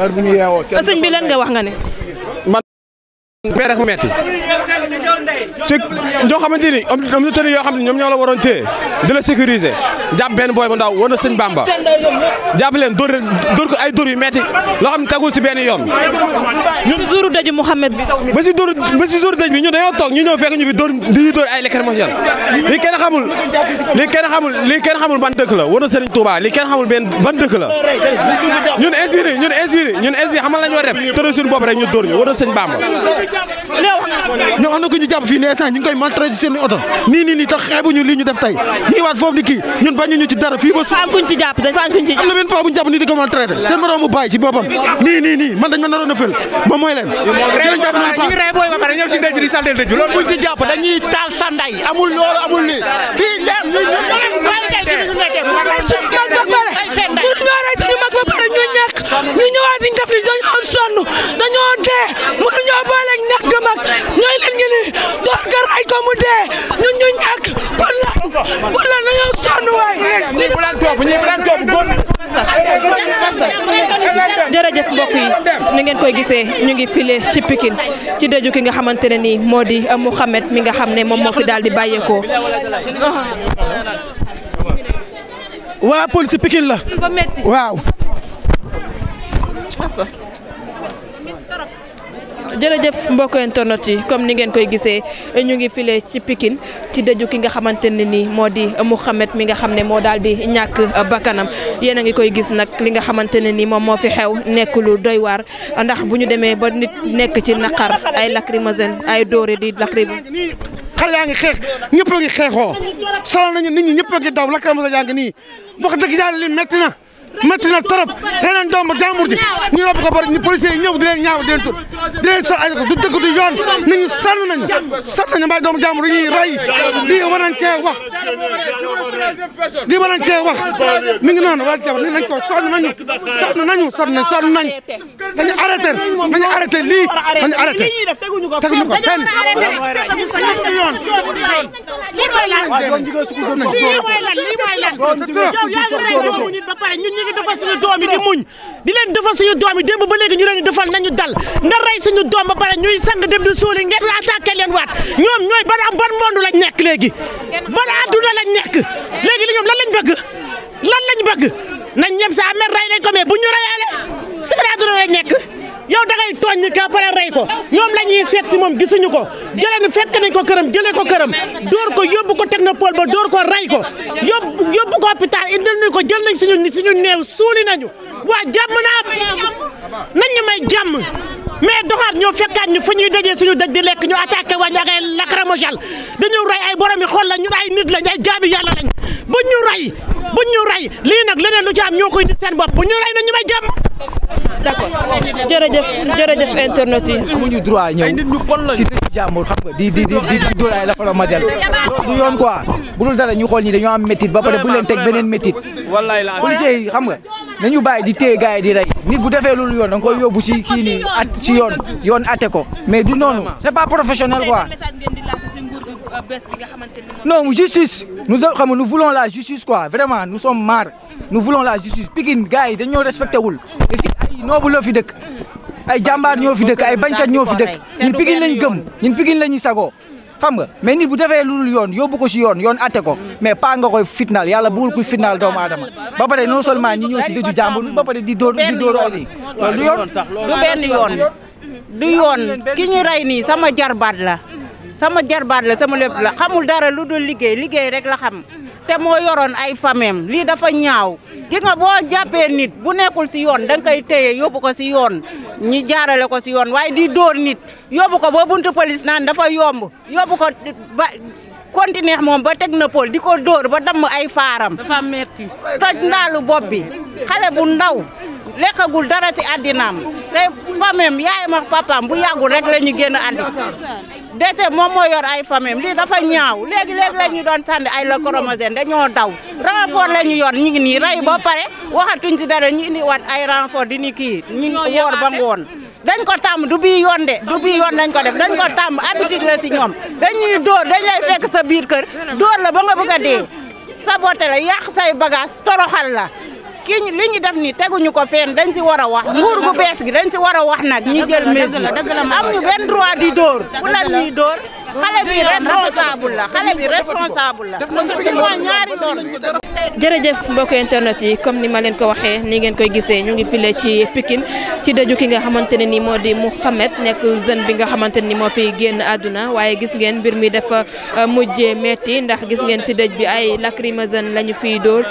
heure bu ñu yeewoo. sëñ bi lan nga wax nga ni man bee rek metti si ñoo xamante ni am na yoo xam ne ñoom ñoo la waroon téye di la sécuriser. jàpp benn booy bu ndaw war na sëñ Bamba jàpp leen dóor ay dóor yu metti loo xam ne tagul si benn yoon ñun jouru dëj Mouhamed bi ba si dóor bi ñun dañoo toog ñu ñëw fekk ñu fi dóor ay lacrymogène lii kenn kenn xamul lii kenn xamul ban dëkk la war na sëriñ Touba lii kenn xamul benn ban dëkk la ñun inspiré ñun inspiré ñun inspiré xamal la ñu war def tëral suñu bopp rek ñu dóor ñu war na sëñ Bamba ñoo xam ne ko ñu jàpp fii ne instant koy maltraité seen oto nii nii nii tax xeebuñu lii ñu def tey ñii ñun bañuñu ci dara fii ba. dafa am kuñ ci jàpp dafa am kuñ ci jàpp. am na benn paa a baay ci boppam nii nii man dañ ma naroon a fël moom mooy leen. ci lañ jàpp nañu paa ñu rey booy ñu ñu ñu ñu nekkee ñu ñëwaat di def dee mënuñoo booleeg ñàkk mag ñooy leen ngi ni door pour lan la ñoo jërëjëf mbokk yi ni ngeen koy gisee ñu ngi file ci pikin ci dëju ki nga xamante ne nii moo di euh, Mouhamed mi nga xam ne moom moo fi daal di bàyyeekoo. waa police Pikine la waaw. jërëjëf mbokk internet yi comme ni ngeen koy gisee ñu ngi file ci Pikine ci dëju ki nga xamante ne nii moo di Mouhamed mi nga xam ne moo daal di ñàkk bakkanam yéen a ngi koy gis nag li nga xamante ne nii moom moo fi xew nekk lu doy waar ndax bu ñu demee ba nit nekk ci naqar ay lacrymogène ay dóore di lacrymo xale yaa ngi xeex ñëpp ngi xeexoo solo nañu nit ñi a ngi daw lacrymogène yaa ngi nii wax dëgg yàlla li metti na métti na trop reneen doomu jàmbur ji ñu rob ko bari ñu policiers yi ñëw di leen ñaaw di leen tur di leen sol ay ko du dëkk du yoon nañu sonn nañu sonn nañu mbay doomu jàmbur ñuy rey lii war nañ wax lii war nañ wax mi ngi noonu war wax nañ ko sonn nañu sonn nañu sonn nañ sonn nañ dañu arrêté dañu arrêté lii ngi defal suñu doom yi di muñ di leen defal suñu doom yi démb ba léegi ñu leen defal nañu dal nga rey suñu doom ba pare ñuy sang dem di suuli ngeen attaqué leen waat ñoom ñooy ban am ban monde lañ nekk léegi ban adduna lañ nekk léegi ñoom lan lañ bëgg lan lañ nañ ñem sa amer rey ko mais bu ñu reyaale si ban adduna lañ nekk yow dangay tooñ ni ka pare rey ko ñoom la ñuy seet si moom gisuñu ko jëlee nu fekk nañ ko këram jëlee ko këram dóor ko yóbbu ko technopole ba dóor ko rey ko yóbbu yóbbu ko hôpital indil nañ ko jël nañ suñu suñu néew suuli nañu waa jàmm naa nañ ñu may jàmm mais doxaat ñoo fekkaat ñu fu ñuy dajee suñu dëj di lekk ñu attaqué wañ ak ay lacrymogène dañu rey ay borom yi xool la ñun ay nit lañ ay jaabi yàlla lañ buñ ñu rey buñ ñu rey lii nag leneen lu ci am ñoo koy nit seen bopp buñ ñu rey na ñu may jàmm d'accord jërëjëf jërëjëf internet yi ñu droit ñëw si dëkk jàmbur xam nga di di di di dóor ay lacrymogène du yoon ko quoi bu dul dara ñu xool ñi dañoo am métit ba pare bu leen teg beneen métit policiers yi xam nga nañu bàyyi di téye gars yi di rey nit bu defee loolu yoon da nga koy yóbbu si kii nii at si yoon yoon atte ko mais du noonu c'est pas professionnel quoi. Euh, non justice nous euh, xam nous voulons la justice quoi vraiment nu sommes marre nous voulons la justice Pikine gars yi dañoo respecté wul te ay noobu loo fi dëkk ay jàmbaar ñoo fi dëkk ay bañkat ñoo fi dëkk ñun Pikine lañu gëm ñun Pikine lañu sago xam nga mais nit bu defee lu yoon yóbbu ko si yoon yoon atte ko mais pas nga koy fitnaal yàlla bëggul kuy fitnaal doomu aadama ba pare non seulement ñi ñoo si dëju jàmbur ba pare di dóor di dóor yi loolu du yoon du benn yoon du yoon ki ñu rey nii sama jarbaat la sama jarbaat la sama lépp la xamul dara lu dul liggéey liggéey rek la xam te moo yoroon ay famem lii dafa ñaaw ki nga boo jàppee nit bu nekkul si yoon da nga koy téye yóbbu ko si yoon ñu jaarale ko si yoon waaye di dóor nit yóbbu ko ba buntu police naan dafa yomb yóbbu ko ba continuer moom ba technopole di ko dóor ba damm ay faaram. dafa metti toj ndaalu bopp bi xale ndaw. lekkagul dara ci àddinaam te famem yaayam ak papaam bu yàggul rek la ñu génn àddi dete moom moo yor ay famem lii dafa ñaaw léegi léegi la ñu doon tànn ay la chromosome dañoo daw renfort la ñu yor ñu ngi nii rey ba pare waxatuñ si dara ñu indi wat ay renfort di ni kii ñu woor ba woon dañ ko tàmm du bii yoon de du bii yoon dañ ko def dañ ko tàmm habitude la ci ñoom dañuy dóor dañ lay fekk sa biir kër dóor la ba nga bëgg a dee saboté la yàq say bagage toroxal ki li ñu def ni teguñu ko fenn dañ si war a wax nguur gu bees gi dañ si war a wax nag ñu jël mesure am ñu benn droit di dóor ku lan ñuy dóor xale bi responsable la xale bi responsable la mooy mbokk internet yi comme ni ma leen ko waxee ni ngeen koy gisee ñu ngi file ci Pikine ci dëju ki nga xamante ne ni moo di Mouhamed nekk jeune bi nga xamante ni moo fi génn àdduna waaye gis ngeen mbir mi dafa euh, mujjee metti ndax gis ngeen ci dëj bi ay lacrymogène la lañu fiy dóor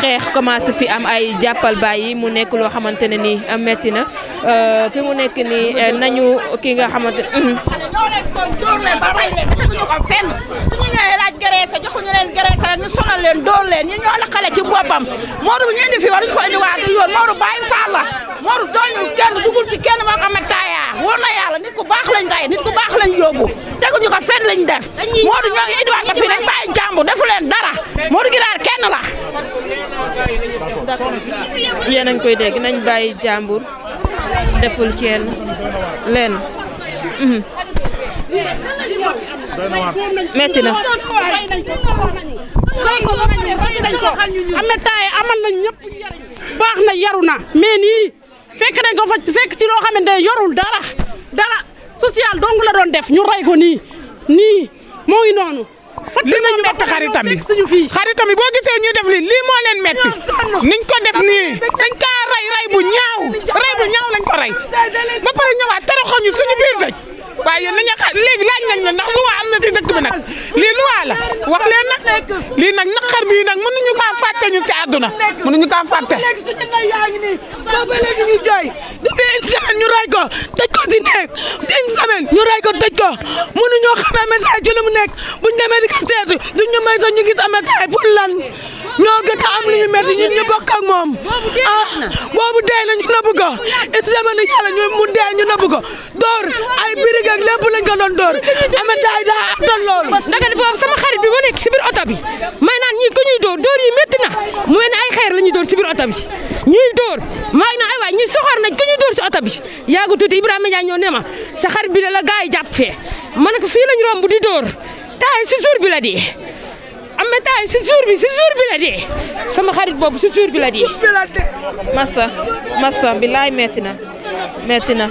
xeex commencé fi ay jàppal bàyyi mu nekk loo xamante ne nii ah, metti na euh, fi mu nekk nii euh, nañu ki nga xamante. Hmm. dóor leen ba rey leen teguñu ko leen ñi ñoo la xale ci boppam Modou ñu indi fi waruñu ko indi waa yoon Modou bàyyi faal la Modou dooñul kenn dugul ci kenn moo ko amee taayaa na yàlla nit ku baax lañ rey nit ku baax lañ yóbbu teguñu ko fenn lañ def Modou ñoo ngi indiwaat ko fii nañ bàyyi jàmbu defu leen dara Modou Giraar kenn la yéen a koy dégg nañ bàyyi jàmbur deful kenn leen mhm. metti na am na taay nañ ñëpp baax na yaru na nii fekk nañ ko fa fekk ci loo xamante ne yorul dara dara social dong la doon def ñu rey ko nii nii moo ngi noonu li nañu metti xaritam yi xaritam boo gisee ñu def li lii moo leen metti niñ ko def nii dañ kaa rey rey bu ñaaw rey bu ñaaw lañ ko rey ba pare ñëwaat toroxoñu suñu biir dëj waaye yéen nañu xaar léegi laaj nañ la ndax luwaa am na ci dëkk bi nag lii luwaa la wax leen nag lii nag naqar bii nag mënuñu kaa ci àdduna mënuñu kaa fàtte. léegi suñu ndey yaa ñu jooy depuis une semaine ñu rey ko tëj ko ñu rey ko tëj ko mënuñoo xamee médecin ci lu mu nekk buñ demee di ko seetu duñ ñu may sax ñu gis am médecin lan ñoo gën a am lu ñu ñu bokk moom ah boobu dee la ah, ñu nëbb ko une semaine yàlla ñu mu dee ñu nëbb ko door ay birig yeeg lépp lañ ko doon dóor Ameth Ndiaye daa attan loolu. naka ni boobu sama xarit bi ma nekk si biir oto bi may naan ñii ko ñuy dóor dóor yi métti na mu mel ay xeer la ñuy dóor si biir oto bi ñuy dóor maay na ay waay ñuy soxor nañ ko ñuy dóor si oto bi yaagu tuuti Ibrahima Ndiaye ñoo ne ma sa xarit bi la la gars yi jàpp fee ma ne ko fii lañ romb di dóor taay si jour bi la dee Ameth Ndiaye si jour bi si jour bi la dee sama xarit boobu bi la dee. massa massa bilaay metti na. metti na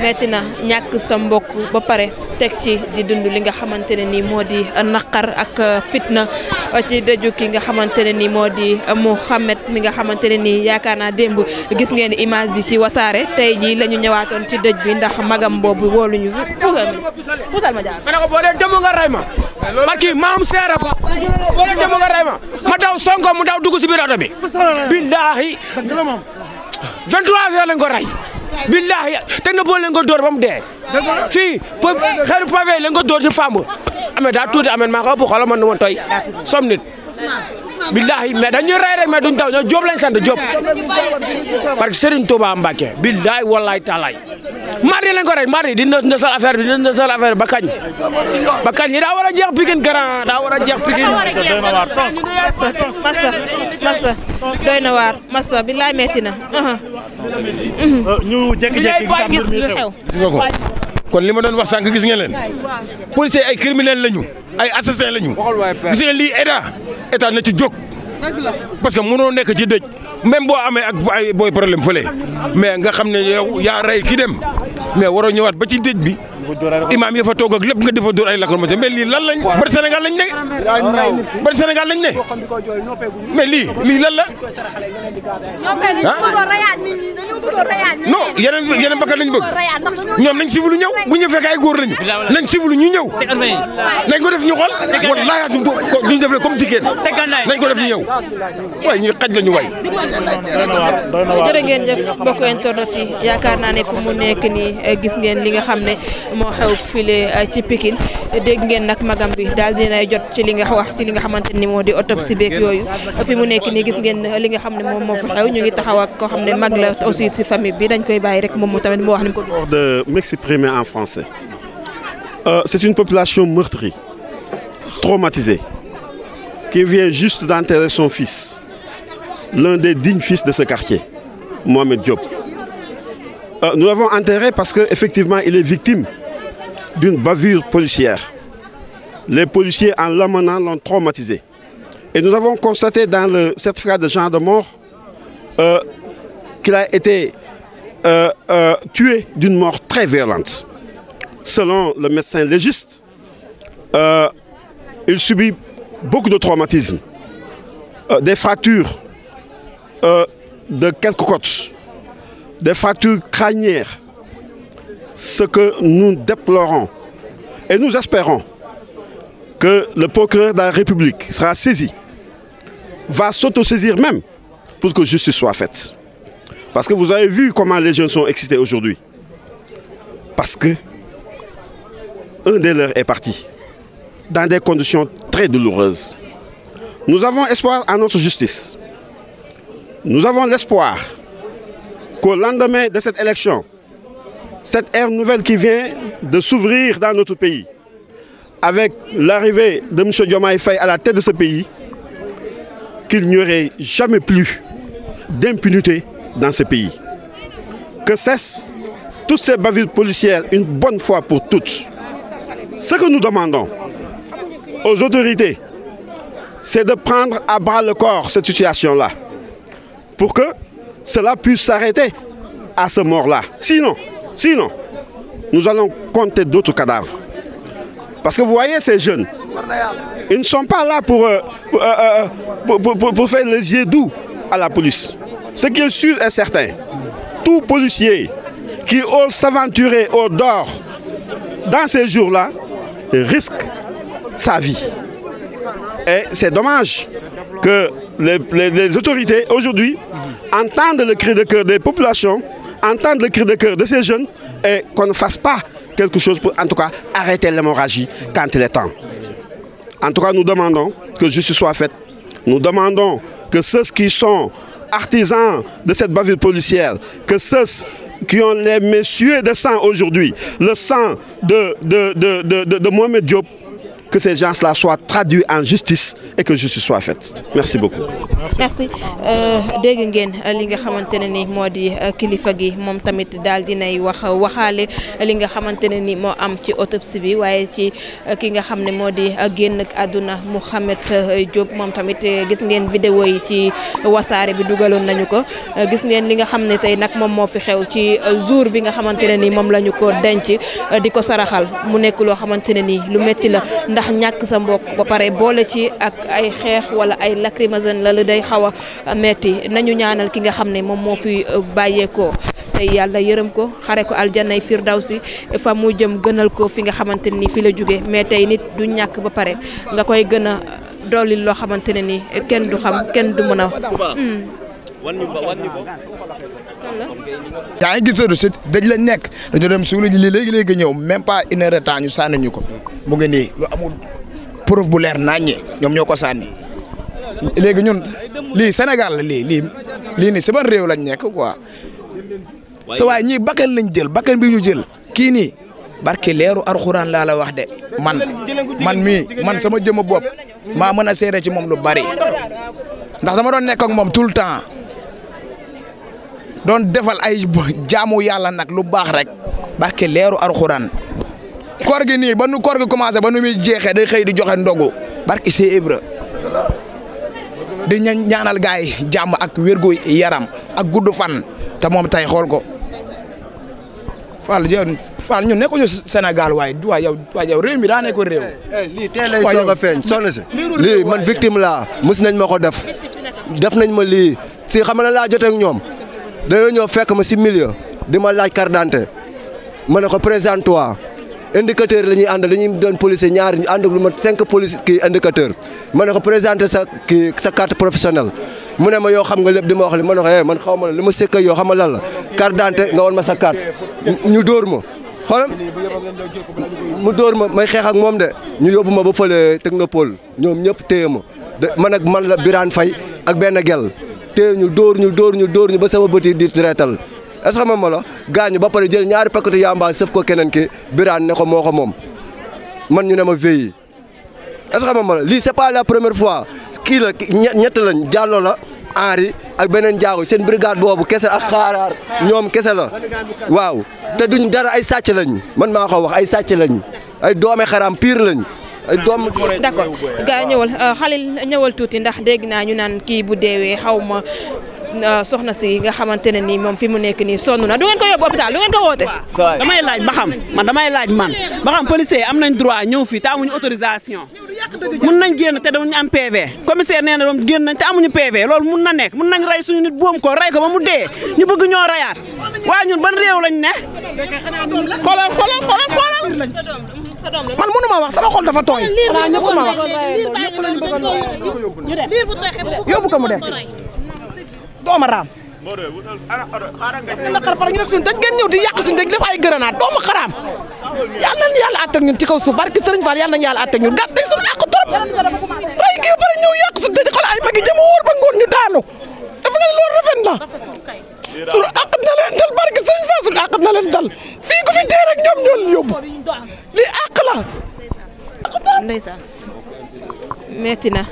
metti na ñàkk sa mbokk ba pare teg ci di dund li nga xamante ne nii moo di naqar ak fitna ci dëju ki nga xamante ne nii moo di Mouhamed mi nga xamante ne nii yaakaar naa démb gis ngeen image yi ci wasaare tey jii la ñu ñëwaatoon ci dëj bi ndax magam boobu wóoluñu fi puusal puusal ma jaar. ma ne ko daw sonko mu daw dugg si biir oto bi. billaahi 23 heures la ko rey. billahi te na boo leen ko door ba mu dee. fii xeeru pavé leen ko dóor ci femme amee daa tuuti amee maa ko ëpp xoolal man nu ma tooy billahi mais dañuy rey rek mais duñ taw ñoo Diop lañ sant Diop parce que Serigne Touba Mbacké billahi wallahi taalaay mardi lañ ko rey mardi dina ndësal affaire bi dina ndësal affaire ba kañ ba kañ yi daa war a jeex Pikine grand daa war a jeex Pikine massa massa doy na waar massa billahi metti na euh, ñu jékki-jékki ko kon li ma doon wax sànq gis ngeen leen policiers ay criminel lañu ay assassin lañu. gis nga lii état état na ci jóg. parce que munoo nekk ci dëj même boo amee ak ay booy problème fële mais nga xam ne yow yaa rey ki dem mais waroo ñëwaat ba ci dëj bi. imaam ya fa toog ak lépp nga di fa dóor ay lacrymogène mais lii lan lañ bari Sénégal lañ ne bari lii lii lan la non yeneen yeneen bakkan lañ bëgg ñoom nañ sivilu ñëw bu ñu fekkee ay góor lañu nañ sivilu ñu ñëw nañ ko def ñu xool wallaahi atum ko duñ def comme jigéen nañ ko def ñu ñëw waaye ñu xaj la ñu way jërë ngeen jëf bokk internet yaakaar naa ne fu mu nekk nii eh, gis ngeen li nga xam ne moo xew file eh, ci Pikine dégg ngeen nag magam bi daal dinay jot ci li nga wax ci li nga xamante ni moo di autopsie beeg yooyu fi mu nekk nii gis ngeen li nga xam ne moom moo fi xew ñu ngi taxaw ak koo xam ne mag la aussi si famille bi dañ koy bàyyi rek moom mu tamit mu wax ni mu ko gis. de m'exprimer en français. Euh, c'est une population meurtrie, traumatisée, qui vient juste d'enterrer son fils, l'un des dignes fils de ce quartier, moo Diop. Euh, nous l'avons enterré parce qu'effectivement, il est d'une bavure policière. Les policiers, en l'amenant, l'ont traumatisé. Et nous avons constaté dans le certificat de genre de mort euh, qu'il a été euh, euh, tué d'une mort très violente. Selon le médecin légiste, euh, il subit beaucoup de traumatismes, euh, des fractures euh, de quelques côtes, des fractures crânières, ce que nous déplorons. Et nous espérons que le procureur de la République sera saisi, va s'autosaisir même pour que justice soit faite. Parce que vous avez vu comment les jeunes sont excités aujourd'hui. Parce que des de leurs est parti dans des conditions très douloureuses. Nous avons espoir en notre justice. Nous avons l'espoir qu'au lendemain de cette élection, cette ère nouvelle qui vient de s'ouvrir dans notre pays, avec l'arrivée de M. Diomaye Faye à la tête de ce pays, qu'il n'y aurait jamais plus d'impunité dans ce pays. Que cessent toutes ces bavures policières une bonne fois pour toutes. Ce que nous demandons aux autorités, c'est de prendre à bras le corps cette situation-là, pour que cela puisse s'arrêter à ce mort-là. Sinon, Sinon, nous allons compter d'autres cadavres. Parce que vous voyez ces jeunes, ils ne sont pas là pour, euh, euh, euh faire les doux à la police. Ce qui est sûr et certain, tout policier qui ose s'aventurer au dehors dans ces jours-là risque sa vie. Et c'est dommage que les, les, les autorités aujourd'hui entendent le cri de cœur des populations entendre le cri de cœur de ces jeunes et qu'on ne fasse pas quelque en tout cas, arrêter l'hémorragie quand il est temps. En tout cas, nous demandons que justice soit faite. Nous demandons que ceux qui sont artisans de cette bavure policière, que ceux qui ont les messieurs de sang aujourd'hui, le sang de, de, de, de, de Mohamed que ces gens-là soient traduits en euh, ngeen euh, li nga xamante ne ni moo di euh, kilifa gi moom tamit daal dinay wax waxaale li nga xamante ne ni moo am ci autopsie bi waaye ci ki nga xam ne moo di génn àdduna Mouhamed Diop moom tamit gis ngeen vidéo yi ci wasaare bi dugaloon nañu ko gis ngeen li nga xam ne tey nag moom moo fi xew ci jour bi nga xamante ne ni moom la ko denc di ko saraxal mu nekk loo ni lu metti la. ndax ñàkk sa mbokk ba pare boole ci ak ay xeex wala ay lacrymogène la lu day xaw a metti nañu ñaanal ki nga xam ne moom moo fi euh, bàyyeekoo tey yàlla yërëm ko xare ko aljanay si fa mu jëm gënal ko fi nga xamante ni fi la jóge mais tey nit du ñàkk ba pare nga koy gën a dolli loo xamante ne ni kenn du xam kenn du mën a. wan ñu yaa ngi gis ne si dëj lañ nekk dañu dem suulu ji lii léegi léegi ñëw même pas une heure de temps ñu sànni ñu ko mu ngi nii lu amul preuve bu leer naññee ñoom ñoo ko sànni léegi ñun lii senegal la lii lii lii nii si ban réew lañ nekk quoi sa waay ñii bakkan lañ jël bakkan bi ñu jël kii nii barke leeru arxuraan laa la wax de man man mii man sama jëmma bopp maa mën a seere ci moom lu bari ndax dama doon nekk moom tout le doon defal ay jaamu yàlla nag lu baax rek barke leeru alxuraan koor gi nii ba nu koor gi commencé ba nu muy jeexee day xëy di joxe ndogu barke Sey Ibra di ñaanal gaay yi jàmm ak wérgu yaram ak gudd fan te moom tay xool ko Fall yow Fall ñu nekkuñu Sénégal waaye waaye yow waaye yow mi daa nekk réew. Eh, eh, lii teel lay soog a feeñ soxna si lii man victime laa mos nañ ma ko def def nañ ma lii si xam na laa jotee ñoom. dañoo ñëw fekk ma si milieu di ma laaj carte d'identité ma ne ko présente toi indicateur la ñuy àndal dañuy doon policier ñaar ñu ànd ak lu ma cinq police kii indicateur ma ne ko présenté sa kii sa carte professionnelle mu ne ma yoo xam nga lépp di ma wax la ma ne ko eh man xaw ma la li ma sëkk yoo xam lan la carte d'identité nga woon ma sa carte ñu dóor ma xoolal mu dóor ma may xeex ak moom de ñu yóbbu ma ba fële technopole ñoom ñëpp téye ma man ak man la Birane Faye ak benn gel téye ñu dóor ñu dóor ñu dóor ñu ba sama bët yi di reetal est-ce que ma la gaañu ba pare jël ñaari paquetu yamba sëf ko keneen ki biraan ne ko moo ko moom man ñu ne ma veillé est-ce ma la lii c'est pas la première fois kii la ñett lañ jàlloo la Henri ak beneen jaago seen brigade boobu kese a xaaraar ñoom kese la waaw te duñ dara ay sàcc lañ man maa ko wax ay sàcc lañ ay doome xaram pire lañ. doom d'accord gaa ñëwal xalil euh, ñëwal tuuti ndax dégg naa ñu naan kii bu deewee xaw ma euh, soxna si nga xamante ne nii moom fi mu nekk nii sonn na du ngeen ko yóbbu hôpital du ngeen ko woote. damay laaj ba xam man damay laaj man ba xam policier am nañ droit ñëw fi te amuñu autorisation. mun nañ génn te dañu am PV commissaire nee na doom génn nañ te amuñu PV loolu mun na nekk mun nañ rey suñu nit boom ko rey ko ma mu dee ñu bëgg ñoo reyaat waaye ñun ban réew lañ ne. xoolal man mënu ma wax sama xol dafa tooy. mënu ma wax yóbbu ko mu dem dooma raam. naqar par ñu def suñu dëj ngeen ñëw di yàq suñu dëj def ay gërënaat ñun ci kaw suuf barki Sëriñ Fall yàlla nañu yàlla àttak ñun gàtt nañ suñu àq trop rey kii ba pare ñëw yàq suñu dëj ay magi jëm ba ngoon ñu daanu dafa nga loolu rafet na sunu àq na leen dal barke Sëriñ Fall sunu àq fii ku fi dee rek ñoom ñoo leen yóbbu lii àq na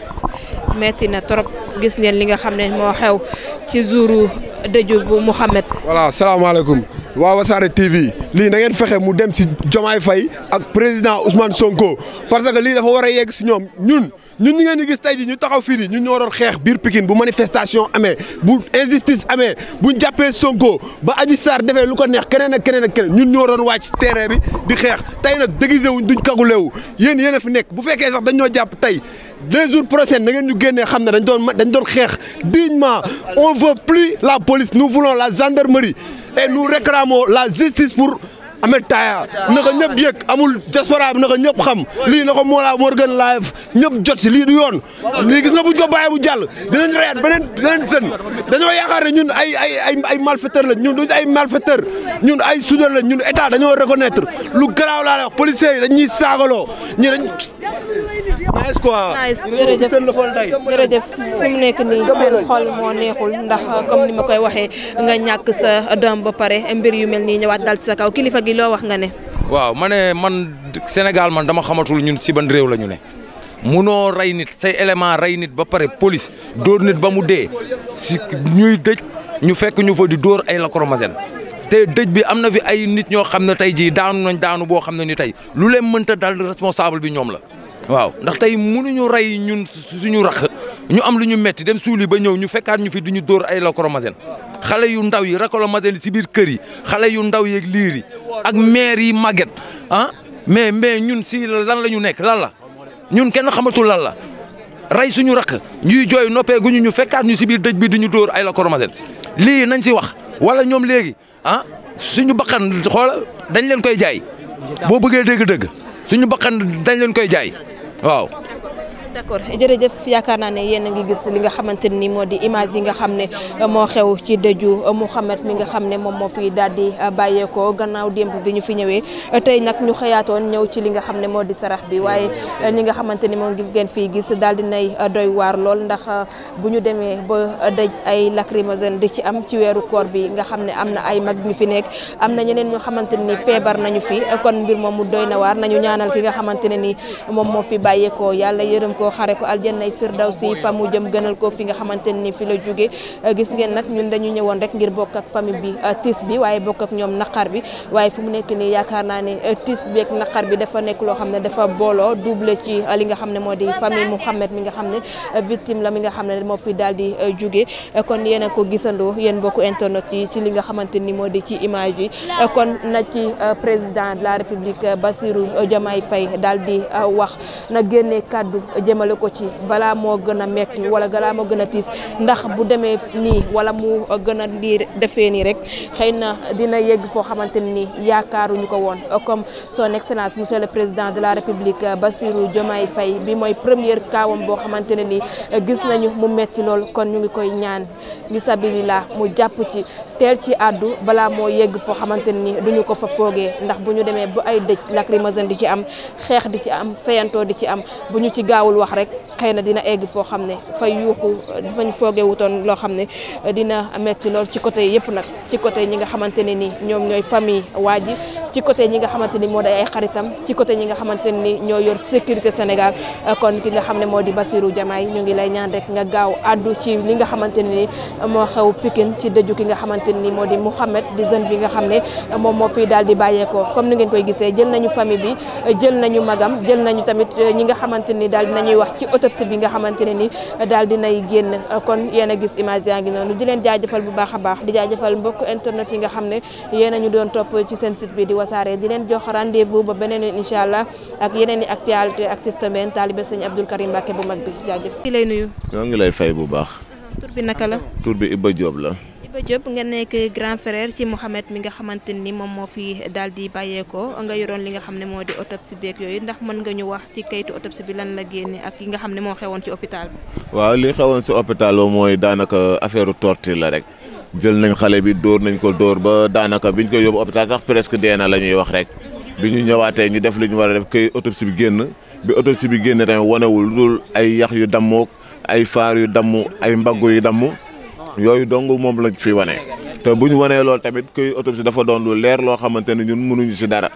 metti na trop gis ngeen li nga xam ne moo xew ci jouru dëju bu Mouhamed. voilà salaamaaleykum waa Wasaare TV lii na ngeen fexe mu dem si Jomaay fay ak président Ousmane Sonko parce que lii dafa war a yegg si ñoom ñun ñun ñu ngeen di gis tey ji ñu taxaw fii nii ñun ñoo xeex biir Pikine bu manifestation amee bu injustice amee bu ñu jàppee Sonko ba Adji Sarr defee lu ko neex keneen ak keneen ak keneen ñun ñoo doon wàcc terrain bi di xeex tey nag déguisé wuñ duñ kagulewu yéen yéen a fi nekk bu fekkee sax dañ ñoo jàpp tey deux jours na ngeen génnee xam ne dañ doon dañ doon xeex dignement on veut la police nous voulons la gendarmerie et nous réclamons la justice pour Ahmed Taya na ko ñëpp yëg amul diaspora bi na ñëpp xam lii na ko Mollah Morgun live ñëpp jot si lii du yoon lii gis nga buñ ko bàyyi bu jàll dinañ reyaat beneen beneen sën dañoo yaakaar ne ñun ay ay ay ay malfaiteur lañ ñun duñ ay malfaiteur la ay soudeur lañ ñun état dañoo reconnaître lu garaaw laa wax policiers yi dañuy saagaloo ñi dañ nice quoi jërëjëf jërëjëf fi mu nekk nii seen xol moo neexul ndax comme ni ma koy waxee nga ñàkk sa doom ba pare mbir yu mel nii ñëwaat dal ci sa kaw kilifa gi wax nga ne. waaw ma ne man Sénégal man dama xamatul ñun si ban réew la ñu ne. mu noo rey nit say élément rey nit ba pare police dóor nit ba mu dee si ñuy dëj ñu fekk ñu fa di dóor ay lacrymogène te dëj bi am na fi ay nit ñoo xam ne tey jii daanu nañ daanu boo xam ne ni tey lu leen mënta dal responsable bi ñoom la. waaw ndax tey mënuñu rey ñun suñu rax ñu am lu ñu metti dem suuli ba ñëw ñu fekkaat ñu fi ñu dóor ay lacrymogène xale yu ndaw yi lacrymogène yi si biir kër yi xale yu ndaw yeeg liir yi ak maire yi màgget ah mais mais ñun si lan la ñu nekk lan la ñun kenn xamatul lan la rey suñu rakk ñuy jooy noppee ñu fekkaat ñu si biir dëj bi duñu dóor ay lii nañ si wax wala ñoom léegi ah suñu bakkan xoola dañ leen koy jaay boo bëggee dëgg-dëgg suñu bakkan dañ leen koy jaay waaw d'accord jërëjëf yaakaar naa ne yéen a ngi gis li nga xamante ni moo di image yi nga xam ne moo xew ci dëju Mouhamed mi nga xam ne moom moo fi daal di euh, bàyyeekoo gannaaw démb bi ñu fi ñëwee tey nag ñu xëyaatoon ñëw ci li nga xam ne moo di sarax bi waaye euh, li nga xamante ni moom ngeen fii gis daal di nay euh, doy lool ndax bu ñu demee ba dëj ay lacrymogène di ci am ci weeru koor bi nga xam ne am na ay mag ñu fi nekk am na ñeneen ñoo xamante ni feebar nañu fi kon mbir moom mu doy na waar nañu ki nga xamante ne ni moom moo fi bàyyeekoo yàlla yërëm ko xare ko aljannay firdawsi fa mu jëm gënal ko fi nga xamante ni fi la jóge euh, gis ngeen nag ñun dañu ñëwoon rek ngir bokk ak famille bi euh, tiis bi waaye bokk ak ñoom naqar bi waaye fu mu nekk nii yaakaar naa ne euh, tiis bi ak naqar bi dafa nekk loo xam ne dafa booloo double ci li nga xam ne moo di famille Mouhamed mi nga xam ne mi xam ne moo fi daal di jóge kon yéen a ko gisandoo yéen bokk internet yi ci li nga xamante ni moo di ci image yi kon na ci président de la république Bassirou Diomaye Faye daal di wax na génne kàddu jëmale ko ci balaa moo gën a metti wala balaa moo gën a tiis ndax bu demee nii wala mu gën a lii defee nii rek xëy na dina yegg foo xamante ne nii yaakaaruñu ko woon comme son excellence monsieur le président de la république Bassirou Diomaye Faye bi mooy première kaawam boo xamante ne nii gis nañu mu metti lool kon ñu ngi koy ñaan bisabilillah mu jàpp ci teel ci àddu balaa moo yegg foo xamante ne nii duñu ko fa foogee ndax bu ñu demee bu ay dëj lacrymogène di ci am xeex di ci am fayantoo di ci am wax rek xëy na dina egg foo xam ne fay yuuxu dafañ foogee wutoon loo xam ne dina metti lool ci côté yëpp nag ci côté ñi nga xamante ne ni ñoom ñooy famille waa ji ci ñi nga xamante ni moo day ay xaritam ci côté ñi nga xamante ne ñoo yor sécurité Sénégal kon ki nga xam ne moo di Bassirou Diomaye ñu ngi lay ñaan rek nga gaaw addu ci li nga xamante ne ni moo xew Pikine ci dëju ki nga xamante ne moo di Mouhamed di jeune bi nga xam ne moom moo fii dal di bàyyeekoo comme ni ngeen koy gisee jël nañu famille bi jël nañu magam jël nañu tamit ñi nga xamante ñuy wax ci autopsie bi nga xamante ne ni daal dinay génn kon yéen a gis image yaa ngi noonu di leen jaajëfal bu baax a baax di jaajëfal mbokk internet yi nga xam ne yéen a ñu doon topp ci seen site bi di wasaare di leen jox rendez-vous ba beneen yoon incha allah ak yeneen i actualité ak système benn taalibe sëñ Abdoul Karim Mbacke bu mag bi jaajëf. ñoo ngi lay nuyu. ñoo ngi lay fay bu baax. naka la. tur bi Iba Diop la. Kebe Diop nga nekk grand frère ci Mouhamed mi nga xamante ni moom moo fi daal di bàyyeekoo nga yoroon li nga xam ne moo di autopsie yooyu ndax mën nga ñu wax ci kayitu autopsie bi lan la génne ak yi nga xam ne moo xewoon ci hôpital bi. waaw li si hôpital ba mooy daanaka affaire torture la rek jël nañ xale bi dóor nañ ko dóor ba daanaka biñ koy yóbbu hôpital sax presque dee na la ñuy wax rek bi ñu ñëwaatee ñu def li ñu war a def kayit autopsie bi génn bi autopsie bi génn tamit wanewul lu dul ay yax yu dammook ay faar yu damm ay mbagg yu damm. yooyu dong moom lañ fi wane te bu ñu wanee lool tamit kuy autopsie dafa doon lu leer loo xamante ne ñun mënuñu si dara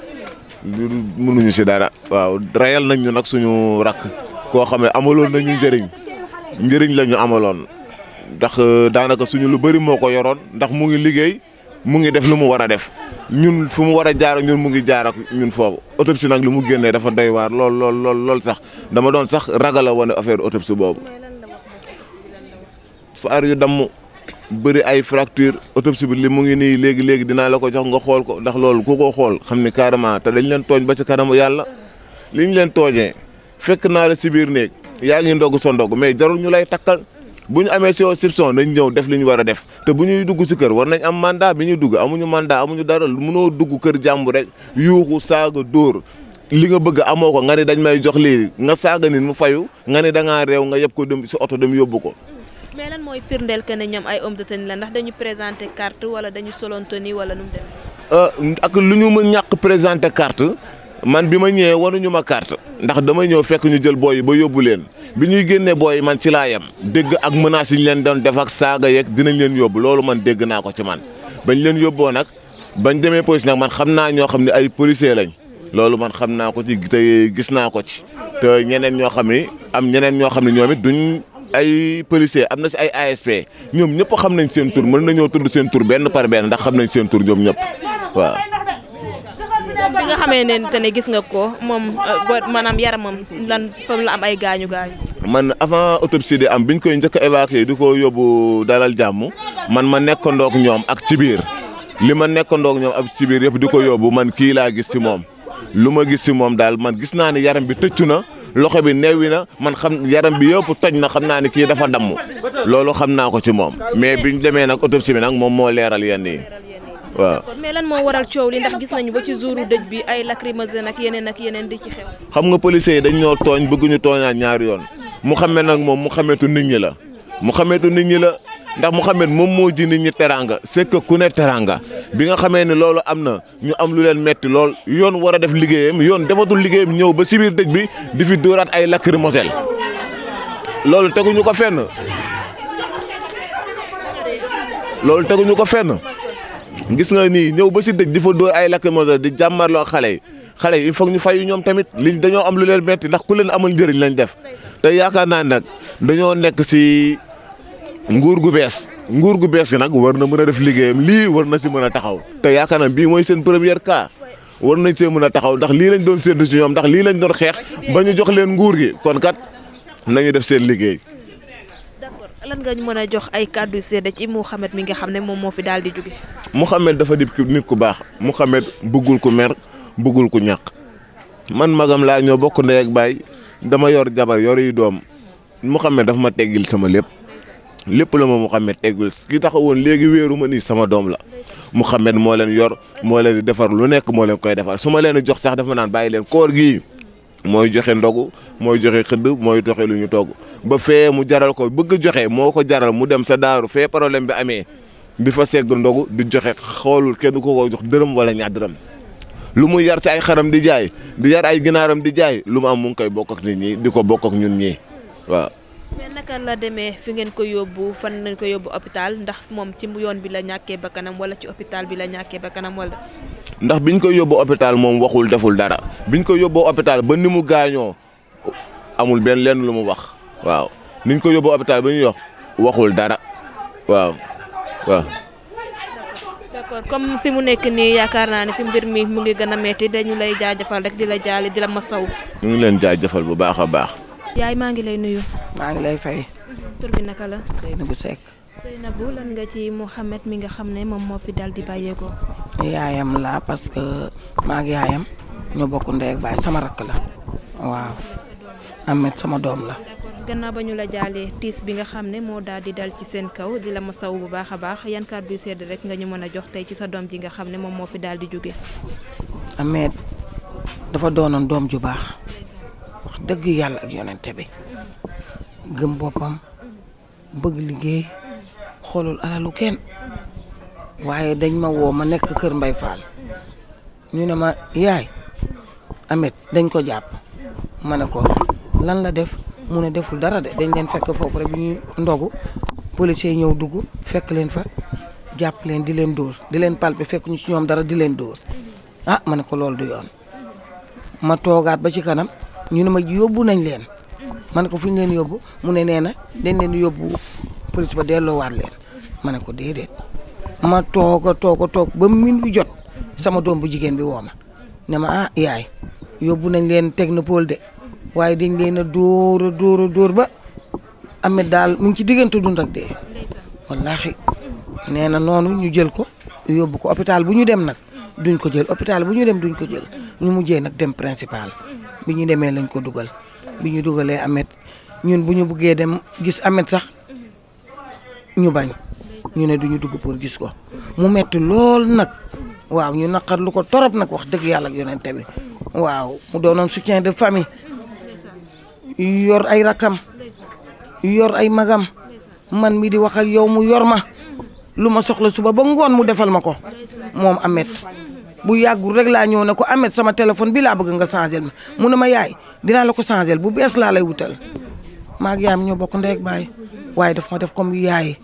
mënuñu si dara waaw rayal nañ ñu nag suñu rakk koo xam ne amaloon nañu njëriñ njëriñ la ñu amaloon ndax euh, daanaka suñu lu bëri moo ko yoroon ndax mu ngi liggéey mu ngi def lu mu war a def ñun fu mu war a jaar ñun mu ngi jaar ak ñun foofu autopsie nag lu mu génnee dafa doy waar lool lool sax dama doon sax ragala a wane affaire autopsie boobu faar yu damm bëri ay fracture autopsie bi li mu ngi nii léegi léegi dinaa la ko jox nga xool ko ndax loolu ku ko xool xam ni carrément te dañ leen tooñ ba ci kanamu yàlla li ñu leen toojee fekk naa la si biir néeg yaa ngi ndogg sa ndogg mais jarul ñu lay takkal bu ñu amee CO soupçon nañ ñëw def li ñu war a def te bu ñuy dugg si kër war nañ am mandat bi ñuy dugg amuñu mandaa amuñu dara mënoo dugg kër jàmb rek yuuxu saaga dóor li nga bëgg amoo ko nga ni dañ may jox lii nga saaga nit mu fayu nga ni da ngaa réew nga yëpp ko dem si oto yóbbu ko mais lan mooy firndeel que ne ay homme de tenue la ndax dañu présenté carte wala dañu soloon tenue wala nu mu demee. Euh, ak lu ñu ma ñàkk présenté carte man bi ma ñëwee ñu ma carte ndax dama ñëw fekk ñu jël booy yi ba yóbbu leen bi ñuy génnee booy yi man ci laa yem dégg ak menaces yi ñu leen doon def ak saaga yeeg dinañ leen yóbbu loolu man dégg naa ko ci man bañ leen yóbboo nag bañ demee police nag man xam naa ñoo xam ne ay policier lañ loolu man xam naa ko ci te gis naa ko ci te ñoo xam ne am ñeneen ñoo xam ne ñoom it ay policiers am na si ay ASP ñoom ñëpp xam nañ seen tur mën na nañoo tudd seen tur benn par benn ndax xam nañ seen tur ñoom ñëpp waaw. bi nga xamee ne te ne gis nga ko moom euh, maanaam yaramam lan fa la am ay gaañu gaañu. man avant autopsie di am biñ koy njëkk a évacuer di ko yóbbu dalal jàmm man ma nekkandoo ak ñoom ak ci biir li ma nekkandoo ak ñoom ak ci biir yëpp di ko yóbbu man kii laa gis si moom lu ma gis si moom daal man gis naa ne yaram bi tëccu na. loxo bi neewi na man xam yaram bi yëpp toj na xam naa ni kii dafa damm loolu xam naa ko ci moom mais biñ demee nag autopsie bi nag moom moo leeral yenn yi waaw mais lan moo li ndax gis nañu ba ci jouru dëj bi ay lacrymogène ak yeneen ak yeneen di ci xew. xam nga policiers yi dañ ñoo tooñ bëgguñu tooñaat ñaari yoon mu xam xamee nag moom mu xameetu nit ñi la mu xameetu nit ñi la. ndax Mouhamed moom moo ji nit ñi teraanga c'est ku ne teraanga bi nga xamee ne loolu am na ñu am lu leen metti lool yoon war a def liggéeyam yoon defatul liggéeyam ñëw ba si biir dëj bi di fi dóoraat ay lacrymogène loolu teguñu ko fenn loolu teguñu ko fenn gis nga ni ñëw ba si dëj di fa dóor ay lacrymogène di jàmmarloo xale yi xale yi il faut ñu fayu ñoom tamit li dañoo am lu leen metti ndax ku leen amal njëriñ lañ def te yaakaar naa nag dañoo nekk si. nguur gu bees nguur gu bees yi nag war na mën a def liggéeyam lii war na si mën a taxaw te yaakaar naa bii mooy seen première cas war nañ see mën a taxaw ndax lii lañ doon séntu si ñoom ndax lii lañ doon xeex ba ñu jox leen nguur gi kon kat nañu def seen liggéey. d'accord lan nga mën a jox ay kàddu seede ci Mouhamed mi nga xam ne moom moo fi daal di jóge. Mouhamed dafa di nit ku baax Mouhamed buggul ku mer buggul ku ñàkk man magam laa ñoo bokk ndey baay dama yor jabar yor yi doom Mouhamed dafa ma teggil sama lépp. lépp la ma Mouhamed eggul ki taxawoon léegi wéeru ma nii sama doom la mu Mouhamed moo leen yor moo leen defar lu nekk moo leen koy defar su ma leen jox sax dafa naan bàyyi leen koor gi mooy joxe ndogu mooy joxe xëdd mooy joxe lu ñu togg ba fee mu jaral ko bëgg joxe moo ko jaral mu dem sa daaru fee problème bi amee di fa segg ndogu di joxe xoolul kenn ko ko jox dërëm wala ñaar dërëm lu mu yar ci ay xaram di jaay di yar ay ginaaram di jaay lu mu mu koy bokk ak nit ñi di ko bokk ak ñun ñii waaw. mais naka la demee fi ngeen ko yóbbu fan nañ ko yóbbu hôpital ndax moom ci yoon bi la ñàkkee bakkanam kanam wala ci hôpital bi la ñàkkee ba kanam ndax biñ ko yóbbu hôpital moom waxul deful dara biñ ko yóbbu hôpital ba ni mu gaañoo amul benn lenn lu mu wax waaw niñ ko yóbbu hôpital ba ñuy wax waxul dara waaw waaw. d'accord comme fi mu nekk nii yaakaar naa ne fi mbir mi mu ngi gën a metti dañu lay jaajëfal rek di la jaale di la saw ñu ngi leen jaajëfal bu baax a baax. yaay maa ngi lay nuyu. maa ngi lay fay. tur bi naka la. Seynabou Seck. bu lan nga ci Mouhamed mi nga xam ne moom moo fi dal di bàyyeekoo. yaayam laa parce que maa ngi ñu bokk ndey ak sama rakk la waaw Ahmed sama doom la. gannaaw ba ñu la jaalee tiis bi nga xam ne moo daal dal ci seen kaw di la ma saw bu baax a baax yan kàddu yu sedd rek nga ñu mën a jox tey ci sa doom ji nga xam ne moom moo fi daal di jóge Ahmed dafa doonoon doom ju baax. wax dëgg yàlla ak yonente bi gëm boppam bëgg liggéey xoolul alalu kenn waaye dañ ma woo ma nekk kër Mbay Fall ñu ne ma yaay Amet dañ ko jàpp ma ne ko lan la def mu ne deful dara de dañ leen fekk foofu rek bi ñuy ndogu policier ñëw dugg fekk leen fa jàpp leen di leen dóor di leen palpe fekk ñu ci ñoom dara di leen dóor ah ma ne ko loolu du yoon ma toogaat ba ci kanam ñu ne ma yóbbu nañ leen ma ne ko fu ñu leen yóbbu mu ne nee na dañ leen yóbbu police ba delloowaat leen ma ne ko déedéet ma toog a toog a toog ba min wi jot sama doom bu jigéen bi woo na ne ma ah yaay yóbbu nañ leen technopole de waaye dañ leen a dóor a dóor a dóor ba amet daal mu ngi ci diggante dund ak dee wallaahi nee na noonu ñu jël ko yóbbu ko hôpital bu ñu dem nag duñ ko jël hôpital bu ñu dem duñ ko jël ñu mujjee nag dem principal bi ñu demee lañ ko dugal bi ñu dugalee Amet ñun bu ñu buggee dem gis Amet sax ñu bañ ñu ne duñu dugg pour gis ko mu metti lool nag waaw ñu naqar lu ko torop nag wax dëgg yàlla ak yonente waaw mu doonoon soutien de famille yor ay rakam yor ay magam man mi di wax ak yow mu yor ma lu ma soxla suba ba ngoon mu defal ma ko moom Amet bu yàggul rek laa ñëw na ko Ameth sama téléphone bi laa bëgg nga changé ma mun a ma yaay dinaa la ko changé bu bees laa lay wutal maa ngi yaayam ñoo bokk ndey baay waaye daf ma def comme yaay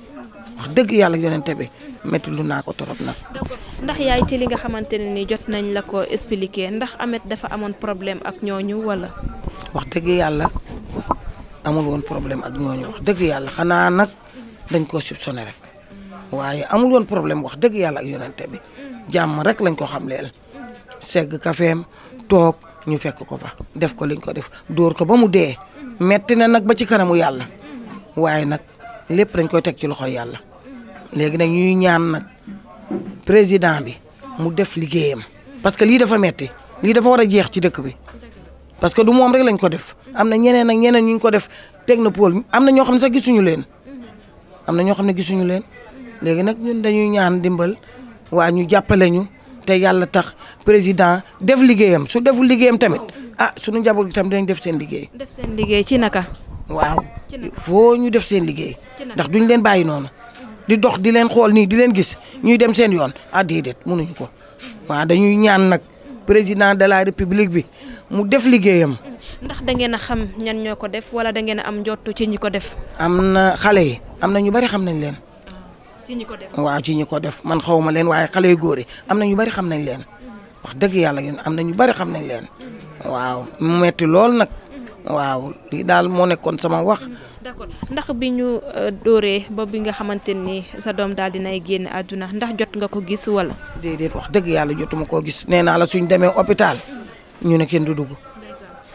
wax dëgg yàlla yonente bi métti lu naa ko torop nag. ndax ci li nga xamante ne ni jot nañ la ko expliquer ndax Ameth dafa amoon problème ak ñooñu wala. wax dëgg yàlla amul woon problème ak ñooñu wax dëgg yàlla xanaa nag dañ koo soupçonné rek waaye amul woon problème wax dëgg yàlla ak yonente bi. jàmm rek lañ ko xam leel segg kafeem toog ñu fekk ko fa def ko lañ ko def dóor ko ba mu dee metti na nag ba ci kanamu yàlla waaye nag lépp dañ koy teg ci loxo yàlla léegi nag ñuy ñaan nag président bi mu def liggéeyam parce que lii dafa metti lii dafa war a jeex ci dëkk bi parce que du moom rek lañ ko def am na ñeneen ak ñeneen ñu ko def technopole am na ñoo xam ne sax gisuñu leen am na ñoo xam ne gisuñu leen léegi nag ñun dañuy ñaan dimbal waa ñu jàppale ñu te yàlla tax président def liggéeyam su deful liggéeyam tamit ah sunu njaboot gi tam dinañ def seen liggéey. def seen liggéey ci naka. waaw foo ñu def seen liggéey. ndax duñ leen bàyyi noonu. di dox di leen xool nii di leen gis ñuy dem seen yoon ah déedéet mënuñu ko waaw dañuy ñaan nag président de la république bi mu def liggéeyam. ndax da ngeen xam ñan ñoo ko def wala da ngeen a am njottu ci ñu ko def. am na xale yi am na ñu bari xam nañ leen. ci ñi ko def waaw ci ñi ko def man xaw ma leen waaye xale yu góor yi am na ñu bari xam nañ leen wax dëgg yàlla yéen am na ñu bari xam nañ leen waaw mu metti lool nag waaw daal moo nekkoon sama wax. d'accord ndax bi ñu euh, dóoree ba bi nga xamante ni sa doom daal dinay génn àdduna ndax jot nga ko gis wala. déedéet wax dëgg yàlla jotuma koo gis nee naa la suñ demee hôpital ñu ne kenn du dugg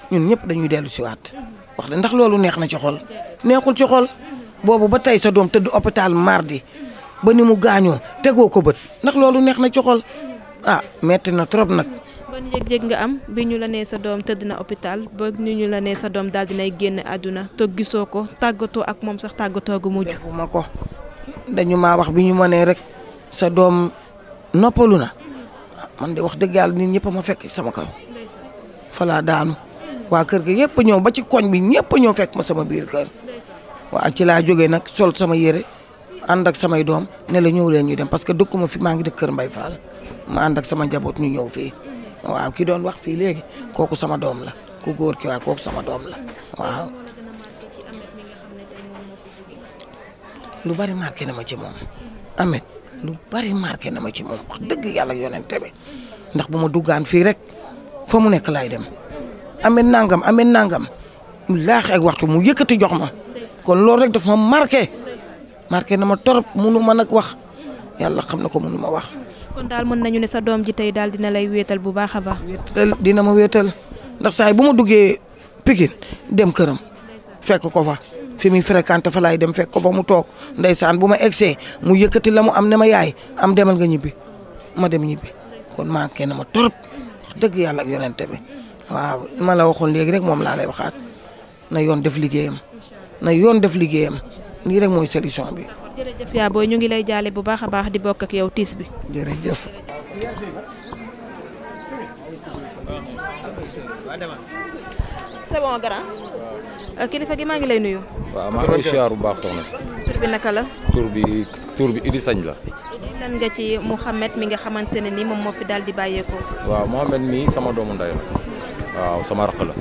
ñun ñëpp dañuy dellu si waat wax de ndax loolu neex na ci xol neexul ci xol boobu ba tey sa doom tëdd hôpital mardi. ba ni mu gaañoo tegoo ko bët ndax loolu neex na ci xol ah, metti na trop nag. ban yëg-yëg nga am bi ñu la nee sa doom tëdd na hôpital ba ni ñu la nee sa doom daal dinay génn àdduna te gisoo ko tàggatoo ak moom sax tàggatoo gu mujj. defuma ko dañu maa wax bi ñu ma nee rek sa doom noppalu na ah, man de wax dëgg yàlla nit ñëpp ma fekk sama kaw falaa daanu waa kër gi yëpp ñëw ba ci koñ bi ñëpp ñëw fekk ma sama biir kër waa ci laa jógee nag sol sama yére. ànd ak samay doom ne la ñëw leen ñu dem parce que ma fi maa ngi dëkk Kër Mbay Fall ma ànd ak sama njaboot ñu ñëw fii waaw ki doon wax fii léegi kooku sama doom la ku góor ki waaw kooku sama doom la waaw. lu bari marqué na ma ci moom Ameth lu bari marqué na ma ci moom wax dëgg yàlla yonente bi ndax bu ma duggaan fii rek fa mu nekk laay dem Ameth nangam Ameth nangam mu laax ak waxtu mu yëkkati jox ma kon loolu rek daf ma marqué. marqué na ma torop munu ma nag wax yàlla xam na ko munu ma wax. kon daal mën nañu ne sa doom ji tey daal dina lay wéetal bu baax a baax. dina ma wéetal ndax saa yi bu ma duggee Pikine dem këram fekk ko fa fi muy fréquenté fa laay dem fekk ko fa mu toog ndeysaan bu ma egsee mu yëkkati la mu am ne ma yaay am demal nga ñibbi ma dem ñibbi kon manqué na ma torop dëgg yàlla ak yonente bi waaw ma la waxoon léegi rek moom laa lay waxaat na yoon def liggéeyam na yoon def liggéeyam. lii rek mooy solution bi. jërëjëf yaa booy ñu ngi lay jaale bu baax a baax di bokk ak yow tiis bi. jërëjëf. c'est bon grand. Euh, kilifa gi maa ngi lay nuyu. waaw maa ngi siyaar bu baax soxna si. tur bi naka la. tuur bi tur bi Idi Sañ la. lan nga ci Mouhamed mi nga xamante ne ni moom moo fi daal di bàyyeekoo. waaw Mouhamed mii sama doomu ndey la. waaw sama raq la.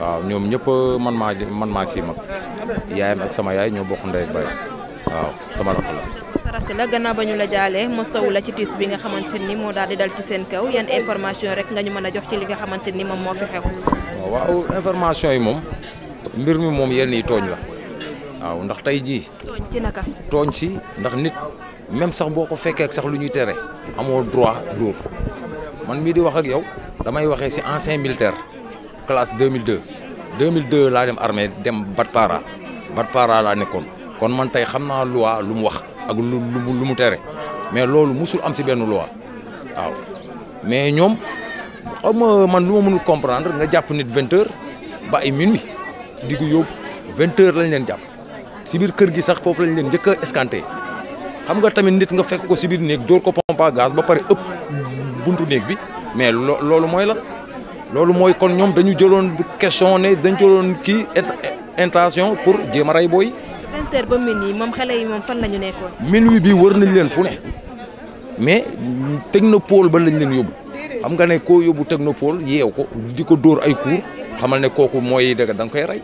waaw ñoom ñëpp man maa man maa si mag yaayam ak sama yaay ñoo bokk ndey ba baay waaw sama rakk la. sa rakk gannaaw ba ñu la jaalee ma mosawu la ci tiis bi nga xamante ni moo daal di dal ci seen kaw yan rek nga mën a jox ci li nga xamante ni moom moo fi xew. waaw information yi moom mbir mi moom yenn yi tooñ la waaw ndax tey jii. tooñ tooñ si ndax nit même sax boo ko fekkee sax lu ñuy tere. amoo droit dóor man mii di wax ak yow damay waxee si ancien militaire. classe 2002 2002 laa dem armée dem Batpara Batpara laa nekkoon kon man tey xam naa loi lu mu wax ak lu lu mu tere mais loolu musul am si benn loi waaw mais ñoom xaw man lu ma mënul comprendre nga jàpp nit vingt heures ba ay minuit di ko yóbbu vingt lañ leen jàpp si biir kër gi sax foofu lañ leen njëkk a xam nga tamit nit nga fekk ko si biir néeg dóor ko pompe à ba pare ëpp buntu néeg bi mais loolu mooy la loolu mooy kon ñoom dañu jëloon question ne dañ jëloon kii intention pour jéem a ray booy. vingt heures ba minuit moom xale yi moom fan la ñu nekkoon. minuit bi wër nañ leen fu ne mais technopole ba lañ leen yóbbu xam nga ne koo yóbbu technopole yeew ko di ko dóor ay cours xamal ne kooku mooy dëgg da nga koy rey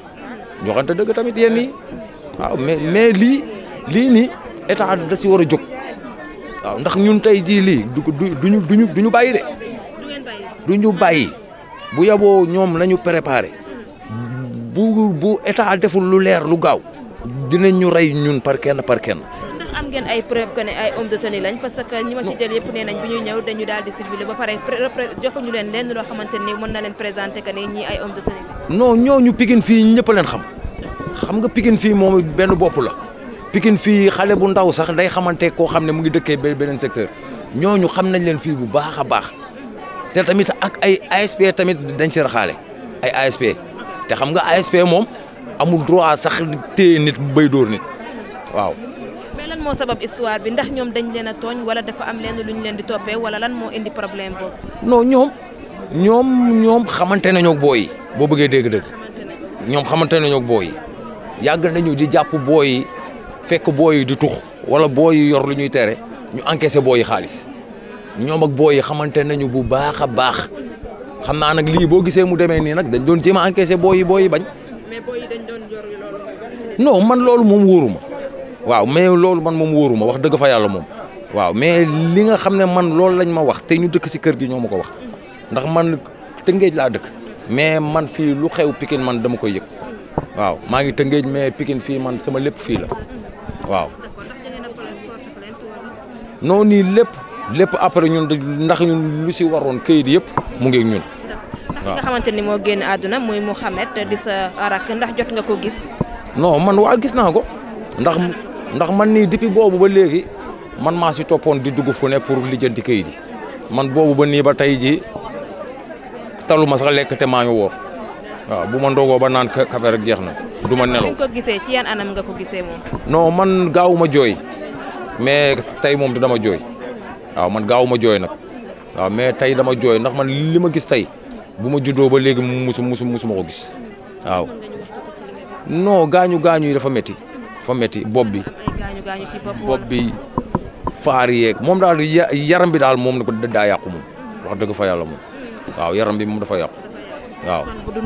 joxante dëgg tamit yéen nii waaw mais mais lii lii nii état da si war a jóg waaw ndax ñun tey jii lii du du duñu duñu duñu bàyyi de. du ñu bàyyi. bu yaboo ñoom nañu préparer bu bu état deful lu leer lu gaaw dinañ ñu rey ñun par kenn par kenn. ndax am ngeen ay preuve que ne ay hommes de tenue lañ parce que ñi ma ci jël yëpp nee nañ bi ñuy ñëw dañu daal di ciblé ba pare joxuñu leen lenn loo xamante ni mën na leen présenté que ne ñii ay hommes de tenue lañ. non ñooñu Pikine fii ñëpp leen xam xam nga pigin fii moom benn bopp la Pikine fii xale bu ndaw sax day xamante koo xam ne mu ngi dëkkee beneen secteur ñooñu xam nañ leen fii bu baax a baax. te tamit ak ay ASP tamit dañ ci raxaale ay ASP te xam nga ASP moom amul droit sax téye nit bay dóor nit waaw. mais lan moo sabab histoire bi ndax ñoom dañ leen a tooñ wala dafa am leen lu ñu leen di toppee wala lan moo indi problème boobu. non ñoom ñoom ñoom xamante nañoo booy boo bëggee dégg-dégg ñoom xamante nañoo booy yi yàgg nañu di jàpp booy fekk booy di tux wala booy yor lu ñuy tere ñu encaissé booy xaalis. ñoom ak booy yi xamante nañu bu baax a baax xam naa nag lii boo gisee mu demee nii nag dañ doon jéem a encaissé booy booy bañ. no booy loolu. non man loolu moom wóoruma waaw mais loolu man moom wóoruma wax dëgg fa yàlla moom waaw mais li nga xam ne man loolu lañ ma wax te ñu dëkk si kër gi ñoo ma ko wax ndax man tëngéej laa dëkk mais man fii lu xew pikin man dama koy yëg waaw maa ngi tëngéej mais pikin fii man sama lépp fii la waaw. noonu lépp. lépp après ñun ndax ñun lu si waroon këyit yëpp mu ngi ñun. waaw nga xamante ni moo génn àdduna muy Mouhamed di sa rakk ndax jot nga ko gis. no man waa gis naa ko ndax ndax man nii depuis boobu ba léegi man maa si toppoon di dugg fu ne pour lijjanti këyit yi man boobu ba nii ba tey ji talu ma sax lekk te maa ngi woor waaw bu man ndogoo ba naan kafe rek jeex na du ma nelaw. ko gisee ci yan anam nga ko gisee moom. non man gaawuma jooy mais tey moom dama jooy. waaw man ma jooy nag waaw mais tey dama jooy ndax man li ma gis tey bu ma judoo ba léegi musu musu musuma ko gis waaw non gaañu gaañu yi dafa meti fo métti bopp bi bopp bi faar yeeg moom daal yaram bi daal moom na ko daa yàqu moom wax dëgg fa yàlla moom waaw yaram bi moom dafa yàqu waaw kon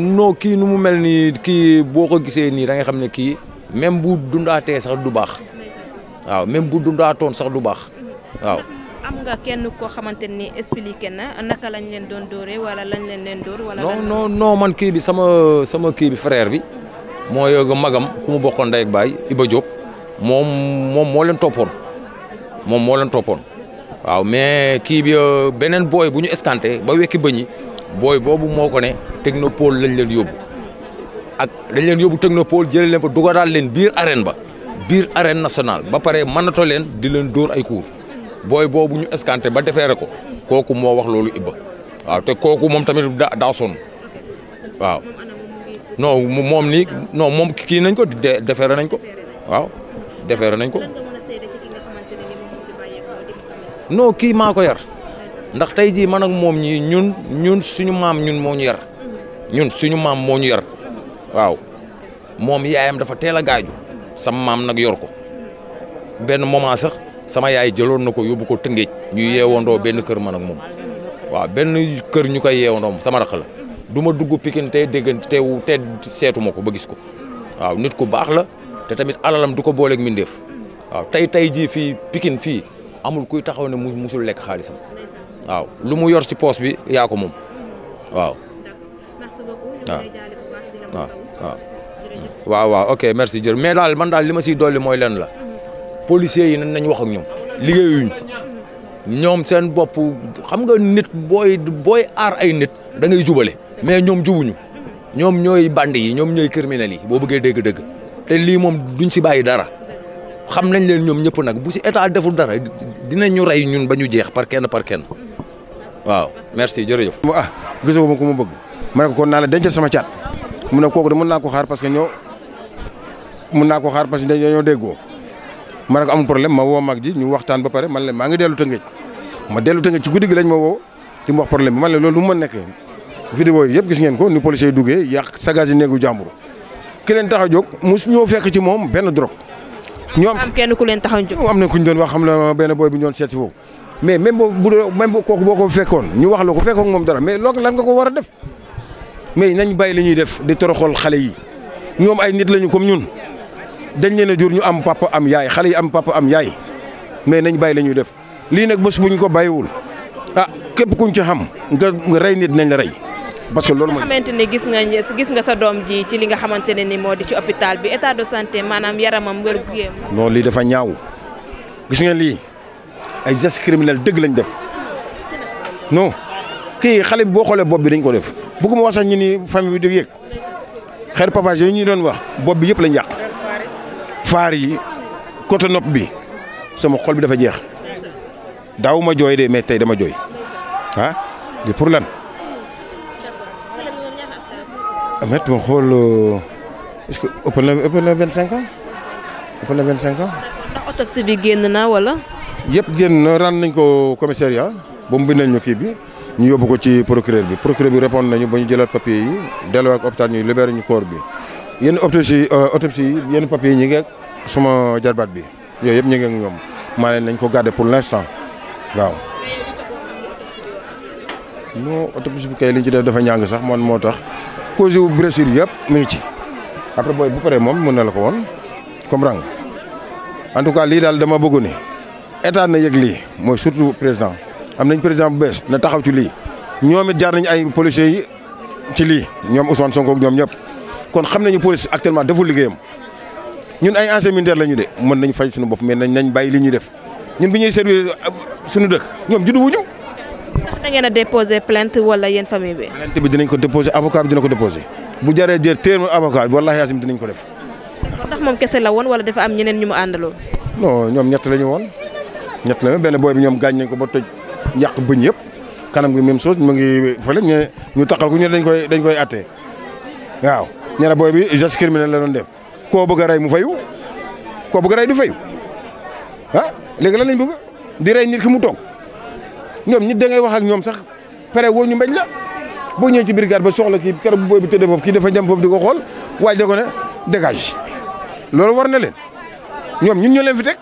bu kii nu mu mel nii kii boo ko gisee nii da xam ne kii même bu dundaatee sax du baax. waaw même bu dundaatoon sax du baax mhm. waaw. am nga kenn koo xamante ni expliqué na naka lañ leen doon dóoree wala lañ leen leen dóor. wala man kii bi sama sama kii bi frère bi. Mhm. moo magam ku mu bokkoon day ak baay Iba Diop moom moom moo leen toppoon moom moo leen toppoon waaw mais kii bi euh, beneen booy bu ñu escanté ba wekki bëñi booy boobu moo ko ne technopole lañ leen yóbbu mhm. ak dañ leen yóbbu technopole jëlee leen fa dugalaat leen biir arène ba. biir arène nationale ba pare mënatoo leen di leen dóor ay cours booy boobu ñu escanté ba defeere ko kooku moo wax loolu Ibba waaw te kooku moom tamit daa sonn waaw non moom nii noo moom kii nañ ko defeere nañ ko waaw nañ ko non kii maa ko yar ndax tey jii man ak moom ñii ñun ñun suñu maam ñun moo yar ñun suñu maam moo ñu yar waaw moom yaayam dafa teel a gaaju sama maam nag yor ko benn moment sax sama yaay jëloon na ko yóbbu ko tëngéej ñu yeewandoo benn kër ma nag moom waaw benn kër ñu koy yeewandoo sama rax la du ma dugg Pikine tey te te seetu ma ko ba gis ko waaw nit ku baax la te tamit alalam du ko booleeg mindeef waaw tey tey jii fii pikin fii amul kuy taxaw ne mu musul lekk xaalisam waaw lu mu yor si poos bi yaa ko moom waaw waaw waaw waaw waaw ok merci jërëjëf mais daal man li ma siy dolli mooy lenn la policiers yi nan nañ wax ak ñoom liggéeyuñ ñoom seen bopp xam nga nit booy booy aar ay nit da ngay jubale mais ñoom jubuñu ñoom ñooy bandi yi ñoom ñooy criminels yi boo bëggee dégg-dégg lii moom duñ si bàyyi dara xam nañ leen ñoom ñëpp nag bu si état deful dara dinañ ñu rey ñun ba ñu jeex kenn par kenn waaw merci jërëjëf. ah gisoo ma ko mu bëgg ma ne ko kon naa la denc sama caat mu ne kooku de mën naa ko xaar parce que ñoo. mun naa ko xaar parce que dañoo déggoo ma ne ko amul problème ma woo mag ji ñu waxtaan ba pare man la maa ngi dellu Tëngéej ma dellu Tëngéej ci guddi gi lañ ma woo ci mu wax problème bi man loolu lu mu mën nekkee vidéo yi yëpp gis ngeen ko ni policiers yi duggee yàq sagage yi néegu jàmbur ki leen tax a jóg fekk ci moom benn drogue. ñoom am kenn ku leen tax a jóg am na ku doon wax xam na benn boy bi ñu doon seet si foofu mais même boo bu même kooku boo ko fekkoon ñu wax la ko fekkoon moom dara mais loolu lan nga ko war a def mais nañ bàyyi li ñuy def di toroxol xale yi ñoom ay nit lañu comme ñun dañ leen a jur ñu am papa am yaay xale yi am papa am yaay mais nañ bay la ñuy def lii nag bés bu ñu ko bàyyiwul ah képp kuñ ci xam nga rey nit nañ la rey. parce que loolu mooy xamante ni gis nga gis nga sa doom ji ci li nga xamante ne ni moo di ci hôpital bi état de santé maanaam yaramam wér gu yéem. non lii dafa ñaaw gis nga lii ay gestes criminels dëgg lañ def non kii xale bi boo xoolee bopp bi dañ ko def. bu ko ma wax sax ñu ni famille bi di yëg xeer pavage yooyu ñu doon wax bopp bi yëpp lañ yàq. faar yi côté nopp bi sama xol bi dafa jeex daaw ma jooy de mais tey dama jooy ah di pour lan amet ah, ma xool est euh, que ëppal na ëppal na vingt cinq ans ëppal na vingt cinq ans ndax autopsie bi génn na wala yëpp génn na ren nañ ko commissariat ba mu bindal ñu kii bi ñu yóbbu ko ci procureur bi procureur bi répondre nañu ba ñu jëlaat papier yi delluwaat hôpital ñu libéré ñu corps bi yenn autopsie euh, autopsie yi yenn papier yi ñu ngi suma jarbaat bi yooyu yëpp ñu ngi ak ñoom maa leen nañ ko garder pour l'instant waaw. non autopsie bu kay li ci def dafa ñàng sax man moo tax cause yu blessure yëpp mu ci après booy bu paree moom mën na la ko woon comme nga en tout cas lii daal dama bëgg ni état na yëg lii mooy surtout président am nañ président bu bees na taxaw ci lii ñoom it jaar nañ ay policiers yi ci lii ñoom Ousmane Sonko ak ñoom ñëpp. kon xam nañu police actuellement defu liggéeyam ñun ay anciens militaires la ñu de mën nañ faj suñu bopp mais nañ nañ bàyyi li ñuy def ñun bi ñuy servir euh, suñu dëkk ñoom juddu wuñu. ndax da ngeen a déposé plainte wala yéen famille bi. plainte bi dinañ ko déposé avocat bi dina ko déposé bu jaree jër téeméer avocat bi wallaahi yaasim dinañ ko def. ndax kese la woon wala dafa am ñeneen ñu mu àndaloo. ñoom ñett lañu woon ñett la ñu benn booy bi ñoom gaañ nañ ko ba toj yàq bëñ yëpp kanam gi même chose mu ngi fële ñu ñu taxal ko ñu dañ koy dañ koy attee waaw ñu booy bi geste criminel la doon dem koo bëgg a rey mu fayu koo bëgg a rey du fayu ah léegi lan nañ bëgg di rey nit ki mu toog ñoom nit dangay ngay wax ak ñoom sax pare woo ñu mbéj la boo ñëwee ci brigade ba soxla kii keroog booy bi tëddee foofu kii dafa jëm foofu di ko xool waaye da ko ne dégage loolu war na leen ñoom ñu ñoo leen fi teg.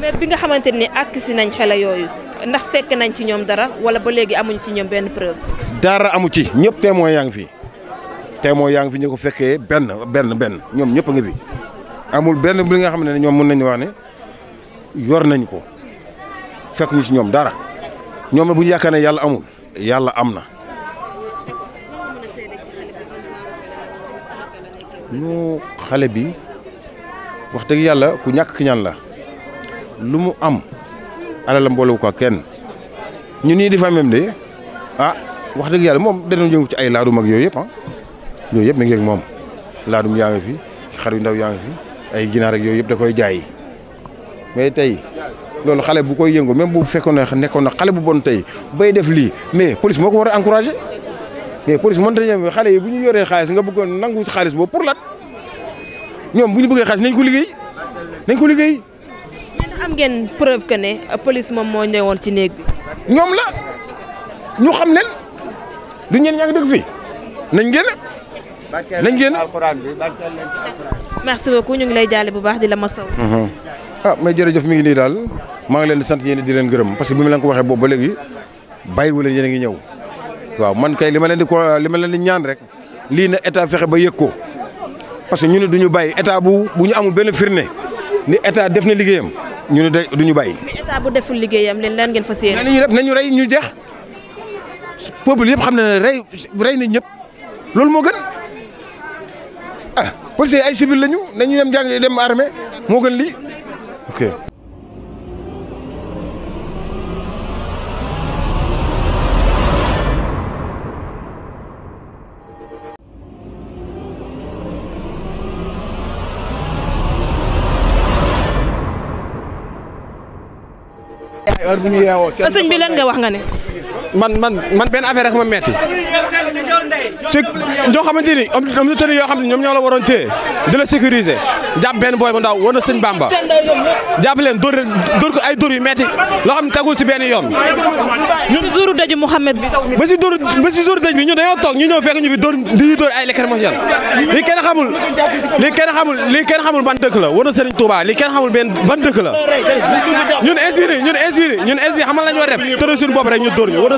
mais bi nga xamante ni àkk si nañ xela yooyu ndax fekk nañ ci ñoom dara wala ba léegi amuñ ci ñoom benn preuve. dara amu ci ñëpp témoin yaa ngi fi. témoin yaa ngi fi ñu ko fekkee benn benn benn ñoom ñëpp a ngi fi amul benn bi nga xam ne ñoom mën nañu wax ne yor nañ ko fekk ñu ci ñoom dara ñoom bu ñu yaakaar ne yàlla amul yàlla am na. ñu xale bi wax dëgg yàlla ku ñàkk ñaan la lu mu am alalam boolewu ko kenn ñu nii di fa même de ah wax dëgg yàlla moom danañ yëngu ci ay laadum mag yooyu yëpp ah. yooyu yëpp mi ngi ak moom laadum yaa ngi fi xar yu ndaw yaa ngi ay ginaar ak yooyu yëpp da koy jaay mais tey loolu xale bu koy yëngu même bu fekkoon ne nekkoon na xale bu bon tey bay def lii mais police moo ko war a mais police mënta ñëw xale yi bu ñu yoree xaalis nga bëggoon nangu xaalis boobu pour lan bu ñu bëggee xaalis nañ ko liggéey nañ ko liggéey. am ngeen preuve que ne police moom moo ñëwoon ci néeg bi. ñoom la ñu xam leen du ñeen ñaa ngi dëkk fii nañ génn. nañ génn merci beaucoup ñu ngi lay jaale bu baax di la ma saw uh-huh. ah mais jërëjëf mi ngi nii daal maa ngi leen di sant yéen di leen gërëm parce que bi ma leen ko waxee boobu ba léegi bàyyiwu leen yéen a ñëw waaw man kay li ma leen di li ma leen di ñaan rek lii na état fexe ba yëg ko parce que ñu ne du ñu bàyyi état bu bu ñu amu benn firne ni état def na liggéeyam ñu ne du ñu bay mais état bu deful liggéeyam leen lan ngeen fas yéene. nañu def nañu rey ñu jex peuple yëpp xam na ne rey rey nañ ñëpp loolu moo gën. policiers ay civil lañu nañu dem jàng dem armée moo gën lii ok. sëñ nga wax nga ne man man man benn affaire rek ma metti si ñoo xamante ni am am na yoo xam ne ñoom ñoo la waroon téye di la sécuriser jàpp benn booy bu ndaw war na sëñ Bamba jàpp leen dóor dóor ko ay dóor yu metti loo xam ne tagul si benn yoon. ñun jouru dëj Mouhamed bi. ba si dóor ba si jouru dëj bi ñun dañoo toog ñu ñëw fekk ñu fi dóor di ñu dóor ay lacrymogène lii kenn kenn xamul lii kenn xamul ban dëkk la war na sëriñ Touba lii kenn xamul benn ban dëkk la ñun inspiré ñun inspiré ñun inspiré xamal la war rek ñu dóor ñu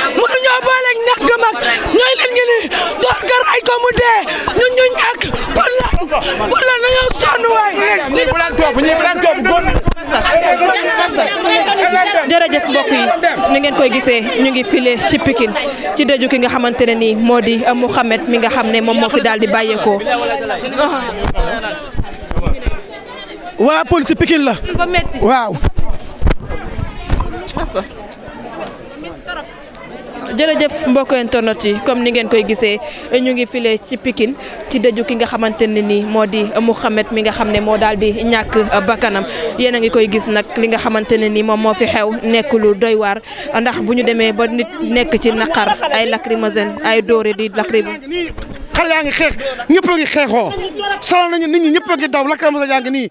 mënuñoo booleeg ñàkk mag ñooy leen ñu ni door ko ko mu dee ñun ñu ñàkk pour lan pour lan dañoo sonn waay. bu leen yi ni ngeen koy gisee ñu ngi file ci pikin ci dëju ki nga xamante ne nii moo di Mouhamed mi nga xam ne moom moo fi daal di bàyyeekoo. waa Poul si Pikine la waaw. jërëjëf mbokk internet comme ni ngeen koy gisee ñu ngi file ci Pikine ci dëju ki nga xamante ne nii moo di amu Mouhamed mi nga xam ne moo daal di ñàkk bakkanam yéen a ngi koy gis nag li nga xamante ne nii moom moo fi xew nekk lu doy waar ndax bu ñu demee ba nit nekk ci naqar ay lacrymogène ay dóore di lacrymogène. xale yaa ngi xeex ñëpp a ngi xeexoo sonal nañu nit ñi ñëpp a ngi daw lacrymogène yaa ngi nii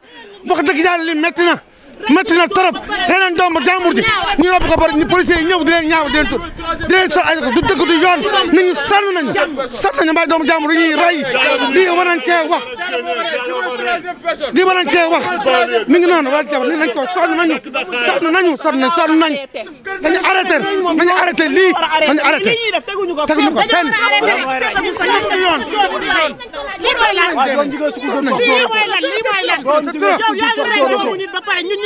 wax dëgg yàlla li metti na. métti na trop leneen doomu jàmbur ji ñu rob ko bari ñu policiers yi ñëw di leen ñaaw di leen tur di leen sol ay ko du dëgg du yoon nit ñi sonn nañu sonn nañu mbay doomu jàmbur ñuy rey lii war nañ wax lii war nañ wax mi ngi noonu wala jabar lii nañ ko sonn nañu sonn nañu sonn nañ sonn nañ dañu arrêté dañu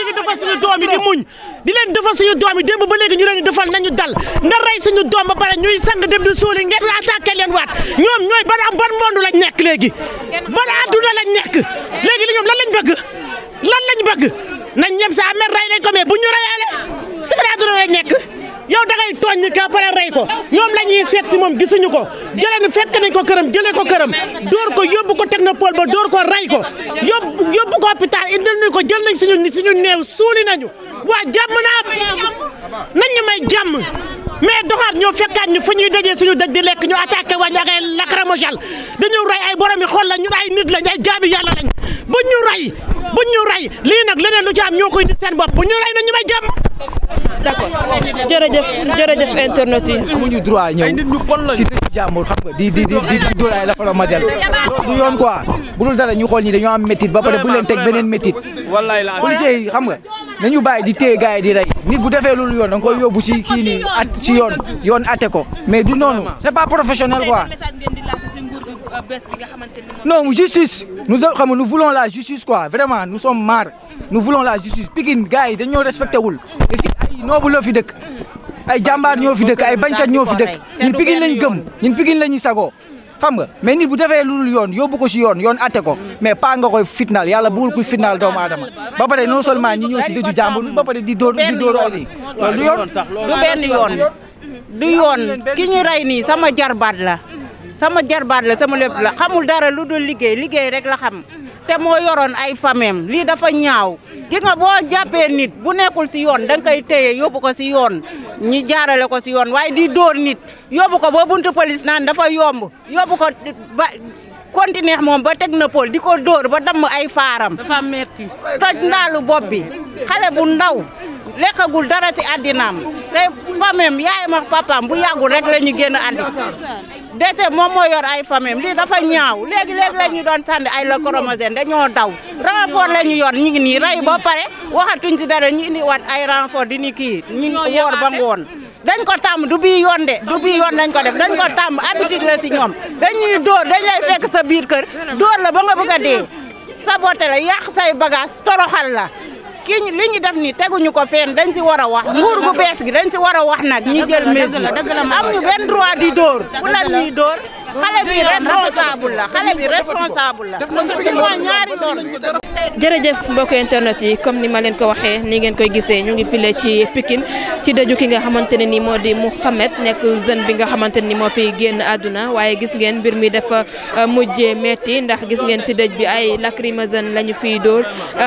ñu ngi defal suñu doom yi di muñ di leen defal suñu doom yi démb ba léegi ñu leen di defal nañu dal nga rey suñu doom ba pare ñuy sang dem di suuli ngeen attaqué leen waat ñoom ñooy ban am ban monde lañ nekk léegi ban adduna lañ nekk léegi ñoom lan lañ bëgg lan lañ bëgg nañ ñem sa amer rey ko mais bu ñu reyaale si ban adduna lañ nekk yow dangay tooñ nit ka pare rey ko ñoom la ñuy seet si moom gisuñu ko jëlee nu fekk nañ ko këram jëlee ko këram dóor ko yóbbu ko technopole ba dóor ko rey ko yóbbu yóbbu ko hôpital indil nañ ko jël nañ suñu suñu néew suuli nañu waa jàmm naa nañ ñu may jàmm mais doxaat ñoo fekkaat ñu fu ñuy dajee suñu dëj di lekk ñu attaqué wañ ak ay lacrymogène dañu ray ay borom yi xool la ñun ay nit lañ ay lu ci am ñoo koy nit seen bopp buñ ñu ray na ñu may jàmm d'accord jërëjëf jërëjëf internet yi amuñu droit ñëw si dëkk jàmbur xam nga di di di di dóor ay lacrymogène du yoon quoi bu ñu xool ñi dañoo am métit ba pare bu leen la policiers yi xam nga di di rey nit bu defee yoon da nga si kii at ci yoon yoon atte ko mais du noonu c'est pas professionnel quoi euh, non justice nous euh, xam nous voulons la justice quoi vraiment nu sommes marre nous voulons la justice Pikine gars yi dañoo respecté wul te ay noobu loo fi dëkk ay jàmbaar ñoo fi dëkk ay bañkat ñoo fi dëkk ñun Pikine lañ gëm ñun Pikine lañuy sagoo xam nga mais nit bu defee lu yoon yóbbu ko si yoon yoon ate ko mais pas nga koy fitnaal yàlla bugul kuy fitnaal doomu aadama ba pare non ñu ñi ñëw si dëju jàmbur ba pare di dóor di dóor yi du yoon du benn yoon du yoon ki ñu nii sama jarbaat la sama jarbaat la sama lépp la xamul dara lu dul liggéey liggéey rek la xam te moo yoroon ay famem lii dafa ñaaw gi boo jàppee nit bu nekkul si yoon da nga koy téye yóbbu ko si yoon ñu jaarale ko si yoon waaye di dóor nit yóbbu ko ba buntu police naan dafa yomb yóbbu ko ba continuer moom ba teg na pol di ko dóor ba damm ay faaram. dafa metti toj ndaalu bopp bi xale ndaw. lekkagul dara ci àddinaam te famem yaayam ak papaam bu yàggul rek la ñu génn àndi dese moom moo yor ay famem lii dafa ñaaw léegi léegi la ñu doon sànni ay la chromosome dañoo daw renfort la ñu yor ñu ngi nii rey ba pare waxatuñ si dara ñu indi wat ay renfort di ni kii ñu woor ba woon dañ ko tàmm du bii yoon de du bii yoon dañ ko def dañ ko tàmm habitude la ci ñoom dañuy dóor dañ lay fekk sa biir kër dóor la ba nga bëgg a dee saboté la yàq say bagage toroxal ki li ñu def ni teguñu ko feen dañ si war a wax nguur gu bees gi dañ si war a wax nag ñi jël mesure am ñu benn droit di dóor ku lan ñuy dóor xale bi la jërëjëf mbokk internet yi comme ni ma leen ko waxee ni ngeen koy gisee ñu ngi file ci Pikine ci dëju ki nga xamante ne ni moo di Mouhamed nekk jeune bi nga xamante ni moo fiy génn àdduna waaye gis ngeen mbir mi dafa uh, mujjee metti ndax gis ngeen ci dëj bi ay lacrymogène la lañu fiy dóor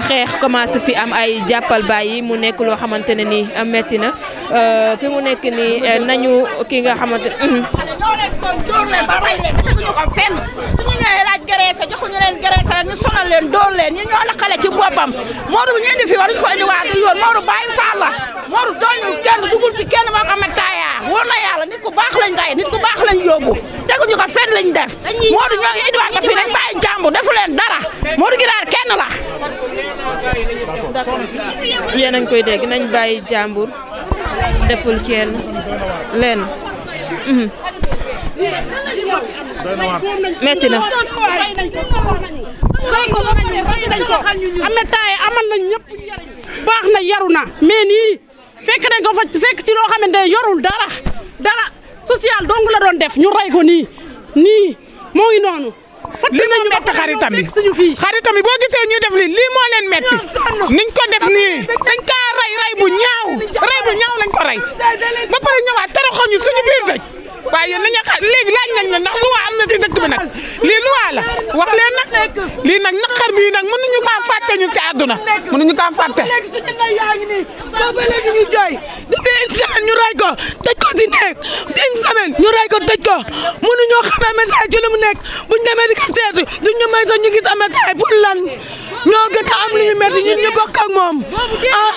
xeex commencé fi am ay jàppal bàyyi mu nekk loo xamante ne ni uh, metti na Euh, fi mu nekk nii euh, nañu ki nga xamante ñoo leen ko dóor leen ba rey leen teguñu ko fenn suñu ñëwee laaj graisse joxuñu leen graisse rek ñu sonal leen dóor leen ñi ñoo la xale ci boppam Modou bu ñu indi fii waruñu ko indi waa du yoon Modou Baye Fall la kenn dugul ci kenn moo ko taaya wóor na yàlla nit ku baax lañ rey nit ku baax lañ yóbbu teguñu ko fenn lañ def Modou ñoo ngi indiwaat ko fii dañ bàyyi jàmbur defu leen dara Modou Giraar kenn la deful kenn leen mhm. metti na am na taay amal baax na yaru na mais nii fekk nañ ko fa fekk ci loo xamante ne yorul dara dara social dong doon def ñu rey ko nii nii moo ngi li nañu métti xaritam bi xaritam bi boo gisee ñu def li lii moo leen métti niñ ko def nii dañ kaa rey rey bu ñaaw rey bu ñaaw lañ ko rey ba pare ñëwaat toroxoñu suñu biir dëj waaye yéen nañu xaar léegi laaj nañ la ndax am na ci dëkk bi nag lii luwaa la wax leen nag lii nag naqar bii nag mënuñu kaa ci àdduna mënuñu kaa fàtte. léegi suñu ndey yaa ngi nii booba léegi ñu jooy depuis une ñu rey ñu rey ko tëj ko mu nekk buñ demee di ko seetu duñ ñu may sax ñu gis am message pour lan ñoo gën a am lu ñu ñu bokk moom ah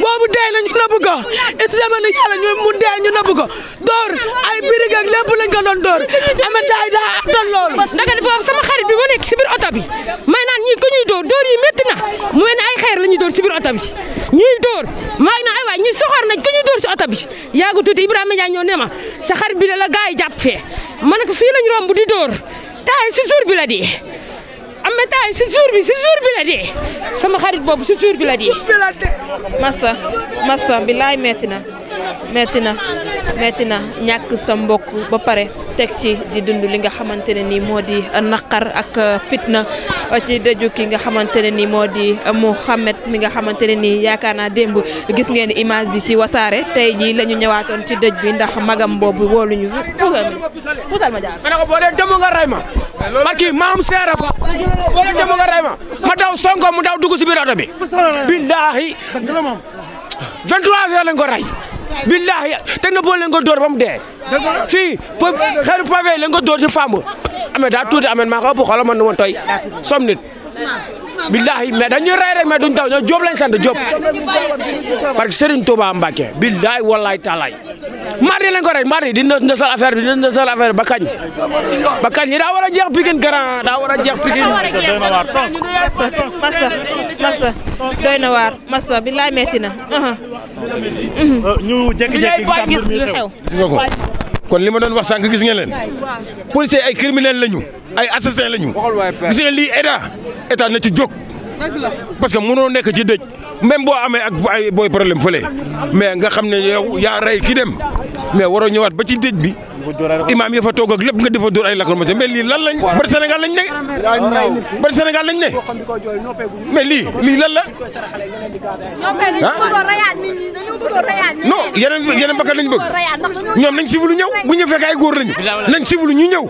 boobu dee na ñu nëbb ko une semaine yàlla ñu mu dee ñu nëbb ko door ay birig ak lépp lañ ko doon dóor Ameth Ndiaye daa attan loolu. naka ni boobu sama xarit bi ma nekk si oto bi may naan ñii ku ñuy dóor dóor yi métti na mu mel ay xeer la ñuy dóor si biir oto bi ñuy dóor maa ngi naan ay waay ñi soxor nañ ku ñuy dóor si oto bi yaagu tuuti Ibrahima Ndiaye ñoo ne ma sa xarit bi la la gars yi jàpp fee ma ne ko fii lañ romb di dóor taay si jour bi la dee. Ameth Ndiaye si jour bi si jour bi la dee sama xarit bi la dee. massa massa bilaay metti na. metti na metti na ñàkk sa mbokk ba pare teg ci di dund li nga xamante ne nii moo di naqar ak fitna ci dëju ki nga xamante ne nii moo di Mouhamed mi nga xamante ne nii yaakaar naa démb gis ngeen image yi ci wasaare tey jii lañu ñu ci dëj bi ndax magam boobu wóoluñu puusal ma puusal ma jaar. ma ne ko boo dee demoo nga rey ma. barki maam seere fa boo dee demoo daw sonko mu daw dugg si biir bi. billaahi 23 heures lañ ko rey. billaahi technopole lañ ko door ba mu dee. fii xeeru pavé lañ ko dóor ci fàmb. amee daa tuuti amee maa ko ëpp xoolal man nu ma tooy som nit. billahi mais dañuy rey rek mais duñ taw ñoo Diop lañ sant Diop parce que Serigne Touba Mbacké billahi wallahi taalaay mardi lañ ko rey mardi dina ndësal affaire bi dina ndësal affaire bi ba kañ daa war a jeex Pikine grand daa war a jeex Pikine massa massa doy na waar massa billahi metti uh-huh. kon li ma doon wax sànq gis ngeen leen policiers ay criminels lañu ay assassins lañu gis ngeen lii état état na ci jóg. parce que munoo nekk ci dëj même boo amee ak ay booy problème fële mais nga xam ne yow yaa rey ki dem mais waroo ñëwaat ba ci dëj bi imaam ya fa toog ak lépp nga defa dóor ay lacrymogène mais lii lan lañ bari Sénégal lañ ne bari Sénégal lañ ne mais lii lii lan la non yeneen yeneen bakkan lañ bëgg ñoom nañ sivilu ñëw bu ñu fekk ay góor lañu nañ sivilu ñu ñëw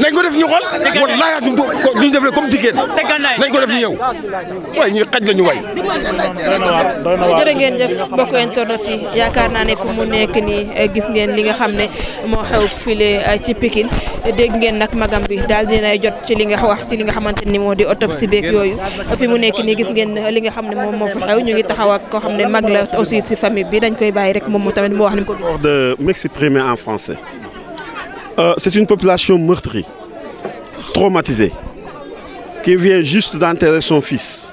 nañ ko def ñu xool wallaahi duñ def comme jigéen nañ ko def ñu ñëw waaye ñii xaj la ñu way. jërë ngeen jëf mbokku internet yi yaakaar naa ne fu mu nekk nii eh, gis ngeen li nga xam ne moo xew file eh, ci Pikine dégg ngeen nag magam bi daal dinay jot ci li nga wax ci li nga xamante ni moo di autopsie beeg mu nekk nii gis ngeen li nga xam ne moom moo fi xew ñu ngi taxaw ak koo xam ne mag la aussi si famille bi dañ koy bàyyi rek moom mu tamit mu wax ni mu ko gis. de m'exprimer en français. Euh, c'est une population meurtrie, traumatisée. qui vient juste d'enterrer son fils,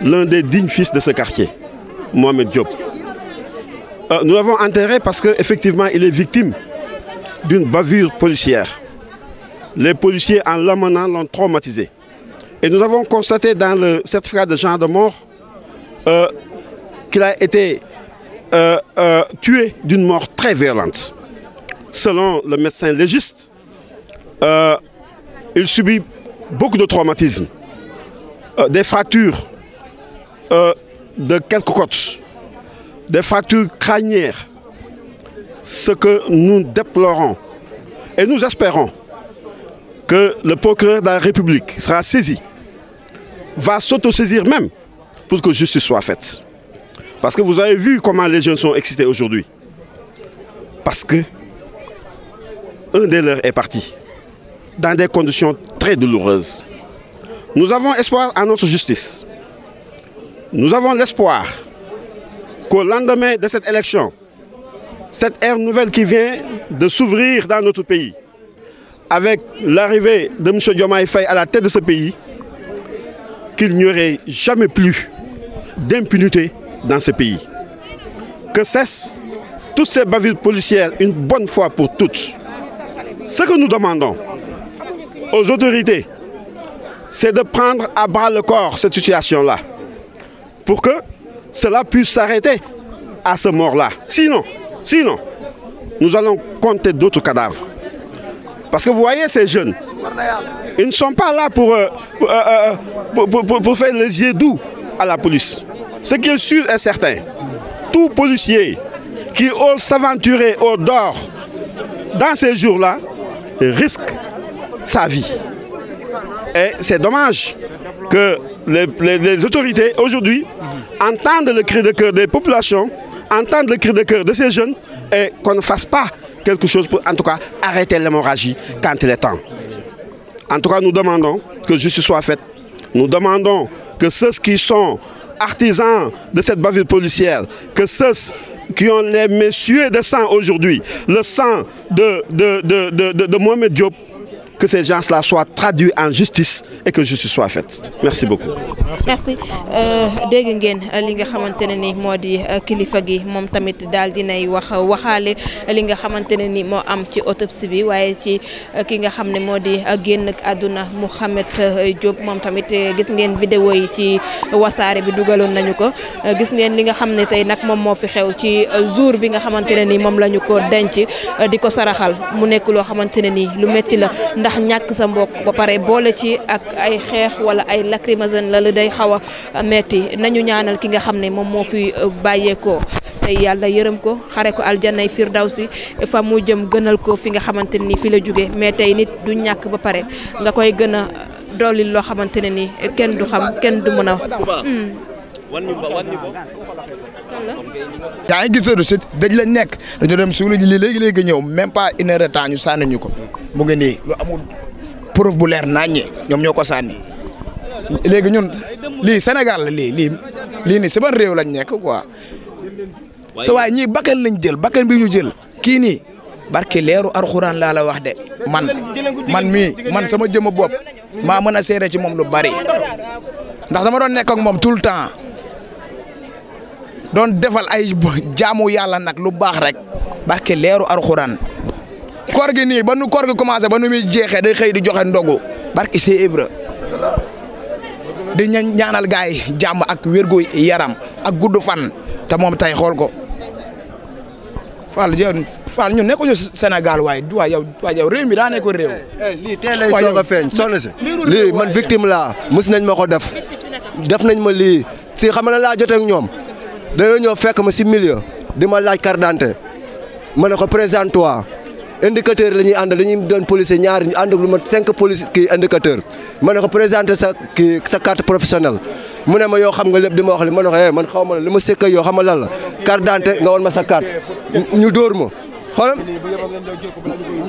l'un des dignes fils de ce quartier, Mohamed Diop. Euh, nous l'avons enterré parce qu'effectivement, il est victime d'une bavure policière. Les policiers, en l'amenant, l'ont traumatisé. Et nous avons constaté dans le certificat de genre de mort euh, qu'il a été euh, euh, tué d'une mort très violente. Selon le médecin légiste, euh, il subit beaucoup de traumatismes, euh, des fractures euh, de quelques côtes, des fractures crâniennes, ce que nous déplorons. Et nous espérons que le procureur de la République sera saisi, va s'autosaisir même pour que justice soit faite. Parce que vous avez vu comment les jeunes sont excités aujourd'hui. Parce que des leurs est parti. dans des conditions très douloureuses. Nous avons espoir en notre justice. Nous avons l'espoir qu'au lendemain de cette élection, cette ère nouvelle qui vient de s'ouvrir dans notre pays, avec l'arrivée de M. Diomaye Faye à la tête de ce pays, qu'il n'y aurait jamais plus d'impunité dans ce pays. Que cessent toutes ces bavures policières une bonne fois pour toutes. Ce que nous demandons, aux autorités, c'est de prendre à bras le corps cette situation-là, pour que cela puisse s'arrêter à ce mort-là. Sinon, sinon, nous allons compter d'autres cadavres. Parce que vous voyez ces jeunes, ils ne sont pas là pour, euh, euh, euh faire les doux à la police. Ce qui est sûr et certain, tout policier qui ose s'aventurer au dehors dans ces jours-là risque sa vie. Et c'est dommage que les, les, les autorités aujourd'hui entendent le cri de cœur des populations, entendent le cri de cœur de ces jeunes et qu'on ne fasse pas quelque chose pour, en tout cas, arrêter l'hémorragie quand il est temps. En tout cas, nous demandons que justice soit faite. Nous demandons que ceux qui sont artisans de cette bavure policière, que ceux qui ont les messieurs de sang aujourd'hui, le sang de, de, de, de, de Mohamed Diop, que ces gens euh, ngeen euh, li nga xamante ne ni moo di euh, kilifa gi moom tamit daal dinay wax waxaale li nga xamante ne ni moo am ci autopsie bi waaye ci ki nga xam ne moo di génn àdduna Mouhamed Diop moom tamit gis ngeen vidéo yi ci wasaare bi dugaloon nañu ko gis ngeen li nga xam ne tey nag moom moo fi xew ci jour bi nga xamante ne ni moom lañu ko denc di ko saraxal mu nekk loo xamante ni lu metti la. ndax ñàkk sa mbokk ba pare boole ci ak ay xeex wala ay lacrymogène la lu day xaw a metti nañu ñaanal ki nga xam ne moom moo fi euh, bàyyeekoo tey yàlla yërëm ko xare ko fiir daw si fa mu jëm gënal ko fi nga xamante ni fi la jóge mais tey nit du ñàkk ba pare nga koy gën a dolli loo xamante ne ni kenn du xam kenn du mën a hmm. wan ñu ba wan yaa ngi gis réussite dëj lañ nekk dañoo dem suul ji léegi léegi ñëw même pas une heure de temps ñu sànni ñu mu ngi nii lu amul preuve bu leer naññee ñoom ñoo ko sànni léegi ñun lii senegal li lii lii lii nii si ban réew lañ nekk quoi sa waay ñii bakkan lañ jël bakkan bi ñu jël kii nii barke leeru arxuraan laa la wax de man man mii man sama jëmm bopp maa mën a seere ci moom lu bari ndax ma doon nekk ak moom tout le temps. doon defal ay jaamu yàlla nag lu baax rek barke leeru alxuraan koor gi nii ba nu koor gi commencé ba nu muy jeexee day xëy di joxe ndogu barke Cheikh Ibra di ñaanal gaay yi jàmm ak wérgu yaram ak gudd fan te moom tey xool ko Fall yow Fall ñun nekkuñu Sénégal waaye waaye yow waaye yow réew mi daa nekkoon réew. Eh, eh, lii teel lay soog a feeñ soxna si lii man victime laa mus nañ ma ko def def nañ ma lii si xam na laa jotee ñoom. dañoo ñoo fekk ma si milieu di ma laaj carte d'identité ma ne ko présente toi indicateur la ñuy àndal dañuy doon policier ñaar ñu ànd ak lu ma cinq police kii indicateur ma ne ko présenté sa kii sa carte professionnelle mu ne ma yoo xam nga lépp di ma wax li ma ne ko eh man xaw ma la li ma sëkka yoo xam nga lan la carte d'identité nga woon ma sa carte ñu dóor ma xoolal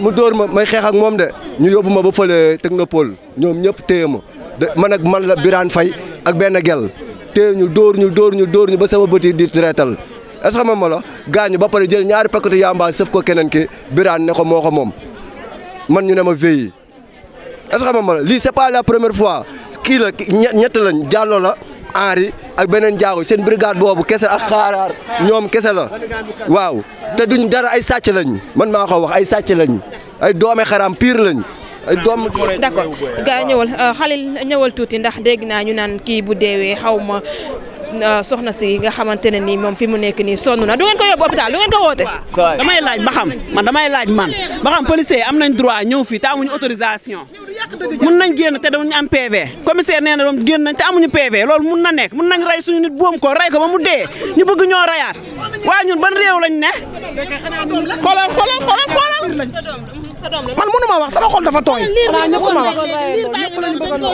mu door ma may xeex ak moom de ñu yóbbu ma ba fële technopole ñoom ñëpp téye ma man ak man la Birane Faye ak benn gel téye ñu dóor ñu dóor ñu dóor ñu ba sama bët yi di reetal est ce que ma la gaañu ba pare jël ñaari paquetu yamba sëf ko keneen ki biraan ne ko moo ko moom man ñu ne ma veillé est ce que ma la lii c'est pas la première fois kii la ñett lañ jàlloo la Henri ak beneen jaago seen brigade boobu kese ak xaaraar ñoom kese la waaw te duñ dara ay sàcc lañ man maa ko wax ay sàcc lañ ay doome xaram piir lañ. ay doom. d'accord gaa ñëwal xalil euh, ñëwal tuuti ndax dégg naa ñu naan kii bu deewee xaw ma euh, soxna si nga xamante ne nii moom fi mu nekk nii sonn na du ngeen ko yóbbu hôpital du ngeen ko woote. damay laaj ba xam ma damay laaj man ba xam policier am nañ droit ñëw fii te amuñu autorisation. mun nañ génn te dañu am PV commissaire nee na doom génn nañ te amuñu PV loolu mun na nekk mun nañ rey suñu nit boom ko rey ko ma mu dee ñu bëgg ñoo reyaat waaye ñun ban réew lañ ne xoolal man mënu ma wax sama xol dafa tooy. mënu ma wax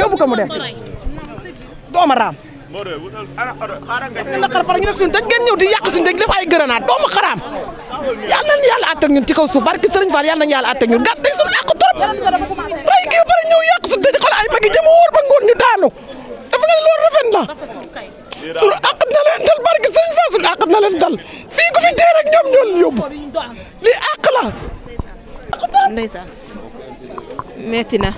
yóbbu ko mu dem dooma raam. naqar par ñu def suñu tëj ngeen ñëw di yàq suñu tëj def ay gërënaat doomu xaraam ci kaw suuf barki Sëriñ Fall yàlla nañu yàlla àttak ñun gàtt nañ suñu àq trop rey gi ba pare ay magi jëm ba ngoon ñu daanu dafa ne loolu rafet na sunu àq na leen dal barke Sëriñ Fall sunu àq na leen dal fii ku fi dee rek ñoom ñoo leen yóbbu lii àq la. ndeysaan metti na.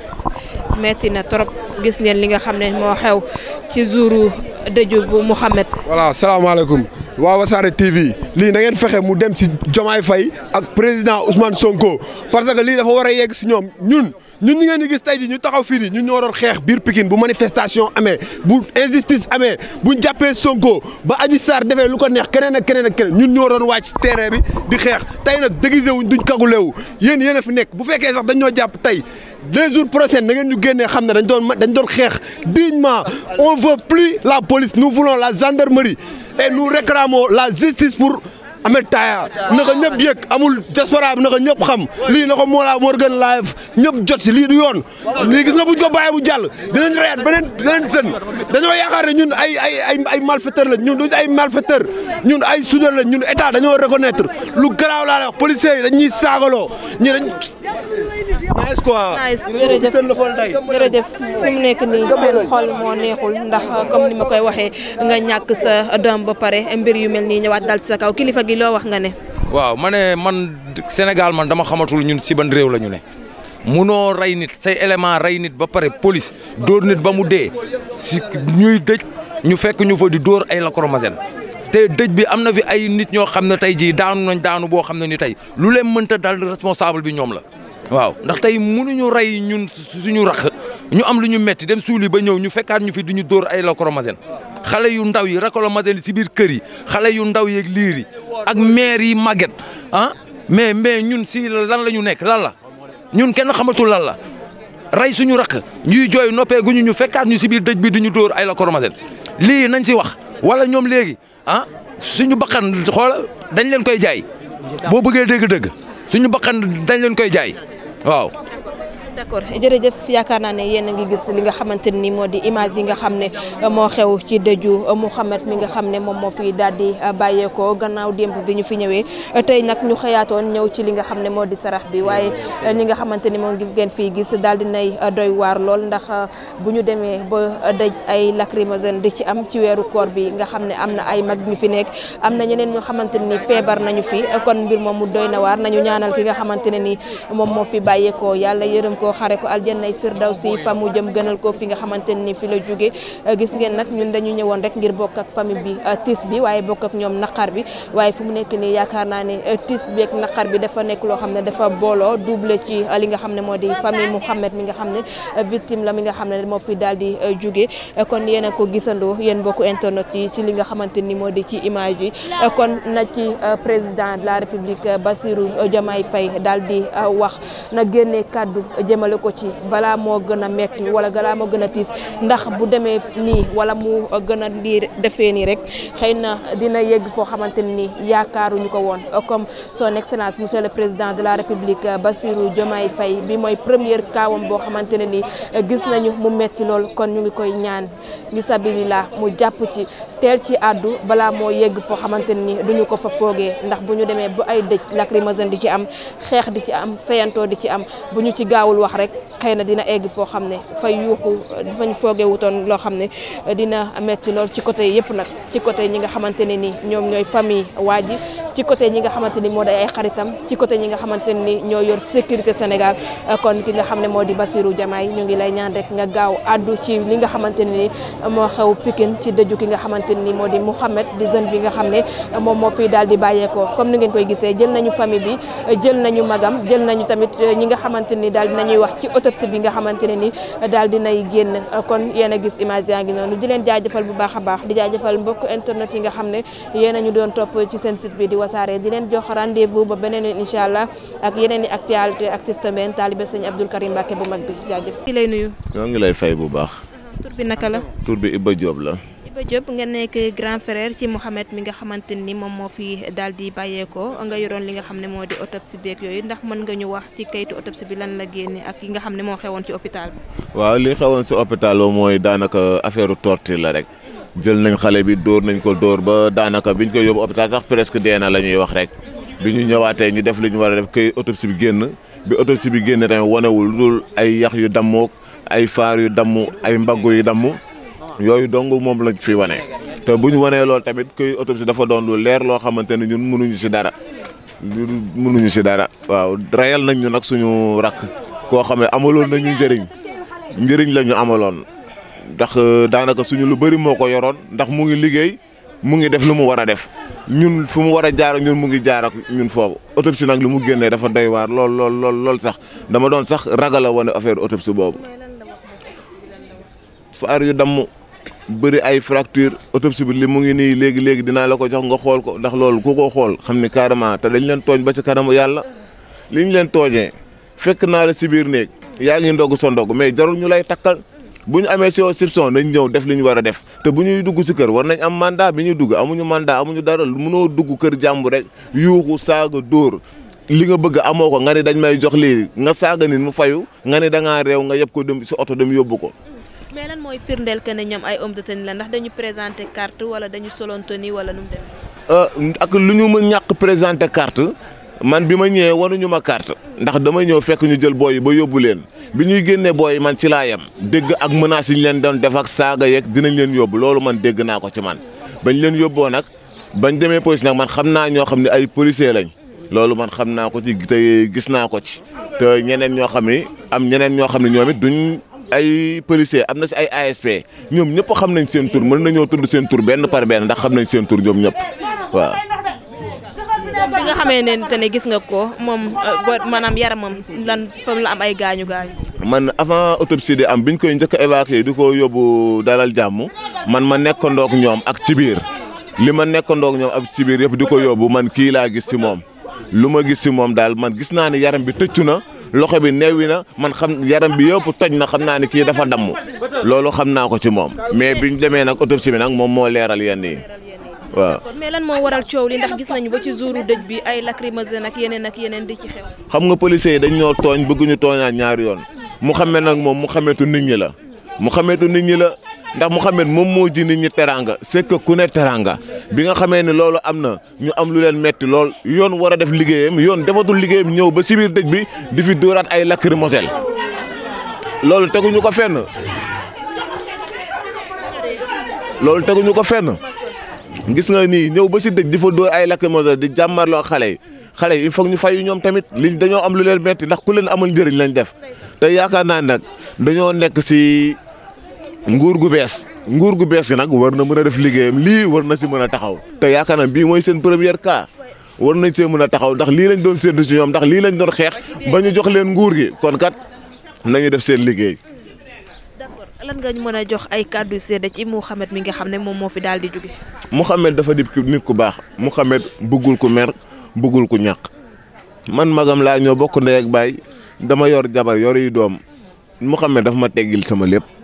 metti na trop gis ngeen li nga xam ne moo xew ci jouru dëju bu Mouhamed. voilà salaamaaleykum waa Wasaare TV lii na ngeen fexe mu dem si jamaay fay ak président Ousmane Sonko parce que lii dafa war a yegg si ñoom ñun ñun ñu ngeen di gis tey ji ñu taxaw fii nii ñun ñoo doon xeex biir Pikine bu manifestation amee bu injustice amee bu ñu jàppee Sonko ba Adji Sarr defee lu ko neex keneen ak keneen ak keneen ñun ñoo doon wàcc terrain bi di xeex tey nag déguisé wuñ duñ kagulewu yéen yéen a fi nekk bu fekkee sax dañ ñoo jàpp tey deux jours prochains na ngeen ñu génnee xam ne dañ doon dañ doon xeex dignement on veut plus la police nous voulons la gendarmerie et nous réclamons la justice pour Ahmed Taya na ko ñëpp yëg amul diaspora bi na ko ñëpp xam lii na ko Mollah Morgun live ñëpp jot si lii du yoon lii gis nga buñ ko bàyyee bu jàll dinañ reyaat beneen beneen sën dañoo yaakaar ne ñun ay ay ay ay malfaiteur lañ ñun duñ ay malfaiteur ñun ay soudeur lañ ñun état dañoo reconnaître lu garaaw laa la wax yi dañ ñuy saagaloo ñi nice quoi jërëjëf jërëjëf fi mu nekk nii seen xol moo neexul ndax comme ni ma koy waxee nga ñàkk sa doom ba pare mbir yu mel nii ñëwaat dal ci sa kaw kilifa gi loo wax nga ne. waaw ma ne man Sénégal man dama xamatul ñun si ban réew la ñu ne. munoo rey nit say élément rey nit ba pare police dóor nit ba mu dee si ñuy dëj ñu fekk ñu fa di dóor ay lacrymogène te dëj bi am na fi ay nit ñoo xam ne tey jii daanu nañ daanu boo xam ne ni tey lu leen mënta dal responsable bi ñoom la. waaw ndax tey mënuñu rey ñun suñu rax ñu am lu ñu metti dem suuli ba ñëw ñu fekkaat ñu fi di ñu dóor ay lacrymogène xale yu ndaw yi lacrymogène si biir kër yi xale yu ndaw yeeg liir yi ak maire yi màgget ah mais mais ñun si lan la ñu nekk lan la kenn xamatul lan la rey suñu raq ñuy jooy noppee ñu fekkaat ñu si biir dëj bi di ñu dóor ay lacrymogène lii nañ si wax wala ñoom léegi ah suñu bakkan xoola dañ leen koy jaay boo bëggee dégg-dégg suñu bakkan dañ leen koy jaay waaw d' accord jërëjëf yaakaar naa ne yéen a ngi gis li nga xamante ni moo di image yi nga xam ne moo xew ci dëju Mouhamed mi nga xam ne moom moo fi daal di bàyyeekoo gannaaw démb bi ñu fi ñëwee tey nag ñu xëyaatoon ñëw ci li nga xam ne moo di sarax bi waaye li nga xamante ni moom ngeen fii gis daal di nay doy waar lool ndax bu ñu demee ba dëj ay lacrymogène di ci am ci weeru koor nga xam ne am na ay mag ñu fi nekk am na ñeneen ñoo xamante ni feebar nañu fi kon mbir moom mu doy na waar nañu ñaanal nga xamante ne ni moom moo fi bàyyeekoo yàlla yërëm ko ko xare ko aljannay firdawsi fa mu jëm gënal ko fi nga xamante ni fi la jóge euh, gis ngeen nag ñun dañu ñëwoon rek ngir bokk ak famille bi euh, tiis bi waaye bokk ñoom naqar bi waaye fu mu nekk nii yaakaar naa ne euh, tiis bi ak naqar bi dafa nekk loo xam ne dafa booloo double ci li nga xam ne moo di famille Mouhamed mi nga xam ne victime la mi xam ne moo fi daal di jóge kon yéen a ko gisandoo yéen bokk internet yi ci li nga xamante ni moo di ci image yi kon na ci président de la république Bassirou Diomaye Faye daal di wax na génne kàddu jëmale ko ci balaa moo gën a metti wala balaa moo gën a tiis ndax bu demee nii wala mu gën a lii defee nii rek xëy na dina yegg foo xamante ne nii yaakaaruñu ko woon comme son excellence monsieur le président de la république Bassirou Diomaye Faye bi mooy première kaawam boo xamante ne nii gis nañu mu metti lool kon ñu ngi koy ñaan bisabilillah mu jàpp ci teel ci àddu balaa moo yegg foo xamante ne nii duñu ko fa foogee ndax bu ñu demee bu ay dëj lacrymogène di di ci am wax rek xëy na dina egg foo xam ne fay yuuxu dafañ fooge wutoon loo xam ne dina metti lool ci côté yëpp nag ci côté ñi nga xamante ne ni ñoom ñooy famille waa ji ñi nga xamante ni moo di ay xaritam ci côté ñi nga xamante ni ñoo yor sécurité Sénégal kon ki nga xam ne moo di Bassirou Diomaye ñu ngi lay ñaan rek nga gaaw addu ci li nga xamante ni moo xew Pikine ci dëju ki nga xamante ni moo di Mouhamed di jeune bi nga xam ne moom moo fii daal di bàyyeekoo comme ni ngeen koy gisee jël nañu famille bi jël nañu magam jël nañu tamit ñi nga xamante ni dinañ ñuy wax ci autopsie bi nga xamante ne ni daal dinay génn kon yéen a gis image yaa ngi noonu di leen jaajëfal bu baax a baax di jaajëfal mbokk internet yi nga xam ne yéen a ñu doon topp ci seen site bi di wasaare di leen jox rendez-vous ba beneen incha allah ak yeneen i actualité ak système en taalibe sëñ Abdoul Karim Mbacke bu mag bi jaajëf. ki lay nuyu. ñoo ngi lay fay bu baax. tur naka la. tur bi Iba Diop la. Kebe Diop nga nekk grand frère ci Mouhamed mi nga xamante ni moom moo fi daal di bàyyeekoo nga yoroon li nga xam ne moo di autopsie beeg yooyu ndax mën nga ñu wax ci kayitu autopsie bi lan la génne ak yi nga xam ne moo xewoon ci hôpital bi. waaw si hôpital ba mooy daanaka affaire torture la rek jël nañ xale bi dóor nañ ko dóor ba daanaka biñ koy yóbbu hôpital sax presque dee na la ñuy wax rek bi ñu ñëwaatee ñu def li ñu war a def kay autopsie bi génn bi autopsie bi génn tamit wanewul lu dul ay yax yu dammook ay faar yu damm ay mbagg yu damm yooyu dong moom lañu fi wane te bu ñu wanee loolu tamit kuy autopsie dafa doon lu leer loo xamante ne ñun mënuñu si dara mënuñu si dara waaw rayal nañ ñu nag suñu rakk koo xam ne amaloon nañu njëriñ njëriñ la ñu amaloon ndax euh, daanaka suñu lu bëri moo ko yoroon ndax mu ngi liggéey mu ngi def lu mu war a def ñun fu mu war a jaar ak ñun mu ngi jaar ak ñun foofu autopsie nag lu mu génnee dafa doy waar lool lool lool sax dama doon sax ragal a wane affaire autopsie boobu faar yu damm bëri ay fracture autopsie bi li mu ngi nii léegi léegi dinaa la ko jox nga xool ko ndax loolu ku ko xool xam ni carrément te dañ leen tooñ ba si kanamu yàlla li ñu leen toojee fekk naa la si biir néeg yaa ngi ndogg sa ndogg mais jarul ñu lay takkal bu ñu amee CO soupçon nañ ñëw def li ñu war a def te bu ñuy dugg si kër war nañ am mandaa bi ñuy dugg amuñu mandat amuñu dara mënoo dugg kër jàmbu rek yuuxu saaga dóor li nga bëgg amoo ko nga ne dañ may jox lii nga saaga nit mu fayu nga ne da ngaa réew nga yëpp ko dem si oto yóbbu ko mais lan mooy firndeel que ne ay homme la ndax dañu présenté kart wala dañu soloon tenue wala nu mu dem euh, ak lu ñu ma ñàkk présenté carte man bi ma ñëwee waruñu ma carte ndax dama ñëw fekk ñu jël booy yi ba yóbbu leen bi ñuy génnee booy yi man ci laa yem dégg ak menaces yi leen doon def ak saaga yeeg dinañ leen yóbbu loolu man dégg naa ko ci man bañ leen yóbboo nag bañ demee police nag man xam naa ñoo xam ne ay policier lañ loolu man xam naa ko ci te gis naa ko ci te ñoo xam ne am ñeneen ñoo xam ne ñoom it ay policiers am na si ay ASP ñoom ñëpp xam nañ seen tur mën nañoo tudd seen tur benn par benn ndax xam nañ seen tur ñoom ñëpp waaw. bi nga xamee ne te ne gis nga ko moom euh, maanaam yaramam lan fan la am ay gaañu gaañu. man avant autopsie am biñ koy njëkk a évacuer di ko yóbbu dalal jàmm man ma nekkandoog ñoom ak ci biir li ma nekkandoog ñoom ak ci biir yëpp di ko yóbbu man kii laa gis si moom lu ma gis si moom daal man gis naa ne yaram bi tëccu na. loxo bi newi na man xam yaram bi yëpp toj na xam naa ne kii dafa damm loolu xam naa ko ci moom mais biñ demee nag autopsie bi nag moom moo leeral yenn yi waaw mais lan moo waral coow li ndax gis nañu ba ci jouru dëj bi ay lacrymogène ak yeneen ak yeneen di ci xew. xam nga policiers yi dañ ñoo tooñ bëgguñu tooñaat ñaari yoon mu xamee nag moom mu xameetu nit ñi la. Mouhamed nit ñi la ndax Mouhamed moom moo ji nit ñi teraanga c'est que ku ne teraanga bi nga xamee ne loolu am na ñu am lu leen metti lool yoon war a def liggéeyam yoon defatul liggéeyam ñëw ba si biir dëj bi di fi dóoraat ay lacrymogène loolu teguñu ko fenn loolu teguñu ko fenn gis nga nii ñëw ba si dëj di fa dóor ay lacrymogène di jàmmarloo xale yi xale yi il faut ñu fayu ñoom tamit li dañoo am lu leen metti ndax ku leen amul njëriñ lañ def te yaakaar naa nag dañoo nekk si. nguur gu bees nguur gu bees yi nag war na mën a def liggéeyam lii war na si mën a taxaw te yaakaar naa bii mooy seen première cas war nañ see mën a taxaw ndax lii lañ doon séntu si ñoom ndax lii lañ doon xeex ba ñu jox leen nguur gi kon kat nañu def seen liggéey. d'accord lan nga ñu mën a jox ay kàddu seede ci Mouhamed mi nga xam ne moom moo fi daal di jóge. Mouhamed dafa di nit ku baax mu Mouhamed bëggul ku mer buggul ku ñàq man magam laa ñoo bokk ndey ak baay dama yor jabar yor yi doom Mouhamed dafa ma teggil sama lépp.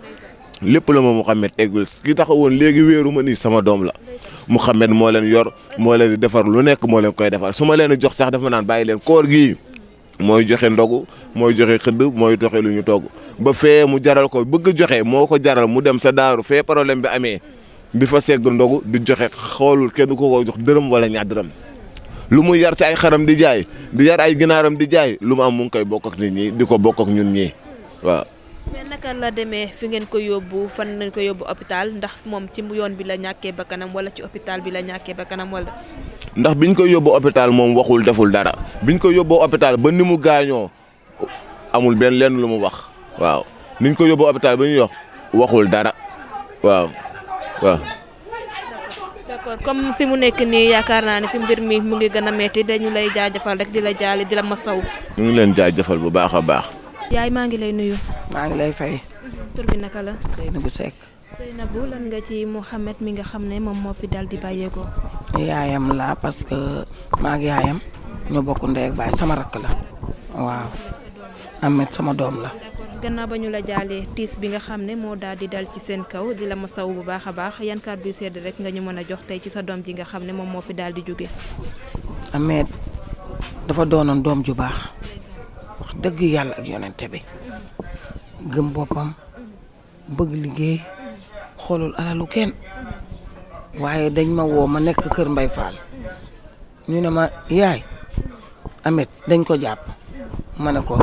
lépp la ma Mouhamed eggul li tax woon léegi wéeru ma nii sama doom la mu Mouhamed moo leen yor moo leen defar lu nekk moo leen koy defar su ma leen jox sax dafa naan bàyyi leen koor gi mooy joxe ndogu mooy joxe xëdd mooy joxe lu ñu togg ba fee mu jaral ko bëgg joxe moo ko jaral mu dem sa daaru fee problème bi amee di fa segg ndogu di joxe xoolul kenn ko ko jox dërëm wala ñaar lu mu yar si ay xaram di jaay di yar ay ginaaram di jaay lu mu mu koy bokk ak nit ñi di ko bokk ñun ñii waaw. mais naka la demee fi ngeen ko yóbbu fan ngeen ko yóbbu hôpital ndax moom ci yoon bi la ñàkkee ba kanam wala ci hôpital bi la ñàkkee ba kanam wala. ndax biñ ko yóbbu hôpital moom waxul deful dara biñ ko yóbbu hôpital ba ni mu gaañoo amul benn lenn lu mu wax waaw niñ ko yóbbu hôpital ba ñuy wax waxul dara waaw waaw. d'accord comme fi mu nekk nii yaakaar naa ne fi mbir mi mu ngi gën a metti dañu lay jaajëfal rek di la jaale di la saw mu ngi leen jaajëfal bu baax a baax. yaay maa ngi lay nuyu. maa ngi lay fay. tur bi naka la. Seynabou Seck. Seynabou lan nga ci Mouhamed mi nga xam ne moom moo fi dal di bàyyeekoo. yaayam la parce que maa ngi yaayam ñu bokk ndey sama rakk la waaw Ahmed sama doom la. gannaaw ba ñu la jaalee tiis bi nga xam ne moo daal di dal ci seen kaw di la ma saw bu baax a baax yan kàddu sedd rek nga ñu mën a jox tey ci sa doom ji nga xam ne moom moo fi daal di jóge Ahmed dafa doonoon doom ju baax. dëgg yàlla ak yonente bi gëm boppam bëgg liggéey xoolul alalu kenn waaye dañ ma woo ma nekk kër Mbay Fall ñu ne ma yaay Amet dañ ko jàpp ma ne ko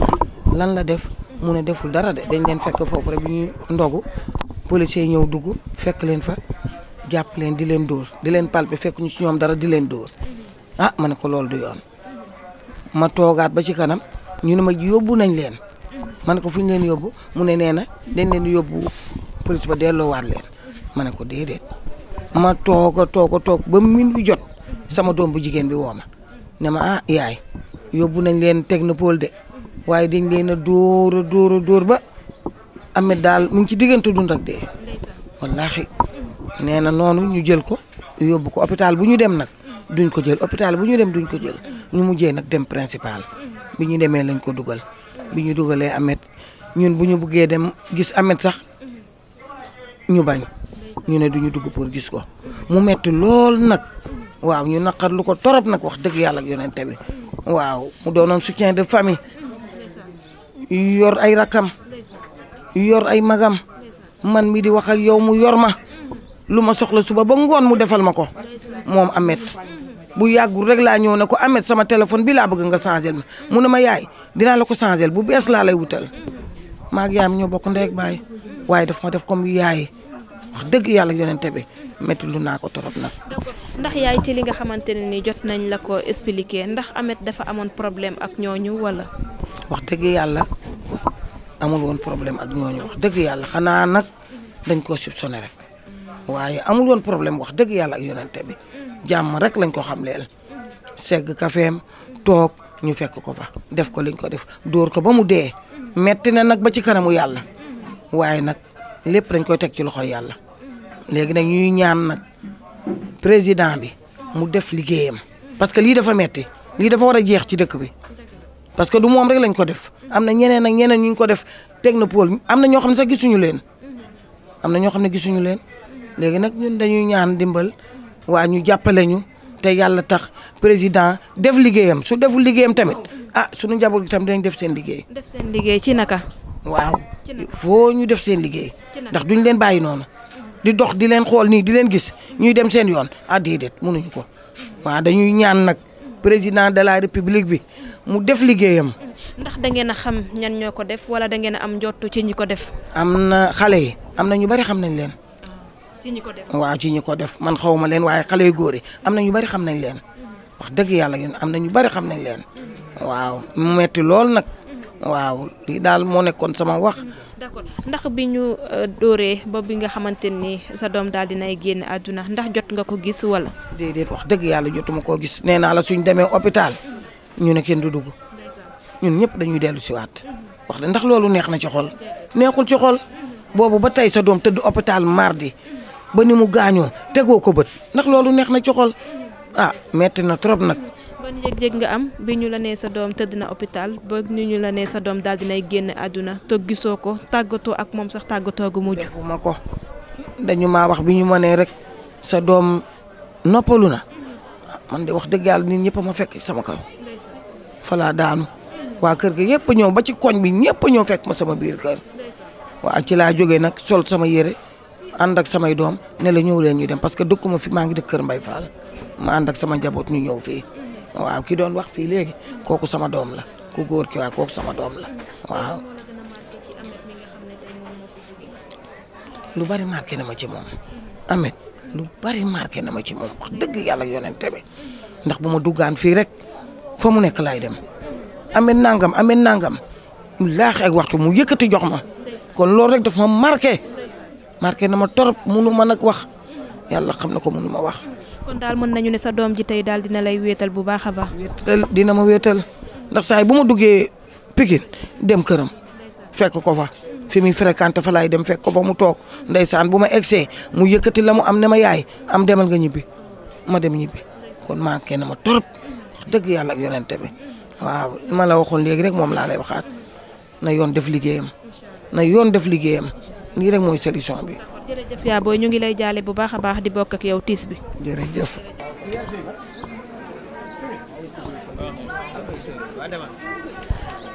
lan la def mu ne deful dara de dañ leen fekk foofu rek bi ñuy ndogu policier ñëw dugg fekk leen fa jàpp leen di leen dóor di leen palpe fekk ñu ci ñoom dara di leen dóor ah ma ne ko loolu du yoon ma toogaat ba ci kanam ñu ne ma yóbbu nañ leen ma ne ko fu ñu leen yóbbu mu ne nee na dañ leen yóbbu police ba delloowaat leen ma ne ko déedéet ma tooga tooga toog ba min bi jot sama doom bu jigéen bi woo ma ne ma ah yaay yóbbu nañ leen technopole de waaye dañ leen a dóor a dóor a dóor ba amet daal mu ngi ci diggante dund ak dee wallaahi nee na noonu ñu jël ko yóbbu ko hôpital bu ñu dem nag duñ ko jël hôpital bu ñu dem duñ ko jël ñu mujjee nag dem principal bi ñu demee lañ ko dugal bi ñu dugalee Ameth ñun bu ñu buggee dem gis amet sax ñu bañ ñu ne duñu dugg pour gis ko mu metti lool nag waaw ñu naqar lu ko torop nag wax dëgg yàlla ak yonent bi waaw mu doonoon soutien de famille yor ay rakam yor ay magam man mi di wax ak yow mu yor ma lu ma soxla suba ba ngoon mu defal ma ko moom Ameth bu yàggul rek laa ñëw na ko Ameth sama téléphone bi laa bëgg nga changé ma mun ne ma yaay dinaa la ko changé bu bees laa lay wutal maa ngi yaayam ñoo bokk ndey ak baay waaye def comme yaay wax dëgg yàlla yonente bi métti lu naa ko torop nag. ndax yaay ci li nga xamante ne ni jot nañ la ko expliquer ndax Ameth dafa amoon problème ak ñooñu wala. wax dëgg yàlla amul woon problème ak ñooñu wax dëgg yàlla xanaa nag dañ koo soupçonné rek waaye amul woon problème wax dëgg yàlla ak yonente bi. jàmm rek lañ ko xamleel segg kafeem toog ñu fekk ko fa def ko lañ ko def dóor ko ba mu dee metti na nag ba ci kanamu yàlla waaye nag lépp dañ koy teg ci loxo yàlla léegi nag ñuy ñaan nag président bi mu def liggéeyam parce que lii dafa metti lii dafa war a jeex ci dëkk bi parce que du moom rek lañ ko def am na ñeneen ak ñeneen ñu ngi ko def technopole am na ñoo xam ne sax gisuñu leen am na ñoo xam ne gisuñu leen léegi nag ñun dañuy ñaan dimbal waa ñu jàppale ñu te yàlla tax président def liggéeyam su deful liggéeyam tamit ah sunu njaboot gi tamit dañ def seen liggéey. def seen liggéey ci naka. waaw foo ñu def seen liggéey ndax duñ leen bàyyi noonu di dox di leen xool nii di leen gis ñuy dem seen yoon ah déedéet mënuñu ko waaw dañuy ñaan nag président de la république bi mu def liggéeyam. ndax da ngeen xam ñan ñoo ko def wala da ngeen a am njottu ci ñu ko def. am na xale yi am na ñu bari xam nañ leen. ci ñi ko def waaw ci ñi ko def man xaw ma leen waaye xale yu góor yi am na ñu bari xam nañ leen mm-hmm. wax dëgg yàlla yéen am na ñu bari xam nañ leen mm-hmm. waaw mu metti lool nag mm-hmm. waaw daal moo nekkoon sama wax. d'accord ndax bi ñu euh, dóoree ba bi nga xamante ni sa doom daal dinay génn àdduna ndax jot nga ko gis wala. déedéet wax dëgg yàlla jotuma koo gis nee naa la suñ demee hôpital ñu ne kenn du dugg ñun ñëpp dañuy dellu si waat wax de ndax loolu neex na ci xol neexul ci xol boobu ba tey sa doom tëdd hôpital mardi. ba ni mu gaañoo tegoo ko bët ndax loolu neex na ci xol ah, metti na trop nag. ban yëg-yëg nga am bi ñu la nee sa doom tëdd na hôpital ba ñu la nee sa doom daal dinay génn àdduna te gisoo ko tàggatoo ak moom sax tàggatoo gu mujj. defuma ko dañu maa wax bi ñu ma nee rek sa doom noppalu na ah, man de wax dëgg yàlla nit ñëpp ma fekk sama kaw falaa daanu waa kër gi yëpp ñëw ba ci koñ bi ñëpp ñëw fekk ma sama biir kër waa ci laa jógee nag sol sama yére. ànd ak samay doom ne la ñëw leen ñuy dem parce que dëkkuma fi maa ngi dëkk Kër Mbaye faal ma ànd ak sama njaboot ñu ñëw fii waaw ki doon wax fii léegi kooku sama doom la ku góor ki waaw kooku sama doom la waaw. lu bari marqué na ma ci moom Ameth lu bari marqué na ma ci moom wax dëgg yàlla yonente bi ndax bu ma duggaan fii rek fa mu nekk laay dem Ameth nangam Ameth nangam mu laax waxtu mu yëkkati jox ma kon loolu rek daf ma marqué. marqué na ma torop munu ma nag wax yàlla xam na ko munu ma wax. daal mën nañu ne sa doom ji tey daal dina lay wéetal bu baax a baax. wéetal dina ma wéetal ndax saa yi bu ma duggee Pikine dem këram fekk ko fa fi muy fréquenté fa laay dem fekk ko fa mu toog ndeysaan bu ma egsee mu yëkkati la mu am ne ma yaay am demal nga ñibbi ma dem ñibbi kon manqué na ma torop dëgg yàlla ak yonente bi waaw ma la waxoon léegi rek moom laa lay waxaat na yoon def liggéeyam na yoon def liggéeyam. nii rek mooy solution bi. jërëjëf yaa booy ñu ngi lay jaale bu baax a baax di bokk ak yow tiis bi. jërëjëf.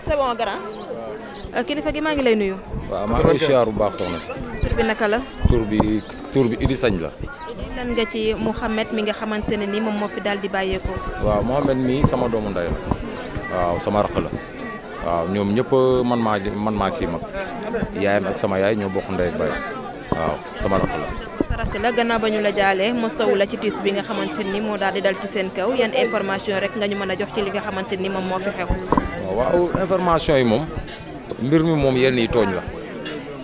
c'est bon grand. Euh, kilifa gi maa ngi lay nuyu. waaw maa ngi lay siyaar bu baax soxna si. tur bi naka la. tuur bi tur bi Idi Sañ la. lan nga ci Mouhamed mi nga xamante ne ni moom moo fi daal di bàyyeekoo. waaw Mouhamed mii sama doomu ndey la. waaw sama raq la. waaw ñoom ñëpp man maa man maa si mag yaayam ak sama yaay ñoo bokk ndey ak waaw sama rakk la. sa rakk la gannaaw ba ñu la jaalee mosawu la ci tiis bi nga xamante ni moo daal di dal ci seen kaw yan information rek nga ñu mën a jox ci li nga xamante ni moom moo fi xew. waaw information yi moom mbir mi moom yenn yi tooñ la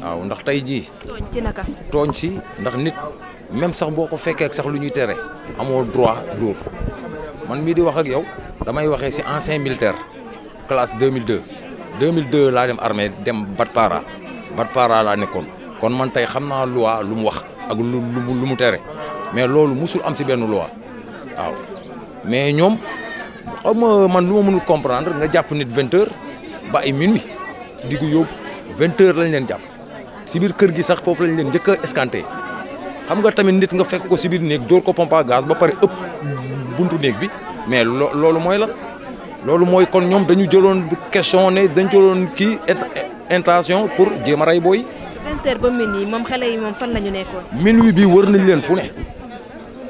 waaw ndax tey jii. tooñ tooñ si ndax nit même sax boo ko fekkee sax lu ñuy tere. amoo droit dóor man mii di wax ak yow damay waxee si ancien militaire. classe 2002 2002 laa dem armée dem Batpara Batpara laa nekkoon kon man tey xam naa loi lu mu wax ak lu mu lu mu tere mais loolu musul am si benn loi waaw mais ñoom xam man lu ma mënul comprendre nga jàpp nit vingt heures ba ay minuit di ko yóbbu vingt heures lañ leen jàpp si biir kër gi sax foofu lañ leen njëkk a escanté xam nga tamit nit nga fekk ko si biir néeg dóor ko pompe à ba pare ëpp buntu néeg bi mais loolu mooy la loolu mooy kon ñoom dañu jëloon question ne dañ jëloon kii intention pour jéem a rey booy. vingt heures ba minuit moom xale yi moom fan la ñu nekkoon. minuit bi wër nañ leen fu ne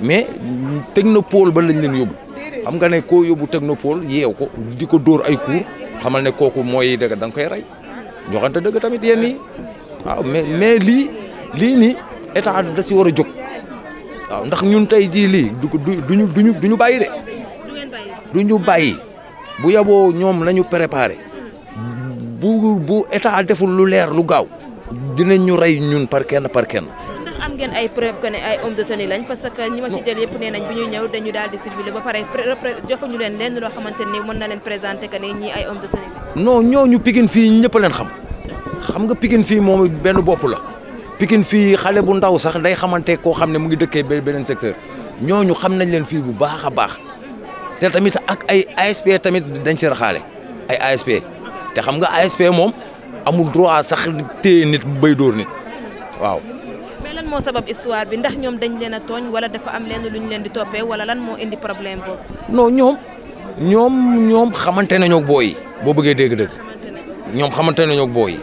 mais technopole ba lañ leen yóbbu xam nga ne koo yóbbu technopole yeew ko di ko dóor ay cours xamal ne kooku mooy dëgg da nga koy rey ñu waxante dëgg tamit yéen nii waaw mais mais lii lii nii état da si war a jóg waaw ndax ñun tey jii lii du du duñu duñu duñu bàyyi de. duñu bàyyi. bu yaboo ñoom nañu préparé bu bu état deful lu leer lu gaaw dinañ ñu rey ñun par kenn par kenn. ndax ngeen ay preuve que ne ay homme de tenue lañ parce que ñi ma ci jël yëpp nee nañ bi ñuy ñëw dañu daal di ciblé ba pare joxuñu leen lenn loo xamante ni mën na leen présenté que ne ñii ay homme de tenue la. non ñooñu Pikine fii ñëpp leen xam xam nga Pikine fii moom benn bopp la Pikine fii xale bu ndaw sax day xamante koo xam ne mu ngi dëkkee beneen secteur ñooñu xam nañ leen fii bu baax a baax. te tamit ak ay ASP tamit dañ ci raxaale ay ASP te xam nga ASP moom amul droit sax téye nit bay dóor nit waaw. mais lan moo sabab histoire bi ndax ñoom dañ leen a tooñ wala dafa am leen lu leen di toppee wala lan moo indi problème boobu. non ñoom ñoom ñoom xamante nañoo booy boo bëggee dégg-dégg ñoom xamante nañoo ak booy yi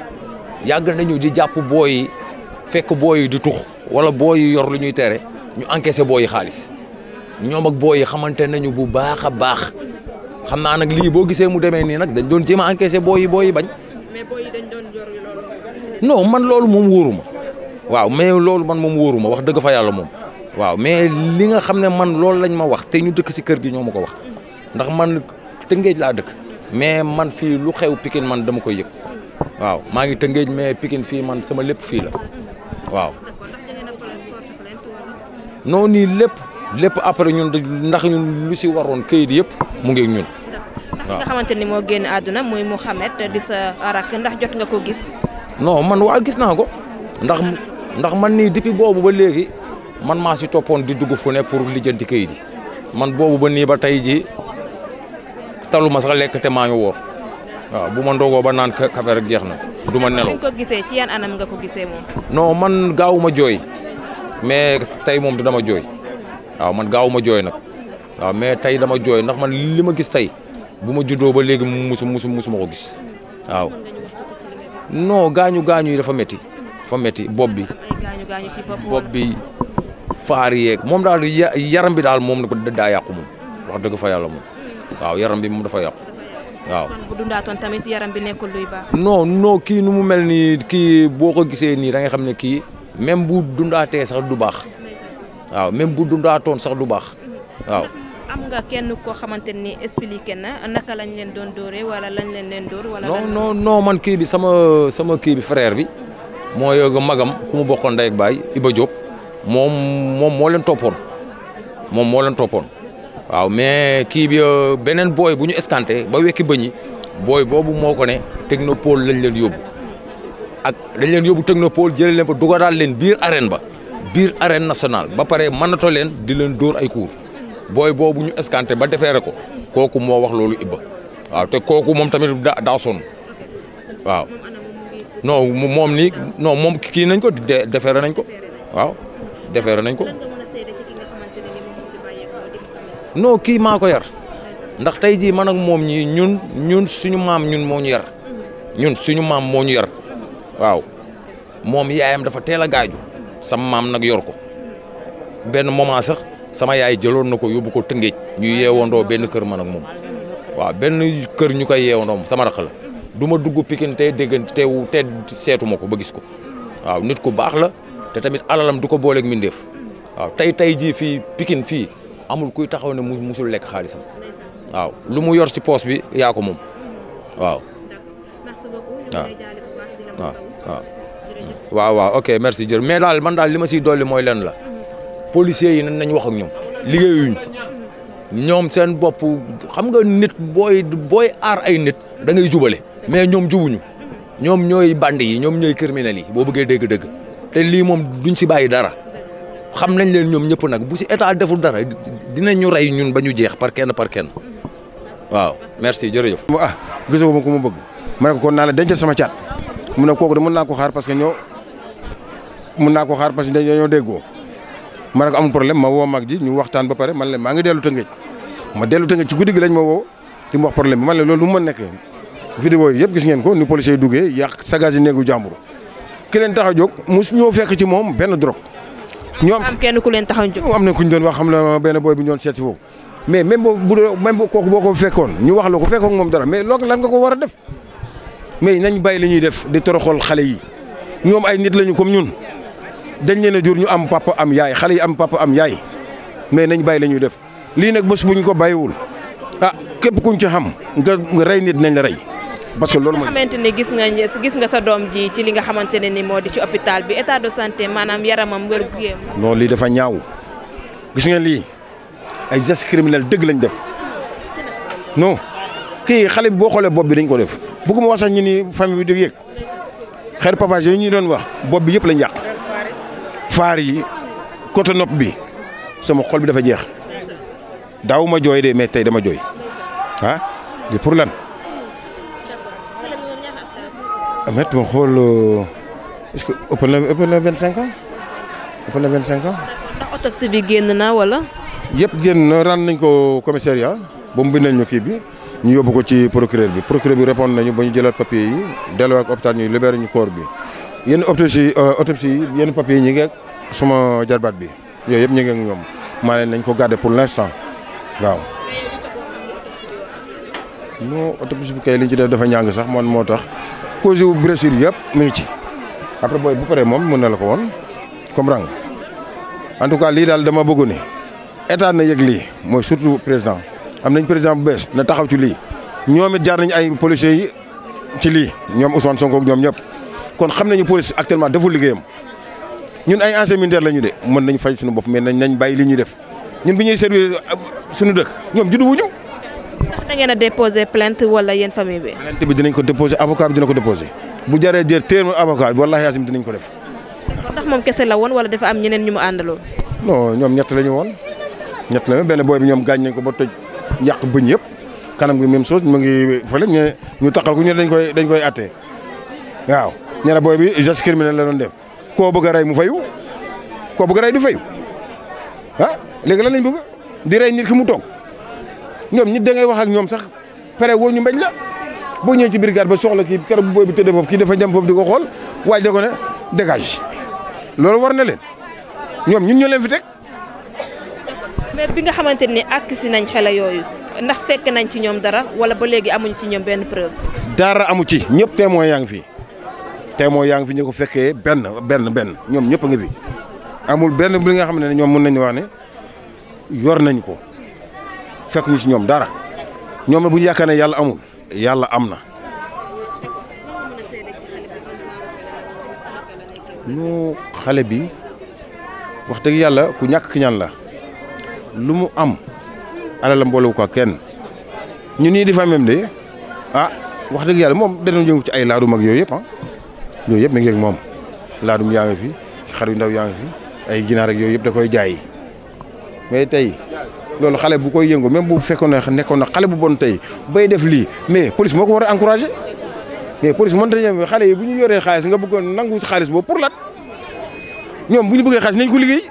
yàgg nañu di jàpp booy fekk booy di tux wala booy yor lu ñuy teere ñu encaissé booy xaalis. ñoom ak booy yi xamante nañu bu baax a baax xam naa nag lii boo gisee mu demee nii nag dañ doon jéem a encaissé booy yi booy bañ. mais booy loolu. non man loolu waaw mais loolu man moom wóoruma wax dëgg fa yàlla moom. waaw mais li nga xam ne man loolu lañ ma wax te ñu dëkk si kër gi ñoo ma ko wax ndax man tëngéej laa dëkk mais man fii lu xew Pikine man dama koy yëg waaw maa ngi tëngéej mais Pikine fii man sama lépp fii la waaw. lépp lépp après ñun ndax ñun lu si waroon këyit yëpp mu ngi ñun. waaw nga ni moo génn àdduna muy Mouhamed di sa ndax jot nga ko gis. non man waa gis naa ko ndax ndax man nii depuis boobu ba léegi man maa si toppoon di dugg fu ne pour lijjanti këyit yi man boobu ba nii ba tey ji talu ma sax lekk te maa ngi woor waaw bu ma ndogoo ba naan kafe jeex na du ma nelaw. ko gisee gisee moom. non man gaawuma jooy mais tey moom dama jooy. waaw man gaawuma jooy nag waaw mais tey dama jooy ndax man li ma gis tey bu ma juddoo ba léegi musu musu musuma ko gis waaw non gaañu gaañu yi dafa meti dafa métti bopp bi bopp bi faar yeeg moom daal yaram bi daal moom nag daa yàqu moom wax dëgg fa yàlla moom waaw yaram bi moom dafa yàqu waaw bu kii nu mu mel nii kii boo ko gisee nii da nga xam ne kii même bu dundaatee sax du baax. waaw même bu dundaatoon sax du baax waaw. am nga kenn koo xamante ni expliqué na naka lañ leen doon dóoree wala lañ leen leen dóor. wala man kii bi sama sama kii bi frère bi mooy yooga magam ku mu bokkoon ndey ak baay Iba Diop moom moom moo leen toppoon moom moo leen toppoon. waaw mais kii bi euh, beneen booy bu ñu escanté ba wekki bëñi booy boobu moo ko ne technopole lañ leen yóbbu ak dañ leen yóbbu technopole jëlee leen fa dugalaat leen biir arène ba. biir arène nationale ba pare mënatoo leen di leen dóor ay cours booy boobu ñu escanté ba defeere ko kooku moo wax loolu Ibba waaw te kooku moom tamit daa sonn waaw non moom nii noo moom kii nañ ko defeere nañ ko waaw nañ ko non kii maa ko yar ndax tey jii man ak moom ñii ñun ñun suñu maam ñun moo ñu yar ñun suñu maam moo ñu yar waaw moom yaayam dafa teel a gaaju sama maam nag yor ko benn moment sax sama yaay jëloon na ko yóbbu ko Tëngéej ñu yeewandoo benn kër ma nag moom waaw benn kër ñu koy yeewandoo sama rax la du ma dugg Pikine tey déggante teewu te seetu ma ko ba gis ko waaw nit ku baax la te tamit alalam du ko booleeg mindeef waaw tey tey jii fii Pikine fii amul kuy taxaw ne mu musul lekk xaalisam waaw lu mu yor ci poos bi yaa ko moom waaw waaw waaw waaw waaw ok merci jërëjëf mais daal man li ma siy dolli mooy lenn la policiers yi nan nañ wax ak ñoom liggéeyuñ ñoom seen bopp xam nga nit booy booy aar ay nit da ngay jubale mais ñoom jubuñu ñoom ñooy band yi ñoom ñooy criminels yi boo bëggee dégg-dégg te lii moom duñ si bàyyi dara xam nañ leen ñoom ñëpp nag bu si état deful dara dinañ ñu rey ñun ba ñu jeex par kenn par kenn waaw merci jërëjëf. ah gisoo ma ko ma bëgg ma ne ko kon naa la dencal sama caat mu ne kooku de mën naa ko xaar parce que ñoo. mun naa ko xaar parce que dañoo déggoo ma ne ko amul problème ma woo mag ji ñu waxtaan ba pare man la maa ngi dellu Tëngéej ma dellu Tëngéej ci guddi gi lañ ma woo di mu wax problème bi man la loolu mu mën nekkee vidéo yi yëpp gis ngeen ko ni policier yi duggee yàq sagaz yi néegu jàmbur ki leen tax a jóg mus ñoo fekk ci moom benn drogue. ñoom am kenn ku leen tax a jóg am na ku ñu doon wax xam na benn booy bi ñu doon seet si foofu mais même boo bu même kooku boo ko fekkoon ñu wax la ko fekkoon moom dara mais loolu lan nga ko war a def mais nañ bàyyi li ñuy def di toroxol xale yi ñoom ay nit lañu comme ñun dañ leen a jur ñu am papa am yaay xale yi am papa am yaay mais nañ bay la ñuy def lii nag bés bu ñu ko bàyyiwul ah képp kuñ ci xam nga rey nit nañ la rey. parce que loolu mooy xamante ne gis nga gis nga sa doom ji ci li nga xamante ne ni moo di ci hôpital bi état de santé maanaam yaramam wér gu yéem. non lii dafa ñaaw gis ngeen lii ay geste criminel dëgg lañ def non kii xale bi boo xoolee bopp bi dañ ko def bu ko ma wax sax ñu ni famille bi di yëg xeer pavage yooyu ñu doon wax bopp bi yëpp lañ yàq. faar yi côté nopp bi sama xol bi dafa jeex daaw ma jooy de mais tey dama jooy ah di pour lan amet ma xool est-ce que ëpp na ëpp na vingt cinq ans ëpp na vingt cinq ans. ndax autopsie bi génn na wala. yëpp génn na ren nañ ko commissariat ba mu bindal ñu kii bi ñu yóbbu ko ci procureur bi procureur bi répondre nañu ba ñu jëlaat papier yi delluwaat ak hôpital ñu libéré ñu corps bi. yenn autopsie euh, autopsie yi yenn papier yi ñu ngi ak suma jarbaat bi yooyu yëpp ñu ngi ñoom maa leen nañ ko garder pour l'instant waaw. non autopsie bu kay li ci def dafa ñàng sax man moo tax cause yu blessure yëpp mu ci après booy bu paree moom mën na la ko woon comprendre nga en tout cas lii daal dama bëgg ni état na yëg lii mooy surtout président am nañ président bu bees na taxaw ci lii ñoom it jaar nañ ay policiers yi ci lii ñoom Ousmane Sonko ak ñoom ñëpp. kon xam nañu police actuellement deful liggéeyam ñun ay ancien militaire la ñu de mën nañ faj suñu bopp mais nañ nañ bàyyi li ñuy def ñun bi ñuy servir euh, suñu dëkk ñoom juddu wuñu. da ngeen a déposé plainte wala yéen famille bi. plainte bi ko déposé avocat bi dina ko déposé bu jaree jër téeméer avocat bi wallaahi yaasim dinañ ko def. ndax moom kese la woon wala dafa am ñeneen ñu mu àndaloon. non ñoom ñett la ñu woon ñett la benn booy ñoom gaañ nañ ko boo toj yàq bëñ yëpp kanam gi même chose mu ngi fële ñu ñu taxal ko ñu dañ koy dañ koy àtte waaw. nee booy bi geste criminel la doon dem koo bëgg rey mu fayu koo bëgg a rey du fayu ah léegi la nañ bëgg di rey nit ki mu toog ñoom nit da ngay wax ak ñoom sax pare woo ñu mbéj la boo ñëwee ci brigade ba soxla kii keroog bu booy bi tëddee foofu kii dafa jam foofu di ko xool waaj da ko ne dégage loolu war na leen ñoom ñu ñoo leen fi teg. mais bi nga xamante ni àkk si nañ xela yooyu ndax fekk nañ ci ñoom dara wala ba léegi amuñ ci ñoom benn preuve. dara amu ci ñëpp témoin yaa ngi fii témoin yaa ngi fi ñu ko fekkee benn benn benn ñoom ñëpp a ngi fi amul benn bi nga xam ne ñoom mën nañu wax ne yor nañ ko fekk ñu ci ñoom dara ñoom bu ñu yaakaar yàlla amul yàlla am na. ñu xale bi wax dëgg yàlla ku ñàkk ñaan la lu mu am alalam boolewu ko kenn ñu nii di fa même de ah wax dëgg yàlla moom danañ yëngu ci ay laadum ak yooyu yëpp ah. yooyu yëpp mi ngi ak moom laadum yaa ngi fi xar yu ndaw yaa ngi ay ginaar ak yooyu yëpp da koy jaay mais tey loolu xale bu koy yëngu même bu fekkoon ne nekkoon na xale bu bon tey bay def lii mais police moo ko war a encouragé mais police mënta xale yi bu ñu yoree xaalis nga bëggoon nangu xaalis boobu pour lan ñoom bu ñu bëggee xaalis nañ ko liggéey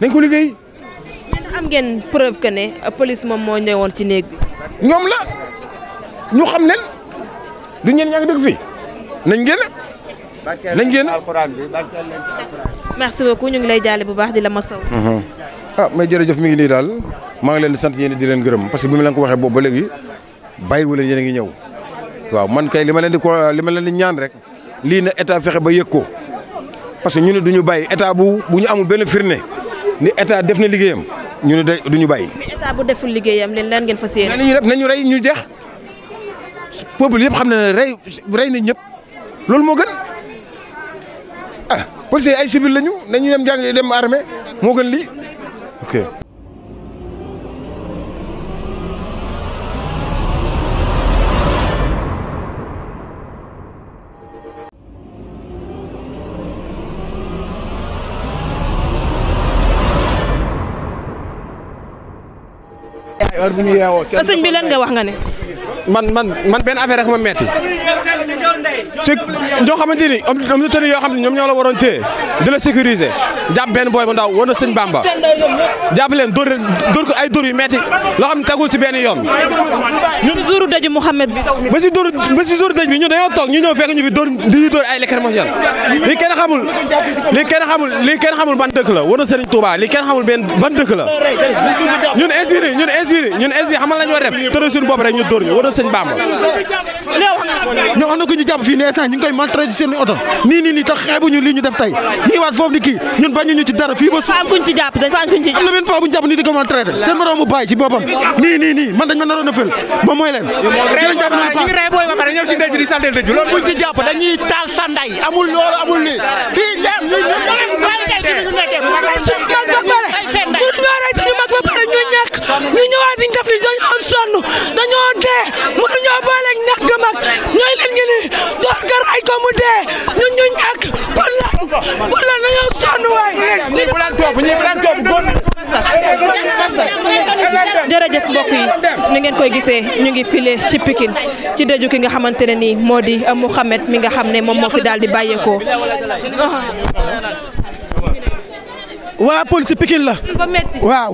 nañ ko liggéey. am ngeen preuve que ne police moom moo ñëwoon ci néeg bi. ñoom la ñu xam leen du ñeen ñaa ngi dëgg fii nañ génn. nañ génn merci beaucoup ñu ngi lay jaale bu baax di la masaw mhm. ah mais jërëjëf mi ngi nii daal maa ngi leen di sant yéen di leen gërëm parce que bi mu leen ko waxee boobu ba léegi bàyyiwu leen yéen a ngi ñëw waaw man kay li ma leen di ko li ma leen di ñaan rek lii ne état fexe ba yëg ko parce que ñu ne du ñu bàyyi état bu bu ñu amu benn firne ni état def na liggéeyam ñu ne day du ñu bay mais état bu deful liggéeyam leen lan ngeen fas yéene. nañu def ñu rey ñu jeex peuple yëpp xam na ne rey rey nañ ñëpp loolu moo gën. policiers ay civil lañu nañu dem jàng dem armée moo gën lii ok. heure bi lan nga wax nga ne. man man benn affaire rek ma metti ci ñoo xamante ni am na tënk yoo xam ñoom ñoo la waroon di la sécuriser jàpp benn booy bu ndaw war sëñ Bamba jàpp leen dóor ay dóor yu metti loo xam ne tagul si benn yoon. ñun jouru dëj Mouhamed bi. ba si dóor ba si jouru dëj bi ñu dañoo toog ñu ñëw fekk ñu fi dóor di dóor ay lacrymogène lii kenn kenn xamul lii kenn xamul ban dëkk la war na sëriñ Touba lii kenn xamul benn ban dëkk la ñun inspiré ñun inspiré ñun inspiré xamal la ñu war rek ñu dóor ñu war na sëñ Bamba. fii ne instant ñu ngi koy maltraité seen oto nii nii nii tax xeebuñu li ñu def tey ñu waat foofu di kii ñun bañuñu ci dara fii ba su am kuñ ci jàpp dañ fa am kuñ ci nii di ko maltraité seen moroomu bàyyi ci boppam nii nii man dañ ma naroon a fël moom mooy leen ñu rey booy ba pare ñëw si dëj bi di saltel dëj bi loolu buñ ci jàpp ñu ñu leen bàyyi day ci ñu nekkee suñu mag ba pare buñ ñoo mag ba pare ñu ñu ñëwaat diñ def li dañoo sonn dañoo dee mënuñoo door ko ko mu dee ñun ñu ñàkk pour la pour na ñoo sonn waay ñi bu leen yi ni koy gisee ñu ngi file ci pikin ci dëju ki nga xamante ne nii moo di euh, Mouhamed mi nga xam ne moom moo fi daal di bàyyeekoo waa police Pikine la waaw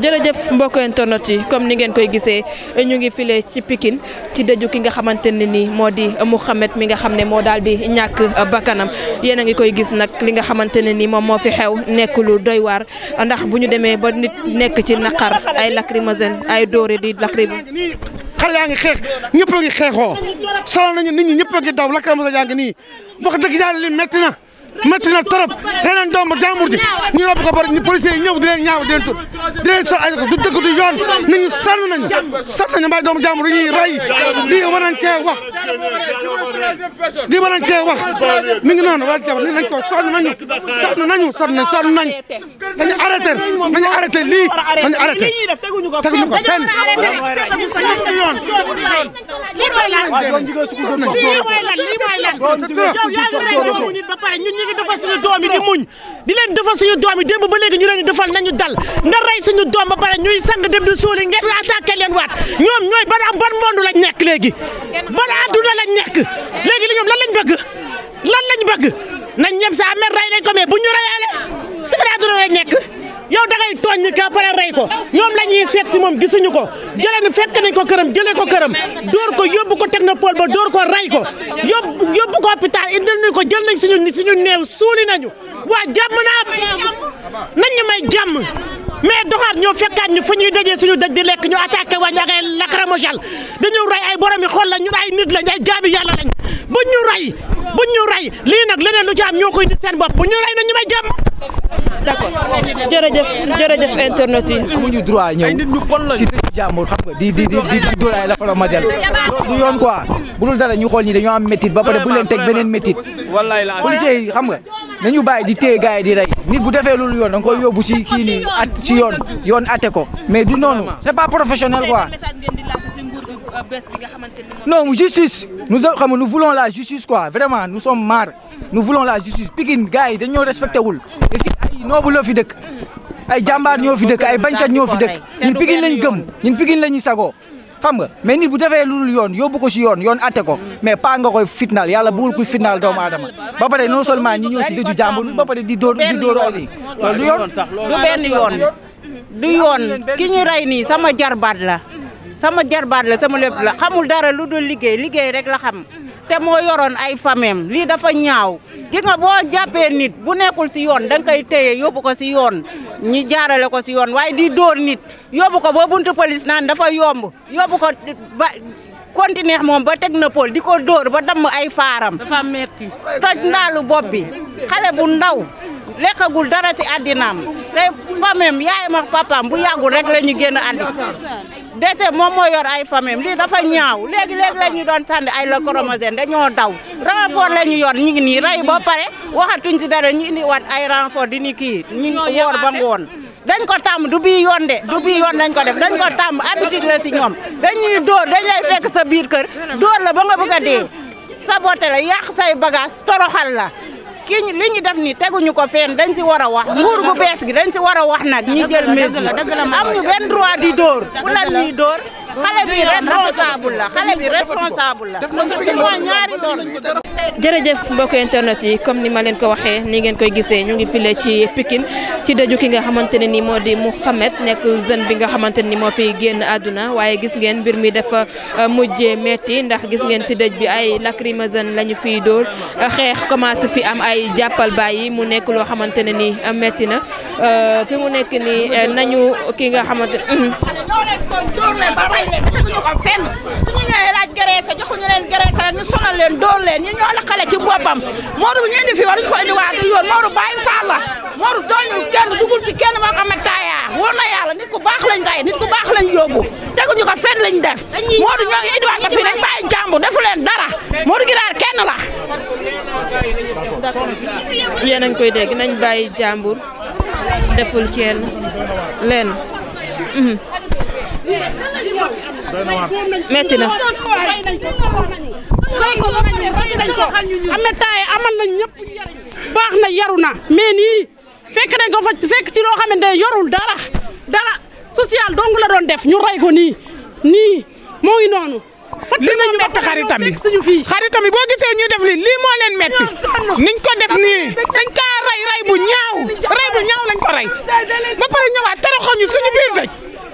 jërëjëf mbokk internet comme ni ngeen koy gisee ñu ngi file ci Pikine ci dëju ki nga xamante ne nii moo di Mouhamed mi nga xam ne moo daal di ñàkk bakkanam yéen a ngi koy gis nag li nga xamante ne nii moom moo fi xew nekk lu doy waar ndax bu ñu demee ba nit nekk ci naqar ay lacrymogène ay dóore di lacry. xale yaa ngi xeex ñëpp a ngi xeexoo sonal nañu nit ñi ñëpp a ngi daw lacrymogène yaa ngi nii wax dëgg yàlla li metti na. métti na trop leneen doomu jàmbur ji ñu rob ko bari ñu policiers yi ñëw di leen ñaaw di leen tur di leen sol ay du dëkk du yoon nit ñi sonn nañu sonn nañu mbaa doomu jàmbur yi ñuy rey lii war nañ cee wax lii war nañ cee wax mi ngi noonu war nañ cee wax nañ ko sonn nañu sonn nañu sonn nañu sonn nañu dañu arrêté nañu arrêté lii nañu arrêté teguñu ko fenn lii mooy lan lii mooy lan lii mooy lan yow yaa ngi rey doomu nit ba pare ñun ñu ngi defal doom yi di muñ di leen defal suñu doom yi démb ba léegi ñu leen di defal nañu dal nga rey suñu doom ba pare ñuy sang dem di suuli ngeen attaqué leen waat ñoom ñooy ban am ban monde lañ nekk léegi ban adduna la nekk léegi li ñoom lan lañ bëgg lan lañ bëgg nañ ñem sa amee rey nañ ko mais bu ñu reyalee si ban adduna lañ nekk yow dangay tooñ ni ka pare rey ko ñoom la ñuy seet si moom gisuñu ko jëlee na fekk nañ ko këram jëlee ko këram dóor ko yóbbu ko technopole ba dóor ko rey ko yóbbu yóbbu ko hôpital indil nañ ko jël nañ suñu suñu néew suuli nañu waa jàmm naa nañ ñu may jàmm mais doxaat ñoo fekkaat ñu fu ñuy dajee suñu daj di lekk ñu attaqué waa ñu ak ay lacrymogène dañu rey ay borom yi xool la ñu ay nit lañ ay jaabi yàlla lañ buñ ñu rey buñ ñu rey lii nag leneen lu ci am ñoo ko nit seen bopp buñ ñu rey na ñu may jàmm jërëjëf jërëjëf internet yi. amuñu droit ñëw ci dëkk jàmbur xam nga di di di la pharmacienne du yoon quoi bu dara ñu xool ñi dañoo am métit ba pare bu leen teg beneen métit policiers yi xam nga nañu bàyyi di téye gars yi di ray nit bu defee loolu yoon da nga koy yóbbu si kii nii at si yoon yoon ate ko mais du noonu c'est pas professionnel quoi. non nu nous xam nga nous voulons la justice quoi vraiment nous sommes marre nous voulons la justice Pikine gars yi dañoo respecté wul te fii ay noobu la fi dëkk. ay jàmbaar ñoo fi dëkk ay bañkat ñoo fi dëkk ñun Pikine lañ gëm ñun Pikine lañu sagoo xam nga mais nit bu defee lu dul yoon yóbbu ko si yoon yoon atte ko mais pas nga koy fitnaal yàlla buggul kuy fitnaal doomu aadama ba pare non seulement ñi ñëw si dëju jàmbur ba pare di dóor di dóor ool yi loolu du yoon du benn yoon du yoon ki ñu rey nii sama jarbaat la sama jarbaat la sama lépp la xamul dara lu dul liggéey liggéey rek la xam te moo yoroon ay famem lii dafa ñaaw gi boo jàppee nit bu nekkul si yoon da nga koy téye yóbbu ko si yoon ñu jaarale ko si yoon waaye di dóor nit yóbbu ko ba buntu police naan dafa yomb yóbbu ko ba continuer moom ba technopole di ko dóor ba damm ay faaram. dafa metti toj ndaalu bopp bi xale ndaw. lekkagul dara ci àddinaam te famem yaayam ak papaam bu yàggul rek la ñu génn àddi dete moom moo yor ay famem lii dafa ñaaw léegi léegi la ñu doon tànn ay la chromosome dañoo daw renfort la ñu yor ñu ngi nii rey ba pare waxatuñ ci dara ñu indi wat ay renfort di ni kii ñu woor ba woon dañ ko tàmm du bii yoon de du bii yoon dañ ko def dañ ko tàmm habitude la ci ñoom dañuy dóor dañ lay fekk sa biir kër dóor la ba nga bëgg a dee saboté la yàq say bagage toroxal ki li ñu def ni teguñu ko fen dañ ci war a wax nguur gu bees gi dañ si war a wax nag ñi jël mes am ñu benn droit di dóor ku lan dóor xale la xale la moo ñaari yoon jërëjëf mbokk internet yi comme ni ma leen ko waxee ni ngeen koy gisee ñu ngi file ci Pikine ci dëju ki nga xamante ne nii moo di Mouhamed nekk jeune bi nga xamante ni moo fi génn àdduna waaye gis ngeen mbir mi dafa euh, mujjee metti ndax gis ngeen ci dëj bi ay lacrymogène la lañu fiy dóor xeex commencé fi am ay jàppal yi mu nekk loo xamante ne nii metti na fi mu nekk nii nañu ki nga xamante. dóor leen ba rey leen teguñu ko fenn suñu ñëwee laaj gërëse joxuñu leen gërëse rek ñu sonal leen dóor leen ñi ñoo la xale ci boppam Modou ñu indi fi waruñu ko indi waa du yoon Modou Baye Fall la Modou dooñu kenn dugul ci kenn moo ko amee taaya wóor na yàlla nit ku baax lañ rey nit ku baax lañ yóbbu teguñu ko fenn ko fii nañ bàyyi jàmbur defu leen dara la yéen nañ koy dégg nañ bàyyi jàmbur deful kenn leen mhm. metti na am na taay amal nañ ñëpp baax na yaru na mais nii fekk nañ ko fa fekk ci loo xamante ne yorul dara dara social dong la doon def ñu rey ko nii nii moo ngi li nañu metti xaritam bi xaritam bi boo gisee ñu def li lii moo leen metti niñ ko def nii dañ kaa rey rey bu ñaaw rey bu ñaaw lañ ko rey ba pare ñëwaat toroxoñu suñu biir dëj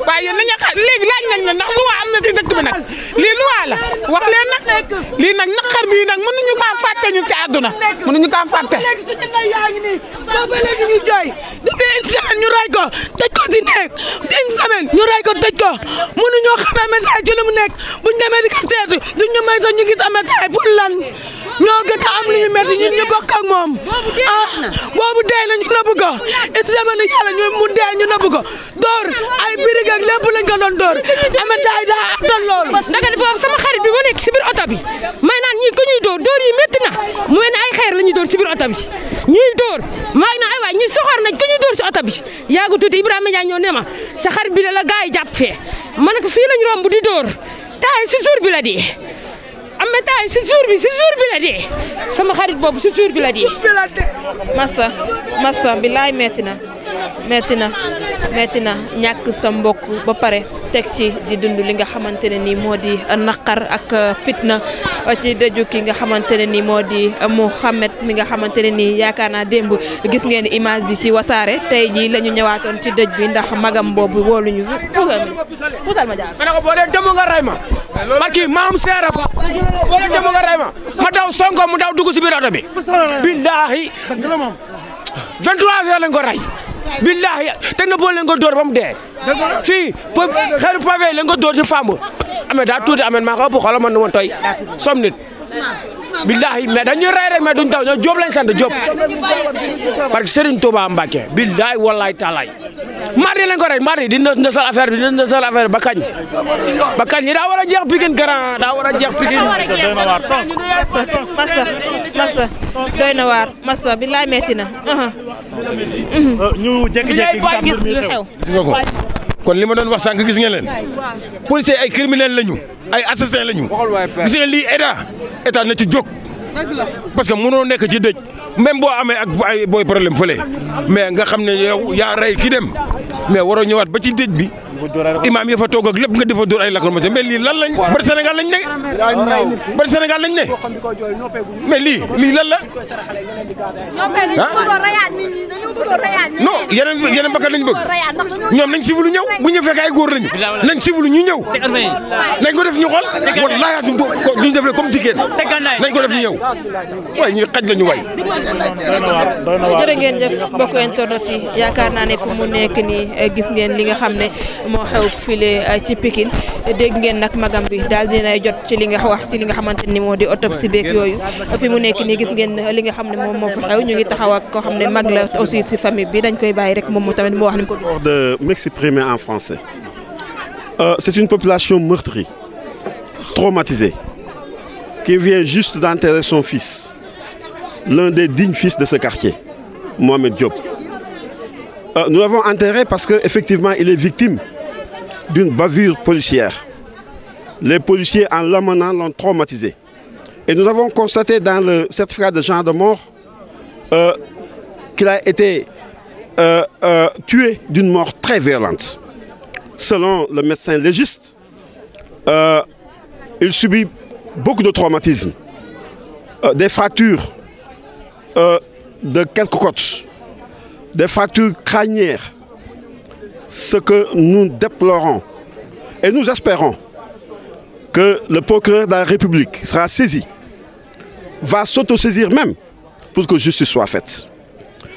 waaye yéen nañu xaar léegi laaj nañ la ndax luwaa am na ci dëkk bi nag lii luwaa la wax leen nag lii nag naqar bii nag mënuñu ñu ci àdduna mënuñu kaa fàtte. léegi suñu ndey yaa ngi nii booba ñu jooy ñu rey ko tëj ko ci nekk une semaine ñu rey ko tëj ko mënuñoo xamee message ci lu mu nekk buñ demee di ko seetu duñ ñu may sax ñu gis amee taay lan ñoo gën a am lu ñu métti ñun ñu bokk moom ah boobu dee la ah, ñu nëbb ko une semaine yàlla ñu mu dee ñu nëbb ko door ay birig ak lépp lañ ko doon door amet daay daa attan loolu ndaka boobu sama xarit bi ma nekk si biir oto bi may naan ñii ko ñuy door door yi métti na mu mel ay xeer la ñuy door si biir oto bi ñuy door maa ngi naan ay waay ñuy soxor nañ ko ñuy door si oto bi yaagu tuuti Ibrahima Ndiaye ñoo ne ma sa xarit bi la la gars yi jàpp fee ma ne ko fii lañ romb di door taay si jour bi la dee am na taay si jour bi si jour bi la dee sama xarit boobu si jour bi la dee massa massa bilaay metti na metti na metti na ñàkk sa mbokk ba pare teg ci di dund li nga xamante ne nii moo di naqar ak fitna ci dëju ki nga xamante ne nii moo di Mouhamed mi nga xamante ne nii yaakaar naa démb gis ngeen image yi ci wasaare tey jii lañu ñu ci dëj bi ndax magam boobu wóoluñu fi puusal ma jaar ma ne ko boo dee demu nga rey ma barki maam seera fa ma daw sonko mu daw dugg si biir oto bi billaahi 23 heures lañ ko rey billaahi te na boo leen ko door ba mu dee. fii xeeru pavé la nga dóor ci femme. amee daa tuuti amee maa ko ëpp xoolal ma nu ma tooy. som nit. billahi mais dañuy rey rek mais duñ taw ñoom Diop lañ sant Diop parce que Serigne Touba Mbacke billahi wallahi taalaay mardi lañ ko rey mardi dina ndësal affaire bi dina ndësal affaire bi ba kañ ba kañ daa war a jeex Pikine grand daa war a jeex Pikine masa masa doy na waar masa billahi metti na uh-huh. Uh-huh. ñu jékki-jékki gis nga ko kon li ma doon wax sànq gis nga leen policiers ay criminels lañu ay assassin lañu gis nga lii état état na ci jóg parce que munoo nekk ci dëj même boo amee ak ay booy problème fële mais nga xam ne yow yaa rey ki dem mais waroo ñëwaat ba ci dëj bi imaam ya fa toog ak lépp nga defa dóor ay lacrymogène mais lii lan lañ bari Sénégal lañ ne bari Sénégal lañ ne mais lii lii lan la non yeneen yeneen bakkan lañ bëgg ñoom nañ sivilu ñëw bu ñu fekkee ay góor lañu nañ sivilu ñu ñëw nañ ko def ñu xool wallaahi duñ ko duñ def comme jigéen nañ ko def ñu ñëw waaye ñu xaj la ñu waay jërë ngeen jëf mbokk internet yi yaakaar naa ne fu mu nekk nii eh, gis ngeen li nga xam ne moo xew file euh, ci Pikine dégg ngeen nag magam bi daal dinay jot ci li nga wax ci li nga xamante ni moo di autopsie beeg yooyu fi mu nekk nii gis ngeen li nga xam ne moom moo fi xew ñu ngi taxaw ak koo xam ne mag la aussi si famille bi dañ koy bàyyi rek moom mu tamit moo wax ni mu ko gis. de m'exprimer en français. Euh, c'est une population meurtrie, traumatisée, qui vient juste d'enterrer son fils, l'un des dignes fils de ce quartier, Mohamed Diop. Euh, nous l'avons enterré parce qu'effectivement, il est d'une bavure policière. Les policiers, en l'amenant, l'ont traumatisé. Et nous avons constaté dans le certificat de genre de mort euh, qu'il a été euh, euh, tué d'une mort très violente. Selon le médecin légiste, euh, il subit beaucoup de traumatismes, euh, des fractures euh, de quelques côtes, des fractures crânières, ce que nous déplorons. Et nous espérons que le procureur de la République sera saisi, va s'autosaisir même pour que justice soit faite.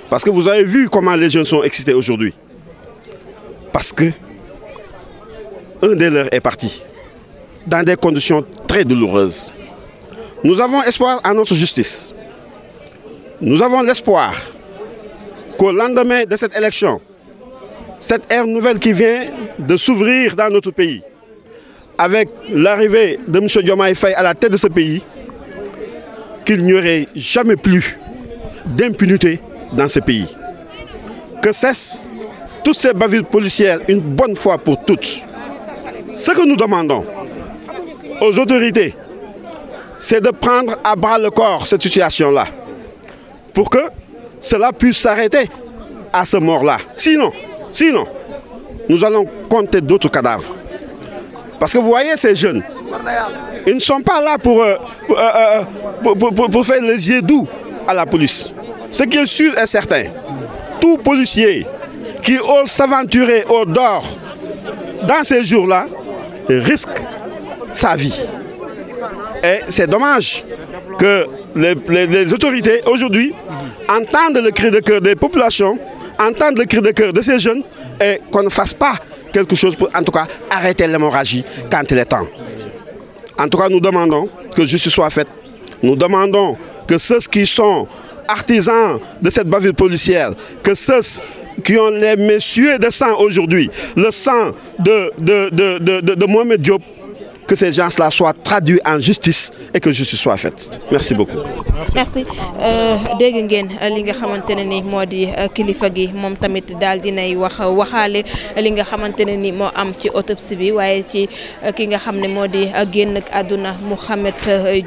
Parce que vous avez vu comment les jeunes sont excités aujourd'hui. Parce que un de leurs est parti dans des conditions très douloureuses. Nous avons espoir en notre justice. Nous avons l'espoir qu'au lendemain de cette élection, cette ère nouvelle qui vient de s'ouvrir dans notre pays, avec l'arrivée de M. Diomaye Faye à la tête de ce pays, qu'il n'y aurait jamais plus d'impunité dans ce pays. Que cessent toutes ces bavures policières une bonne fois pour toutes. Ce que nous demandons aux autorités, c'est de prendre à bras le corps cette situation-là, pour que cela puisse s'arrêter à ce mort-là. Sinon, Sinon, nous allons compter d'autres cadavres. Parce que vous voyez ces jeunes, ils ne sont pas là pour, euh, euh, euh pour, pour, pour, faire les yeux doux à la police. Ce qui est sûr et certain, tout policier qui ose s'aventurer au dehors dans ces jours-là risque sa vie. Et c'est dommage que les, les, les autorités aujourd'hui entendent le cri de cœur des populations entendre le cri de cœur de ces jeunes et qu'on ne fasse pas quelque cas, arrêter l'hémorragie quand il est temps. En tout cas, nous demandons que justice soit faite. Nous demandons que ceux qui sont artisans de cette bavure policière, que ceux qui ont les messieurs de sang aujourd'hui, le sang de, de, de, de, de Mohamed Diop, que ces gens-là soient euh, ngeen euh, li nga xamante ne ni moo di euh, kilifa gi moom tamit daal dinay wax waxaale li nga xamante ne ni moo am ci autopsie bi waaye ci ki nga xam ne moo di génn àdduna Mouhamed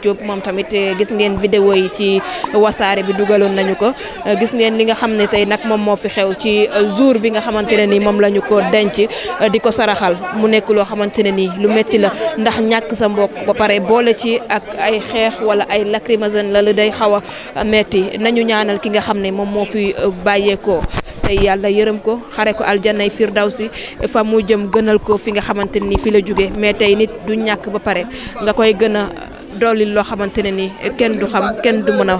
Diop moom tamit gis ngeen vidéo yi ci wasaare bi dugaloon nañu ko gis ngeen li nga xam ne tey nag moom moo fi xew ci jour bi nga xamante ne ni moom la ko denc di ko saraxal mu nekk loo xamante ni lu metti la ndax ñàkk sa mbokk ba pare boole ci ak ay xeex wala ay lacrymogène la lu day xaw a metti nañu ñaanal ki nga xam ne moom moo fi euh, bàyyeekoo te yàlla yërëm ko xare ko aljanay si fa mu jëm gënal ko fi nga xamante ni fi la jóge mais tey nit du ñàkk ba pare nga koy gën a dolli loo xamante ne ni kenn du xam kenn du mën a.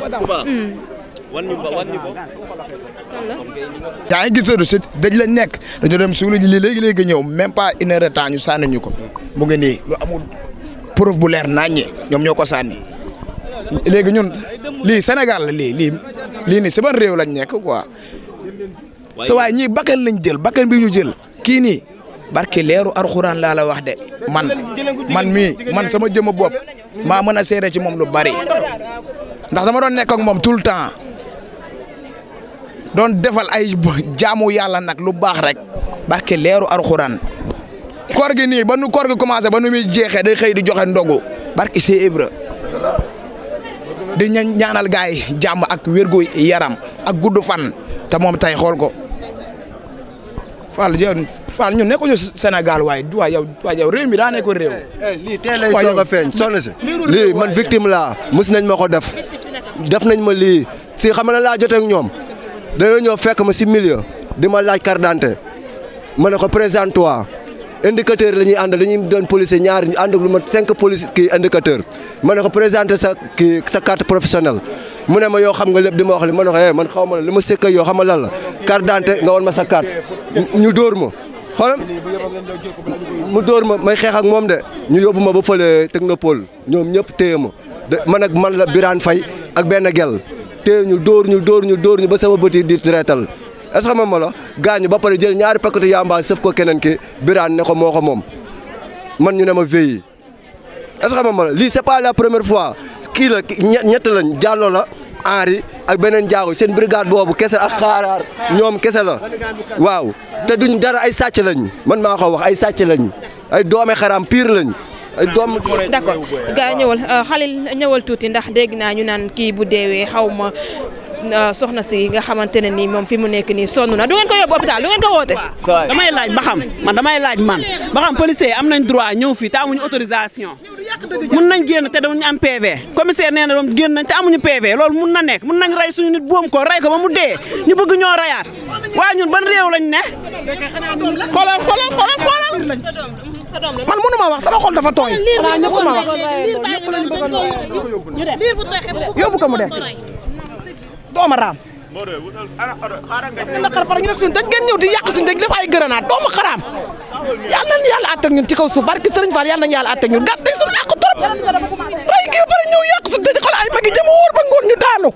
yaa ngi gis du sit dëj lañ nekk dañoo dem suul ji lii léegi léegi ñëw même pas une heure de temps ñu ñu ko mu ngi nii lu amul preuve bu leer naññee ñoom ñoo ko sànni léegi ñun lii senegal lii lii lii nii si ban réew lañ nekk quoi sa ñi ñii bakkan lañ jël bakkan bi ñu jël kii nii barke leeru arxuraan laa la wax de man man mii man sama jëma bopp maa mën a seere ci moom lu bari ndax dama doon nekk moom tout le doon defal ay jaamu yàlla nag lu baax rek barke leeru alxuraan koor gi nii ba nu koor gi commencé ba nu muy jeexee day xëy di joxe ndogu barke Cheikh Ibra di ñaanal gars yi jàmm ak wérgu yaram ak gudd fan te moom tay xool ko Fall yow Fall ñun nekkuñu Sénégal senegal waaye yow waaye yow réew mi daa nekkoon réew. Eh, lii teel lay soog a feeñ soxna si. lii man victime laa mos nañ ma ko def def nañ ma lii si xam na laa jotee ñoom. dañoo ñëw fekk ma si milieu di ma laaj carte d'identité ma ne ko présente toi indicateur la ñuy àndal dañuy doon policier ñaari ñu ànd ak lu ma cinq police kii indicateur ma ne ko présenté sa kii sa carte professionnelle mu ne ma yoo xam nga lépp di ma wax li ma ne ko eh man xaw ma la li ma sëkk yoo xam nga lan la carte d'identité nga woon ma sa carte ñu dóor ma xoolal mu dóor ma may xeex ak moom de ñu yóbbu ma ba fële technopole ñoom ñëpp téye ma man ak man la Birane Faye ak benn gel téye ñu dóor ñu dóor ñu dóor ñu ba sama bët yi di reetal est-ce que ma gaañu ba pare jël ñaari paquetu yamba sëf ko keneen ki biraan ne ko moo ko moom man ñu ne ma veillé est-ce que ma la lii c'est pas la fois kii la ñett lañ jàlloo la Henri ak beneen jaago seen brigade boobu kese a xaaraar ñoom kese la waaw te duñ dara ay sàcc lañ man maa ko wax ay sàcc lañ ay doome xaram pire lañ. doom d'accord gaa ñëwal xalil euh, ñëwal tuuti ndax dégg naa ñu naan kii bu deewee xaw ma euh, soxna si nga xamante ne nii moom fi mu nekk nii sonn na du ngeen ko yóbbu hôpital du ngeen ko woote. damay laaj ba xam man damay laaj man ba xam policier am nañ droit ñëw fii te amuñu autorisation. mun nañ génn te dañu am PV commissaire nee na doom génn nañ te amuñu PV loolu mun na nekk mun nañ rey suñu nit boom ko rey ko ma mu dee ñu bëgg ñoo reyaat waa ñun ban réew man mënu ma wax sama xol dafa tooy. xanaa ñëpp ma wax yóbbu dem dooma raam. naqar par ñëw di yàq suñu daj ay gërënaat doomu xaraam yàlla na yàlla àtteeg ñun ci kaw suuf barki Sëriñ Fall yàlla na yàlla àtteeg ñun gàtt day suñu yàq trop rey bari ñëw yàq suñu daj ay magi jëm wóor ba ngoon ñu daanu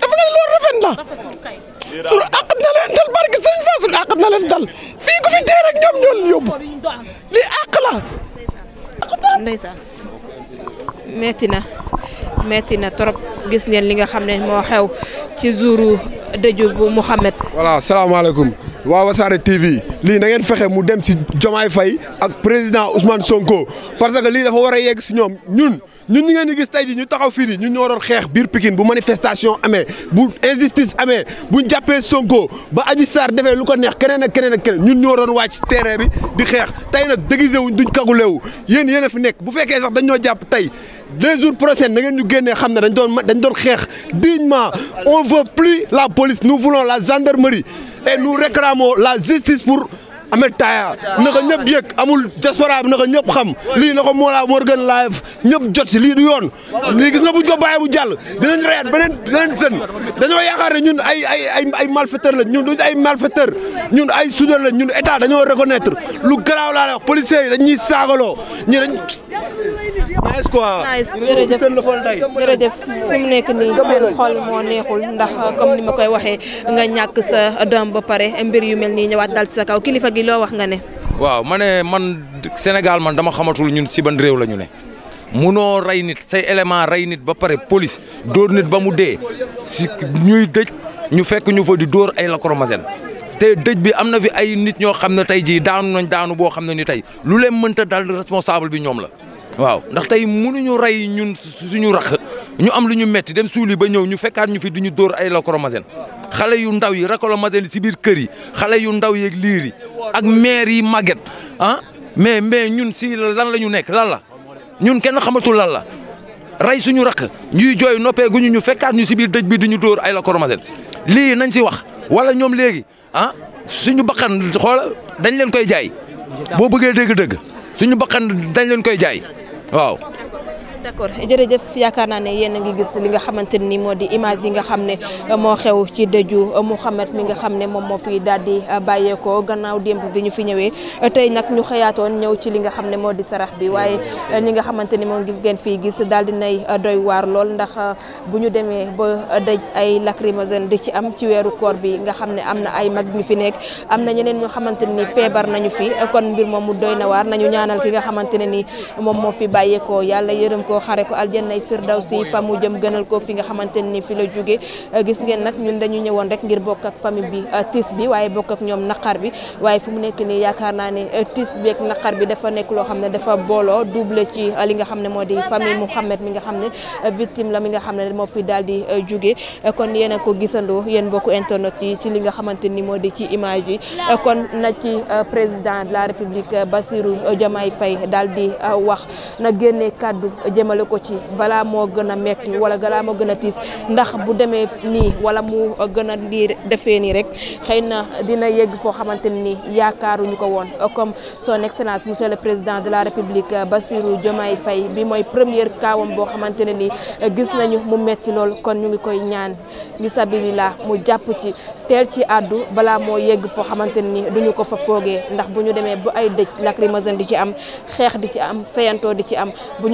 dafa ne loolu rafet na sunu àqat na leen dal barke Serigne na leen fii ku fi dee rek ñoom ñoo leen metti na metti na trop gis ngeen li nga xam ne moo xew ci jouru dëju bu Mouhamed. voilà salaamaaleykum waa Wasaare TV lii na ngeen fexe mu dem si Jomaay fay ak président Ousmane Sonko parce que lii dafa war a yegg si ñoom ñun ñun ñu ngeen di gis tey ji ñu taxaw fii nii ñun ñoo doon xeex biir Pikine bu manifestation amee bu injustice amee bu jàppee Sonko ba Adji Sarr defee lu ko neex keneen ak keneen ak keneen ñun ñoo doon wàcc terrain bi di xeex tey nag déguisé wuñ duñ kagulewu yéen yéen a fi nekk bu fekkee sax dañ ñoo jàpp tey deux jours prochains na ngeen ñu génnee xam ne dañ doon dañ doon xeex dignement on veut plus la police nous voulons la gendarmerie et nous réclamons la justice pour Ahmed Taya naka ñëpp yëg amul diaspora bi naka ñëpp xam lii naka Mollah Morgun live ñëpp jot si lii yoon lii gis nga buñ ko bàyyi mu jàll dinañ reyaat beneen beneen dañoo yaakaar ñun ay ay ay ay malfaiteur lañ ay malfaiteur ñun ay soudeur lañ ñun état dañoo reconnaître lu garaaw laa la wax policiers yi dañ ñuy saagaloo ñi dañ nice quoi jërëjëf fi mu nekk nii seen xol moo neexul ndax comme ni ma koy waxee nga ñàkk sa doom ba pare mbir yu mel nii ñëwaat dal ci sa kaw kilifa gi léegi loo wax nga ne. waaw ma ne man Sénégal man dama xamatul ñun si ban réew la ñu ne. mu noo rey nit say élément rey nit ba pare police dóor nit ba mu dee si ñuy dëj ñu fekk ñu fa di dóor ay lacrymogène te dëj bi am na fi ay nit ñoo xam ne tey jii daanu nañ daanu boo xam ne ni tey lu leen mënta dal responsable bi ñoom la. waaw ndax tey mënuñu rey ñun suñu rax ñu am lu ñu metti dem suuli ba ñëw ñu fekkaat ñu fi du ñu dóor ay lacrymogène xale yu ndaw yi lacrymogène si biir kër yi xale yu ndaw yeeg liir yi ak maire yi màgget ah mais mais ñun si lan la ñu nekk lan la ñun kenn xamatul lan la rey suñu rakk ñuy jooy noppee ñu fekkaat ñu si biir dëj bi di dóor ay lacrymogène lii nañ si wax wala ñoom léegi ah suñu bakkan xoola dañ leen koy jaay boo bëggee dégg-dégg suñu bakkan dañ leen koy jaay waaw d' accord jërëjëf yaakaar naa ne yéen a ngi gis li nga xamante ni moo di image nga xam ne moo xew ci dëju Mouhamed mi nga xam ne moom moo fi daal di bàyyeekoo démb bi ñu fi ñëwee tey nag ñu xëyaatoon ñëw ci li nga xam ne moo di sarax bi waaye li nga xamante ni moom ngeen fii gis daal di nay lool ndax bu ñu demee ba dëj ay lacrymogène di ci am ci weeru koor bi nga xam ne am na ay mag ñu fi nekk am na ñeneen ñoo xamante ni feebar nañu fi kon mbir moom mu doy nañu ñaanal ki nga xamante ne ni moom moo fi bàyyeekoo yàlla yërëm ko ko xare ko aljannay firdawsi fa mu jëm gënal ko fi nga xamante ni fi la jóge gis ngeen nag ñun dañu ñëwoon rek ngir bokk ak famille bi euh, tiis bi waaye bokk ak ñoom naqar bi waaye fu mu nekk nii yaakaar naa ne euh, tiis bi ak naqar bi dafa nekk loo xam ne dafa booloo double ci euh, li nga xam ne moo mi nga xam ne la mi nga xam ne moo fi daal di jóge kon yéen a ko gisandoo yéen bokku internet yi ci li nga xamante ni moo di ci image yi kon na ci président de la république Bassirou Diomaye Faye daal di wax na génne kàddu jëmale ko ci balaa moo gën a metti wala balaa moo gën a tiis ndax bu demee nii wala mu gën a lii defee nii rek xëy na dina yegg foo xamante ne nii yaakaaruñu ko woon comme son excellence monsieur le président de la république Bassirou jomay Faye bi mooy première kaawam boo xamante ne nii gis nañu mu metti lool kon ñu ngi koy ñaan bi sabilillah mu jàpp ci teel ci àddu balaa moo yegg foo xamante ne nii duñu ko fa foogee ndax bu ñu demee bu ay dëj lacrymogène di di ci am fayantoo di ci am bu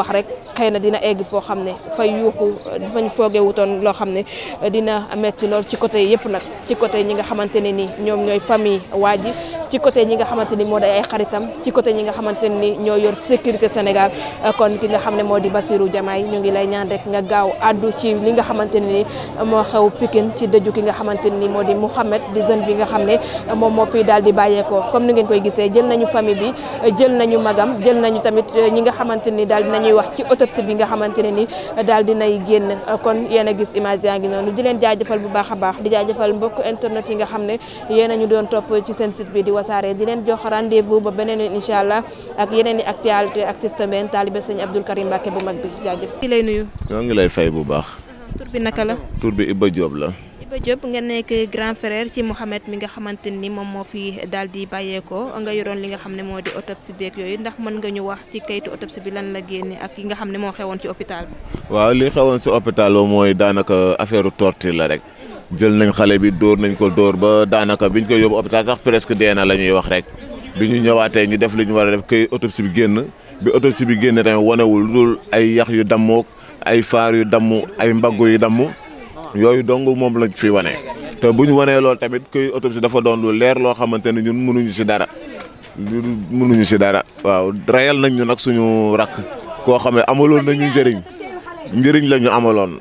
wax rek xëy na dina egg foo xam ne fay yuuxu dafañ fooge wutoon loo xam ne dina metti lool ci côté yëpp nag ci côté ñi nga xamante ne ni ñoom ñooy famille waa ji ci côté ñi nga xamante ni moo di ay xaritam ci côté ñi nga xamante ni ñoo yor sécurité Sénégal kon ki nga xam ne moo di Bassirou Diomaye ñoo ngi lay ñaan rek nga gaaw addu ci li nga xamante ni moo xew Pikine ci dëju ki nga xamante ni moo di Mouhamed di jeune bi nga xam ne moom moo fii daal di bàyyeekoo comme ni ngeen koy gisee jël nañu famille bi jël nañu magam jël nañu tamit ñi nga xamante ñuy wax ci autopsie bi nga xamante ne ni daal dinay génn kon yéen a gis image yaa ngi noonu di leen jaajëfal bu baax a baax di jaajëfal mbokk internet yi nga xam ne yéen a ñu doon topp ci seen bi di wasaare di leen jox rendez ba beneen yoon incha allah ak yeneen i actualité ak système benn taalibe sëñ Abdoul Karim Mbacke bu mag bi jaajëf. lay nuyu. ñoo ngi lay bu baax. tur bi bi Iba Diop la. Iba Diop nga nekk grand frère ci Mouhamed mi nga xamante ni moom moo fi dal di bàyyeekoo nga yoroon li nga xam ne moo di autopsie beeg yooyu ndax mën nga ñu wax ci kayitu autopsie bi lan la génne ak yi nga xam ne moo xewoon ci hôpital bi. waaw li si hôpital ba mooy daanaka affaire torture la rek. jël nañ xale bi dóor nañ ko dóor ba daanaka biñ koy yóbbu hôpital sax presque dee na la ñuy wax rek. bi ñu ñëwaatee ñu def lu ñu war a def kay autopsie bi génn bi autopsie bi génn tamit wanewul lu dul ay yax yu dammook ay faar yu damm ay mbagg yu damm yooyu dong moom lañ fi wane te bu ñu wanee loolu tamit kuy autopsie dafa doon lu leer loo xamante ne ñun mënuñu si dara mënuñu si dara waaw rayal nañ ñu nag suñu rakk koo xam ne amaloon nañu njëriñ njëriñ la ñu amaloon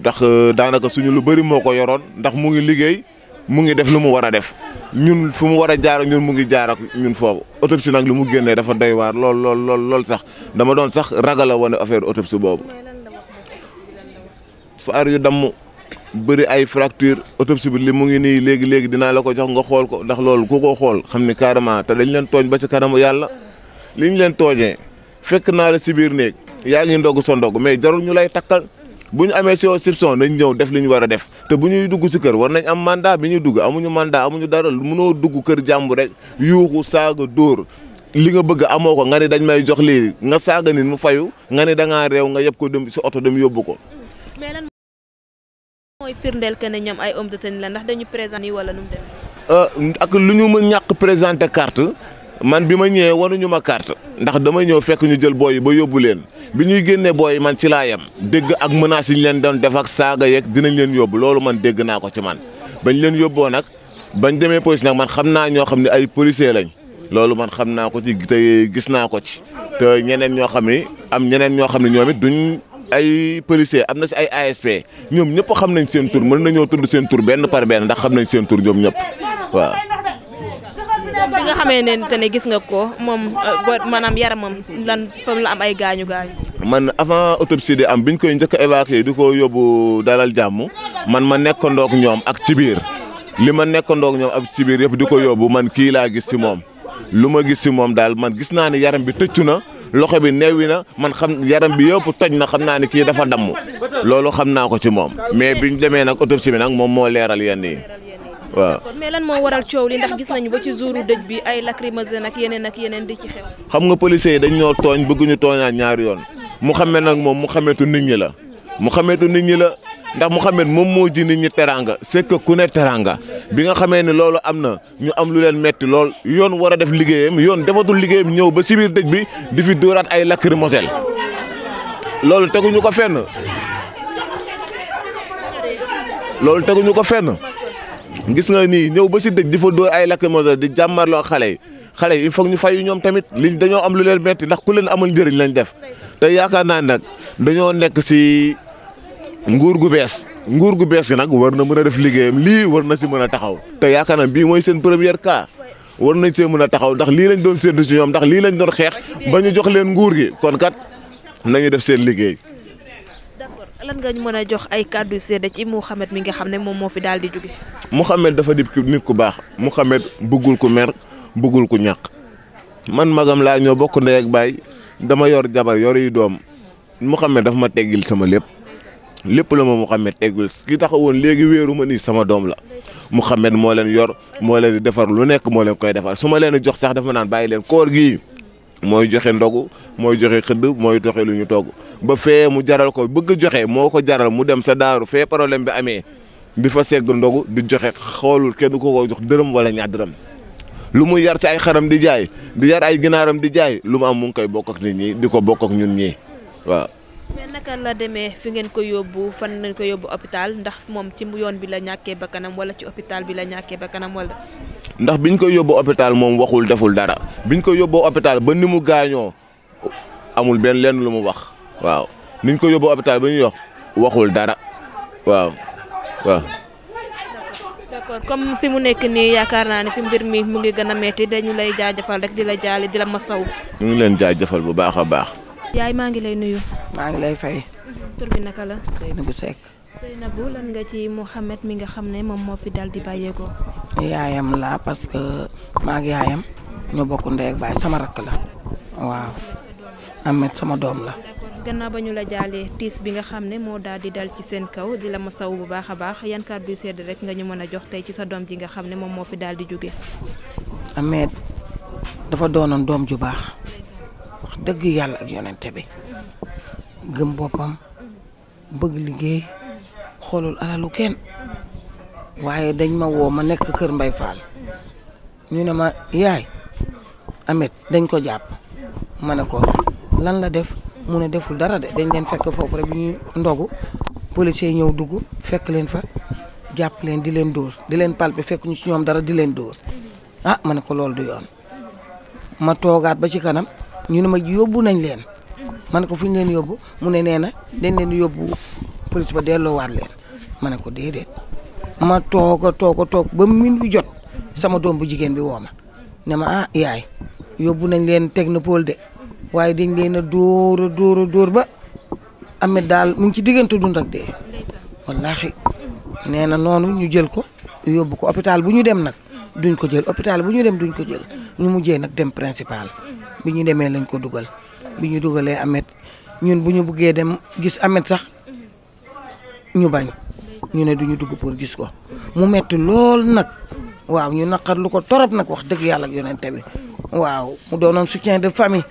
ndax euh, daanaka suñu lu bëri moo ko yoroon ndax mu ngi liggéey mu ngi def lu mu war a def ñun fu mu war a jaar ak ñun mu ngi jaar ak ñun foofu autopsie nag lu mu génnee dafa doy waar lool lool lool sax dama doon sax ragala a wane affaire autopsie boobu bëri ay fracture autopsie bi li mu ngi nii léegi léegi dinaa la ko jox nga xool ko ndax loolu ko ko xool xam ni carrément te dañ leen tooñ ba si kanamu yàlla li ñu leen toojee fekk naa la si biir néeg yaa ngi ndogg sa ndogg mais jarul ñu lay takkal bu ñu amee soupçon nañ ñëw def li ñu war a def te bu ñuy dugg si kër war nañ am mandaa bi ñu dugg amuñu mandat amuñu dara mënoo dugg kër jàmbu rek yuuxu saaga dóor li nga bëgg amoo ko nga ne dañ may jox lii nga saaga nit mu fayu nga ne da ngaa réew nga yëpp ko dem si oto dem yóbbu ko. mooy euh, ak lu ñu ma ñàkk présenté carte man bi ma ñëwee ñu ma kart ndax dama ñëw fekk ñu jël booy yi ba yóbbu leen bi ñuy génnee booy yi man ci laa yam dégg ak menaces yi leen doon def ak saaga yeeg dinañ leen yóbbu loolu man dégg naa ko ci man bañ leen yóbboo nag bañ demee police nag man xam naa ñoo xam ne ay policier lañ loolu man xam naa ko ci te gis naa ko ci te ñeneen ñoo xam am ñeneen ñoo xam ne ñoom ay policiers am na si ay ASP ñoom ñëpp xam nañ seen tur mën nañoo tudd seen tur benn par benn ndax xam nañ seen tur ñoom ñëpp waaw. bi nga xamee ne te ne gis nga ko moom euh, maanaam yaramam lan fa la am ay gaañu gaañu. man avant autopsie am biñ koy njëkk a évacuer di ko yóbbu dalal jàmm man ma nekkandoo ak ñoom ak ci biir li ma nekkandoo ak ñoom ak ci biir yëpp di ko yóbbu man kii laa gis si moom lu ma gis si moom daal man gis naa ne yaram bi tëccu na. loxo bi neewi na man xam yaram bi yëpp toj na xam naa ni kii dafa damm loolu xam naa ko ci moom mais biñ demee nag autopsie bi nag moom moo leeral yenn yi waaw mais lan moo li ndax gis nañu ba ci jouru dëj bi ay lacrymogène ak yeneen ak yeneen di ci xew. xam nga policiers yi dañ ñoo tooñ bëgguñu tooñaat ñaari yoon mu xam xamee nag moom mu xameetu nit ñi la mu xameetu nit ñi la ndax Mouhamed moom moo ji nit ñi teraanga c'est ku ne teraanga bi nga xamee ne loolu am na ñu am lu leen metti lool yoon war a def liggéeyam yoon defatul liggéeyam ñëw ba si biir dëj bi di fi dóoraat ay lacrymogène loolu teguñu ko fenn loolu teguñu ko fenn gis nga ni ñëw ba si dëj di fa dóor ay lacrymogène di jàmmarloo xale yi xale yi il faut ñu fayu ñoom tamit li dañoo am lu leen metti ndax ku leen amal njëriñ lañ def te yaakaar naa nag dañoo nekk si. nguur gu bees nguur gu bees yi nag war na mën a def liggéeyam lii war na si mën a taxaw te yaakaar naa bii mooy seen première cas war nañ see mën a taxaw ndax lii lañ doon séntu si ñoom ndax lii lañ doon xeex ba ñu jox leen nguur gi kon kat nañu def seen liggéey. d'accord lan nga ñu mën a jox ay kàddu seede ci Mouhamed mi nga xam ne moom moo fi daal di jóge. Mouhamed dafa di nit ku baax mu Mouhamed bëggul ku mer buggul ku ñàkk man magam laa ñoo bokk ndey ak baay dama yor jabar yor yi doom Mouhamed dafa ma teggil sama lépp. lépp la ma Mouhamed eggul ki taxawoon léegi wéeru ma nii sama doom la mu Mouhamed moo leen yor moo leen defar lu nekk moo leen koy defar su ma leen jox sax dafa naan bàyyi leen koor gi mooy joxe ndogu mooy joxe xëdd mooy joxe lu ñu togg ba fee mu jaral ko bëgg joxe moo ko jaral mu dem sa daaru fee problème bi amee di fa segg ndogu di joxe xoolul kenn ko ko jox dërëm wala ñaar lu mu yar ci ay xaram di jaay di yar ay ginaaram di jaay lu mu mu koy bokk ak nit ñi di ko bokk ñun ñii waaw. mais naka la demee fi ngeen ko yóbbu fan nañ ko yóbbu hôpital ndax moom ci yoon bi la ñàkkee ba kanam wala ci hôpital bi la ñàkkee ba kanam wala. ndax biñ ko yóbbu hôpital moom waxul deful dara biñ ko yóbbu hôpital ba ni mu gaañoo amul benn lenn lu mu wax waaw niñ ko yóbbu hôpital ba ñuy wax waxul dara waaw waaw. d'accord comme fi mu nekk nii yaakaar naa ne fi mbir mi mu ngi gën a metti dañu lay jaajëfal rek di la jaale di la saw mu ngi leen jaajëfal bu baax a baax. yaay maa ngi lay nuyu. maa ngi lay fay. tur bi naka la. Seynabou Seck. bu lan nga ci Mouhamed mi nga xam ne moom moo fi dal di bàyyeekoo. yaayam laa parce que maa ngi ñu bokk ndey ak sama rakk la waaw Ahmed sama doom la. gannaaw ba ñu la jaalee tiis bi nga xam ne moo daal dal ci seen kaw di la ma saw bu baax a baax yan kàddu sedd rek nga ñu mën a jox tey ci sa doom ji nga xam ne moom moo fi daal di jóge Ahmed dafa doonoon doom ju baax. dëgg yàlla ak yonente bi gëm boppam bëgg liggéey xoolul alalu kenn waaye dañ ma woo ma nekk kër Mbay Fall ñu ne ma yaay Amet dañ ko jàpp ma ne ko lan la def mu ne deful dara de dañ leen fekk foofu rek bi ñuy ndogu policier ñëw dugg fekk leen fa jàpp leen di leen dóor di leen palpe fekk ñu ci ñoom dara di leen dóor ah ma ne ko loolu du yoon ma toogaat ba ci kanam ñu ne ma yóbbu nañ leen ma ne ko fu ñu leen yóbbu mu ne nee na dañ leen yóbbu polis ba delloowaat leen ma ne ko déedéet ma toog a toog a toog ba min bi jot sama doom bu jigéen bi woo ma ne ma ah yaay yóbbu nañ leen technopole de waaye dañ leen a dóor a dóor a dóor ba amet daal mu ngi ci diggante dund ak dee wallaahi nee na noonu ñu jël ko yóbbu ko hôpital bu ñu dem nag duñ ko jël hôpital bu ñu dem duñ ko jël ñu mujjee nag dem principal bi ñu demee lañ ko dugal bi ñu dugalee Amet ñun bu ñu buggee dem gis Amet sax ñu bañ ñu ne duñu dugg pour gis ko mu metti lool nag waaw ñu naqar lu ko torop nag wax dëgg yàlla ak yonente bi waaw mu doonoon soutien de famille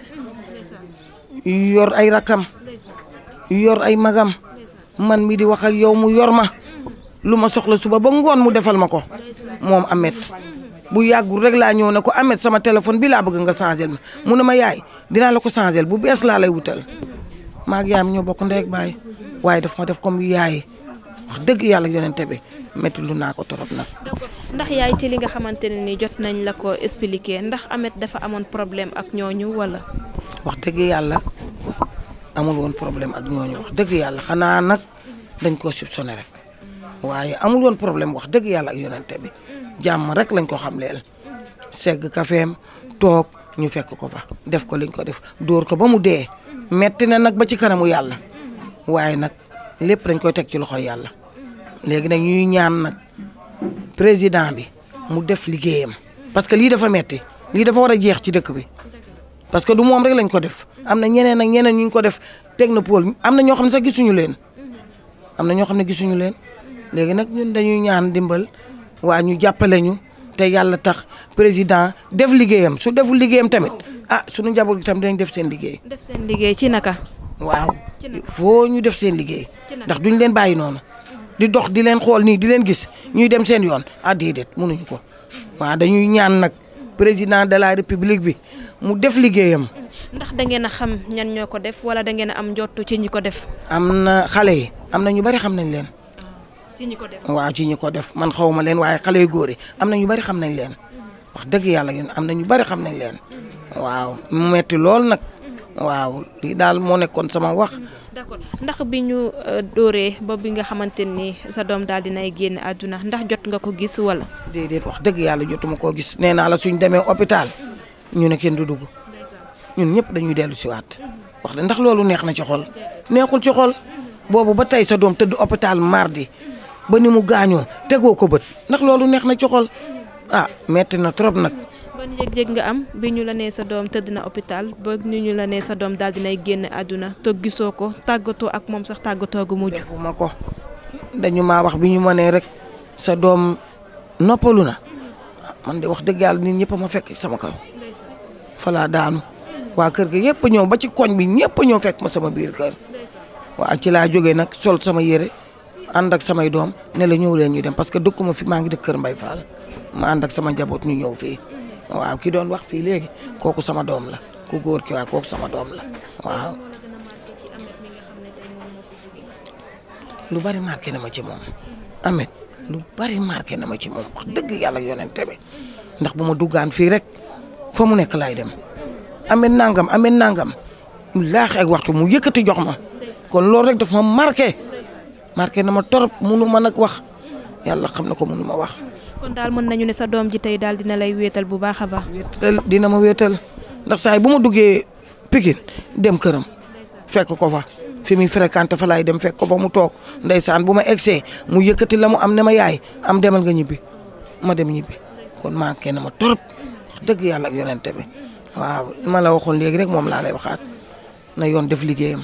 yor ay rakam yor ay magam man mi di wax ak yow mu yor ma lu ma soxla suba ba ngoon mu defal ma ko moom Amet bu yàggul rek laa ñëw na ko Amet sama téléphone bi laa bëgg nga changé ma mun a ma yaay dinaa la ko changé bu bees laa lay wutal maag yaay mi ñoo bokk ndey baay waaye daf ma def comme yaay wax dëgg yàlla yonente bi métti naa ko torop nag. ndax yaay ci li nga xamante ne ni jot nañ la ko expliquer ndax Amet dafa amoon problème ak ñooñu wala. wax dëgg yàlla amul woon problème ak ñooñu wax dëgg yàlla xanaa nag dañ koo soupçonné rek. waaye amul woon problème wax dëgg yàlla ak yonente bi jàmm rek lañ ko leen segg kafeem toog ñu fekk ko fa def ko lañ ko def dóor ko ba mu dee metti na nag ba ci kanamu yàlla waaye nag lépp dañ koy teg ci loxo yàlla léegi nag ñuy ñaan nag président bi mu def liggéeyam parce que lii dafa metti lii dafa war a jeex ci dëkk bi parce que du moom rek lañ ko def am na ñeneen ak ñeneen ñu ko def teg na technopole am na ñoo xam ne sa gisuñu leen am na ñoo xam ne gisuñu leen léegi nag ñun dañuy ñaan dimbal waa ñu jàppale ñu te yàlla tax président def liggéeyam su deful liggéeyam tamit ah suñu njaboot gi tamit dañ def seen liggéey. def seen liggéey ci naka. waaw foo ñu def seen liggéey ndax duñ leen bàyyi noonu di dox di leen xool nii di leen gis ñuy dem seen yoon ah déedéet mënuñu ko waaw dañuy ñaan nag président de la république bi mu def liggéeyam. ndax da ngeen a xam ñan ñoo ko def wala da ngeen a am njottu ci ñu ko def. am na xale yi am na ñu bari xam nañ leen. ci ñi ko def waaw ci ñi ko def man xaw ma leen waaye xale yu góor yi am na ñu bari xam nañ leen wax dëgg yàlla yéen am na ñu bari xam nañ leen waaw mu metti lool nag waaw daal moo nekkoon sama wax. Mm-hmm. d'accord ndax bi ñu euh, dóoree ba bi nga xamante ni sa doom daal dinay génn àdduna ndax jot nga ko gis wala. déedéet wax dëgg yàlla jotuma koo gis nee naa la suñ demee hôpital ñu ne kenn du dugg ñun ñëpp dañuy dellu si waat mm-hmm. wax de ndax loolu neex na ci xol neexul ci xol boobu ba tey sa doom tëdd hôpital mardi. ba ni mu gaañoo tegoo ko bët ndax loolu neex na ci xol ah, metti na trop nag. ban yëg-yëg nga am bi ñu la nee sa doom tëdd na hôpital ba ni ñu la nee sa doom daal dinay génn àdduna te gisoo ko tàggatoo ak moom sax tàggatoo gu mujj. defuma ko dañu maa wax bi ñu ma nee rek sa doom noppalu na man de wax dëgg yàlla nit ñëpp ma fekk sama kaw falaa daanu waa kër gi yëpp ñëw ba ci koñ bi ñëpp ñëw fekk ma sama biir kër waa ci laa jógee nag sol sama yére. ànd ak samay doom ne la ñëw leen ñuy dem parce que ma fi maa ngi dëkk Kër Mbay Fall ma ànd ak sama njaboot ñu ñëw fii waaw ki doon wax fii léegi kooku sama doom la ku góor ki waaw kooku sama doom la waaw. lu bari marqué na ma ci moom Ameth lu bari marqué na ma ci moom wax dëgg yàlla yonente bi ndax bu ma duggaan fii rek fa mu nekk laay dem Ameth nangam Ameth nangam mu laax waxtu mu yëkkati jox ma kon loolu rek daf ma marqué. marqué na ma torop munu ma nag wax yàlla xam na ko munu ma wax. kon daal mën nañu ne sa doom ji tey daal dina lay wéetal bu baax a baax. dina ma wéetal ndax saa yi bu ma duggee Pikine dem këram fekk ko fa fi muy fréquenté fa laay dem fekk ko fa mu toog ndeysaan bu ma egsee mu yëkkati la mu am ne ma yaay am demal nga ñibbi ma dem ñibbi kon manqué na ma torop dëgg yàlla ak yonente bi waaw ma la waxoon léegi rek moom laa lay waxaat na yoon def liggéeyam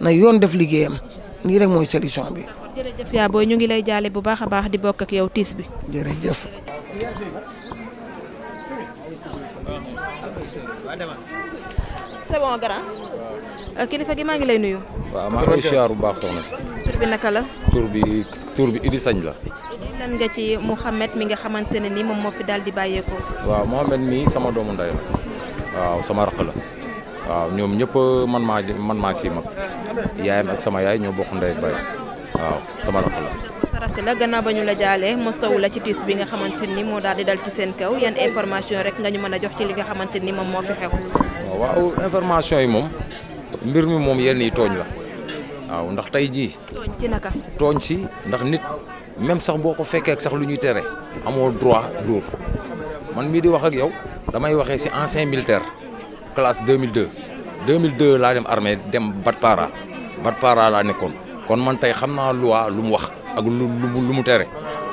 na yoon def liggéeyam. nii rek mooy solution bi. jërëjëf yaa booy ñu ngi lay jaale bu baax a baax di bokk ak yow tiis bi. jërëjëf. c'est bon grand. Euh, kilifa gi maa ngi lay nuyu. waaw maa ngi siyaar bu baax soxna si. tur bi naka la. tuur bi tur bi Idi Sañ la. lan nga ci Mouhamed mi nga xamante ne ni moom moo fi daal di bàyyeekoo. waaw Mouhamed mi sama doomu ndey la. waaw sama raq la. waaw ñoom ñëpp man maa man maa si mag yaayam ak sama yaay ñoo bokk ndey ak waaw sama rakk la. sa rakk la gannaaw ba ñu la jaalee mosawu la ci tiis bi nga xamante ni moo daal di dal ci seen kaw yan information rek nga ñu mën a jox ci li nga xamante ni moom moo fi xew. waaw information yi moom mbir mi moom yenn yi tooñ la waaw ndax tey jii. tooñ tooñ si ndax nit même sax boo ko fekkee sax lu ñuy tere. amoo droit dóor man mii di wax ak yow damay waxee si ancien militaire. classe 2002 2002 laa dem armée dem Batpara Batpara laa nekkoon kon man tey xam naa loi lu mu wax ak lu lu mu tere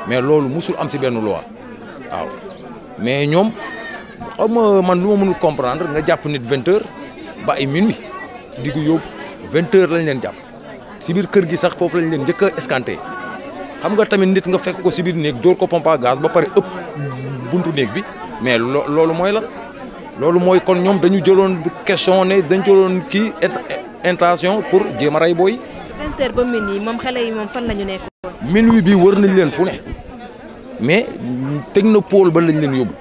mais loolu musul am si benn loi waaw mais ñoom xaw ma man lu ma mënul comprendre nga jàpp nit vingt heures ba ay minuit di ko yóbbu vingt heures lañ leen jàpp si biir kër gi sax foofu lañ leen njëkk a xam nga tamit nit nga fekk ko si biir néeg dóor ko pompe à ba pare ëpp buntu néeg bi mais loolu mooy la loolu mooy kon ñoom dañu jëloon question ne dañ jëloon kii intention pour jéem a rey booy. 20 heures ba minuit moom xale yi moom fan la ñu nekk. minuit bi wër nañ leen fu ne mais technopole ba lañ leen yóbbu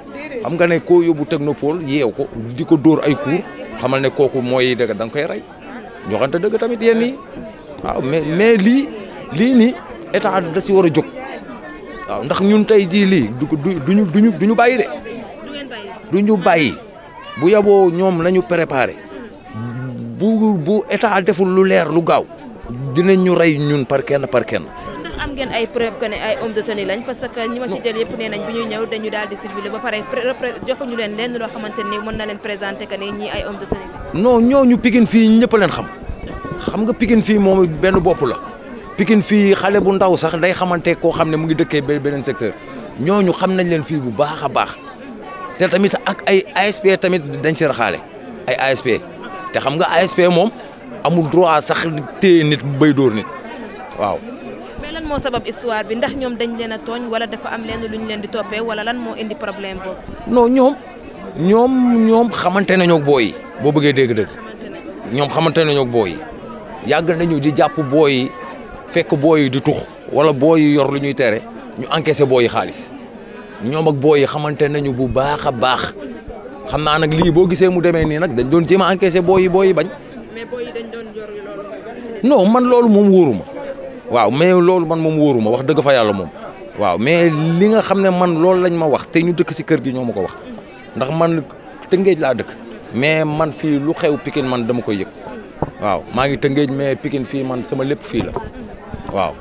xam nga ne koo yóbbu technopole yeew ko di ko dóor ay cours xamal ne kooku mooy dëgg danga nga koy rey ñoxante dëgg tamit yéen nii mais mais lii lii nii état da si war a jóg waaw ndax ñun tey jii lii du du duñu duñu duñu de. du ñu bàyyi. bu yaboo ñoom nañu préparé bu bu état deful lu leer lu gaaw dinañ ñu rey ñun par kenn par kenn. ndax am ngeen ay preuve que ne ay homme de tenue lañ parce que ñi ma ci jël bi ñuy ñëw dañu daal di ciblé ba pare joxuñu leen lenn loo xamante ni mën na leen présenté que ne ay homme de tenue. non ñooñu Pikine fii ñëpp leen xam xam nga Pikine fii moom benn bopp la Pikine fii xale bu ndaw sax day xamante koo xam ne mu ngi dëkkee beneen secteur ñooñu xam nañ leen fii bu baax a baax. te tamit ak ay ASP tamit dañ ci raxaale ay ASP te xam nga ASP moom amul droit sax téye nit bay dóor nit waaw. mais lan moo sabab histoire bi ndax ñoom dañ leen a tooñ wala dafa am leen lu leen di toppee wala lan moo indi problème boobu. non ñoom ñoom ñoom xamante nañoo booy boo bëggee dégg-dëgg ñoom xamante nañoo ak booy yi yàgg nañu di jàpp booy fekk booy di tux wala booy yor lu ñuy tere ñu encaissé booy xaalis. ñoom ak booy yi xamante nañu bu baax a baax xam naa nag lii boo gisee mu demee nii nag dañ doon jéem a encaissé booy yi booy bañ. mais booy loolu. non man loolu waaw mais loolu man moom wóoruma wax dëgg fa yàlla moom. waaw mais li nga xam ne man loolu lañ ma wax te dëkk si kër gi ñoo ma ko wax ndax man tëngéej laa dëkk. mais man fii lu xew Pikine man dama koy yëg waaw maa ngi tëngéej mais Pikine fii man sama lépp fii la waaw.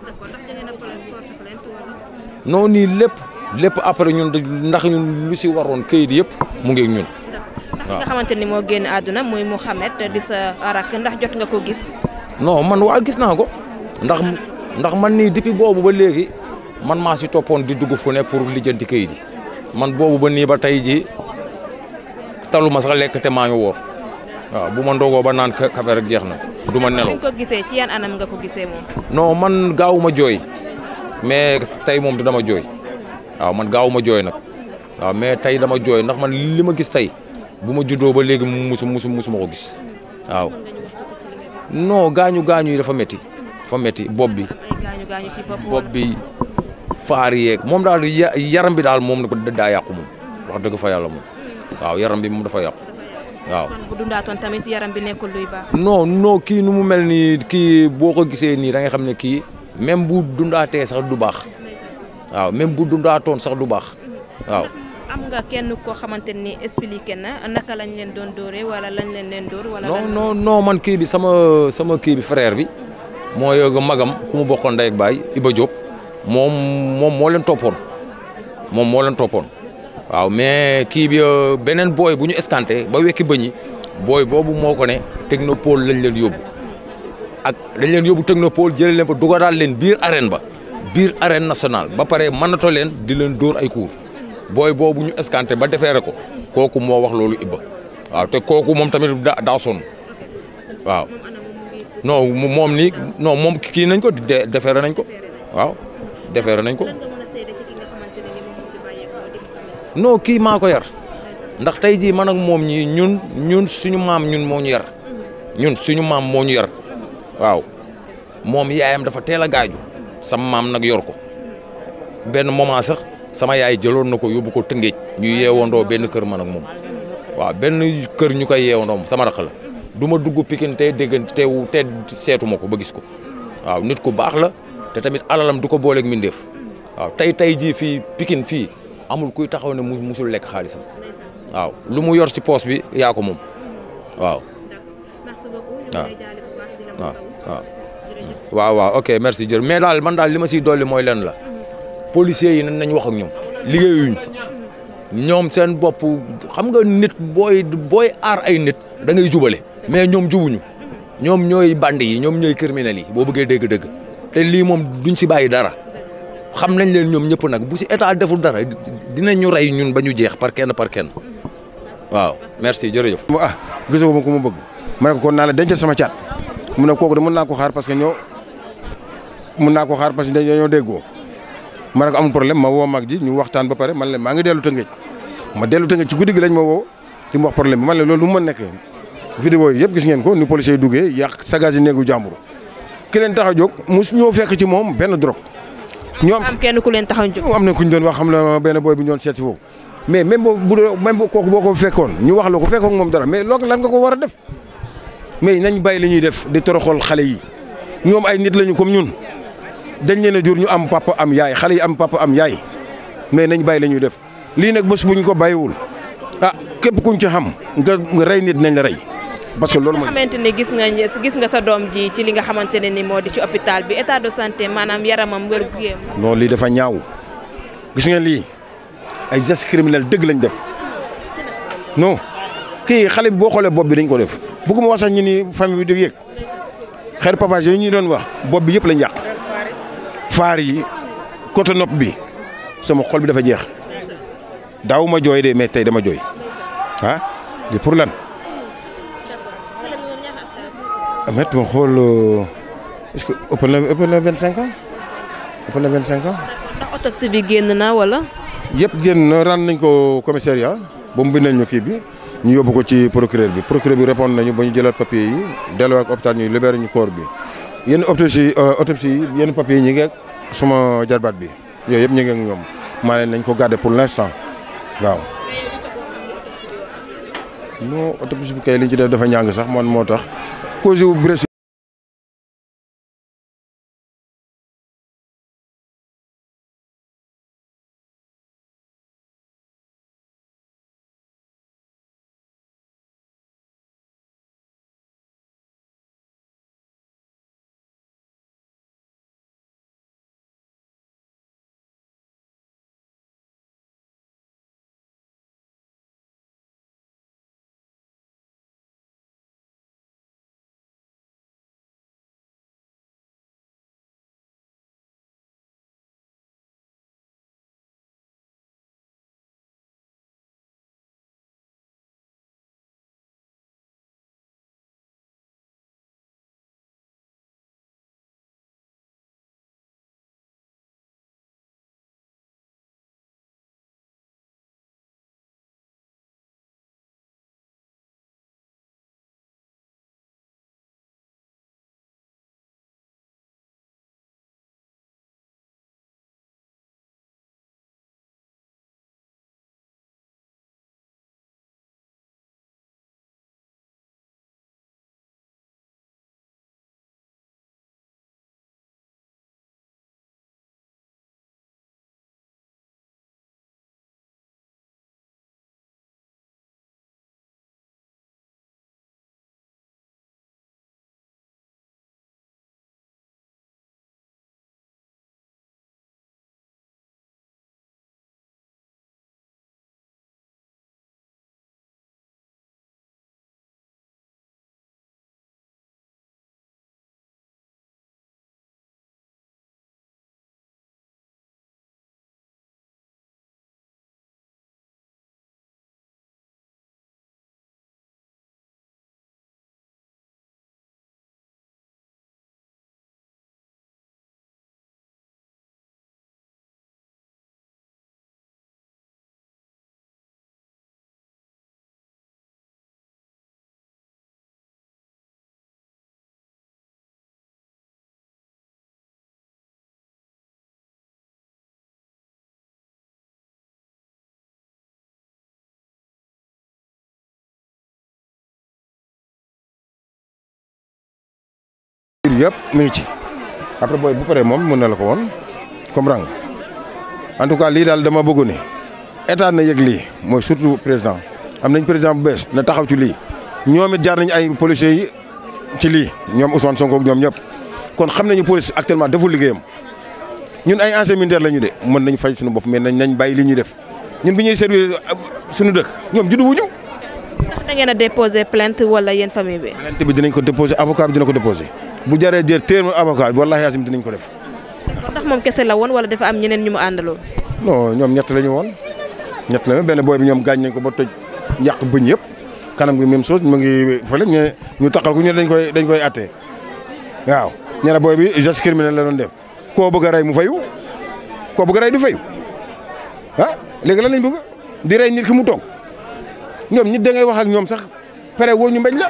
noonu lépp. lépp après ñun ndax ñun lu si waroon këyit yëpp mu ngi ñun. waaw ni moo génn àdduna muy Mouhamed di sa ndax jot nga ko gis. non man waa gis naa ko ndax ndax man nii depuis boobu ba léegi man maa si toppoon di dugg fune pour lijjanti këyit man boobu ba nii ba tey jii talu ma sax lekk te maa ngi woor waaw bu man ndogoo ba naan kafe rek jeex na du ma nelaw. ko gisee ci yan anam nga ko gisee moom. noo man gaawuma jooy mais tey moom dama jooy. waaw man gaawuma jooy nag waaw mais tey dama jooy ndax man li ma gis tey bu ma juddoo ba léegi musu musu musuma ko gis waaw non gaañu gaañu yi dafa meti dafa métti bopp bi bopp bi faar yeeg moom daal yaram bi daal moom daa yàqu moom wax dëgg fa yàlla moom waaw yaram bi moom dafa yàqu waaw. bu dundaatoon kii nu mu mel nii kii boo ko gisee nii da nga xam ne kii même bu dundaatee sax du baax. waaw même bu dundaatoon sax du baax waaw. am nga kenn koo xamante ni expliqué na naka lañ leen doon dóoree wala lañ leen leen dóor. wala man kii bi sama sama kii bi frère bi moo yooga magam ku mu bokkoon day ak baay Iba Diop moom moom moo leen toppoon moom moo leen toppoon waaw mais kii bi euh, beneen booy bu ñu escanté ba wekki bëñi booy boobu moo ko ne technopole lañ leen yóbbu ak dañ leen yóbbu technopole jëlee leen fa dugalaat leen biir arène ba. biir arène nationale ba pare mënatoo leen di leen dóor ay cours booy boobu ñu escanté ba defeere ko kooku moo wax loolu iba waaw te kooku moom tamit daa sonn waaw non moom nii noo moom kii nañ ko defeere nañ ko waaw nañ ko non kii maa ko yar ndax tey jii man ak moom ñii ñun ñun suñu maam ñun moo ñu yar ñun suñu maam moo ñu yar waaw moom yaayam dafa teel a gaaju sama maam nag yor ko benn moment sax sama yaay jëloon na ko yóbbu ko tëngéej ñu yeewandoo benn kër man nag moom waaw benn kër ñu koy yeewandoo sama rakk la du ma dugg Pikine tey déggante te te seetu ma ko ba gis ko waaw nit ku baax la te tamit alalam du ko booleeg mindeef waaw tey tey jii fii Pikine fii amul kuy taxaw ne mu musul lekk xaalisam waaw lu mu yor ci poos bi yaa ko moom waaw waaw waaw waaw waaw ok merci jërëjëf mais daal man li ma siy dolli mooy lenn la policiers yi nañ wax ak ñoom liggéeyuñ ñoom seen bopp xam nga nit booy booy aar ay nit da ngay jubale mais ñoom jubuñu ñoom ñooy band yi ñoom ñooy criminels yi boo bëggee dégg-dégg lii moom duñ si bàyyi dara xam nañ leen ñoom ñëpp nag bu si état deful dara dinañ ñu rey ñun ba ñu jeex par kenn par kenn waaw merci jërëjëf. ah gisoo ma ku ma bëgg ma ne ko kon naa la denc sama caat mu ne kooku de mën naa ko xaar parce ñoo. mun naa ko xaar parce que dañoo déggoo ma ne ko amul problème ma woo mag ji ñu waxtaan ba pare man leen maa ngi dellu Tëngéej ma dellu Tëngéej ci guddi gi lañ ma woo ci mu wax problème bi loolu lu mu mën nekkee vidéo yi yëpp gis ngeen ko ni policier yi duggee yàq sagas yi néegu jàmbur ki leen tax a jóg fekk ci moom benn drogue. ñoom am kenn ku leen tax a am na ku ñu doon wax xam na benn boy bi ñu doon seet si foofu mais même boo bu doon même kooku boo ko fekkoon ñu wax la ko fekkoon moom dara mais loolu nga ko war a def mais nañ bàyyi li ñuy def di toroxol xale yi ñoom ay nit lañu comme ñun dañ leen a jur ñu am papa am yaay xale yi am papa am yaay mais nañ bay la ñuy def lii nag bés bu ñu ko bàyyiwul ah képp kuñ ci xam nga rey nit nañ la rey. parce que loolu mooy xamante ni gis nga gis nga sa doom ji ci li nga xamante ne ni moo di ci hôpital bi état de santé maanaam yaramam wér gu yéem. non lii dafa ñaaw gis nga lii ay geste criminel dëgg lañ def non kii xale bi boo xoolee bopp bi dañ ko def. bu ko ma sax ñu ni famille bi di yëg xeer pavage yooyu ñu doon wax bopp bi yëpp lañ yàq. faar yi côté nopp bi sama xol bi dafa jeex daaw ma jooy de mais tey dama jooy ah di pour lan. amet ma xool euh, est-ce que ëpp na na vingt cinq ans ëpp na vingt cinq ans. ndax autopsie bi génn naa wala. yëpp génn na rànd nañ ko commissariat ba mu bindal ñu kii bi ñu yobbu ko ci procureur bi procureur bi répondre nañu ba ñu jëlaat papier yi delloo ak hôpital ñu libéré ñu corps bi yenn euh, autopsie yi yenn papier yi ñu ngi suma jarbaat bi yooyu yëpp ñu ngi ak ñoom maa leen nañ ko garder pour l'instant waaw. non autopsie bi kay li ci def dafa ñàng sax man moo tax cause wu yëpp mu ngi ci après booy bu paree moom mën na la ko woon comme nga en tout cas lii daal dama bëgg ni état na yëg lii mooy surtout président am nañ président bu bees na taxaw ci lii ñoom it jaar nañ ay policiers yi ci lii ñoom Ousmane Sonko ak ñoom ñëpp kon xam nañu police actuellement deful liggéeyam ñun ay ancien militaire ñu de mën nañ faj suñu bopp mais nañ nañ bàyyi li ñuy def ñun bi ñuy servir euh, suñu dëkk ñoom juddu wuñu da ngeen a déposé plainte wala yéen famille ko déposé avocat bi dina ko déposé. bu jaree jër téeméer avocat bi wallaahi yaasim dinañ ko def. kon ndax kese la woon wala dafa am ñeneen ñu mu àndaloo. ñoom ñett la ñu woon ñett la ñu benn booy bi ñoom gaañ nañ ko ba toj yàq bëñ yëpp kanam gi même chose mu ngi fële ñu ñu taxal ko ñu dañ koy dañ koy àtte waaw ñu booy bi geste criminel la doon dem koo bëgg rey mu fayu koo bugga a rey du fayu ah léegi lan lañ bëgg di rey nit ki mu toog ñoom nit da wax ak ñoom sax pare woo ñu mbéj la.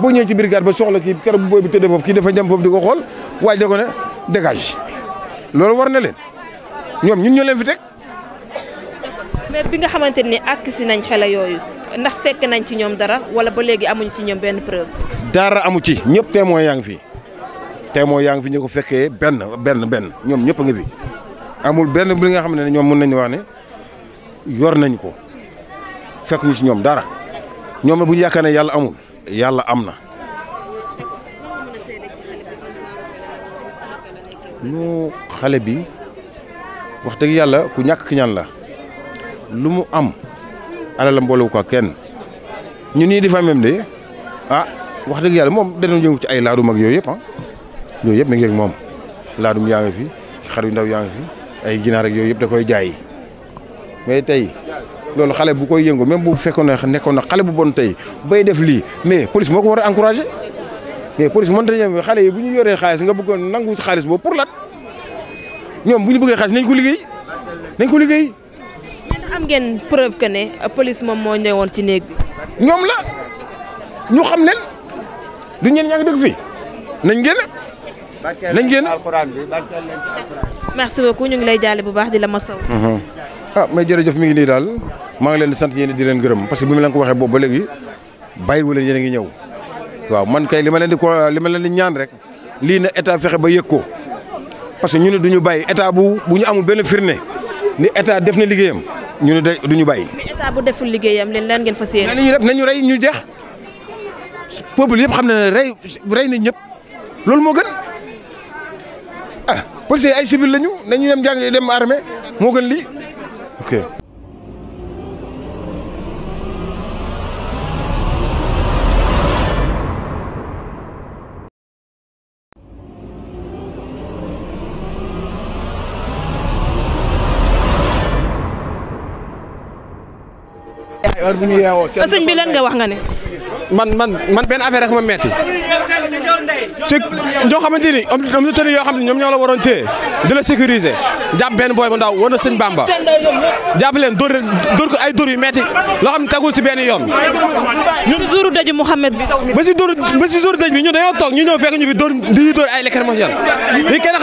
boo ñëwee ci brigade ba soxla kii keroog bu booy bi tëddee foofu kii dafa jam foofu di ko xool waaye da ne dégage loolu war na leen ñoom ñun ñoo leen fi teg. mais bi nga xamante ni àkk nañ xela yooyu ndax fekk nañ ci ñoom dara wala ba léegi amuñ ci ñoom benn preuve. dara amu ci ñëpp témoin yaa ngi fi témoin yaa ngi fi ñu ko fekkee benn benn benn ñoom ñëpp a ngi fi amul benn bi nga xam ne ñoom mën nañu wax ne yor nañ ko fekk ñu ci ñoom dara ñoom bu ñu ne yàlla amul. yàlla am na ñu xale bi wax dëgg yàlla ku ñàkk ki la lu mu am alalam boolewu ko kenn ñu nii di fa même de ah wax dëgg yàlla moom danañ yëngu ci ay laadum mag yooyu yëpp ah yooyu yëpp mi ngi moom laadum yaa ngi fi xar yu ndaw yaa ngi fi ay ginaar ak yooyu yëpp da koy jaay mais tey loolu xale bu koy yëngu même bu fekkoon ne nekkoon na xale bu bon tey bay def lii mais police moo ko war a encouragé mais police mënta xale yi bu ñu yoree xaalis nga bëggoon nangu xaalis boobu pour lat ñoom bu ñu bëggee xaalis nañ ko liggéey ko liggéey. mais ngeen preuve que ne police moom moo ñëwoon ci néeg bi. ñoom la ñu xam leen du ñeen ñaa ngi dëkk fii nañ génn. nañ génn barkeel leen ci bi barkeel leen ci alxuraan merci beaucoup ñu ngi lay jaale bu baax di la masaw. Mhm. ah mais jërëjëf mi ngi nii daal maa ngi leen sant yéen di leen gërëm parce que bi ma leen ko waxee boobu ba léegi bàyyiwu leen ñëw waaw man kay li ma leen di ko li ma leen di ñaan rek lii na état fexe ba yëg ko parce que ñu ne du ñu bàyyi état bu bu ñu amul benn firnde ni état def na liggéeyam ñu ne de du ñu bàyyi. mais état bu leen lan ngeen fas yéene. nañu def nañu rey ñu jeex peuple yëpp xam na rey rey nañ ñëpp loolu moo gën ah policiers ay civil lañu nañu dem jàng dem armée moo gën lii. ok. sëñ bi lan nga wax nga ne. man man man benn affaire rek ma metti si ñoo xamante ni am am yoo xam ne ñoom ñoo la waroon téye di la sécuriser jàpp benn booy bu ndaw war na sëñ Bamba jàpp leen dóor dóor ay dóor yu metti loo xam ne tagul si benn yoon. ñun jouru dëj Mouhamed bi. ba si dóor ba si jouru dëj bi ñun dañoo toog ñu ñëw fekk ñu fi dóor di ñu dóor ay lacrymogène lii kenn kenn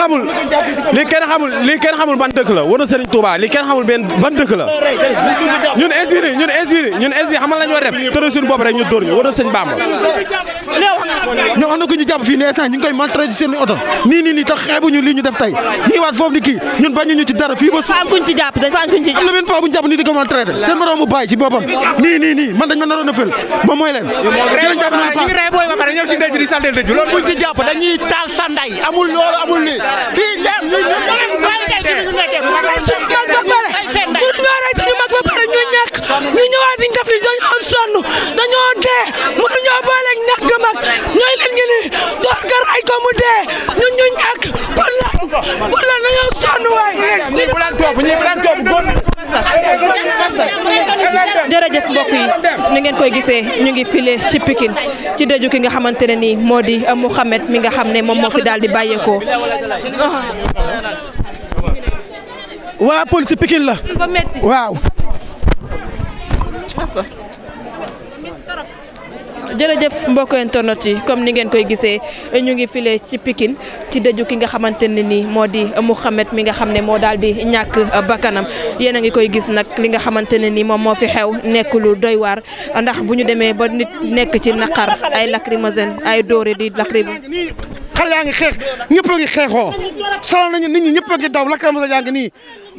xamul lii kenn xamul ban dëkk la war na sëriñ kenn xamul benn ban dëkk la ñun kër sëñ Bamba ñoom am na ko ñu jàpp fii ne instant ñu ngi koy maltraité seen oto nii nii nii tax xeebuñu li ñu def tey ñi waat foofu ni kii ñun bañuñu ci dara fii ba su am kuñ ci jàpp dañ fa am kuñ ci am na benn paa bu ñu jàpp nii di ko maltraité seen moroomu baay ci boppam nii nii nii man dañ ma naroon a fël moom mooy leen ci lañ jàpp noonu paa ñu rey booy ba pare ñëw si dëj di saldel dëj loolu buñ ci jàpp dañuy taal sanday amul loolu amul lii fii leem ñu ñu leen bàyyi day ci ñu nekkee ñu ñëwaat ñu def li dañoo sonn dañoo dee mënuñoo booleeg ñàkk mag ñooy leen ñu ni door ko ko mu dee ñun ñu ñàkk pour lan pour lan dañoo sonn waay. ñii bu leen yi ni ngeen koy gisee ñu ngi file ci pikin ci dëju ki nga xamante ne nii moo di euh, Mouhamed mi nga xam ne moom moo fi daal di bàyyeekoo. waa police Pikine la waaw. jërëjëf mbokk internet yi comme ni ngeen koy gisee ñu ngi file ci Pikine ci dëju ki nga xamante ne nii moo di xamet mi nga xam ne moo daal di ñàkk bakkanam yéen a ngi koy gis nag li nga xamante ne nii moom moo fi xew nekk lu doy waar ndax bu ñu demee ba nit nekk ci naqar ay lacrymogène ay dóore di lacrymogène. xale yaa ngi xeex ñëpp a ngi xeexoo sonal nit ñi ñëpp a ngi daw lacrymogène yaa ngi nii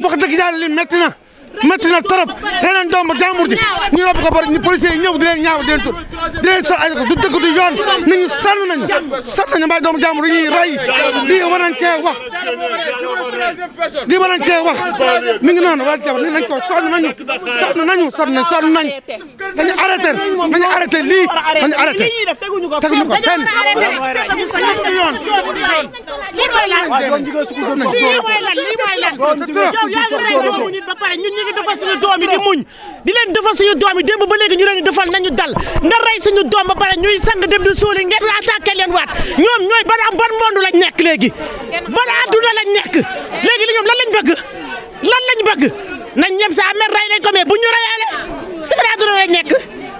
wax dëgg yàlla li metti na. métti na trop leneen doomu jàmbur ji ñu rob ko bari ñu policiers yi ñëw di leen ñaaw di leen tur di leen sol ay du dëgg du yoon nit ñi sonn nañu sonn nañu mbay doomu jàmbur yi ñuy rey lii war nañ cee wax lii war nañ cee wax mi ngi noonu wala jabar nii lañ ko sonn nañu sonn nañu sonn nañ sonn nañ dañu arrêté nañu arrêté lii nañu arrêté teguñu ko fenn yoon lii mooy lan lii mooy lan lii mooy lan yow yaa ngi rey doomu nit ba pare ñun ngi defal suñu doom yi di muñ di leen defal suñu doom yi démb ba léegi ñu leen di defal nañu dal nga rey suñu doom ba pare ñuy sang dem di suuli ngeen attaqué leen waat ñoom ñooy ban am ban monde lañ nekk léegi ban adduna lañ nekk léegi li ñoom lan lañ bëgg lan lañ bëgg nañ ñem sa amer rey nañ ko mais bu ñu reyaale si ban adduna lañ nekk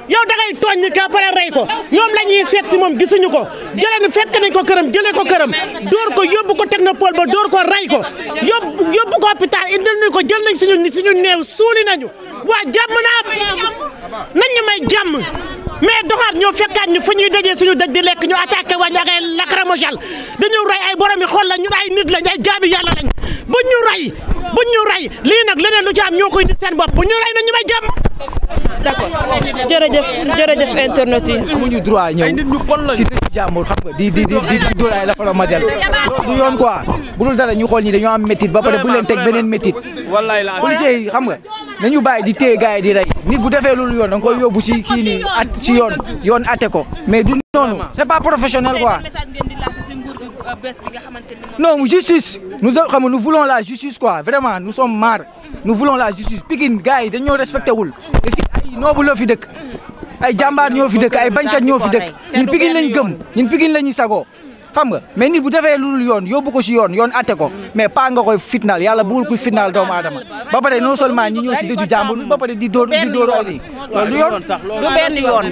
yow da ngay tooñ ni ka rey ko ñoom la ñuy seet si moom gisuñu ko jëlee nu fekk nañ ko këram jëlee ko këram dóor ko yóbbu ko na technopole ba dóor ko rey ko yóbbu yóbbu ko hôpital indil nañ ko jël si suñu suñu néew suuli nañu waa jàmm naa nañ ñu may jàmm mais doxaat ñoo fekkaat ñu fu ñuy dajee suñu daj di lekk ñu attaqué wañ ak ay lacrymogène dañu ray ay borom yi la ñun ay nit lañ ay jaabi yàlla lañ buñ ñu ray buñ ñu ray lii nag leneen lu ci am ñoo koy nit seen bopp buñ ñu ray na ñu may jàmm d'accord jërëjëf jërëjëf internet yi amuñu droit ñëw si dëkk jàmbur xam nga di di di di la faro majal du yoon quoi bu dul ñu xool ñi dañoo am métit ba pare bu leen teg beneen métit wallaay policiers yi nga nañu bàyyi di téye gars yi di rey nit bu defee loolu yoon da nga koy si kii at si ci yoon yoon atte ko mais du noonu c'est pas professionnel quoi euh, non justice nous euh, xam nous voulons la justice quoi vraiment nu sommes marre nous voulons la justice Pikine gars yi dañoo respecté wul te noobu loo fi dëkk ay jàmbaar ñoo fi dëkk ay bañkat ñoo fi dëkk ñun Pikine lañ gëm ñun Pikine lañuy sagoo xam nga mais nit bu defee lu dul yoon yóbbu ko si yoon yoon atte ko mais pas nga koy fitnaal yàlla bugul kuy fitnaal doomu aadama ba pare non seulement ñi ñëw si dëju jàmbur ba pare di dóor di dóor oli du yoon du benn yoon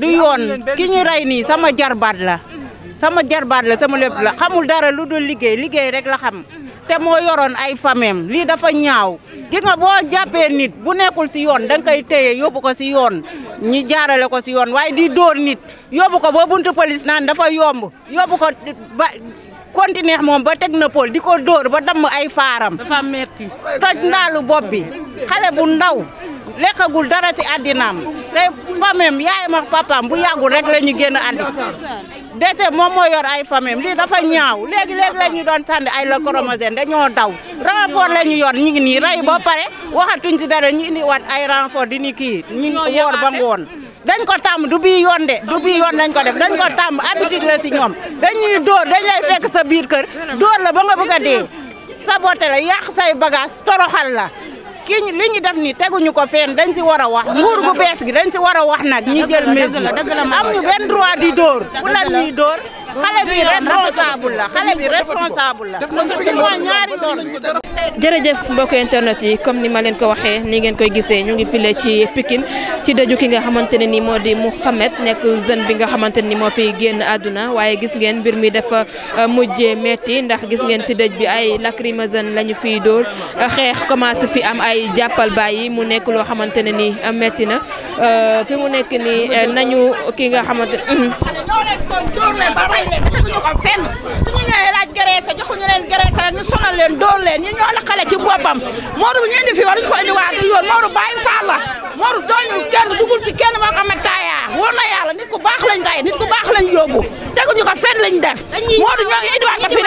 du yoon ki ñu rey nii sama jarbaat la sama jarbaat la sama lépp la xamul dara lu dul liggéey liggéey rek la xam te moo yoroon ay fameem lii dafa ñaaw gis boo jàppee nit bu nekkul si yoon da nga koy téye yóbbu ko si yoon ñu jaarale ko si yoon waaye di dóor nit yóbbu ko ba buntu police naan dafa yomb yóbbu ko ba continuer moom ba teg na technopole di ko dóor ba damm ay faaram. dafa metti toj ndaalu bopp bi xale bu ndaw. lekkagul dara ci àddinaam te famem yaayam ak papaam bu yàggul rek la ñu génn àndi dete moom moo yor ay famem lii dafa ñaaw léegi léegi la ñu doon tànn ay la chromosome dañoo daw renfort la ñu yor ñu ngi nii rey ba pare waxatuñ si dara ñu ni wat ay renfort di ni kii ñu woor ba ngoon dañ ko tàmm du bii yoon de du bii yoon dañ ko def dañ ko tàmm habitude la ci ñoom dañuy dóor dañ lay fekk sa biir kër dóor la ba nga bëgg a dee saboté la yàq say bagage toroxal la ki li ñu def ni teguñu ko fenn dañ si war a wax nguur gu bees gi dañ si war a wax nag ñi jël mesure am ñu di dóor ñuy dóor xale la xale la moo ñaari yoon jërëjëf mbokk internet yi comme ni ma leen ko waxee ni ngeen koy gisee ñu ngi file ci Pikine ci dëju ki nga xamante ne nii moo di Mouhamed nekk jeune bi nga xamante ni moo fi génn àdduna waaye gis ngeen mbir mi dafa euh, mujjee metti ndax gis ngeen ci dëj bi ay lacrymogène la ñu fiy dóor xeex commencé fi am ay ay jàppal yi mu nekk loo xamante ne nii euh, metti na euh, fi mu nekk nii euh, nañu ki nga xamante. dóor leen ba rey leen teguñu ko fenn suñu ñëwee laaj gërëse joxuñu leen gërëse rek ñu sonal leen dóor leen ñi ñoo la xale ci boppam Modou ñu indi fi waruñu ko indi waa du yoon Modou Baye Fall la Modou dooñul kenn dugul ci kenn moo ko ma taaya wóor na yàlla nit ku baax lañ rey nit ku baax lañ yóbbu teguñu ko fenn ko fii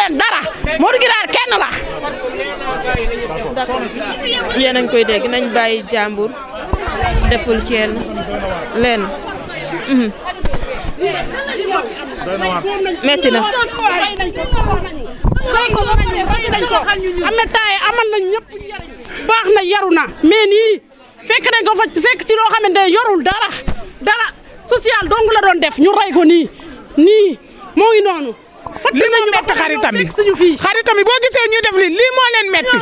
leen dara Modou Giraar kenn yéen nañ koy dégg nañ bàyyi jàmbur deful kenn leen mhm. metti na am na taay amal baax na yaru na mais nii fekk nañ ko fekk ci loo xamante ne yorul dara dara social dong la doon def ñu rey ko nii nii moo ngi noonu li ñu métti xaritam bi xaritam bi boo gisee ñuy def li lii moo leen métti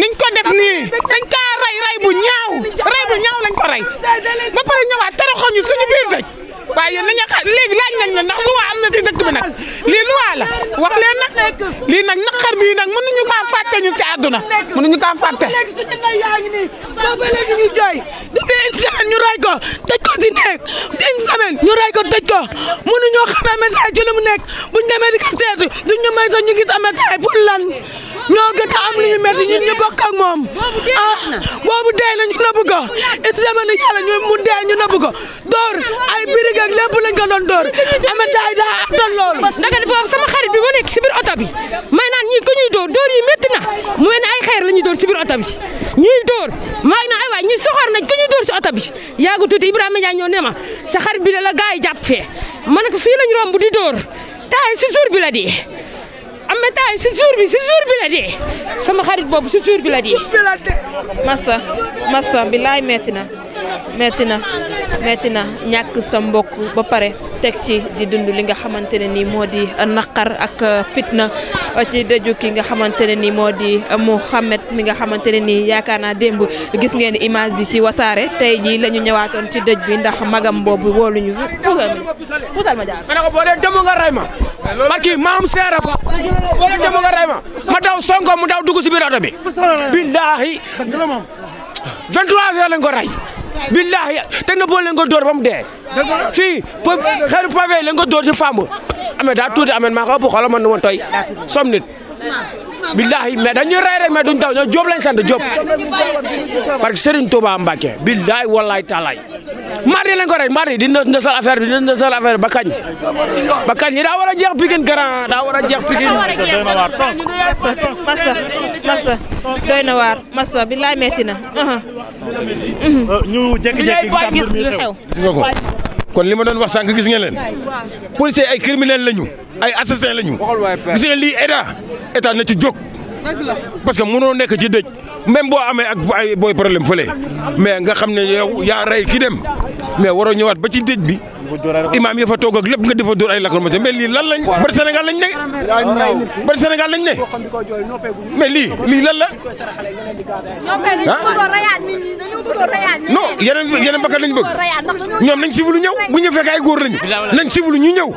niñ ko def nii dañ kaa rey rey bu ñaaw rey bu ñaaw lañ ko rey ba pare ñëwaat toroxoñu suñu biir dëj waaye yéen nañu xaar léegi laaj nañ la ndax luwa na ci dëkk bi nag lii luwa la wax leen nag lii nag bii nag mënuñu kaa ñu ci àdduna mënuñu kaa fàtte. léegi suñu ndey yaa ngi nii booba léegi ñu rey ko tëj ko ci néeg une semaine ñu rey ko tëj ko mënuñoo xamee mu nekk buñ demee di ko seetu duñ ñu may sax ñu gis amataay pour lan. ñoo gën a am lu ñu métti ñun ñu bokk ak moom ah boobu dee ah, na ñu nëbb ko it jamono yàlla ñu mu dee ñu nëbb ko door ay birig ak lépp lañ ko doon door amataay daa attan loolu. ndaga di boobu sama xarit bi ma nekk si biir oto bi may naan ñii ku ñuy door door yi métti na mu mel ay xeer la ñuy door si biir oto bi ñuy door maa ngi naan ay waay ñuy soxor nañ ku ñuy door si oto bi yaagu tuuti Ibrahima Ndiaye ñoo ne ma sa xarit bi la la gars jàpp fee ma ne ko fii lañ romb di door taay bi la Ahmed Aï si jour bi si jour bi la dee sama xarit boobu si jour bi la dee. massa massa bilaay metti na. metti na metti na ñàkk sa mbokk ba pare teg ci di dund li nga xamante ne nii moo di naqar ak fitna ci dëju ki nga xamante ne nii moo di Mouhamed mi nga xamante ne nii yaakaar naa démb gis ngeen image yi ci wasaare tey jii la ñu ci dëj bi ndax magam boobu wooluñu fi puusal ma jaar ma ne ko boo dee nga rey ma barki maam seera fa ma daw sonko mu daw dugg si biir bi billaahi 23 heures lañ ko billaahi teg na boo leen ko door ba mu dee. fii xeeru pavé leen ko dóor ci femme. amee daa tuuti amee maa ko ëpp xoolal ma nu ma tooy. som nit. billahi mais dañuy rey rek mais duñ taw ñoo Diop lañ sant Diop parce que Serigne Touba Mbacke billahi wallahi taalaay mardi lañ ko rey mardi dina ndësal affaire bi dina ndësal affaire ba kañ ba daa war a jeex Pikine grand daa war a jeex Pikine massa massa doy na waar massa billahi metti na ñu kon li ma doon wax sànq gis ngeen leen policiers ay criminels lañu ay assassins lañu gis ngeen lii état état na ci jóg. parce que mënoo nekk ci dëj même boo amee ak ay booy problème fële mais nga xam ne yow yaa rey ki dem mais waroo ñëwaat ba ci dëj bi. imaam ya fa toog ak lépp nga defa dóor ay lacrymogène mais lii lan lañ bari Sénégal lañ ne bari Sénégal lañ ne mais lii lii lan la non yeneen yeneen bakkan lañ bëgg ñoom nañ sibilu ñëw bu ñu fekk ay góor lañu nañ sibilu ñu ñëw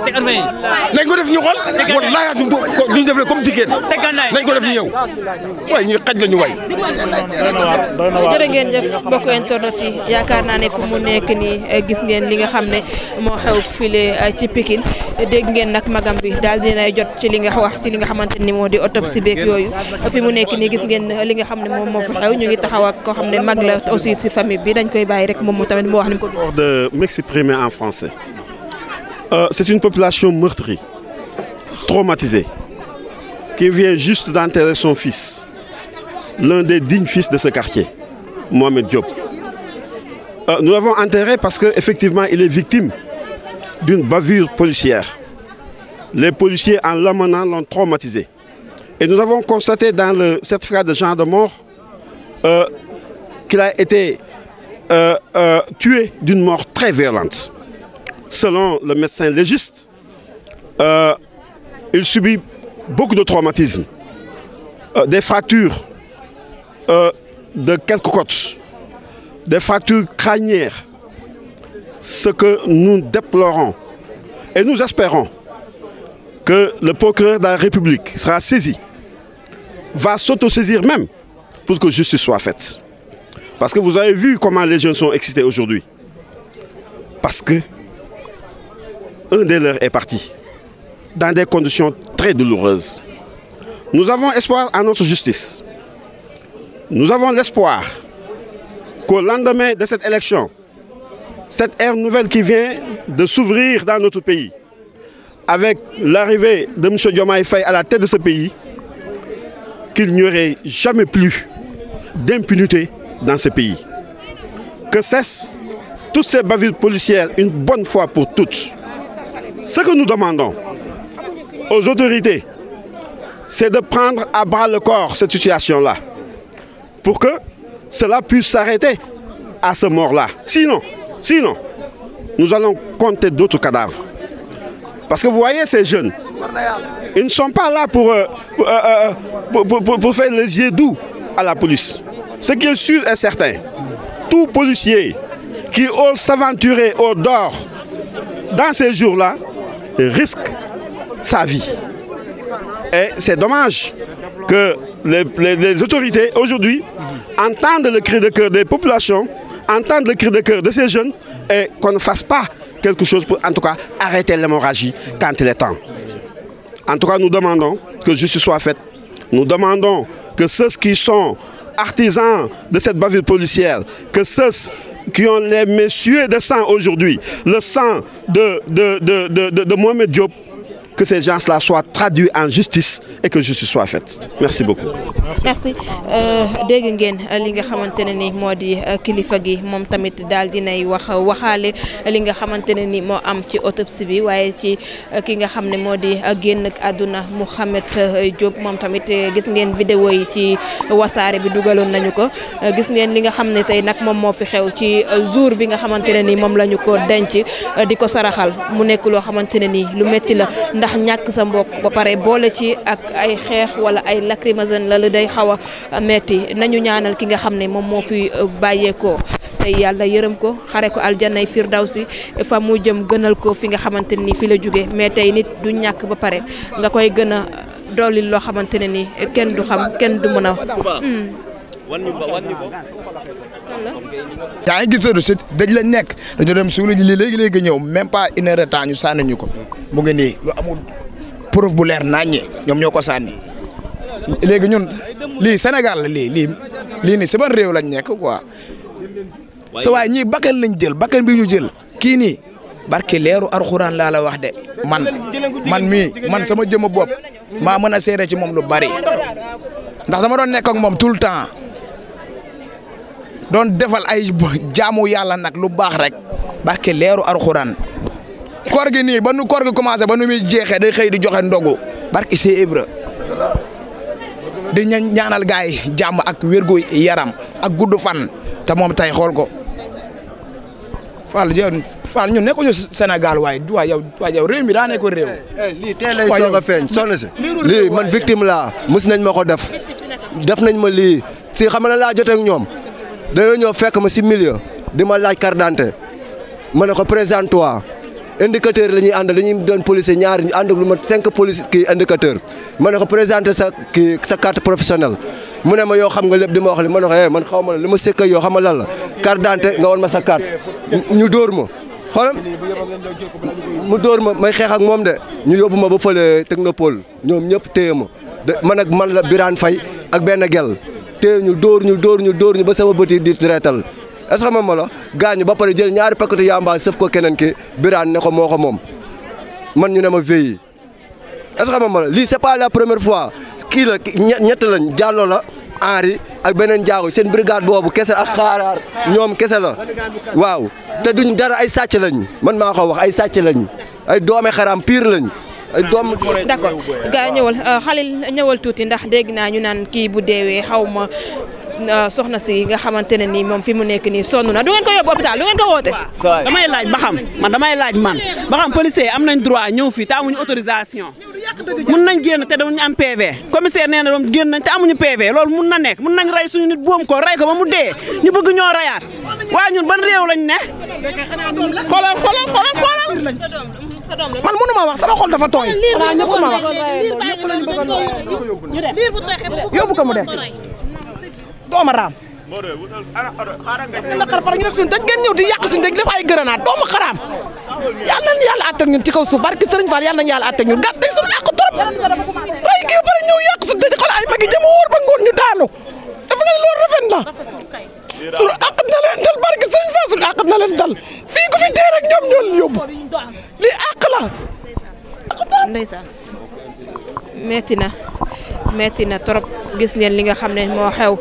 nañ ko def ñu xool wallaahi duñ ko duñ def comme jigéen nañ ko def ñu ñëw waaye ñu xaj la ñu way jërë ngeen jëf mbokk internet yaakaar naa ne fu mu nekk nii eh, gis ngeen li nga xam ne moo xew file euh, ci Pikine dégg ngeen nag magam bi daal di jot ci li nga wax ci li nga xamante ni moo di autopsie beeg yooyu fi mu nekk nii gis ngeen li nga xam ne moom moo fa xew ñu ngi taxaw ak koo xam ne mag la aussi si famille bi dañ koy bàyyi rek moom tamit moo wax ni mu ko gis. de m'exprimer en français. Euh, c'est une population meurtrie, traumatisée, qui vient juste d'enterrer son fils, l'un des dignes fils de ce quartier, Mohamed Diop. Euh, nous l'avons enterré parce qu'effectivement, il est d'une bavure policière. Les policiers, en l'amenant, l'ont traumatisé. Et nous avons constaté dans le certificat de genre de mort euh, qu'il a été euh, euh, tué d'une mort très violente. Selon le médecin légiste, euh, il subit beaucoup de traumatismes, euh, des fractures euh, de quelques côtes, des fractures crânières, ce que nous déplorons. Et nous espérons que le procureur de la République sera saisi, va s'autosaisir même pour que justice soit faite. Parce que vous avez vu comment les jeunes sont excités aujourd'hui. Parce que un de leurs est parti dans des conditions très douloureuses. Nous avons espoir en notre justice. Nous avons l'espoir qu'au lendemain de cette élection, cette ère nouvelle qui vient de s'ouvrir dans notre pays, avec l'arrivée de M. Diomaye Faye à la tête de ce pays, qu'il n'y aurait jamais plus d'impunité dans ce pays. Que cessent toutes ces bavures policières une bonne fois pour toutes. Ce que nous demandons aux autorités, c'est de prendre à bras le corps cette situation-là, pour que cela puisse s'arrêter à ce mort-là. Sinon, Sinon, nous allons compter d'autres cadavres. Parce que vous voyez ces jeunes, ils ne sont pas là pour, euh, euh, euh pour, pour, pour, faire les yeux doux à la police. Ce qui est sûr et certain, tout policier qui ose s'aventurer au dehors dans ces jours-là risque sa vie. Et c'est dommage que les, les, les autorités aujourd'hui entendent le cri de cœur des populations entendre le cri de cœur de ces jeunes et qu'on ne fasse pas tout cas, arrêter l'hémorragie quand il est temps. En tout cas, nous demandons que justice soit faite. Nous demandons que ceux qui sont artisans de cette bavure policière, que ceux qui ont les messieurs de sang aujourd'hui, le sang de, de, de, de, de Mohamed que ces gens-là soient euh, ngeen euh, li nga xamante ne ni moo di euh, kilifa gi moom tamit daal dinay wax waxaale li nga xamante ne ni moo am ci autopsie bi waaye ci ki nga xam ne moo di génn ak àdduna Mouhamed Diop moom tamit gis ngeen vidéo yi ci wasaare bi dugaloon nañu ko gis ngeen li nga xam ne tey nag moom moo fi xew ci jour bi nga xamante ne ni moom la ko denc di ko saraxal mu nekk loo xamante ni lu metti la ndax ndax ñàkk sa mbokk ba pare boole ci ak ay xeex wala ay lacrymogène la lu day xaw a metti nañu ñaanal ki nga xam ne moom moo fi euh, bàyyeekoo te yàlla yërëm ko xare ko aljanay si fa mu jëm gënal ko fi nga xamante ni fi la jóge mais tey nit du ñàkk ba pare nga koy gën a dolli loo xamante ne ni kenn du xam kenn du mën a. yaa ngi gis du sit dëj lañ nekk dañoo dem suulu ji lii léegi-léegi ñëw même pas une heure de temps ñu ko mu ngi nii lu amul preuve bu leer naññee ñoom ñoo ko sànni léegi ñun lii senegal la lii lii lii nii si ban réew lañ nekk quoi sa waaye ñii bakkan lañ jël bakkan bi ñu jël kii nii barki leeru arxuraan laa la wax de man man mii man sama jëma bopp maa mën a seere ci moom lu bari ndax dama doon nekk ak moom tout le temps doon defal ay jaamu yàlla nag lu baax rek barke leeru alxuraan koor gi nii ba nu koor gi commencé ba nu muy jeexee day xëy di joxe ndogu barke Cheikh Ibra di ñaanal gars yi jàmm ak wérgu yaram ak gudd fan te moom tey xool ko Fall yow Fall ñu nekkuñu Sénégal waaye waaye yow waaye yow réew mi daa nekk réew. Eh, lii teel lay soog a feeñ soxna si lii man victime laa mos nañ ma ko def def nañ ma lii si xam na laa jotee ñoom. dañoo ñëw fekk ma si milieu di ma laaj carte d'identité ma ne ko présente toi indicateur la ñuy àndal dañuy doon policier ñaar ñu ànd ak lu ma cinq police kii indicateur ma ne ko présenté sa kii sa carte professionnelle mu ne ma yoo xam nga lépp di ma wax li ma ne ko eh man xaw ma la li ma sëkk yoo xam nga lan la carte d'identité nga woon ma sa carte ñu dóor ma xoolal mu dóor ma may xeex ak moom de ñu yóbbu ma ba fële technopole ñoom ñëpp téye ma man ak man la Birane Faye ak benn gel téye ñu dóor ñu dóor ñu dóor ñu ba sama bët yi di reetal est-ce que ma gaañu ba pare jël ñaari paquetu yamba sëf ko keneen ki biraan ne ko moo ko moom man ñu ne ma veillé est-ce que ma la lii c'est pas la première fois kii la ñett lañ jàlloo la ak beneen jaago seen brigade boobu kese ak xaaraar ñoom kese la waaw te duñ dara ay sàcc lañ man maa ko wax ay sàcc lañ ay doome xaraam piir lañ. doom d'accord gaa ñëwal xalil euh, ñëwal tuuti ndax dégg naa ñu naan kii bu deewee xaw ma euh, soxna si nga xamante ne nii moom fi mu nekk nii sonn na du ngeen ko yóbbu hôpital du ngeen ko woote. damay laaj ba xam man damay laaj man ba xam policier am nañ droit ñëw fii te ñu autorisation. mun nañ génn te dañu am PV commissaire nee na doom génn nañ te amuñu PV loolu mun na nekk mun nañ rey suñu nit boom ko rey ko ma mu dee ñu bëgg ñoo reyaat waaye ñun ban réew lañ man mënu ma wax sama xol dafa tooy. xanaa ñëpp ma wax yóbbu ko mu dem dooma raam. naqar far ñu def suñu daj ngeen ñëw di yàq suñu daj def ay gërënaat doomu xaraam yàlla nañu yàlla àtteeg ñun ci kaw suuf barki Sëriñ Fall yàlla nañu yàlla àtteeg ñun gàtt suñu àq trop rey gi bari ñëw yàq suñu daj xool ay magi jëm wóor ba ngoon ñu daanu dafa ne loolu rafet na sunu àq na leen dal barke Sëriñ Fall sunu na leen dal fii ku fi rek ñoom ñoo yóbbu lii àq la. ndeysaan metti gis ngeen li nga xam ne moo xew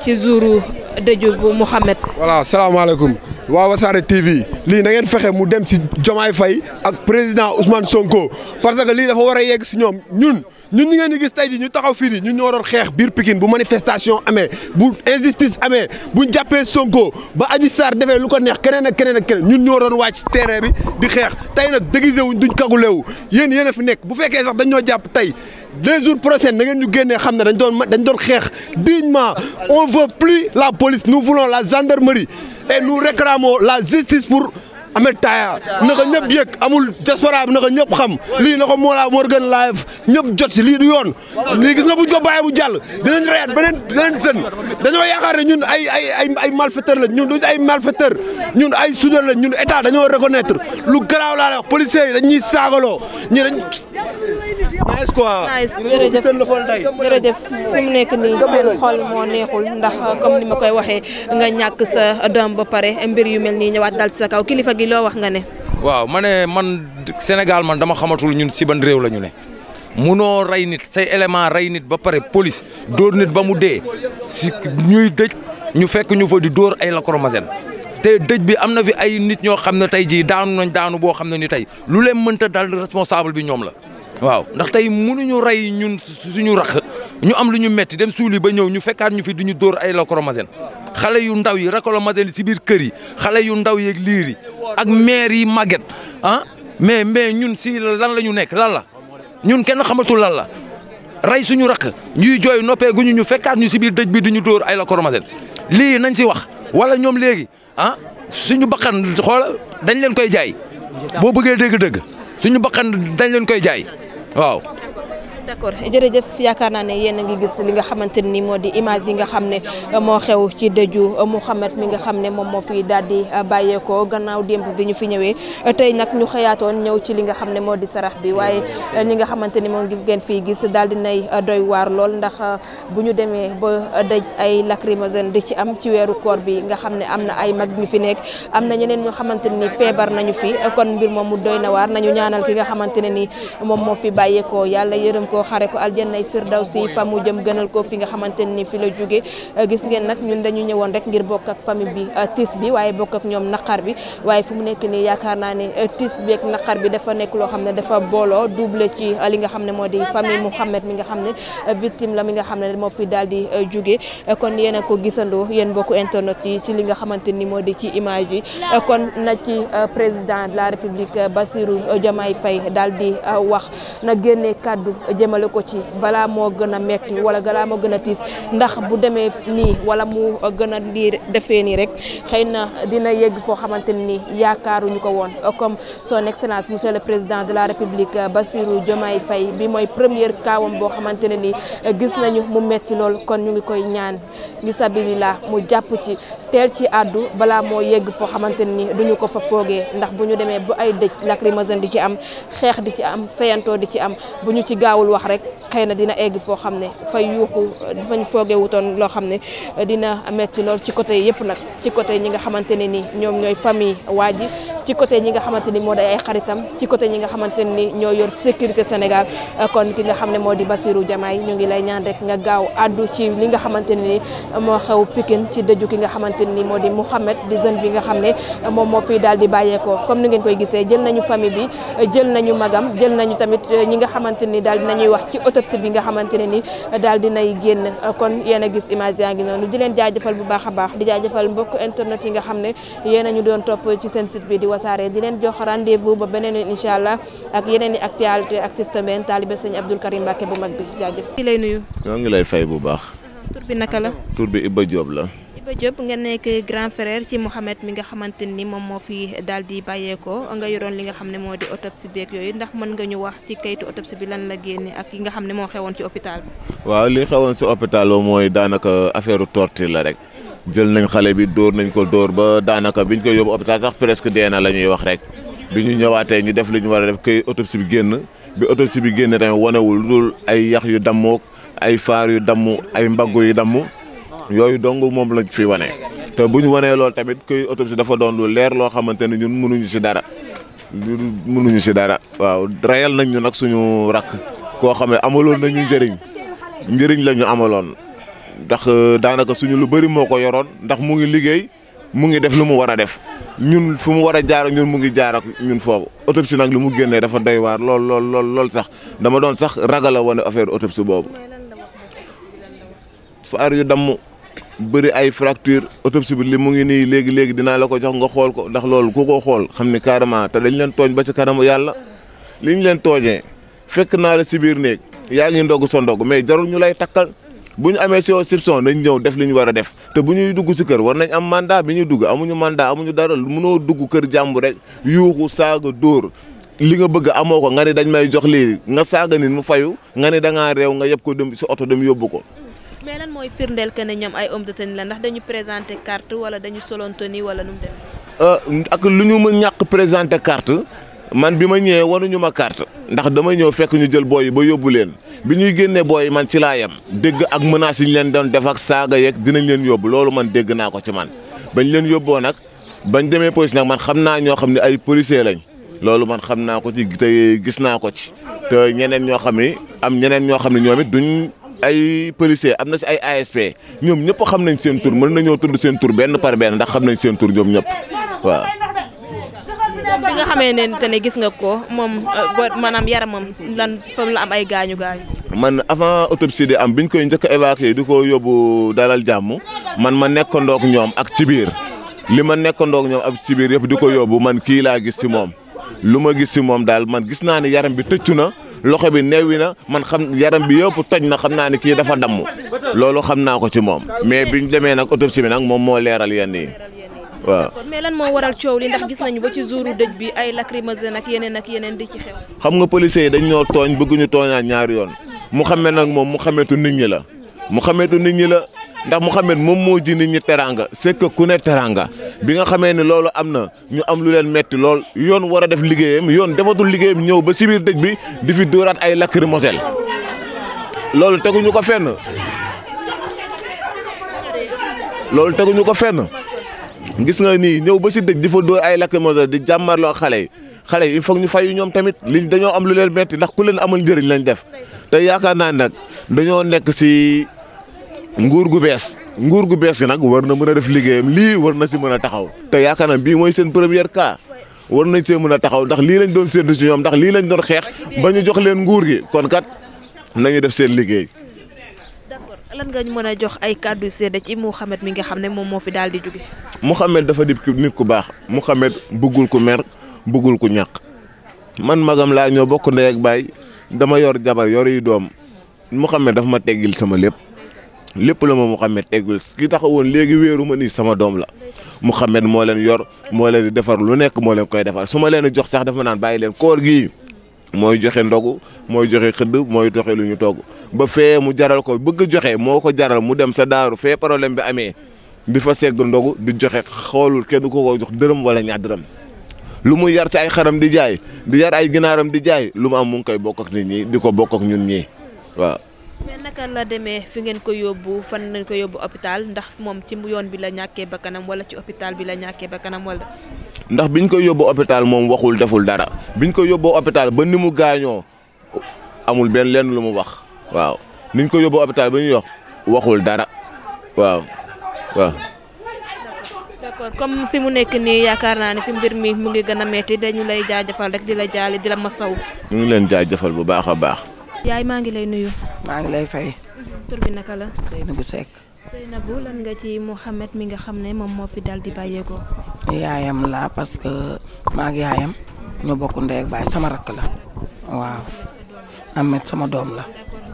ci jouru dëju bu Mouhamed. voilà salaamaaleykum waa TV lii na ngeen fexe mu dem si Diomaye fay ak président Ousmane Sonko parce que lii dafa war a yegg si ñoom ñun. ñun ñi ngeen di gis tey ji ñu taxaw fii nii ñun ñoo doon xeex biir Pikine bu manifestation amee bu injustice amee bu jàppee Sonko ba Adji Sarr defee lu ko neex keneen ak keneen ak keneen ñun ñoo doon wàcc terrain bi di xeex tey nag déguisé wuñ duñ kagulewu yéen yéen a fi nekk bu fekkee sax dañ ñoo jàpp tey deux jours prochains na ngeen ñu génnee xam ne dañ doon dañ doon xeex dignement on veut plus la police nous voulons la gendarmerie et nous réclamons la justice pour Ahmed Taya na ko ñëpp yëg amul diaspora bi na ñëpp xam lii na ko Mollah Morgun live ñëpp jot si lii du yoon lii gis nga buñ ko bàyyi bu jàll dinañ reyaat beneen beneen sën dañoo yaakaar ne ñun ay ay ay lañ ñun duñ ay malfaiteur ñun ay soudeur lañ ñun état dañoo reconnaître lu garaaw laa la wax yi dañ ñuy saagaloo ñi dañ nice quoi jërëjëf jërëjëf fi mu nekk nii seen xol moo neexul ndax comme ni ma koy waxee nga ñàkk sa doom ba pare mbir yu mel nii ñëwaat dal ci sa kaw kilifa gi gi wax nga ne. waaw ma ne man Sénégal man dama xamatul ñun si ban réew la ñu ne. mu noo rey nit say élément rey nit ba pare police dóor nit ba mu dee si ñuy dëj ñu fekk ñu fa di dóor ay lacrymogène te dëj bi am na fi ay nit ñoo xam ne tey jii daanu nañ daanu boo xam ne ni tey lu leen mënta dal responsable bi ñoom la. waaw ndax tey mënuñu rey ñun suñu rax ñu am lu ñu metti dem suuli ba ñëw ñu fekkaat ñu fi ñu dóor ay lacrymogène xale yu ndaw yi lacrymogène biir kër yi xale yu ndaw yeeg liir yi ak maire yi màgget ah mais mais ñun si lan la ñu nekk lan la ñun kenn xamatul lan la rey suñu rakk ñuy jooy noppee ñu fekkaat ñu si biir dëj bi duñu dóor ay lii nañ si wax wala ñoom léegi ah suñu bakkan xoola dañ leen koy jaay boo bëggee dégg-dégg suñu bakkan dañ leen koy jaay waaw oh. d'accord jërëjëf yaakaar naa ne yéen a ngi gis li nga xamante ni moo di image yi nga xam ne moo xew ci dëju Mouhamed mi nga xam ne moom moo fi daal di bàyyeekoo gannaaw démb bi ñu fi ñëwee tey nag ñu xëyaatoon ñëw ci li nga xam ne moo di sarax bi waaye li nga xamante ni moom ngeen fii gis daal di nay lool ndax bu ñu demee ba dëj ay lacrymogène di ci am ci koor bi nga xam ne am na ay mag ñu fi nekk am na ñeneen ñoo xamante ni feebar nañu fi kon mbir moomu doy na waar nañu ki nga xamante ne ni moom moo fi bàyyeekoo yàlla yërëm ko xare ko aljannay firdawsi fa mu jëm gënal ko fi nga xamante ni fi la jóge euh, gis ngeen nag ñun dañu ñëwoon rek ngir bokk ak famille bi euh, tiis bi waaye bokk ñoom naqar bi waaye fu mu nekk nii yaakaar naa ne euh, tiis bi ak naqar bi dafa nekk loo xam ne dafa booloo double ci li nga xam ne moo di famille Mouhamed mi nga xam ne victime xam ne moo fi daal di jóge kon yéen a ko gisandoo yéen bokk internet yi ci li nga xamante ni moo di ci image yi kon na ci président de la république Bassirou Diomaye Faye daal di wax na génne kàddu jëmale ko ci balaa moo gën a metti wala balaa moo gën a tiis ndax bu demee nii wala mu gën a lii defee nii rek xëy na dina yegg foo xamante ne nii yaakaaruñu ko woon comme son excellence monsieur le président de la république Bassirou Diomaye Faye bi mooy première kaawam boo xamante ne nii gis nañu mu metti lool kon ñu ngi koy ñaan ngi sabilillah mu jàpp ci teel ci àddu balaa moo yegg foo xamante ni duñu ko fa foogee ndax bu ñu demee ba ay dëj lacrymogène di ci am xeex di ci am fayantoo di ci am bu ñu ci gaawul wax rek xëy na dina egg foo xam ne fay yuuxu fañ foogee wutoon loo xam ne dina metti lool ci côté yëpp nag ci côté ñi nga xamante ne ni ñoom ñooy famille waa ji ci côté ñi nga xamante ni moo day ay xaritam ci côté ñi nga xamante ni ñoo yor sécurité Sénégal kon ki nga xam ne moo di Bassirou Diomaye ñu ngi lay ñaan rek nga gaaw àddu xew Pikine ci dëju ki nga xamante xamante ni moo di Mouhamed di jeune bi nga xam ne moom moo fi daal di bàyyeekoo comme ni ngeen koy gisee jël nañu famille bi jël nañu magam jël nañu tamit ñi nga xamante ni daal dinañuy wax ci autopsie bi nga xamante ne ni daal nay génn kon yéen a gis image yaa ngi noonu di leen jaajëfal bu baax a baax di jaajëfal mbokk internet yi nga xam ne yéen a ñu doon topp ci seen site bi di wasaare di leen jox rendez ba beneen yoon incha allah ak yeneen i actualité ak système benn taalibe sëñ Abdoul Karim Mbacke bu mag bi jaajëf. ñoo ñoo ngi lay fay bu baax. naka la. tur bi Iba Diop la. Iba nga nekk grand frère ci Mouhamed mi nga xamante ni moom moo fi daal di bàyyeekoo nga yoroon li nga xam ne moo di autopsie beeg yooyu ndax mën nga ñu wax ci kayitu autopsie bi lan la génne ak yi nga xam ne moo xewoon ci hôpital bi. waaw li xewoon si hôpital mooy daanaka affaire torture la rek jël nañ xale bi dóor nañ ko dóor ba daanaka biñ koy yóbbu hôpital sax presque dee na la ñuy wax rek bi ñu ñëwaatee ñu def li ñu war a def kayit autopsie bi génn bi autopsie bi génn tamit wanewul lu dul ay yax yu dammook ay faar yu damm ay mbagg yu damm yooyu dong moom lañu fi wane te bu ñu wanee loolu tamit kuy autopsie dafa doon lu leer loo xamante ne ñun mënuñu si dara mënuñu si dara waaw reyal nañ ñu nag suñu rakk koo xam ne amaloon nañu njëriñ njëriñ la ñu amaloon ndax euh, daanaka suñu lu bëri moo ko yoroon ndax mu ngi liggéey mu ngi def lu mu war a def ñun fu mu war a jaar ak ñun mu ngi jaara ak ñun foofu autopsie nag lu mu génnee dafa doy waar lool lool lool sax dama doon sax ragal a wane affaire autopsie boobu bëri ay fracture autopsie bi li mu ngi nii léegi léegi dinaa la ko jox nga xool ko ndax loolu ku ko xool xam ni carrément te dañ leen tooñ ba si kanamu yàlla li ñu leen toojee fekk naa la si biir néeg yaa ngi ndogg sa ndogg mais jarul ñu lay takkal bu ñu amee si soupçon nañ ñëw def li ñu war a def te bu ñuy dugg si kër war nañ am mandat bi ñuy dugg amuñu mandat amuñu dara mënoo dugg kër jàmb rek yuuxu saaga dóor li nga bëgg amoo ko nga ne dañ may jox lii nga saaga nit mu fayu nga ne da ngaa réew nga yëpp ko dem si oto dem yóbbu ko mais lan mooy firndeel que ne ay homme de tenue la ndax dañu présenter carte wala dañu soloon tenue wala nu demee. Euh, ak lu ñu ma ñàkk présenter carte man bi ma ñëwee ñu ma carte ndax dama ñëw fekk ñu jël booy yi ba yóbbu leen bi ñuy génnee booy man ci laa yam dégg ak menaces yi ñu leen doon def ak saaga yeeg dinañ leen yóbbu loolu man dégg naa ko ci man bañ leen yóbboo nag bañ demee police nag man xam naa ñoo xam ne ay policier lañ loolu man xam naa ko ci te gis naa ko ci te ñoo xam ne am ñeneen ñoo xam ne ñoom it ay policiers am na si ay ASP ñoom ñëpp xam nañ seen tur mën nañoo tund seen tur benn par benn ndax xam nañ seen tur ñoom ñëpp waaw. bi nga xamee ne te ne gis nga ko moom euh, maanaam yaramam lan fa la am ay gaañu gaañu. man avant autopsie di am biñ koy njëkk a évacuer di ko yóbbu dalal jàmm man ma nekkandoog ñoom ak ci biir li ma nekkandoog ñoom ak ci biir yëpp di ko yóbbu man kii laa gis si moom lu ma gis si moom daal man gis naa ne yaram bi tëccu na. loxo bi neewi na man xam yaram bi yëpp toj na xam naa ne kii dafa damm loolu xam naa ko ci moom mais biñ demee nag autopsie bi nag moom moo leeral yenn yi waaw mais lan moo waral coow li ndax gis nañu ba ci jouru dëj bi ay lacrymogène ak yeneen ak yeneen di ci xew. xam nga policiers yi dañ ñoo tooñ bëgg ñu tooñaat ñaari yoon mu xamee nag moom mu xameetu nit ñi la. Mouhamed nit ñi la ndax Mouhamed moom moo ji nit ñi teraanga c'est ku ne teraanga bi nga xamee ne loolu am na ñu am lu leen metti lool yoon war a def liggéeyam yoon defatul liggéeyam ñëw ba si biir dëj bi di fi dóoraat ay lacrymogène loolu teguñu ko fenn loolu teguñu ko fenn gis nga ni ñëw ba si dëj di fa dóor ay lacrymogène di jàmmarloo xale yi xale yi il faut ñu fayu ñoom tamit li dañoo am lu leen metti ndax ku leen amal njëriñ lañ def te yaakaar naa nag dañoo nekk nguur gu bees nguur gu bees gi nag war na mën a def liggéeyam lii war na si mën a taxaw te yaakaar naa bii mooy seen première cas war nañ see mën a taxaw ndax lii lañ doon séntu si ñoom ndax lii lañ doon xeex ba ñu jox leen nguur gi kon kat nañu def seen liggéey. d'accord lan nga ñu mën a jox ay kàddu seede ci Mouhamed mi nga xam ne moom moo fi daal di jóge. Mouhamed dafa di nit ku baax mu Mouhamed bëggul ku mer buggul ku ñàq man magam laa ñoo bokk ndey baay dama yor jabar yor yi doom Mouhamed dafa ma teggil sama lépp. lépp la ma Mouhamed eggul ki taxawoon léegi wéeru ma nii sama doom la mu Mouhamed moo leen yor moo leen di defar lu nekk moo leen koy defar su ma leen jox sax dafa ma naan bàyyi leen koor gi mooy joxe ndogu mooy joxe xëdd mooy joxe lu ñu togg ba fee mu jaral ko bëgg joxe moo ko jaral mu dem sa daaru fee problème bi amee di fa segg ndogu di joxe xoolul kenn ko ko jox dërëm wala ñaar dërëm lu mu yar ci ay xaram di jaay di yar ay ginaaram di jaay lu mu am koy bokk ak nit ñi di ko bokk ñun ñii waaw. mais naka la demee fi ngeen ko yóbbu fan nañ ko yóbbu hôpital ndax moom ci yoon bi la ñàkkee ba kanam wala ci oppital bi la ñàkkee ba kanam wala. ndax biñ ko yóbbu hôpital moom waxul deful dara biñ ko yóbbu hôpital ba ni mu gaañoo amul benn lenn lu mu wax waaw niñ ko yóbbu hôpital ba ñuy wax waxul dara waaw waaw. comme fi mu nekk nii yaakaar naa ne fi mbir mi mu ngi gën a metti dañu lay jaajëfal rek di la jaali di la saw mu ngi leen jaajëfal bu baax a baax. yaay maa ngi lay nuyu. maa ngi lay fay. tur bi naka la. Seynabou Seck. bu lan nga ci Mouhamed mi nga xam ne moom moo fi dal di bàyyeekoo. yaayam la parce que maa ngi ñu bokk ndey ak sama rakk la waaw Ahmed sama doom la.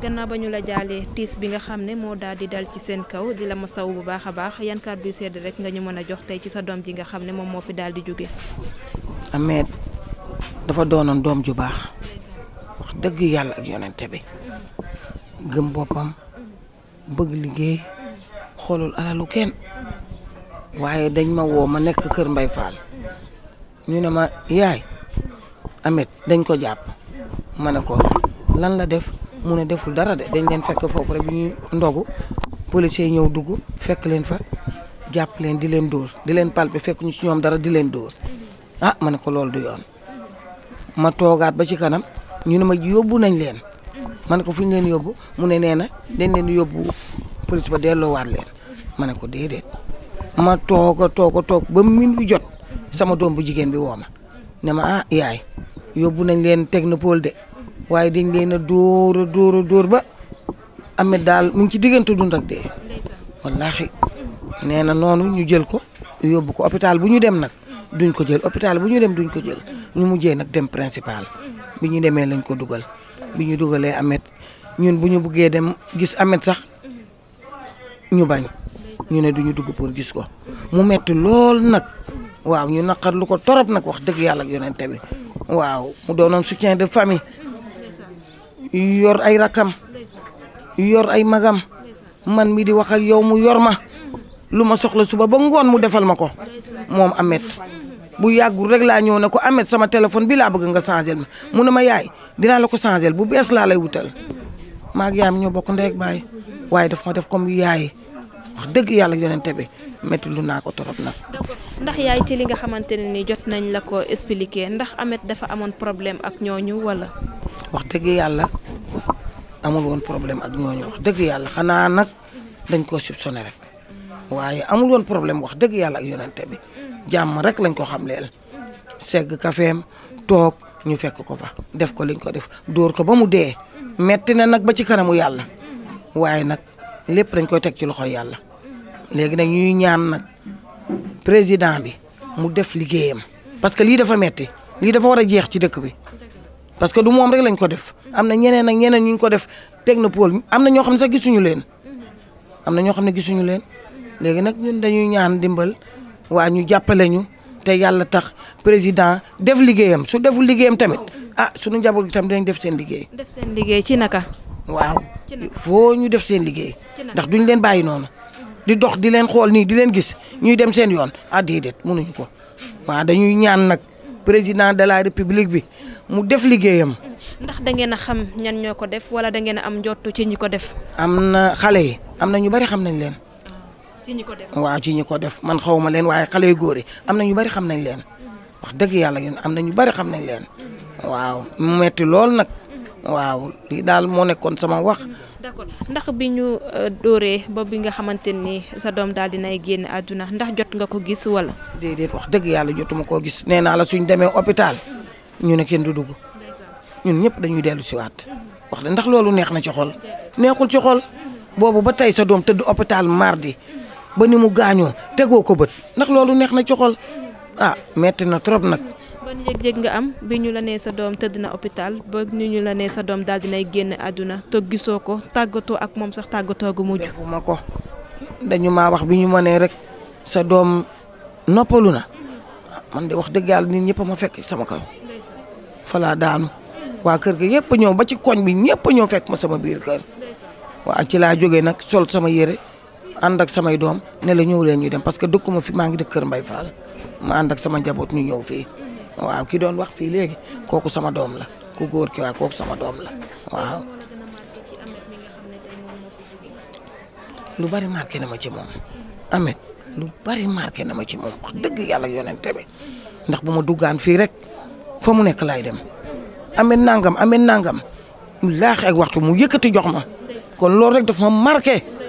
gannaaw ba ñu la jaalee tiis bi nga xam ne moo daal di dal ci seen kaw di la ma saw bu baax a baax yan kàddu sedd rek nga ñu mën a jox tey ci sa doom ji nga xam ne moom moo fi daal di jóge Ahmed dafa doonoon doom ju baax wax dëgg yàlla ak yonante bi gëm boppam bëgg liggéey xoolul alalu kenn waaye dañ ma woo ma nekk kër Mbay Fall ñu ne ma yaay Amet dañ ko jàpp ma ne ko lan la def mu ne deful dara de dañ leen fekk foofu rek bi ñuy ndogu policier ñëw dugg fekk leen fa jàpp leen di leen dóor di leen palpe fekk ñu ci ñoom dara di leen dóor ah ma ne ko loolu du yoon ma toogaat ba ci kanam ñu ne ma yóbbu nañ leen man ko fu ñu leen yóbbu mu ne nee na dañ leen yóbbu police ba delloowaat leen ma ne ko déedéet ma toog a toog a toog ba min bi jot sama doom bu jigéen bi woo ma ne ma ah yaay yóbbu nañ leen technopole de waaye dañ leen a dóor a dóor a dóor ba amet daal mu ngi ci diggante dund ak dee wallaahi nee na noonu ñu jël ko yóbbu ko hôpital bu ñu dem nag duñ ko jël hôpital bu ñu dem duñ ko jël ñu mujjee nag dem principal bi ñu demee lañ ko dugal bi ñu dugalee Amet ñun bu ñu buggee dem gis Amet sax ñu bañ ñu ne duñu dugg pour gis ko mu metti lool nag waaw ñu naqar lu ko torop nag wax dëgg yàlla ak yonente waaw mu doonoon soutien de famille yor ay rakkam yor ay magam man mi di wax ak yow mu yor ma lu ma soxla suba ba ngoon mu defal ma ko moom Amet bu yàggul rek laa ñëw ne ko Ameth sama téléphone bi laa bëgg nga changé ma mu ne ma yaay dinaa la ko changé bu bees laa lay wutal maag yaam ñëw bokk ndey ak baay waaye daf ma def comme yaay wax dëgg yàlla yonente bi métti naa ko torop nag. ndax ci li nga xamante ne ni jot nañ la ko expliquer ndax Ameth dafa amoon problème ak ñooñu wala. wax dëgg yàlla amul woon problème ak ñooñu wax dëgg yàlla xanaa nag dañ koo soupçonné rek waaye amul woon problème wax dëgg yàlla ak yonente bi. jàmm rek lañ ko xam leel segg kafeem toog ñu fekk ko fa def ko lañ ko def dóor ko ba mu dee metti na nag ba ci kanamu yàlla waaye nag lépp dañ koy teg ci loxo yàlla léegi nag ñuy ñaan nag président bi mu def liggéeyam parce que lii dafa metti lii dafa war jeex ci dëkk bi que du moom rek lañ ko def am na ñeneen ak ñeneen ñu ko def technopole am na ñoo xam ne sax gisuñu leen am na ñoo xam ne gisuñu leen léegi nag ñun ñaan dimbal waa ñu jàppale ñu te yàlla tax président def liggéeyam su deful liggéeyam tamit ah suñu njaboot gi tam dañ def seen liggéey. def seen liggéey ci naka. waaw foo ñu def seen liggéey. ndax duñ leen bàyyi noonu. di dox di leen xool nii di leen gis ñuy dem seen yoon ah déedéet mënuñu ko waa dañuy ñaan nag président de la république bi mu def liggéeyam. ndax da ngeen xam ñan ñoo ko def wala da ngeen am njottu ci ñi ko def. am na xale yi am na ñu bari xam nañ leen. ci ñi ko def waaw ci ñi ko def man xaw ma leen waaye xale yu góor yi am na ñu bari xam nañ leen wax dëgg yàlla yéen am na bari xam nañ leen waaw mu metti lool nag waaw daal moo nekkoon sama wax. ndax bi ñu euh, dóoree ba bi nga xamante ni sa doom daal dinay génn àdduna ndax jot nga ko gis wala. déedéet wax dëgg yàlla jotuma koo gis nee naa la suñ demee hôpital ñu ne kenn du dugg ñun ñëpp dañuy dellu si waat wax de ndax loolu neex na ci xol neexul ci xol boobu ba tey sa doom tëdd hôpital mardi. ba ni mu gaañoo tegoo ko bët ndax loolu neex na ci xol ah, metti na trop nag. ban yëg-yëg nga am bi ñu la nee sa doom tëdd na hôpital ba ni ñu la nee sa doom daal dinay génn àdduna te gisoo ko tàggatoo ak moom sax tàggatoo gu mujj. defuma ko dañu maa wax bi ñu ma nee rek sa doom noppalu na ah, man de wax dëgg yàlla nit ñëpp ma fekk sama kaw falaa daanu waa kër ga yëpp ñëw ba ci koñ bi ñëpp ñëw fekk ma sama biir kër waa ci laa jógee nag sol sama yére. ànd ak samay doom ne la ñëw leen ñu dem parce que dëkkuma fi maa ngi dëkk Kër Mbay Fall ma ànd ak sama njaboot ñu ñëw fii waaw ki doon wax fii léegi kooku sama doom la ku góor ki waaw kooku sama doom la waaw. lu bari marqué na ma ci moom amet lu bari marqué na ma ci moom wax dëgg yàlla yonente bi ndax bu ma duggaan fii rek fa mu nekk laay dem amet nangam amet nangam mu laax waxtu mu yëkkati jox ma kon loolu rek daf ma marqué.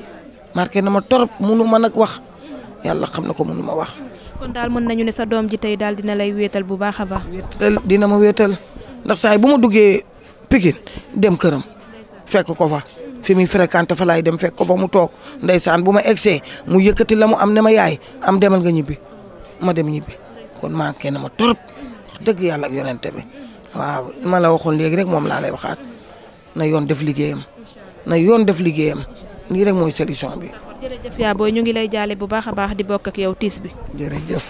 marqué na ma torop munu ma nag wax yàlla xam na ko munu ma wax. kon daal mën nañu ne sa doom ji tey daal dina lay wéetal bu baax a baax. dina ma wéetal ndax saay bu ma duggee Pikine dem këram fekk ko fa. fi muy fréquenté fa laay dem fekk ko fa mu toog ndeysaan bu ma egsee mu yëkkati la mu am ne ma yaay am demal nga ñibbi ma dem ñibbi kon manqué na ma torop dëgg yàlla ak yonente bi waaw ma la waxoon léegi rek moom laa lay waxaat na yoon def liggéeyam na yoon def liggéeyam. lii rek mooy solution bi. jërëjëf yaa booy ñu ngi lay jaale bu baax a baax di bokk ak yow tiis bi. jërëjëf.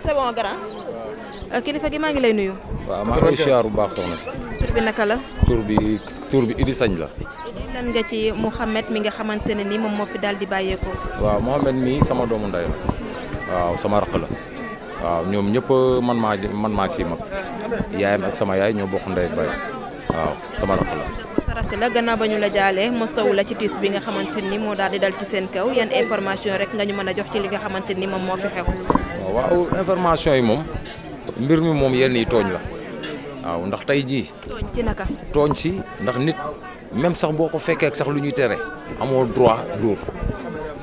c'est bon grand. Euh, kilifa gi maa ngi lay nuyu. waaw maa ngi siyaar bu baax soxna si. tur bi naka la. tuur bi tur bi Idi Sañ la. lan nga ci Mouhamed mi nga xamante ne ni moom moo fi daal di bàyyeekoo. waaw Mouhamed mii sama doomu ndey la. waaw sama raq la. waaw ñoom ñëpp man maa man maa si mag yaayam ak sama yaay ñoo bokk ndey ak baay waaw sama rakk la. sa rakk la gannaaw ba ñu la jaalee mosawu la ci tiis bi nga xamante ni moo daal di dal ci seen kaw information rek nga mën a jox ci li nga xamante ni moom moo fi xew. waaw information yi moom mbir mi moom yenn yi tooñ la waaw ndax tey jii. tooñ ci naka. tooñ si ndax nit même sax boo ko fekkee ak sax lu ñuy tere amoo droit dóor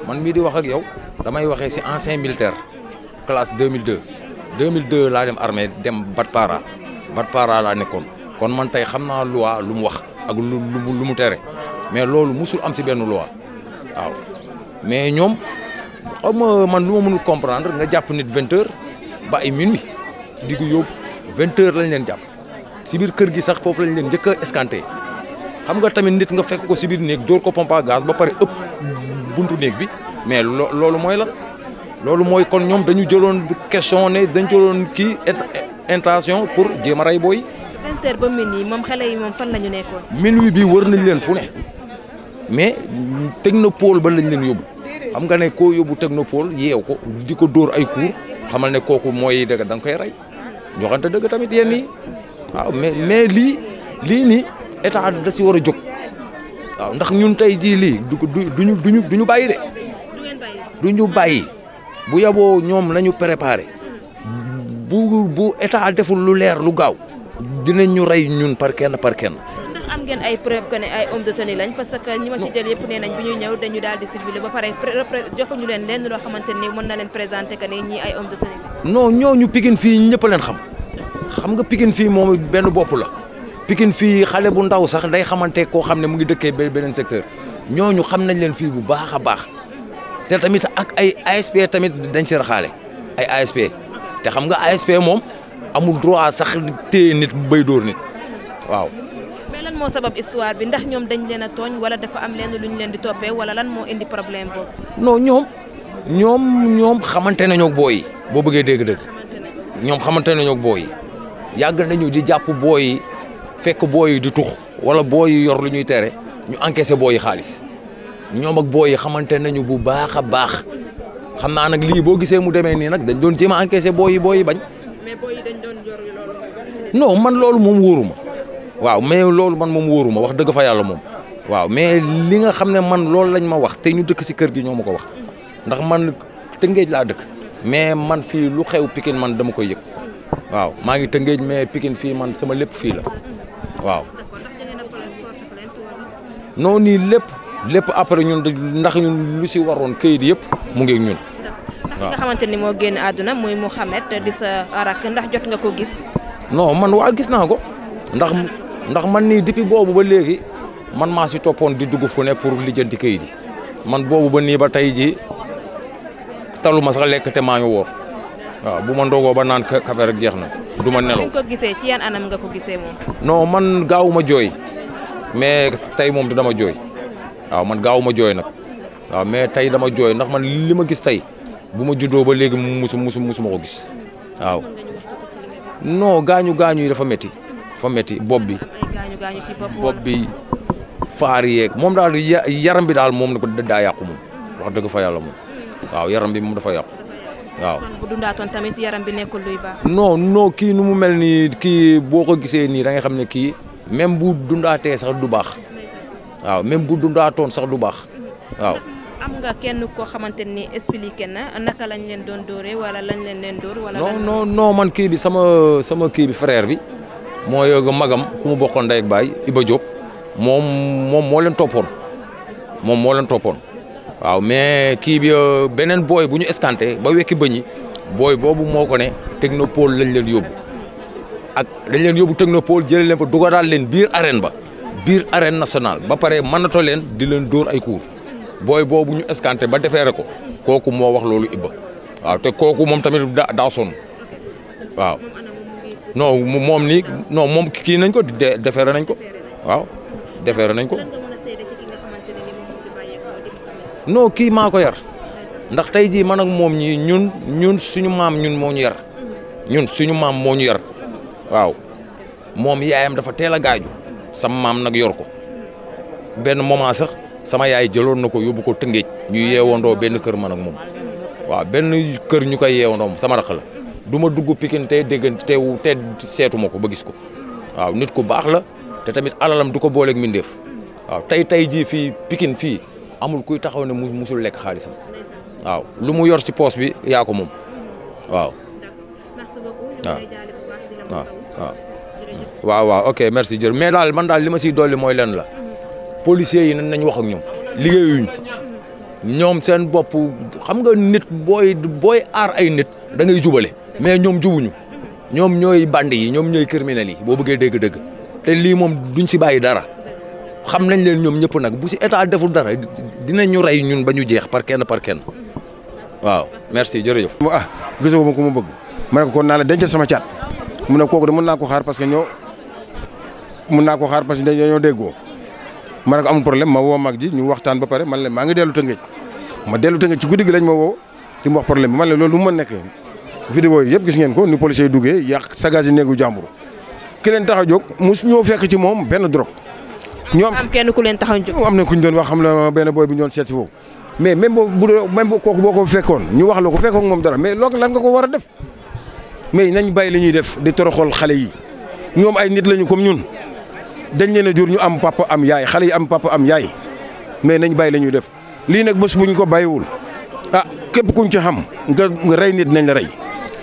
man mii di wax ak yow damay waxee si ancien militaire. classe 2002 2002 laa dem armée dem Batpara Batpara laa nekkoon kon man tey xam naa loi lu mu wax ak lu lu lu mu tere mais loolu musul am si benn loi waaw mais ñoom xaw man lu ma mënul comprendre nga jàpp nit vingt heures ba ay minuit di ko yóbbu vingt lañ leen jàpp si biir kër gi sax foofu lañ leen njëkk a xam nga tamit nit nga fekk ko si biir néeg dóor ko pompe à ba pare ëpp buntu néeg bi mais loolu mooy la loolu mooy kon ñoom dañu jëloon question ne dañ jëloon kii intention pour jéem a rey booy. vingt heures ba minuit moom xale yi moom fan la ñu nekkoon. minuit bi wër nañ leen fu ne mais technopole ba lañ leen yóbbu xam nga ne koo yóbbu technopole yeew ko di ko dóor ay cours xamal ne kooku mooy dëgg da nga koy rey ñoxante dëgg tamit yéen nii waaw mais mais lii lii nii état da si war a jóg waaw ndax ñun tey jii lii du du duñu duñu duñu de. du ñu bàyyi. bu yaboo ñoom la ñu préparé bu bu état deful lu leer lu gaaw dinañ ñu rey ñun par kenn par kenn. ndax am ngeen ay preuve que ne ay homme de tenue lañ parce que ñi ma ci jël yëpp nee bi ñuy ñëw dañu daal di ciblé ba pare joxuñu leen lenn loo xamante ni mën na leen présenté que ne ay homme de tenue la. non ñooñu Pikine fii ñëpp leen xam xam nga Pikine fii moom benn bopp la Pikine fii xale bu ndaw sax day xamante koo xam ne mu ngi dëkkee beneen secteur ñooñu xam nañ leen fii bu baax a baax. te tamit ak ay ASP tamit dañ ci raxaale ay ASP te xam nga ASP moom amul droit sax téye nit bay dóor nit waaw. mais lan moo sabab histoire bi ndax ñoom dañ leen a tooñ wala dafa am leen lu leen di toppee wala lan moo indi problème boobu. noo ñoom ñoom ñoom xamante nañoo booy boo bëggee dégg-dëgg ñoom xamante nañoo ak booy yi yàgg nañu di jàpp booy fekk booy yi di tux wala booy yor lu ñuy tere ñu encaissé booy xaalis. ñoom ak booy yi xamante nañu bu baax a baax xam naa nag lii boo gisee mu demee nii nag dañ doon jéem a encaissé booy booy bañ. no booy loolu. non man loolu moom wóoruma waaw mais loolu man moom wóoruma wax dëgg fa yàlla moom. waaw mais li nga xam ne man loolu lañ ma wax te ñu dëkk si kër gi ñoo ma ko wax ndax man tëngéej laa dëkk. mais man fii lu xew pikin man dama koy yëg waaw maa ngi tëngéej mais pikin fii man sama lépp fii la waaw. noonu lépp. lépp après ñun ndax ñun lu si waroon këyit yëpp mu ngi ñun. waaw nga xamante ni moo génn àdduna muy Mouhamed di sa rakk ndax jot nga ko gis. no man waa gis naa ko ndax ndax man ni depuis boobu ba léegi man maa si toppoon di dugg fune ne pour lijjanti këyit yi man boobu ba nii ba tey ji taluma sax lekk te maa ñu woor waaw bu man ndogoo ba naan kafe rek jeex na du ma nelaw. ko gisee ci yan anam nga ko gisee moom. non man gaawuma jooy mais tey moom dama jooy. waaw man ma jooy nag waaw mais tey dama jooy ndax man li ma gis tey bu ma judoo ba léegi musu musu musu ma ko gis waaw non gaañu gaañu yi dafa meti dafa métti bopp bi bopp bi faar yeeg moom daal yaram bi daal moom ko daa yàqu moom wax dëgg fa yàlla moom waaw yaram bi moom dafa yàqu waaw. bu dundaatoon kii nu mu mel nii kii boo ko gisee nii da xam ne kii même bu dundaatee sax du baax. waaw même bu dundaatoon sax du baax waaw. am nga kenn koo xamante ni expliqué na naka lañ leen doon dóoree wala lañ leen leen dóor. wala non man kii bi sama sama kii bi frère bi. moo magam ku mu bokkoon day ak baay Iba Diop moom moom moo leen toppoon moom moo leen toppoon waaw mais kii bi euh, beneen booy bu ñu escanté ba wekki bëñi booy boobu moo ko ne technopole lañ leen yóbbu ak dañ leen yóbbu technopole jëlee leen fa dugalaal leen biir arène ba. biir arène nationale ba pare mënatoo leen di leen dóor ay cours booy boobu ñu escanté ba defeere ko kooku moo wax loolu Ibba waaw te kooku moom tamit da daa sonn waaw non moom nii non moom kii nañ ko defeere nañ ko waaw nañ ko non kii maa ko yar ndax tey jii man ak moom ñii ñun ñun suñu maam ñun moo ñu ñun suñu maam moo ñu yar waaw moom yaayam dafa teel a gaaju sama maam nag yor ko benn moment sax sama yaay jëloon na ko yóbbu ko tëngéej ñu yeewandoo benn kër ma ak moom waaw benn kër ñu koy yeewandoo sama rakk la du ma dugg Pikine tey déggante te seetu ma ko ba gis ko waaw nit ku baax la te tamit alalam du ko booleeg mindeef waaw tey tey jii fii pikin fii amul kuy taxaw ne mu musul lekk xaalisam waaw lu mu yor si poos bi yaa ko moom waaw waaw waaw waaw waaw ok merci jërëjëf mais daal man li ma siy dolli mooy lenn la policiers yi nañ nañ wax ak ñoom liggéeyuñ ñoom seen bopp xam nga nit booy booy aar ay nit da ngay jubale mais ñoom jubuñu ñoom ñooy band yi ñoom ñooy criminels yi boo bëggee dégg-dégg lii moom duñ si bàyyi dara xam nañ leen ñoom ñëpp nag bu si état deful dara dinañu rey ñun ba ñu jeex par kenn par kenn waaw merci jërëjëf. ah gisoo ma ku ma bëgg ma ne ko kon naa la denc sama caat mu ne kooku de mën naa ko xaar parce que ñoo. mun naa ko xaar parce que dañoo déggoo ma ne ko amul problème ma woo mag ji ñu waxtaan ba pare man la maa ngi dellu Tëngéej ma dellu Tëngéej ci guddi gi lañ ma woo ci mu wax problème bi man loolu lu ma nekkee vidéo yi yëpp gis ngeen ko ni policier yi duggee yàq sagage yi néegu jàmbur ki leen tax a jóg mus ñoo fekk ci moom benn drogue. ñoom am kenn ku leen tax am na ku doon wax xam na benn boy bu ñu doon seet si foofu mais même boo bu doon même kooku boo ko fekkoon ñu wax la ko fekkoon moom dara mais loolu lan ko a def mais nañ bàyyi li ñuy def di toroxol xale yi ñoom ay nit lañu comme ñun dañ leen a jur ñu am papa am yaay xale yi am papa am yaay mais nañ bay la ñuy def lii nag bés bu ñu ko bàyyiwul ah képp kuñ ci xam nga nga rey nit nañ la rey.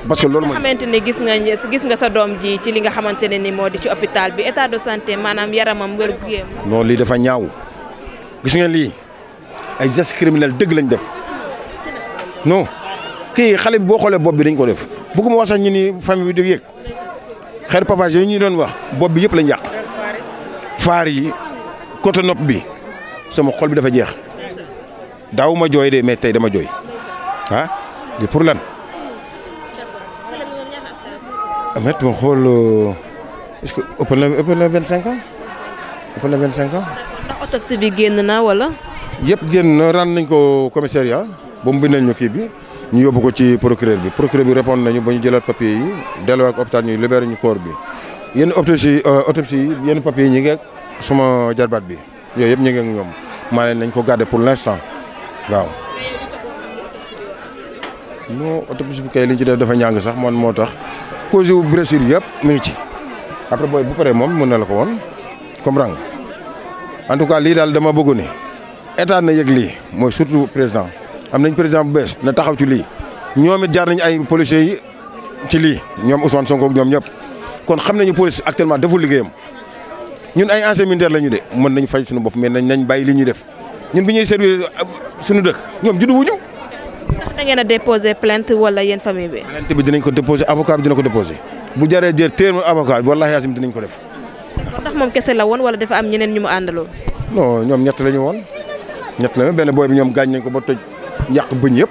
parce que loolu mooy xamante ni gis nga gis nga sa doom ji ci li nga xamante ne ni moo di ci hôpital bi état de santé maanaam yaramam wér gu yéem. non lii dafa ñaaw gis ngeen lii ay geste criminel dëgg lañ def non kii xale bi boo xoolee bopp bi dañ ko def. bu ko ma wax sax ñu ni famille bi di yëg xeer pavage yooyu ñu doon wax bopp bi yëpp lañ yàq. faar yi côté nopp bi sama xol bi dafa jeex daaw ma jooy de mais tey dama jooy ah di pour lan a amet ma xool euh, est-ce que ëpp na ëpp na vingt cinq ans ëpp na vingt cinq ans ndax autopsie bi génn na wala yëpp génn na ren nañ ko commissariat ba mu bindal ñu kii bi ñu yóbbu ko ci procureur bi procureur bi répondre nañu ba ñu jëlaat papier yi delluwaat hôpital ñu liber ñu corps bi yenn autopsie euh, autopsie yi yenn papier yi ñu ngeeg suma jarbaat bi yooyu yëpp ñu ngi ak ñoom maa leen nañ ko garder pour l'instant waaw. non autopsie bi kay li ñu ci def dafa ñàng sax man moo tax cause yu blessure yëpp mu ci après booy bu paree moom mën na la ko woon comme rang en tout cas lii daal dama bëgg ni état na yëg lii mooy surtout président am nañ président bu bees na taxaw ci lii ñoom it jaar nañ ay policiers yi ci lii ñoom Ousmane Sonko ak ñoom ñëpp kon xam nañu police actuellement deful liggéeyam. ñun ay ancien militaire la ñu de mën nañ faj suñu bopp mais nañ nañ bàyyi li ñuy def ñun bi ñuy servir euh, suñu dëkk ñoom juddu wuñu. ndax da ngeen a déposé plainte wala yéen famille bi. plainte bi dinañ ko déposé avocat bi dina ko déposé bu jaree jër téeméer avocat bi wallaahi yaasim dinañ ko def. ndax kese la woon wala dafa am ñeneen ñu mu àndaloo. ñoom ñett la ñu woon ñett la ñu benn booy bi ñoom gaañ nañ ko ba toj yàq bëñ yëpp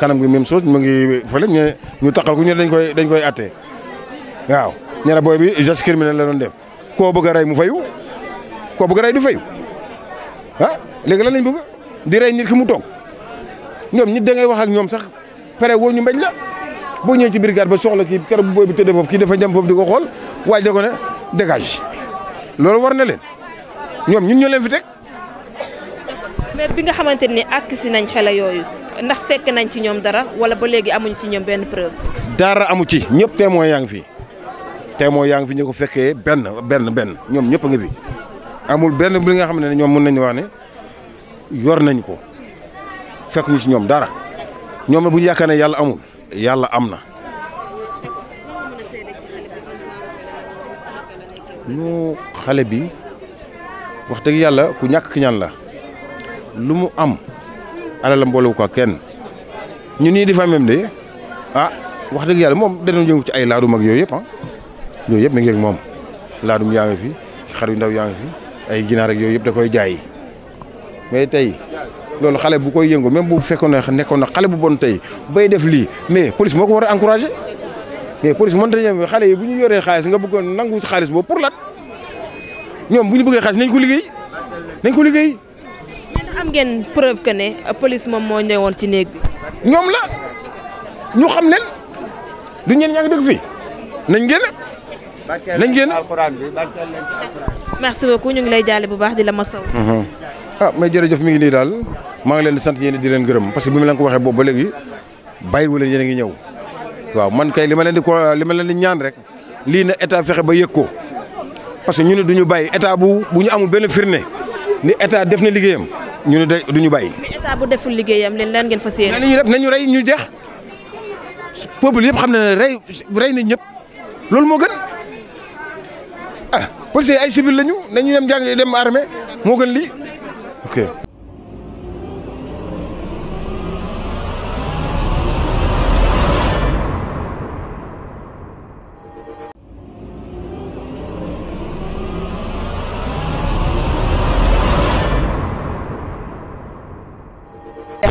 kanam gi même chose mu ngi fële ñu ñu taxal ko ñu dañ koy dañ koy attee waaw ñaar booy bi geste criminel la doon def koo bëgg rey mu fayu koo bëgg a rey du fayu ah léegi la lañ bëgg di rey nit ki mu toog ñoom nit dangay ngay wax ak ñoom sax pare woo ñu mbéj la boo ñëwee ci brigade ba soxla kii bu booy bi tëddee foofu kii dafa jam foofu di ko xool waaye da ko ne dégage loolu war na leen ñoom ñu ñoo leen fi teg. mais bi nga xamante ni àkk si nañ xela yooyu ndax fekk nañ ci ñoom dara wala ba léegi amuñ ci ñoom benn preuve. dara amu ci ñëpp témoin yaa ngi fii témoin yaa ngi fi ñu ko fekkee benn benn benn ñoom ñëpp a ngi fi amul benn bi nga xam ne ñoom mën nañu wax ne yor nañ ko fekk ñu ci ñoom dara ñoom na bu ñu yaakaar yàlla amul yàlla am na. ñu xale bi wax dëgg yàlla ku ñàkk ki la lu mu am alalam boolewu ko kenn ñu nii di fa de ah wax dëgg yàlla moom danañ yëngu ci ay laadum mag yooyu yëpp ah. yooyu yëpp mi ngi ak moom laadum yaa ngi fi xar yu ndaw yaa ngi ay ginaar ak yooyu yëpp da koy jaay mais tey loolu xale bu koy yëngu même bu fekkoon ne nekkoon na xale bu bon tey bay def lii mais police moo ko war a encouragé mais police mënta ñëw xale yi bu ñu yoree xaalis nga bëggoon nangu xaalis boobu pour lan ñoom bu ñu bëggee xaalis nañ ko liggéey nañ ko liggéey. am ngeen preuve que ne police moom moo ñëwoon ci néeg bi. ñoom la ñu xam leen du ñeen ñaa ngi dëkk fii nañ génn. nañ génn merci beaucoup ñu ngi lay jaale bu baax di la masaw mhm. ah mais jërëjëf mi ngi nii daal maa ngi leen di sant yéen di leen gërëm parce que bi ma leen ko waxee boobu ba léegi bàyyiwu leen yéen a ñëw waaw man kay li ma leen di ko li ma leen di ñaan rek lii na état fexe ba yëg ko parce que ñu ne ñu bàyyi état bu bu ñu amul benn firnde ni état def na liggéeyam ñu ne ñu bay mais état bu deful liggéeyam leen lan ngeen fas yéene. nañu def nañu rey ñu jeex peuple yëpp xam na ne rey rey na ñëpp loolu moo gën. policiers ay civil lañu nañu dem jàng dem armée moo gën lii ok.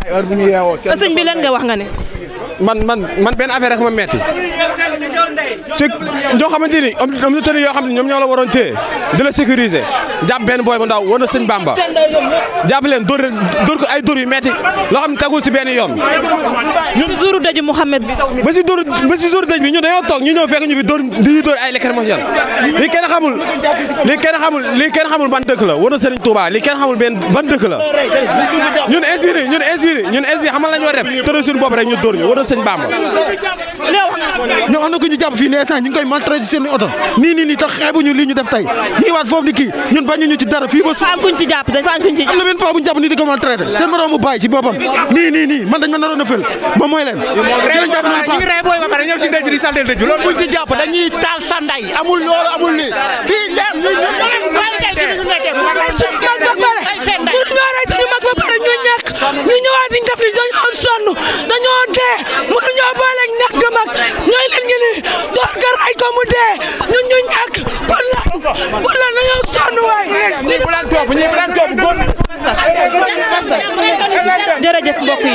heure bu nga wax nga ne. man man man benn affaire rek ma metti si ñoo xamante ni am am yoo xam ne ñoom ñoo la waroon téye di la sécuriser jàpp benn booy bu ndaw war na sëñ Bamba jàpp leen dóor dóor ko ay dóor yu metti loo xam ne tagul si benn yoon ñun jour dëj Mouhamed bi ba si dóor ba si jour dëj bi ñun dañoo toog ñu ñëw fekk ñu fi dóor di ñu dóor ay lacrymogène lii kenn xamul lii kenn xamul lii kenn xamul ban dëkk la war na sëriñ Touba kenn xamul benn ban dëkk la ñun inspiré ñun inspiré ñun inspiré ñu war def sëñ Bamba ñoo xam ne ko ñu jàpp fii ne instant ñu ngi koy maltraité ci seen oto nii nii nii tax xeebuñu lii ñu def tey ñii waat foofu ni kii ñun bañuñu ci dara fii ba su am kuñ ci jàpp dafa am kuñ ci am na benn paa bu ñu jàpp nii di ko maltraité seen moroomu baay ci boppam nii nii nii man dañ ma naroon a fël moom mooy leen ci lañ jàpp nañu paa ñu rey booy ba pare ñëw ci dëj di saldel dëj loolu buñ ci jàpp dañuy taal sanday amul loolu amul lii fii leem ñu ñu bàyyi day ci ñu nekkee ñu ñëwaat ñu def li dañoo sonn dañoo dee mënuñoo booleeg ñàkk mag ñooy leen ngi ni door ko ko mu dee ñun ñu ñàkk pour lan pour lan dañoo sonn waay. ñii bu yi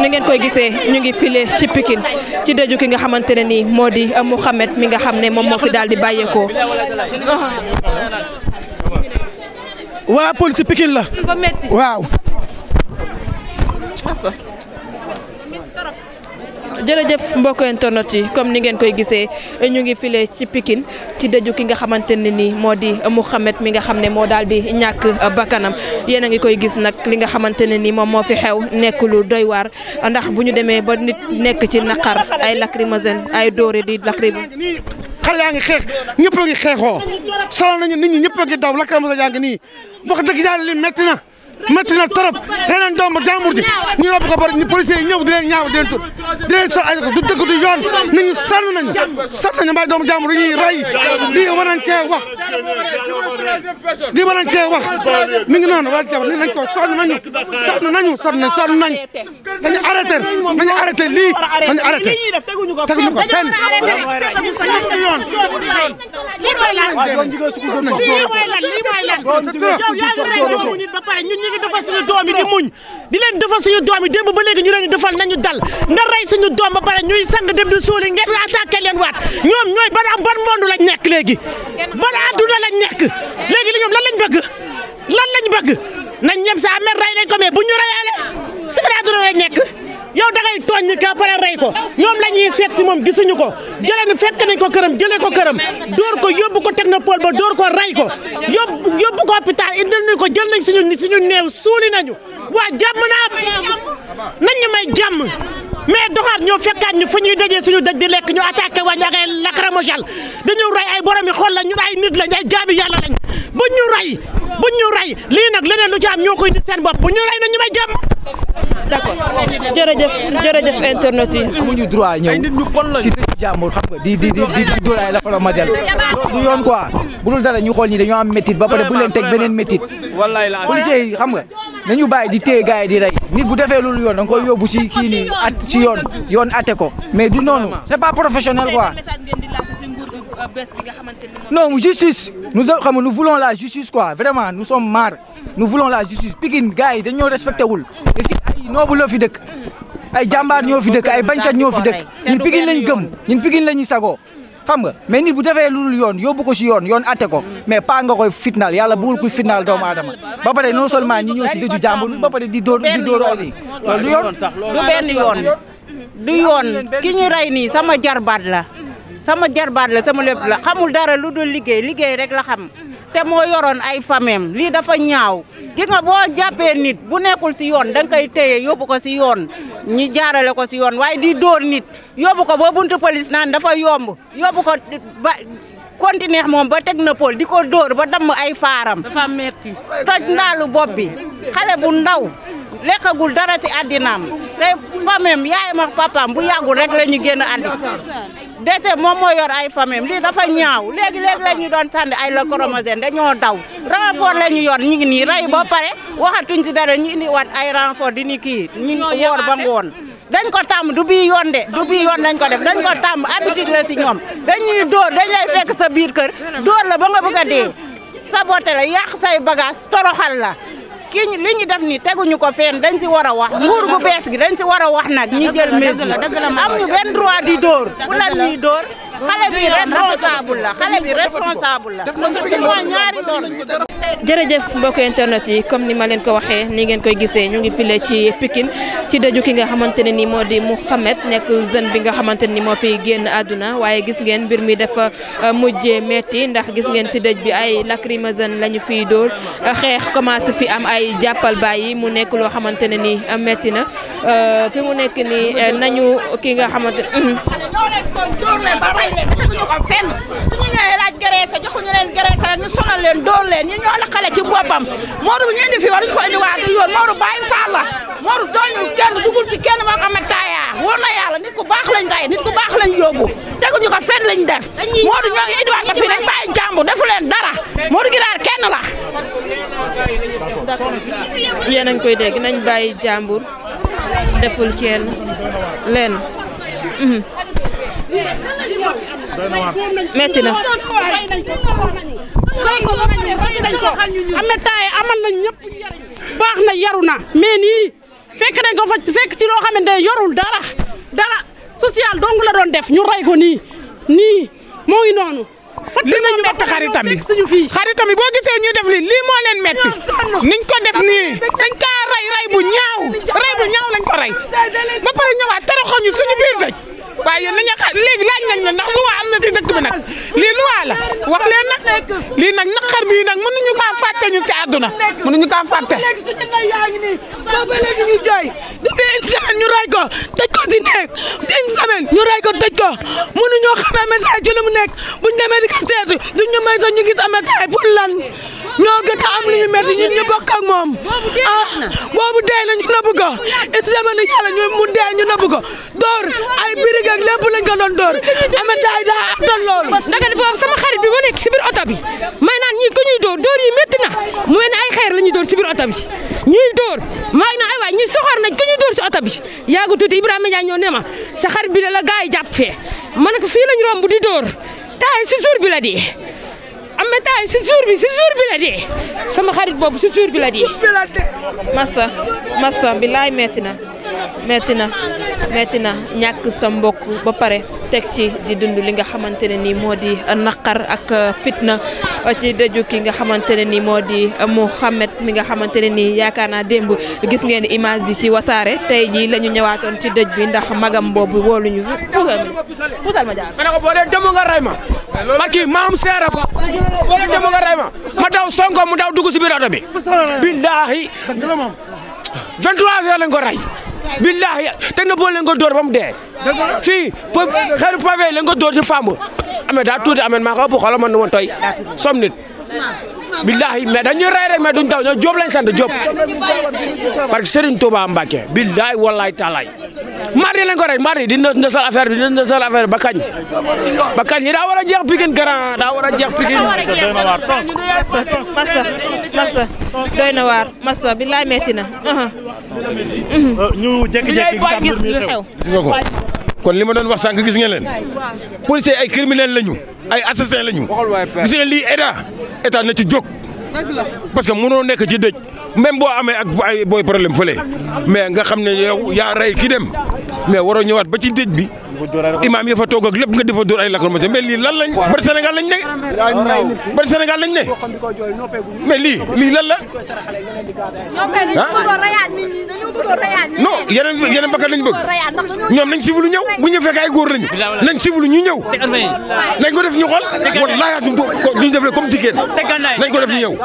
ni ngeen koy gisee ñu ngi file ci pikin ci dëju ki nga xamante ne nii moo di euh, Mouhamed mi nga xam ne moom moo fi daal di bàyyeekoo. waa police Pikine la waaw. jërëjëf mbokk internet yi comme ni ngeen koy gisee ñu ngi file ci Pikine ci dëju ki nga xamante ne nii moo di Mouhamed mi nga xam ne moo daal di ñàkk bakkanam yéen a ngi koy gis nag li nga xamante ne nii moom moo fi xew nekk lu doy waar ndax bu ñu demee ba nit nekk ci naqar ay lacrymogène ay dóore di lacrymogène. xale yaa ngi xeex ñëpp a ngi xeexoo sonal nañu nit ñi a ngi daw lacrymogène yaa ngi nii wax dëgg yàlla li metti na. métti na trop reneen doomu jàmbur ji ñu rob ko bari ñu policiers yi ñëw di leen ñaaw di leen tur di leen sol ay ko du dëkk du yoon nañu sonn nañu sonn nañu mbay doomu jàmbur dañuy rey lii war nañ cee wax lii war nañ cee wax mi ngi noonu war wax nañ ko sonn nañu sonn nañu sonn nañ sonn nañ ngi defal suñu doom di muñ di leen defal suñu doom yi démb ba léegi ñu leen defal nañu dal nga rey suñu doom ba pare ñuy sang dem di suuli ngeen attaqué leen waat ñoom ñooy ban am ban monde lañ nekk léegi ban adduna lañ nekk léegi li ñoom lan lañ bëgg lan lañ bëgg nañ ñem sa amer rey ko mais bu ñu reyaale si ban adduna lañ nekk yow dangay tooñ ni ka pare rey ko ñoom la ñuy seet si moom gisuñu ko jëlee nu fekk nañ ko këram jëlee ko këram dóor ko yóbbu ko technopole ba dóor ko rey ko yóbbu yóbbu ko hôpital indil nañ ko jël nañ suñu suñu néew suuli nañu waa jàmm naa nañ ñu may jàmm mais doxaat ñoo fekkaat ñu fu ñuy dajee suñu dëj di lekk ñu attaqué wañ ak ay lacrymogène dañu rey ay borom yi xool la ñun ay nit lañ ay jaabi yàlla lañ buñ ñu rey buñ nag leneen lu ci am ñoo koy nit seen bopp buñ ñu rey na ñu may jàmm d'accord jërëjëf jërëjëf internet yi amuñu droit ñëw si dëkk jàmbur xam nga di di di di dóoraay la fala yoon ko bu dul dara ñu xool ñi dañoo am métit ba pare bu leen teg beneen métit wallaay la policier xam nga nañu bàyyi di téye gars yi di rey nit bu defee loolu yoon da nga koy yóbbu si kii at ci yoon yoon atte ko mais du noonu c'est pas professionnel quoi euh, non justice nous euh, xam nous voulons la justice quoi vraiment nu sommes mar nous voulons la justice Pikine gars yi dañoo respecté wul te ay noobu loo fi dëkk ay jàmbaar ñoo fi dëkk ay bañ bañkat ñoo fi dëkk ñun Pikine lañ gëm ñun Pikine lañuy sago xam nga mais nit bu defee yoon yóbbu ko si yoon yoon atte ko mais pas nga koy fitnaal yàlla bëggul kuy fitnaal doomu aadama ba pare non seulement ñi ñëw si dëju jàmbur ba pare di dóor di dóor yi loolu du yoon du benn yoon du yoon ki ñu rey nii sama jarbaat la sama jarbaat la sama lépp la xamul dara lu dul liggéey liggéey rek la xam te moo yoroon ay famem lii dafa ñaaw ki boo jàppee nit bu nekkul si yoon da koy téye yóbbu ko si yoon ñu jaarale ko si yoon waaye di dóor nit yóbbu ko ba buntu police naan dafa yomb yóbbu ko ba continuer moom ba technopole di ko dóor ba damm ay faaram. dafa metti toj ndaalu bopp bi xale bu ndaw lekkagul dara si addinaam te famem yaayam ak papaam bu yàggul rek la ñu génn addi DT moom moo yor ay famille lii dafa ñaaw léegi léegi la ñu doon tànn ay la chromosome dañoo daw renfort la ñu yor ñu ngi nii rey ba pare waxatuñ ci dara ñu indi wat ay renfort di ni kii ñu woor ba ngoon dañ ko tàmm du bii yoon de du bii yoon dañ ko def dañ ko tàmm habitude la ci ñoom dañuy dóor dañ lay fekk sa biir kër dóor la ba nga bëgg sa dee saboté la yàq say bagage toroxal la kii li ñu def ni teguñu ko fenn dañ si war a wax nguur gu bees gi dañ si war a wax nag ñu jël mesure am ñu benn droit di dóor ku lan ñuy dóor xale bi la jërëjëf mbokk internet yi comme ni ma leen ko waxee ni ngeen koy gisee ñu ngi file ci Pikine ci dëju ki nga xamante ne ni moo di Mouhamed nekk jeune bi nga xamante ni moo fi génn àdduna waaye gis ngeen mbir mi dafa euh, mujjee metti ndax gis ngeen ci dëj bi ay lacrymogène la ñu fiy dóor xeex commencé fi am ay jàppal bàyyi mu nekk loo xamante ne ni euh, metti na euh, fi mu nekk ni nañu ki nga xamante nañ leen teguñu ko fenn suñu ñëwee laaj graisse joxuñu leen graisse rek ñu sonal leen doon leen ñi ñoo la xale ci boppam Modou bu ñu indi fi waruñu ko indi waa du yoon Modou bàyyi faal la Modou dooñul kenn dugul ci kenn moo ko amee taayaa na yàlla nit ku baax lañ day nit ku baax lañ yóbbu teguñu ko fenn ko fii jàmbu defu leen dara Modou Giraar kenn la yéen a ngi koy nañ bàyyi jàmbur deful kenn leen metti na. am na taay amal nañ ñëpp baax na yaru na mais nii fekk nañ ko fa fekk ci loo xamante ne yorul dara dara social dong doon def ñu rey ko nii nii moo ngi noonu. li moo metti xaritam bi boo gisee ñuy def li lii moo leen metti niñ ko def nii dañ kaa rey rey bu ñaaw rey bu ñaaw lañ ko rey ba pare ñëwaat toroxoñu suñu biir dëj waaye yéen nañu xaar léegi laaj am na ci dëkk bi nag lii luwaa la wax leen nag lii nag naqar bii nag mënuñu kaa ci àdduna kaa fàtte. ñu jooy depuis une semaine ñu rey ko tëj ko ci nekk une semaine ñu rey ko tëj ko mënuñoo xamee météo mu nekk buñ demee di ko seetu duñ ñu ñu gis am météo pour lan ñoo gën a am lu ñu métti ñun ñu bokk ak moom ah boobu dee la ñu nëbb ko une semaine yàlla ñu mu dee ñu nëbb ko door ay biri fatigue ak lépp lañ ko doon dóor Ameth Ndiaye daa attan loolu. naka ni boobu sama xarit bi ma nekk si biir oto bi may naan ñii ku ñuy dóor dóor yi métti na mu mel ay xeer la ñuy dóor si biir oto bi ñuy dóor maay na ay waay ñuy soxor nañ ku ñuy dóor si oto bi yaagu tuuti Ibrahima Ndiaye ñoo ne ma sa xarit bi la la gars yi jàpp fee ma ne ko fii lañ romb di dóor taay si jour bi la dee. Ameth Ndiaye si jour bi si jour bi la dee sama xarit boobu bi la dee. massa massa bilaay metti na. metti na metti na ñàkk sa mbokk ba pare teg ci di dund li nga xamante ne nii moo di naqar ak fitna ci dëju ki nga xamante ne nii moo di Mouhamed mi nga xamante ne nii yaakaar naa démb gis ngeen image yi ci wasaare tey jii la ñu ñëwaatoon ci dëj bi ndax magam boobu wóoluñu fi puusal puusal ma jaar. ma ne ko boo leen dem nga rey ma. barki maam seera fa boo leen dem nga daw sonko mu daw dugg si biir bi. billaahi 23 heures lañ ko rey. billahi technopole lañ ko door ba mu dee. fii xeeru pavé lañ ko dóor ci femme. amee daa tuuti amee maa ko ëpp xoolal man nu ma tooy som nit. billaahi mais dañuy rey rek mais duñ taw ñoo Diop lañ sant Diop parce que Serigne Touba Mbacké billaahi wallaahi taalaay mardi lañ ko rek mardi dina ndësal affaire bi dina ndësal affaire bi ba kañ daa war a jeex Pikine grand daa war a jeex Pikine massa massa doy na waar massa billaahi metti na kon li ma doon wax sànq gis ngeen leen policiers ay criminels lañu ay assassins lañu gis ngeen lii état état na ci jóg. parce que mënoo nekk ci dëj même boo amee ak ay booy problème fële mais nga xam ne yow yaa rey ki dem mais waroo ñëwaat ba ci dëj bi imaam ya fa toog ak lépp nga defa dóor ay lacrymogène mais lii lan lañ bari Sénégal lañ ne bari Sénégal lañ ne mais lii lii lan la non yeneen yeneen bakkan lañ bëgg ñoom nañ sivilu ñëw bu ñu fekk ay góor lañu nañ sivilu ñu ñëw nañ ko def ñu xool wallaahi duñ def comme jigéen nañ ko def ñu ñëw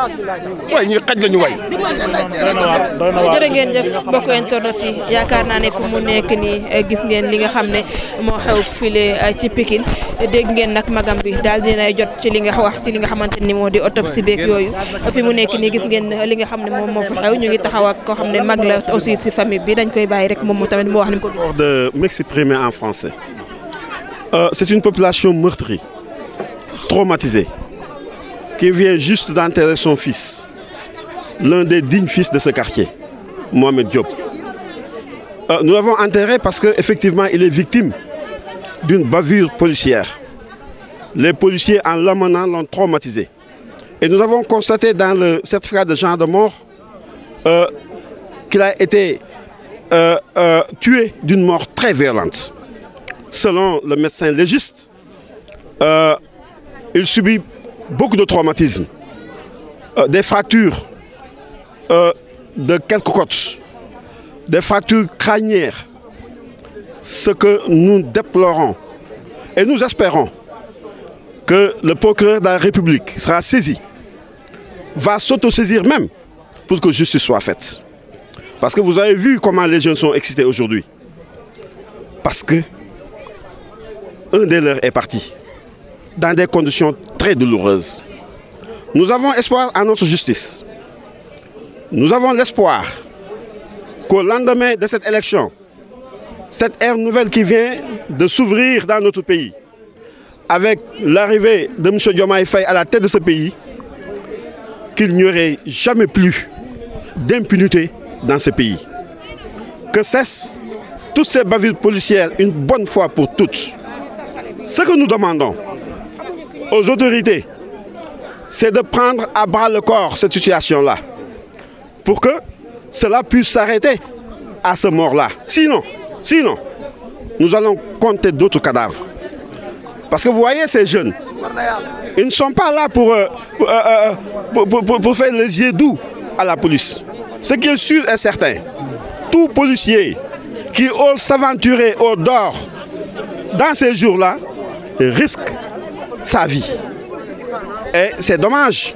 waaye ñuy xaj la ñu way. jërë ngeen jëf mbokku internet yi yaakaar naa ne fu mu nekk nii eh, gis ngeen li nga xam ne moo xew file eh, ci Pikine dégg ngeen nag magam bi daal dinay jot ci li nga wax ci li nga xamante ni moo di autopsie beeg mu nekk nii gis ngeen li nga xam ne moom moo fi xew ñu ngi taxaw ak koo xam ne mag la aussi si famille bi dañ koy bàyyi rek moom mu tamit moo wax ni mu ko. de m'exprimer en français. Euh, c'est une population meurtrie, traumatisée. qui vient juste d'enterrer son fils, l'un des dignes fils de ce quartier, Mohamed Diop. Euh, nous l'avons enterré parce qu'effectivement, il est victime d'une bavure policière. Les policiers, en l'amenant, l'ont traumatisé. Et nous avons constaté dans le certificat de genre de mort euh, qu'il a été euh, euh, tué d'une mort très violente. Selon le médecin légiste, euh, il subit beaucoup de traumatismes, euh, des fractures euh, de quelques côtes, des fractures crâniennes, ce que nous déplorons. Et nous espérons que le procureur de la République sera saisi, va s'autosaisir même pour que justice soit faite. Parce que vous avez vu comment les jeunes sont excités aujourd'hui. Parce que des leurs est parti. dans des conditions très douloureuses. Nous avons espoir en notre justice. Nous avons l'espoir qu'au lendemain de cette élection, cette ère nouvelle qui vient de s'ouvrir dans notre pays, avec l'arrivée de M. Diomaye Faye à la tête de ce pays, qu'il n'y aurait jamais plus d'impunité dans ce pays. Que cessent toutes ces bavures policières une bonne fois pour toutes. Ce que nous demandons, aux autorités, c'est de prendre à bras le corps cette situation-là, pour que cela puisse s'arrêter à ce mort-là. Sinon, sinon, nous allons compter d'autres cadavres. Parce que vous voyez ces jeunes, ils ne sont pas là pour, euh, euh, euh faire les doux à la police. Ce qui est sûr et certain, tout policier qui ose s'aventurer au dehors dans ces jours-là risque sa vie. Et c'est dommage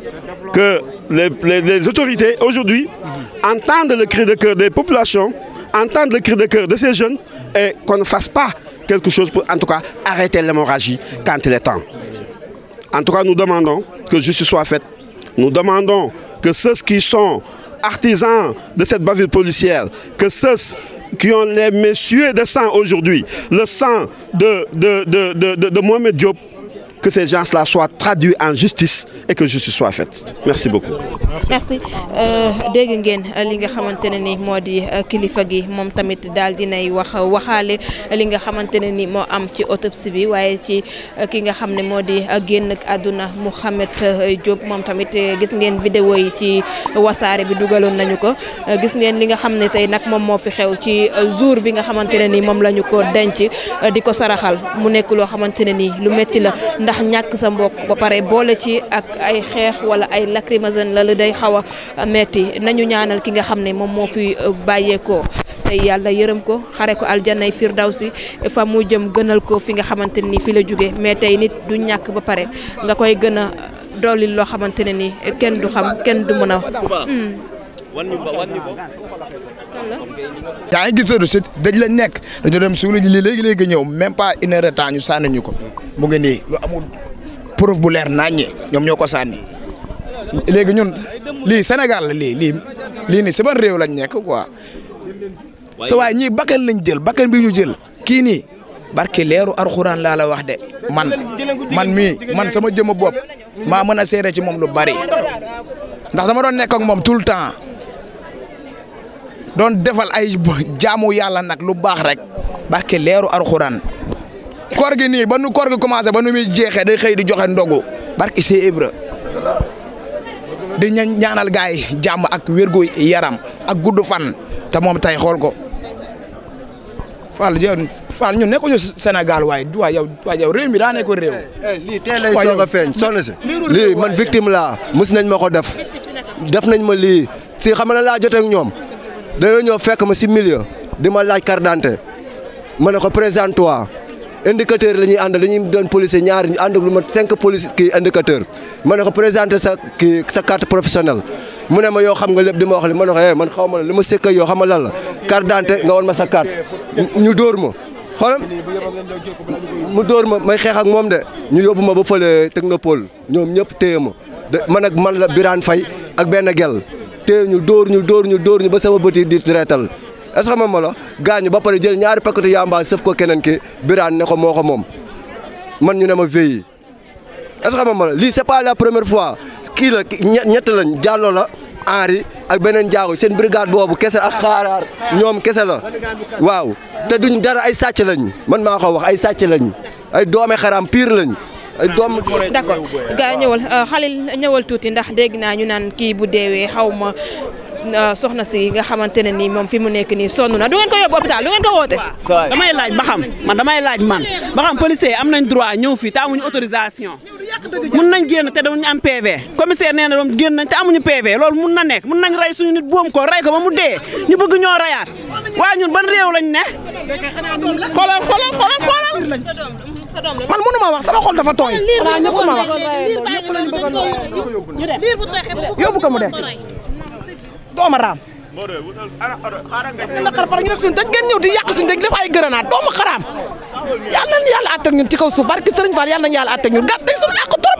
que les, les, les autorités aujourd'hui entendent le cri de cœur des populations, entendent le cri de cœur de ces jeunes et qu'on ne fasse pas quelque chose pour, tout cas, arrêter l'hémorragie quand il est temps. En tout cas, nous demandons que justice soit faite. Nous demandons que ceux qui sont artisans de cette bavure policière, que ceux qui ont les messieurs de sang aujourd'hui, le sang de, de, de, de, de Mohamed Diop, que ces gens-là soient euh, ngeen euh, li nga xamante ne ni moo di euh, kilifa gi moom tamit daal dinay wax waxaale li nga xamante ne ni moo am ci autopsie bi waaye ci ki nga xam ne moo di génn àdduna Mouhamed Diop moom tamit gis ngeen vidéo yi ci wasaare bi dugaloon nañu ko gis ngeen li nga xam ne tey nag moom moo fi xew ci jour bi nga xamante ne ni moom la ko denc di ko saraxal mu nekk loo ni lu metti la. ndax ñàkk sa mbokk ba pare boole ci ak ay xeex wala ay lacrymogène la lu day xaw a metti nañu ñaanal ki nga xam ne moom moo fi euh, bàyyeekoo tey yàlla yërëm ko xare ko aljanay si fa mu jëm gënal ko fi nga xamante ni fi la jóge mais tey nit du ñàkk ba pare nga koy gën a dolli loo xamante ne ni kenn du xam kenn du mën a yaa ngi gisatu si dëj lañ nekk dañu dem suulu ji lii léegi léegi ñëw même pas une heure de temps ñu sànni ñu mu ngi nii lu amul preuve bu leer naññee ñoom ñoo ko sànni léegi ñun lii senegal la lii lii lii si ban réew lañ nekk quoi sa waay ñii bakkan lañ jël bakkan bi ñu jël kii nii barke leeru arxuraan laa la wax de man man mii man sama jëma bopp maa mën a seere ci moom lu bari ndax ma doon nekk ak moom tout le temps. doon defal ay jaamu yàlla nag lu baax rek barke leeru alxuraan koor gi nii ba nu koor gi commencé ba nu jeexee day xëy di joxe ndogu barke Sey Ibra di ñaanal gaay yi jàmm ak wérgu yaram ak gudd fan te moom tay xool ko Fall yow Fall ñun nekkuñu Sénégal waaye waaye yow waaye yow mi daa nekk réew. Eh, eh, lii teel lay soog a feeñ soxna si lii man victime laa mos nañ ma ko def def nañ ma lii si xam na laa jotee ñoom. dañoo ñëw fekk ma si milieu di ma laaj carte d'identité ma ne ko présente toi indicateur la ñuy àndal dañuy doon policier ñaar ñu ànd ak lu ma cinq police kii indicateur ma ne ko présenté sa kii sa carte professionnelle mu ne ma yoo xam nga lépp di ma wax li ma ne ko eh man xaw ma la li ma sëkk yoo xam la carte d'identité nga woon ma sa carte ñu dóor ma xoolal mu dóor ma may xeex ak moom de ñu yóbbu ma ba fële technopole ñoom ñëpp téye ma man ak man la Birane Faye ak benn gel téye ñu dóor ñu dóor ñu dóor ñu ba sama bët yi di reetal est-ce que ma la gaañu ba pare jël ñaari paquetu yamba sëf ko keneen ki biraan ne ko moo ko moom man ñu ne ma veillé est-ce que ma la lii c'est pas la première fois kii la ñett lañ jàlloo la Henri ak beneen jaago seen brigade boobu kese a xaaraar ñoom kese la waaw te duñ dara ay sàcc lañ man maa ko wax ay sàcc lañ ay doome xaraam pire lañ. ay doom d'accord gaa ñëwal xalil euh, ñëwal tuuti ndax dégg naa ñu naan kii bu deewee xaw ma euh, soxna si nga xamante ne nii moom fi mu nekk nii sonn na du ngeen ko yóbbu hôpital du ngeen ko woote. damay laaj ba xam man damay laaj man ba xam policier am nañ droit ñëw fii te amuñu autorisation. mun nañ génn te dañu am PV commissaire nee na doom génn nañ te amuñu PV loolu mun na nekk mun nañ rey suñu nit boom ko rey ko ba mu dee ñu bëgg ñoo reyaat waaye ñun ban lañ ne. xoolal man mënu ma wax sama xol dafa tooy. xanaa ñëpp ma wax yóbbu ko mu dem dooma raam. naqar par ñu def suñu dëj ngeen ñëw di yàq suñu dëj def ñun ci kaw suuf barki Sëriñ Fall yàlla nañu yàlla àttak ñun gàtt nañ suñu àq trop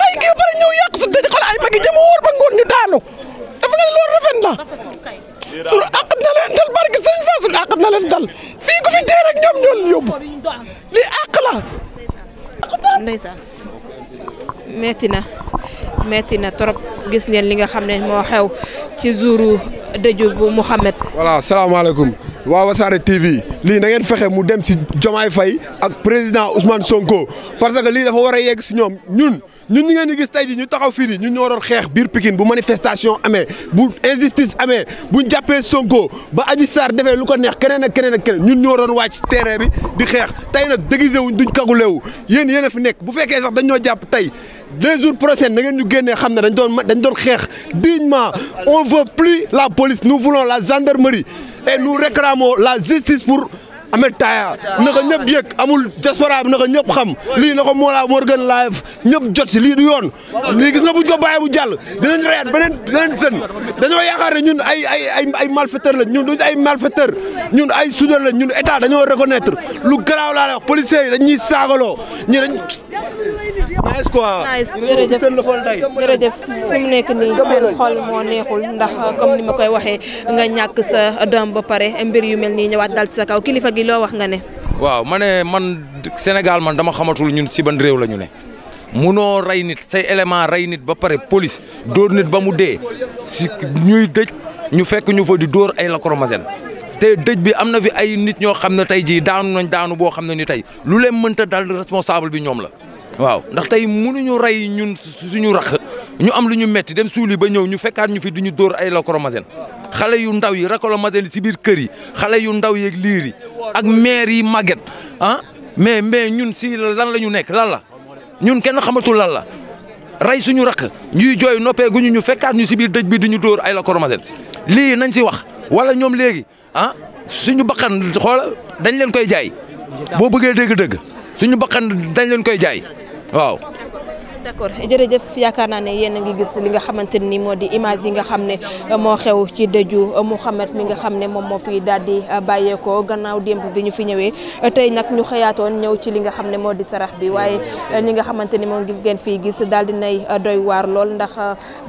rey kii ba pare ñëw yàq suñu dëj ay magi jëm ba ngoon ñu daanu dafa nga loolu rafet na sunu àq na leen dal barke Sëriñ Fall sunu àq na leen dal fii ku fi dee rek ñoom ñoo leen yóbbu na metti na trop gis ngeen li nga xam ne moo xew ci jouru dëju bu Mouhamed. voilà salaamaaleykum waa Wasaare TV lii na ngeen fexe mu dem si Jomaay fay ak président Ousmane Sonko parce que lii dafa war a yegg si ñoom ñun ñun ñu ngeen di gis tey ji ñu taxaw fii ñu ñun ñoo doon xeex biir Pikine bu manifestation amee bu injustice amee bu ñu jàppee Sonko ba Adji Sarr defee lu ko neex keneen ak keneen ak keneen ñun ñoo doon wàcc terrain bi di xeex tey nag déguisé wuñ duñ kagulewu yéen yéen a fi nekk bu fekkee sax dañ ñoo jàpp tey deux jours prochains na ngeen ñu génnee xam ne dañ doon dañ doon xeex dignement on veut plus la police nous voulons la gendarmerie et nous réclamons la justice pour Ahmed Taïa na ko ñëpp yëg amul diaspora bi na ko ñëpp xam lii na ko Mollah Morgun live ñëpp jot si lii du yoon lii gis nga ko bàyyi bu jàll dinañ reyaat beneen beneen sën dañoo yaakaar ne ñun ay ay ay ay lañ ñun duñ ay malfaiteur ñun ay soudeur lañ ñun état dañoo reconnaître lu garaaw laa la yi dañ ñuy saagaloo ñi nice quoi jërëjëf jërëjëf fu mu nekk nii seen xol moo neexul ndax comme ni ma koy waxee nga ñàkk sa doom ba pare mbir yu mel nii ñëwaat dal ci sa kaw kilifa gi loo wax nga ne. waaw ma ne man Sénégal man dama xamatul ñun si ban réew la ñu ne. munoo rey nit say élément rey nit ba pare police dóor nit ba mu dee si ñuy dëj ñu fekk ñu fa di dóor ay lacrymogène te dëj bi am na fi ay nit ñoo xam ne tey jii daanu nañ daanu boo xam ne ni tey lu leen mënta dal responsable bi ñoom la. waaw ndax tey mënuñu rey ñun suñu rax ñu am lu ñu metti dem suuli ba ñëw ñu fekkaat ñu fi ñu dóor ay lacrymogène xale yu ndaw yi lacrymogène yi si biir kër yi xale yu ndaw yeeg liir yi ak maire yi màgget ah mais mais ñun si la ñu nekk lan la ñun kenn xamatul lan la rey suñu rakk ñuy jooy noppee ñu fekkaat ñu si biir dëj bi duñu dóor ay lacrymogène lii nañ si wax wala ñoom léegi ah suñu bakkan xoola dañ leen koy jaay boo bëggee dëgg-dëgg suñu bakkan dañ leen koy jaay waaw d'accord jërëjëf yaakaar naa ne yéen a ngi gis li nga xamante ni moo di image yi nga xam ne moo xew ci dëju Mouhamed mi nga xam ne moom moo fi daal di bàyyeekoo gannaaw démb bi ñu fi ñëwee tey nag ñu xëyaatoon ñëw ci li nga xam ne moo di sarax bi waaye li nga xamante ni moom ngeen fii gis daal di nay doy waar lool ndax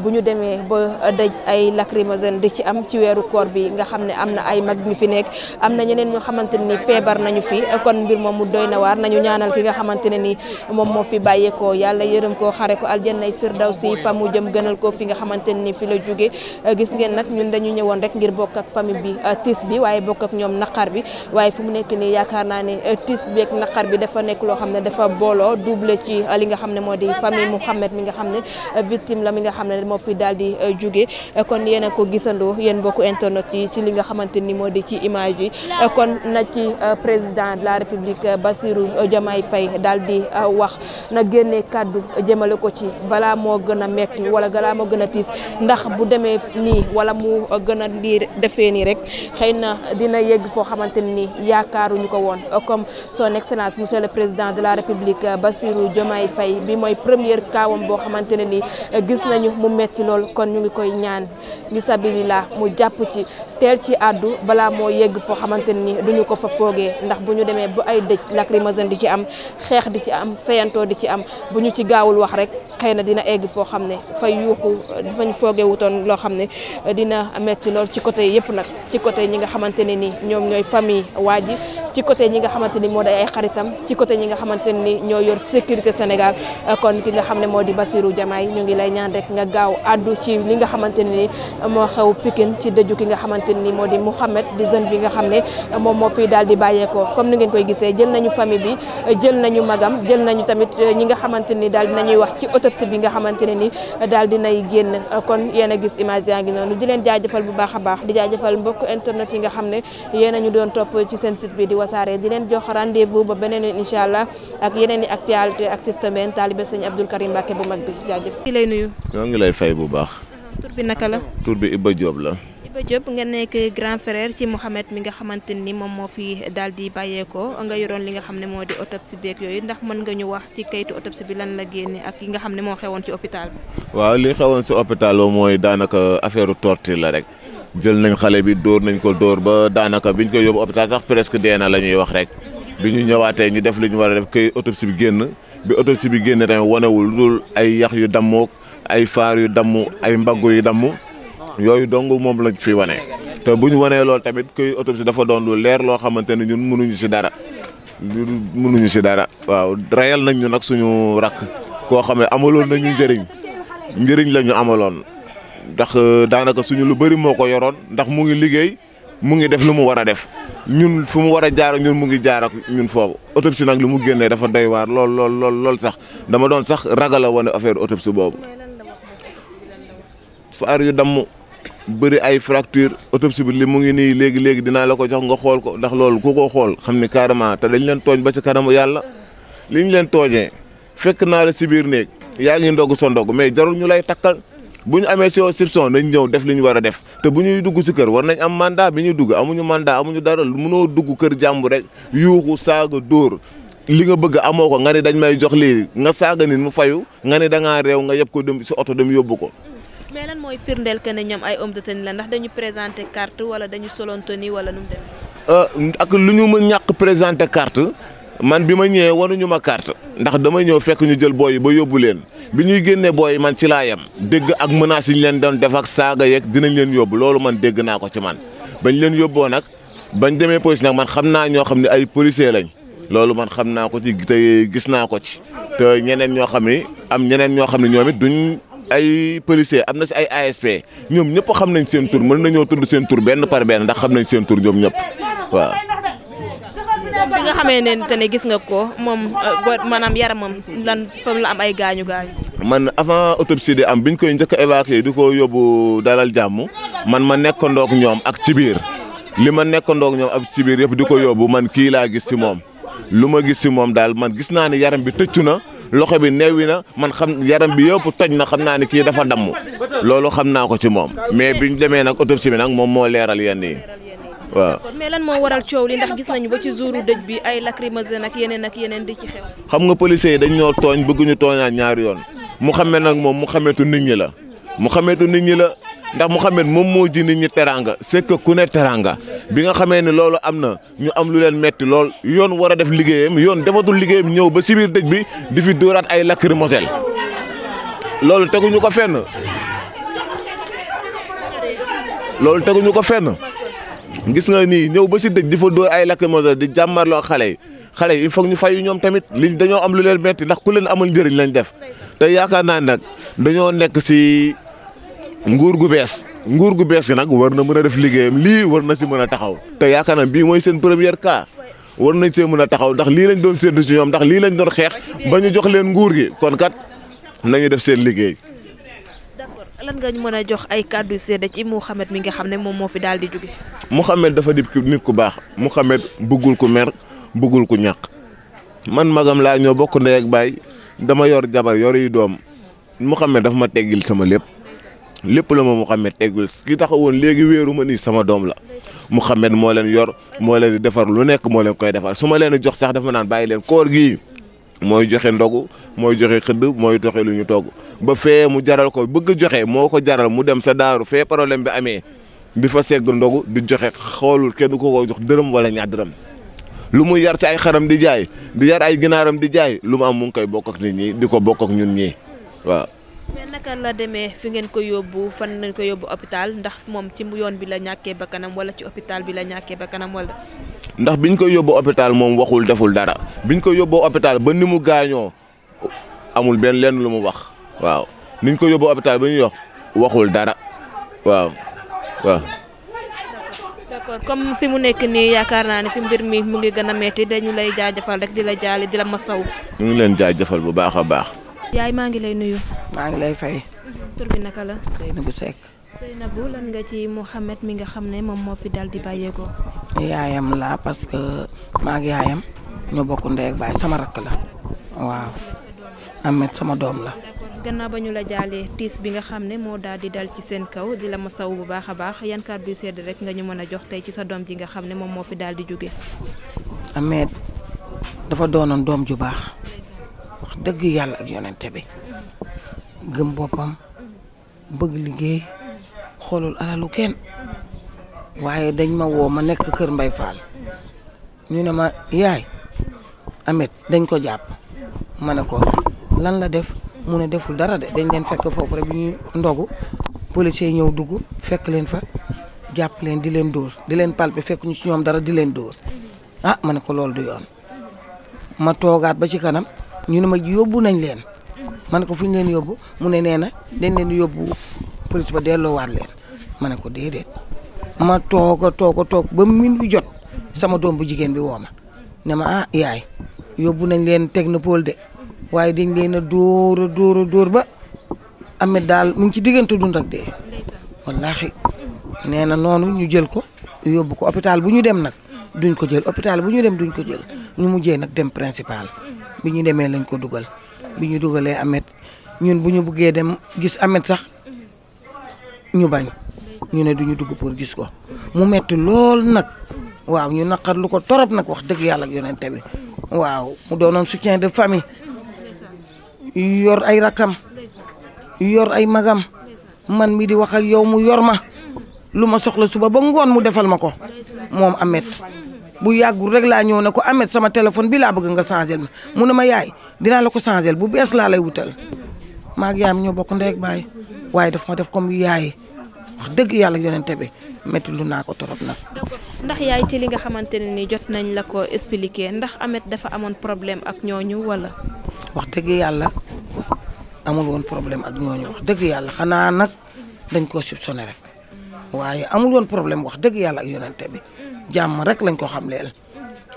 bu ñu demee ba dëj ay lacrymogène di ci am ci weeru koor bi nga xam ne am na ay mag ñu fi nekk am na ñeneen ñoo xamante ni feebar nañu fi kon mbir moom mu doy na waar nañu ñaanal ki nga xamante ne ni moom moo fi bàyyeekoo yàlla yërëm ko ko xare ko aljannay firdawsi fa mu jëm gënal ko fi nga xamante ni fi la jóge euh, gis ngeen nag ñun dañu ñëwoon rek ngir bokk ak bi euh, tiis bi waaye bokk ñoom naqar bi waaye fu mu nekk nii yaakaar naa ne euh, tiis bi ak naqar bi dafa nekk loo xam ne dafa booloo double ci li nga xam ne moo mi nga xam ne victime la mi xam ne moo fi daal di jóge kon yéen a ko gisandoo yéen bokk internet yi ci li nga xamante ni moo di ci image yi kon na ci président de la république Bassirou Diomaye Faye daal di wax na génne kàddu jëm jëmale ko ci balaa moo gën a metti wala balaa moo gën a tiis ndax bu demee nii wala mu gën a lii defee nii rek xëy na dina yegg foo xamante ne nii yaakaaruñu ko woon comme son excellence monsieur le président de la république Bassirou Diomaye Faye bi mooy première kaawam boo xamante ne nii gis nañu mu metti lool kon ñu ngi koy ñaan bisabilillah mu jàpp ci teel ci àddu balaa moo yegg foo xamante ne nii duñu ko fa foogee ndax bu ñu demee bu ay dëj lacrymogène di ci am xeex di ci am fayantoo di ci am wax rek xëy na dina egg foo xam ne fay yuuxu dafañ foogee wutoon loo xam ne dina metti lool ci côté yëpp nag ci côté ñi nga xamante ne ni ñoom ñooy famille waa ji ci ñi nga xamante ni moo day ay xaritam ci côté ñi nga xamante ni ñoo yor sécurité Sénégal kon ki nga xam ne moo di Bassirou Diomaye ñu ngi lay ñaan rek nga gaaw addu ci li nga xamante ne ni moo xew Pikine ci dëju ki nga xamante ne ni moo di Mouhamed di jeune bi nga xam ne moom moo fi daal di bàyyeekoo comme ni ngeen koy gisee jël nañu famille bi jël nañu magam jël nañu tamit ñi nga xamante ñuy wax ci autopsie bi nga xamante ne ni daal dinay génn kon yéen a gis image yaa ngi noonu di leen jaajëfal bu baax a baax di jaajëfal mbokk internet yi nga xam ne yéen a ñu doon topp ci seen site bi di wasaare di leen jox rendez-vous ba beneen incha allah ak yeneen i actualité ak système benn taalibe sëñ Abdoul Karim Mbacke bu mag bi jaajëf. ñoo ngi lay nuyu. ngi lay fay bu baax. tur naka la. tur bi Iba Diop la. Kebe Diop nga nekk grand frère ci Mouhamed mi nga xamante ni moom moo fi daal di bàyyeekoo nga yoroon li nga xam ne moo di autopsie beeg yooyu ndax mën nga ñu wax ci kayitu autopsie bi lan la génne ak yi nga xam ne moo xewoon ci hôpital waaw li xewoon si hôpital ba mooy daanaka affaire torture la rek jël nañ xale bi dóor nañ ko dóor ba daanaka biñ koy yóbbu hôpital sax presque dee na la ñuy wax rek bi ñu ñëwaatee ñu def li ñu def kay autopsie bi génn bi autopsie bi génn tamit wanewul lu dul ay yax yu dammook ay faar yu damm ay mbagg yu damm. yooyu dong moom lañ fi wane te bu ñu wanee lool tamit kuy autopsie dafa doon lu leer loo xamante ne ñun mënuñu si dara mënuñu si dara waaw rayal nañ ñu nag suñu rakk koo xam ne amaloon nañu njëriñ njëriñ la ñu amaloon ndax euh, daanaka suñu lu bëri moo ko yoroon ndax mu ngi liggéey mu ngi def lu mu war a def ñun fu mu war a jaar ñun mu ngi jaar ak ñun foofu autopsie nag lu mu génnee dafa doy waar lool lool lool sax dama doon sax ragala a wane affaire autopsie boobu faar yu damm bëri ay fracture autopsie bi li mu ngi nii léegi léegi dinaa la ko jox nga xool ko ndax loolu ko ko xool xam ni carrément te dañ leen tooñ ba si kanamu yàlla li ñu leen toojee fekk naa la si biir néeg yaa ngi ndogg sa ndogg mais jarul ñu lay takkal bu ñu amee si soupçon nañ ñëw def li ñu war a def te bu ñuy dugg si kër war nañ am mandat bi ñuy dugg amuñu mandaa amuñu dara mënoo dugg kër jàmb rek yuuxu saaga dóor li nga bëgg amoo ko nga ni dañ may jox lii nga saaga nit mu fayu nga ni da ngaa réew nga yëpp ko dem si oto yóbbu ko mais lan mooy firndeel que ne ñoom ay homme de tenue la ndax dañu présenté carte wala dañu soloon tenue wala nu mu demee. Euh, ak lu ñu ma ñàkk présenté carte man bi ma ñëwee ñu ma carte ndax dama ñëw fekk ñu jël booy yi ba yóbbu leen bi ñuy génnee booy yi man ci laa yem dégg ak menaces yi ñu leen doon def ak saaga yeeg dinañ leen yóbbu loolu man dégg naa ko ci man bañ leen yóbboo nag bañ demee police nag man xam naa ñoo xam ne ay policier lañ loolu man xam naa ko ci te gis naa ko ci te ñoo xam ne am ñeneen ñoo xam ne ñoom it ay policiers am na si ay ASP ñoom ñëpp xam nañ seen tur mën na nañoo tudd seen tur benn par benn ndax xam nañ seen tur ñoom ñëpp waaw. bi nga xamee ne te ne gis nga ko moom euh, maanaam yaramam lan fa la am ay gaañu gaañu. man avant autopsie am biñ koy njëkk a évacuer di ko yóbbu dalal jàmm man ma nekkandoo ak ñoom ak ci biir li ma nekkandoo ak ñoom ak ci biir yëpp di ko yóbbu man kii laa gis si moom lu ma gis si moom daal man gis naa ne yaram bi tëccu na. loxo bi neewi na man xam yaram bi yëpp toj na xam naa ni kii dafa damm loolu xam naa ko ci moom mais biñ demee nag autopsie bi nag moom moo leeral yenn yi waaw mais lan moo waral coow li ndax gis nañu ba ci jouru dëj bi ay lacrymogène ak yeneen ak yeneen di ci xew. xam nga policiers yi dañ ñoo tooñ bëgguñu tooñaat ñaari yoon mu xamee nag moom mu xameetu nit ñi la. Mouhamed nit ñi la ndax Mouhamed moom moo ji nit ñi teraanga c'est que ku ne teraanga bi nga xamee ne loolu am na ñu am lu leen metti lool yoon war a def liggéeyam yoon defatul liggéeyam ñëw ba si biir dëj bi di fi dóoraat ay lacrymogène loolu teguñu ko fenn loolu teguñu ko fenn gis nga nii ñëw ba si dëj di fa dóor ay lacrymogène di jàmmarloo xale yi xale yi il faut ñu fayu ñoom tamit li dañoo am lu leen metti ndax ku leen amal njëriñ lañ def te yaakaar naa nag dañoo nekk si. nguur gu bees nguur gu bees yi nag war na mën a def liggéeyam lii war na si mën a taxaw te yaakaar naa bii mooy seen première cas war nañ see mën a taxaw ndax lii lañ doon séntu si ñoom ndax lii lañ doon xeex ba ñu jox leen nguur gi kon kat nañu def seen liggéey. d'accord lan nga ñu mën a jox ay kàddu seede ci Mouhamed mi nga xam ne moom moo fi daal di jóge. Mouhamed dafa di nit ku baax mu Mouhamed buggul ku mer buggul ku ñàkk man magam laa ñoo bokk ndey ak baay dama yor jabar yor yi doom Mouhamed dafa ma teggil sama lépp. lépp la ma Mouhamed eggul li taxawoon léegi wéeru ma nii sama doom la mu Mouhamed moo leen yor moo leen di defar lu nekk moo leen koy defar su ma leen jox sax dafa naan bàyyi leen koor gi mooy joxe ndogu mooy joxe xëdd mooy joxe lu ñu togg ba fee mu jaral ko bëgg joxe moo ko jaral mu dem sa daaru fee problème bi amee di fa segg ndogu di joxe xoolul kenn ko ko jox dërëm wala ñaar dërëm lu mu yar ci ay xaram di jaay di yar ay ginaaram di jaay lu mu mu koy bokk ak nit ñi di ko bokk ñun ñii waaw. mais naka la demee fi ngeen ko yóbbu fan nañ ko yóbbu hôpital ndax moom ci yoon bi la ñàkkee ba kanam wala ci hôpital bi la ñàkkee ba kanam wala. ndax biñ ko yóbbu hôpital moom waxul deful dara biñ ko yóbbu hôpital ba ni mu gaañoo amul benn lenn lu mu wax waaw niñ ko yóbbu hôpital ba ñuy wax waxul dara waaw waaw. d'accord comme fi mu nekk nii yaakaar naa ne fi mbir mi mu ngi gën a metti dañu lay jaajëfal rek di la jaale di la saw mu ngi leen jaajëfal bu baax a baax. yaay maa ngi lay nuyu. maa ngi lay fay. tur bi naka la. Seynabou Seck. bu lan nga ci Mouhamed mi nga xam ne moom moo fi dal di bàyyeekoo. yaayam laa parce que maa ngi yaayam ñu bokk ndey sama rakk la waaw Ahmed sama doom la. gannaaw ba ñu la jaalee tiis bi nga xam ne moo daal dal ci seen kaw di la ma saw bu baax a baax yan kàddu sedd rek nga ñu mën a jox tey ci sa doom ji nga xam ne moom moo fi daal di jóge Ahmed dafa doonoon doom ju baax. dëgg yàlla ak yonente bi gëm boppam bëgg liggéey xoolul alalu kenn waaye dañ ma woo ma nekk kër Mbay Fall ñu ne ma yaay Amet dañ ko jàpp ma ne ko lan la def mu ne deful dara de dañ leen fekk foofu rek bi ñuy ndogu policiers ñëw dugg fekk leen fa jàpp leen di leen dóor di leen palpe fekk ñu ci ñoom dara di leen dóor ah ma ne ko loolu du yoon ma toogaat ba ci kanam ñu ne ma yóbbu nañ leen ma ne ko fu ñu leen yóbbu mu ne nee na dañ leen yóbbu police ba delloowaat leen ma ne ko déedéet ma toog a toog a toog ba min wi jot sama doom bu jigéen bi woo ma ne ma ah yaay yóbbu nañ leen technopole de waaye dañ leen a dóor a dóor a dóor ba amet daal mu ngi ci diggante dund ak dee wallaahi nee na noonu ñu jël ko yóbbu ko hôpital bu ñu dem nag duñ ko jël hôpital bu ñu dem duñ ko jël ñu mujjee nag dem principal bi ñu demee lañ ko dugal bi ñu dugalee Ameth ñun bu ñu buggee dem gis Ameth sax ñu bañ ñu ne duñu dugg pour gis ko mu metti lool nag waaw ñu naqar lu ko torop nag wax dëgg yàlla ak yonente bi waaw mu doonoon soutien de famille yor ay rakam yor ay magam man mi di wax ak yow mu yor ma lu ma soxla suba ba ngoon mu defal ma ko moom Ameth bu yàggul rek laa ñëw na ko amet sama téléphone bi laa bëgg nga changé ma mun a ma yaay dinaa la ko changé bu bees laa lay wutal maa ngi yaayam ñoo bokk ndey ak baay waaye daf ma def comme yaay wax dëgg yàlla yonente bi métti naa ko torop nag. ndax yaay ci li nga xamante ne ni jot nañ la ko expliquer ndax amet dafa amoon problème ak ñooñu wala. wax dëgg yàlla amul woon problème ak ñooñu wax dëgg yàlla xanaa nag dañ koo soupçonné rek waaye amul woon problème wax dëgg yàlla ak yonente bi. jàmm rek lañ ko xam leel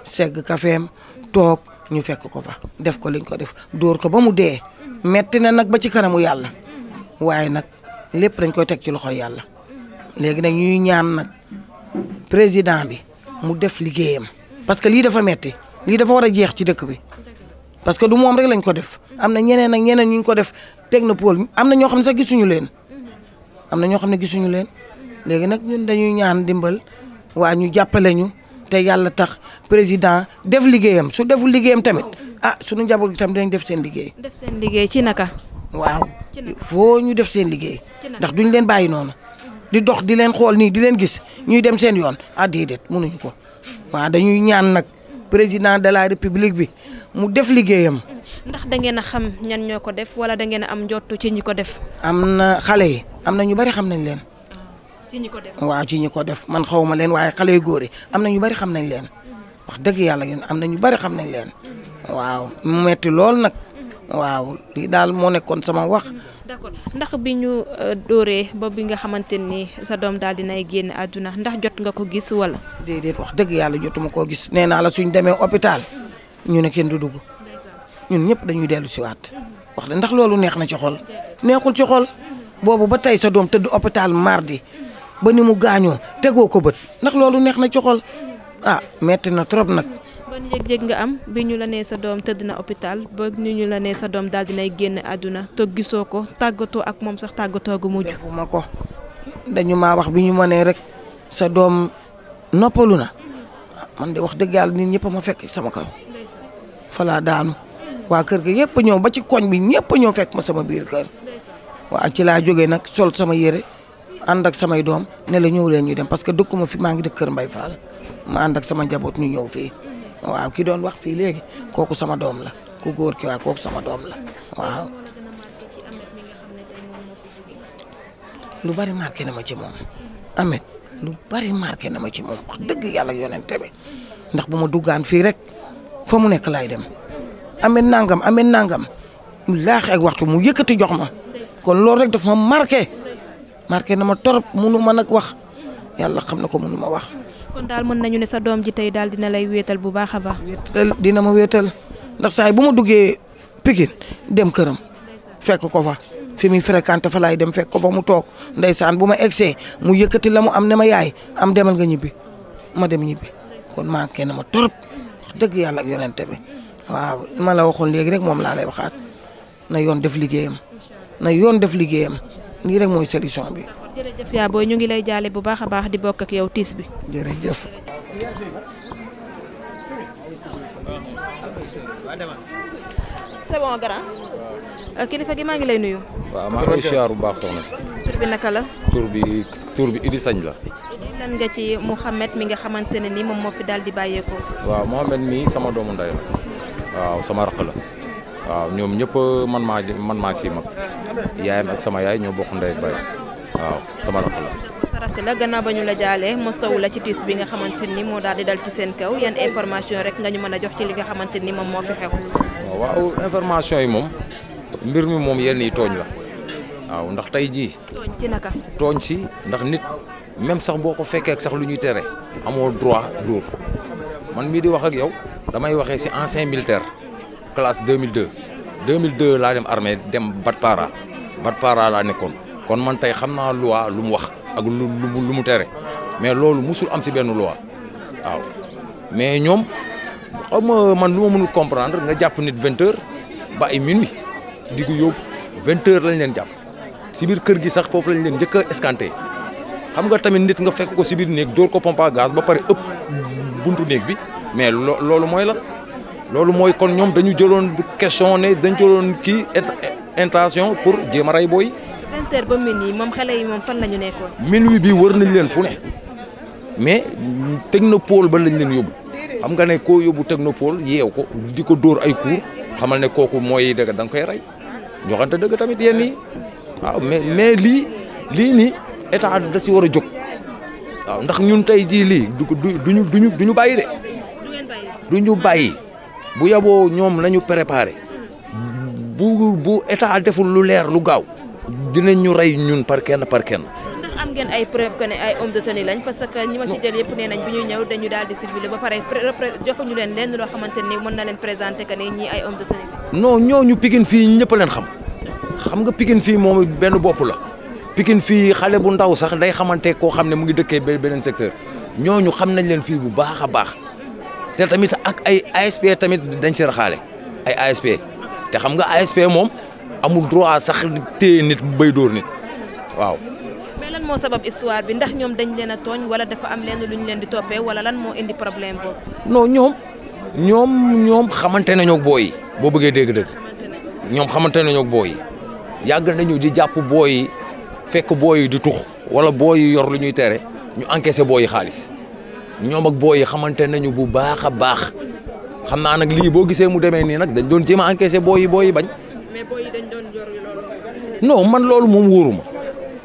segg kafeem toog ñu fekk ko fa def ko lañ ko def dóor ko ba mu dee metti na nag ba ci kanamu yàlla waaye nag lépp dañ koy teg ci loxo yàlla léegi nag ñuy ñaan nag président bi mu def liggéeyam parce que lii dafa metti lii dafa war a jeex ci dëkk bi parce que du moom rek lañ ko def am na ñeneen ak ñeneen ñu ko def technopole am na ñoo xam ne sax gisuñu leen am na ñoo xam ne gisuñu leen léegi nag ñun dañuy ñaan dimbal waa ñu jàppale ñu te yàlla tax président def liggéeyam su deful liggéeyam tamit ah sunu njaboot gi tam dañ def seen liggéey. def seen liggéey ci naka. waaw foo ñu def seen liggéey. ndax duñ leen bàyyi noonu. di dox di leen xool nii di leen gis ñuy dem seen yoon ah déedéet mënuñu ko waa dañuy ñaan nag président de la république bi mu def liggéeyam. ndax da ngeen xam ñan ñoo ko def wala da ngeen a am njottu ci ñu ko def. am na xale yi am na ñu bari xam nañ leen. ci ñi ko def waaw ci ñi ko def man xaw ma leen waaye xale yu góor yi am na ñu bari xam nañ leen wax dëgg yàlla yéen am na ñu bari xam nañ leen waaw mu metti lool nag waaw daal moo nekkoon sama wax. Mm-hmm. d'accord ndax bi ñu euh, dóoree ba bi nga xamante ni sa doom daal dinay génn àdduna ndax jot nga ko gis wala. déedéet wax dëgg yàlla jotuma koo gis nee naa la suñ demee hôpital ñu ne kenn du dugg ñun ñëpp dañuy dellu si waat mm-hmm. wax de ndax loolu neex na ci xol neexul ci xol mm-hmm. boobu ba tey sa doom tëdd hôpital mardi. ba ni mu gaañoo tegoo ko bët ndax loolu neex na ci xol ah, metti na trop nag. ban yëg-yëg nga am bi ñu la nee sa doom tëdd na hôpital ba ni ñu la nee sa doom daal dinay génn àdduna te gisoo ko tàggatoo ak moom sax tàggatoo gu mujj. defuma ko dañu maa wax bi ñu ma nee rek sa doom noppalu na ah, man de wax dëgg yàlla nit ñëpp ma fekk sama kaw falaa daanu waa kër gi yëpp ñëw ba ci koñ bi ñëpp ñëw fekk ma sama biir kër waa ci laa jógee nag sol sama yére. ànd ak samay doom ne la ñëw leen ñuy dem parce que ma fi maa ngi dëkk Kër Mbay Fall ma ànd ak sama njaboot ñu ñëw fii waaw ki doon wax fii léegi kooku sama doom la ku góor ki waaw kooku sama doom la waaw. lu bari marqué na ma ci moom Ameth lu bari marqué na ma ci moom wax dëgg yàlla yonente bi ndax bu ma duggaan fii rek fa mu nekk laay dem Ameth nangam Ameth nangam mu laax waxtu mu yëkkati jox ma kon loolu rek daf ma marqué. marqué na ma torop munu ma nag wax yàlla xam na ko munu ma wax. daal mën nañu ne sa doom ji tey daal dina lay wéetal bu baax a baax. dina ma wéetal ndax saa yi bu ma duggee Pikine dem këram fekk ko fa fi muy fréquenté fa laay dem fekk ko fa mu toog ndeysaan bu ma egsee mu yëkkati la mu am ne ma yaay am demal nga ñibbi ma dem ñibbi kon manqué na ma torop dëgg yàlla ak yonente bi waaw ma la waxoon léegi rek moom laa lay waxaat na yoon def liggéeyam na yoon def liggéeyam. nii rek mooy solution bi. jërëjëf yaa booy ñu ngi lay jaale bu baax a baax di bokk ak yow tiis bi. jërëjëf. c'est bon grand. Euh, kilifa gi maa ngi lay nuyu. waaw maa ngi siyaar bu baax soxna si. tur bi naka la. tur bi tur bi Idi Sañ la. lan nga ci Mouhamed mi nga xamante ne ni moom moo fi daal di bàyyeekoo. waaw Mouhamed mi sama doomu ndey la. waaw sama raq la. waaw ñoom ñëpp man maa man maa si mag yaayam ak sama yaay ñoo bokk ndey ak waaw sama rakk la. sa rakk la gannaaw ba ñu la jaalee mosawu la ci tiis bi nga xamante ni moo daal di dal ci seen kaw yan information rek nga ñu mën a jox ci li nga xamante ni moom moo fi xew. waaw information yi moom mbir mi moom yenn yi tooñ la waaw ndax tey jii. tooñ tooñ si ndax nit même sax boo ko fekkee sax lu ñuy tere. amoo droit dóor man mii di wax ak yow damay waxee si ancien militaire. classe 2002 2002 laa dem armée dem Batpara Batpara laa nekkoon kon man tey xam naa loi lu mu wax ak lu lu mu tere mais loolu musul am si benn loi waaw mais ñoom xaw ma man lu ma mënul comprendre nga jàpp nit vingt heures ba ay minuit di ko yóbbu vingt heures lañ leen jàpp si biir kër gi sax foofu lañu leen njëkk a escanté xam nga tamit nit nga fekk ko si biir néeg dóor ko pompe à ba pare ëpp buntu néeg bi mais loolu mooy la loolu mooy kon ñoom dañu jëloon question ne dañ jëloon kii intention pour jéem a rey booy. vingt heures ba minuit moom xale yi moom fan la ñu nekkoon. minuit bi wër nañ leen fu ne mais technopole ba lañ leen yóbbu xam nga ne koo yóbbu technopole yeew ko di ko dóor ay cours xamal ne kooku mooy dëgg da nga koy rey ñu waxante dëgg tamit yéen ñi waaw mais mais lii lii nii état da si war a jóg waaw ndax ñun tey jii lii du du duñu duñu duñu bàyyi de. duñu bàyyi. bu yaboo ñoom nañu préparé bu bu état deful lu leer lu gaaw dinañ ñu rey ñun par kenn par kenn. ndax am ay preuve que ay homme de tenue lañ parce que ñi ma ci jël yëpp nee nañ bi ñuy ñëw dañu daal di ciblé ba pare joxuñu leen lenn loo xamante ni mën na leen présenté que ne ñii ay homme de tenue la. non ñooñu Pikine fii ñëpp leen xam xam nga pigin fii moom benn bopp la Pikine fii xale bu ndaw sax day xamante koo xam ne mu ngi dëkkee beneen secteur ñooñu xam nañ leen fii bu baax a baax. te tamit ak ay ASP tamit dañ ci raxaale ay ASP te xam nga ASP moom amul droit sax téye nit bay dóor nit waaw. mais lan moo sabab histoire bi ndax ñoom dañ leen a tooñ wala dafa am lenn lu leen di toppee wala lan moo indi problème boobu. noo ñoom ñoom ñoom xamante nañoo booy boo bëggee dégg-dégg ñoom xamante nañoo ak booy yi yàgg nañu di jàpp booy fekk booy yi di tux wala booy yor lu ñuy tere ñu encaissé booy xaalis. ñoom ak booy yi xamante nañu bu baax a baax xam naa nag lii boo gisee mu demee nii nag dañ doon jéem a encaissé booy yi booy bañ. mais booy loolu. non man loolu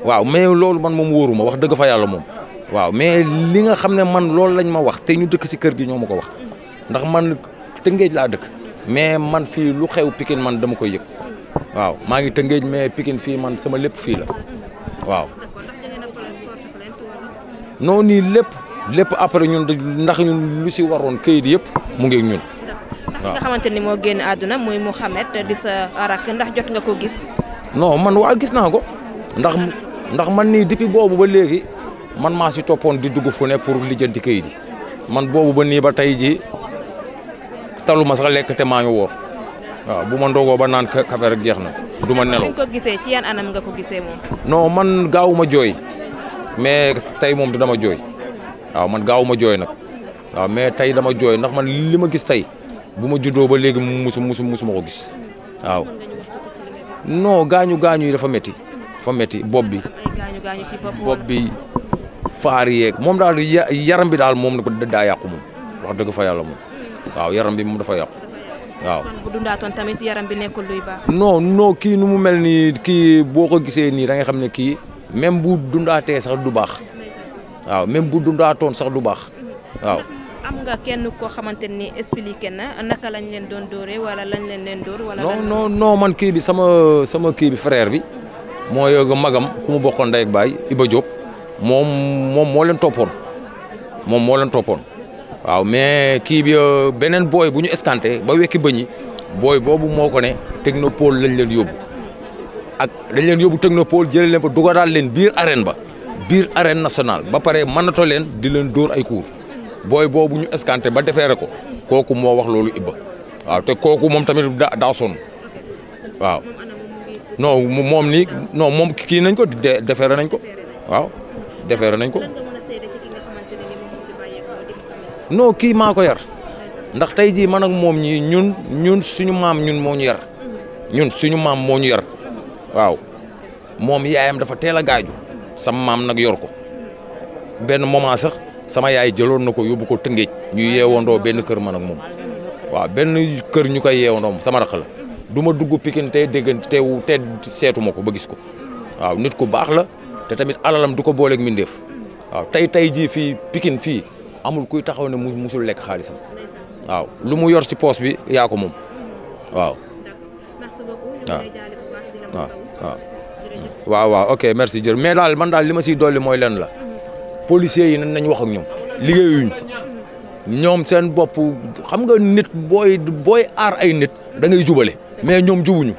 waaw mais loolu man moom wóoruma wax dëgg fa yàlla moom waaw mais li nga xam ne man loolu lañ ma wax te ñu dëkk si kër gi ñoo ma ko wax ndax man tëngéej laa dëkk. mais man fii lu xew Pikine man dama koy yëg waaw maa ngi tëngéej mais Pikine fii man sama lépp fii la waaw. noonu lépp. lépp après ñun ndax ñun lu si waroon këyit yëpp mu ngi ñun. waaw ni moo génn àdduna muy Mouhamed di sa ndax jot nga ko gis. non man waa gis naa ko ndax ndax man nii depuis boobu ba léegi man maa si toppoon di dugg fu pour lijjanti këyit yi man boobu ba nii ba tey ji talu ma sax lekk te maa ngi woor waaw bu ma ndogoo ba naan kafe jeex na du ma nelaw. ko gisee gisee moom. non man gaawuma jooy mais tey moom dama jooy. waaw man gaawuma jooy nag waaw mais tey dama jooy ndax man li ma gis tey bu ma juddoo ba léegi musu musu musuma ko gis waaw non gaañu gaañu yi dafa meti dafa métti bopp bi bopp bi faar yeeg moom daal yaram bi daal moom ko daa yàqu moom wax dëgg fa yàlla moom waaw yaram bi moom dafa yàqu waaw kon bu kii nu mu mel nii kii boo ko gisee nii da nga xam ne kii même bu dundaatee sax du baax. waaw même bu dundaatoon sax du baax waaw. am nga kenn koo xamante ni expliqué na naka lañ leen doon dóoree wala lañ leen leen dóor. wala man kii bi sama sama kii bi frère bi moo yooga magam ku mu bokkoon day ak baay Iba Diop moom moom moo leen toppoon moom moo leen toppoon waaw mais kii bi euh, beneen booy bu ñu escanté ba wekki bëñi booy boobu moo ko ne lañ leen yóbbu ak dañ leen yóbbu technopole jëlee leen fa dugalaat leen biir arène ba. biir arène nationale ba pare mënatoo leen di leen dóor ay cours booy boobu ñu escanté ba defeere ko kooku moo wax loolu Ibba waaw te kooku moom tamit da daa sonn waaw non moom nii noo moom kii nañ ko defeere nañ ko waaw nañ ko non kii maa ko yar ndax tey jii man ak moom ñii ñun ñun suñu maam ñun moo ñu yar ñun suñu maam moo ñu yar waaw moom yaayam dafa teel a gaaju sama maam nag yor ko benn moment sax sama yaay jëloon na ko yóbbu ko Tëngéej ñu yeewandoo benn kër ma nag moom waaw benn kër ñu koy yeewandoo sama rakk la du ma dugg Pikine tey déggante teewu te seetu ma ko ba gis ko waaw nit ku baax la te tamit alalam du ko booleeg mindeef waaw tey tey jii fii pikin fii amul kuy taxaw ne mu musul lekk xaalisam waaw lu mu yor ci poos bi yaa ko moom waaw waaw waaw waaw waaw ok merci jërëjëf mais daal man daal li ma siy dolli mooy lenn la policiers yi nañ wax ak ñoom liggéeyuñ ñoom seen bopp xam nga nit booy booy aar ay nit da ngay jubale mais ñoom jubuñu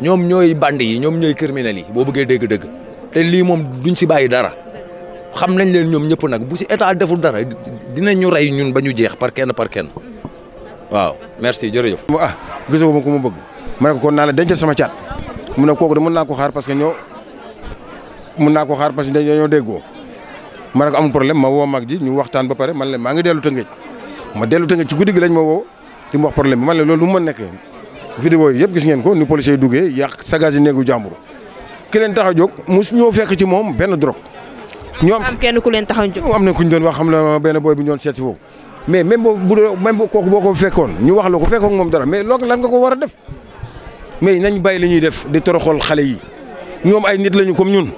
ñoom ñooy bandi yi ñoom ñooy criminels yi boo bëggee dégg-dégg te lii moom duñ si bàyyi dara xam nañ leen ñoom ñëpp nag bu si état deful dara dinañ ñu rey ñun ba ñu jeex par kenn par kenn waaw merci jërëjëf. ah gisoo ma ko ma bëgg ma ne kon naa la denc sama caat mu ne kooku de mën naa ko xaar parce ñoo. mun naa ko xaar parce que dañoo déggoo ma ne ko amul problème ma woo mag ji ñu waxtaan ba pare man leen maa ngi dellu Tëngéej ma dellu Tëngéej ci guddi gi lañ ma woo di mu wax problème bi man leen loolu nu mu mën nekkee vidéo yi yëpp gis ngeen ko ni policiers yi duggee yàq sagage yi néegu jàmbur ki leen tax a jóg mus ñoo fekk ci moom benn drogue. ñoo am kenn ku leen tax a jóg am na ku ñu doon wax xam na benn boy bi ñu doon seet si foofu mais même boo bu même kooku boo ko fekkoon ñu wax la ko fekkoon moom dara mais loolu nga ko war a def mais nañ bàyyi li ñuy def di toroxol xale yi ñoom ay nit lañu comme ñun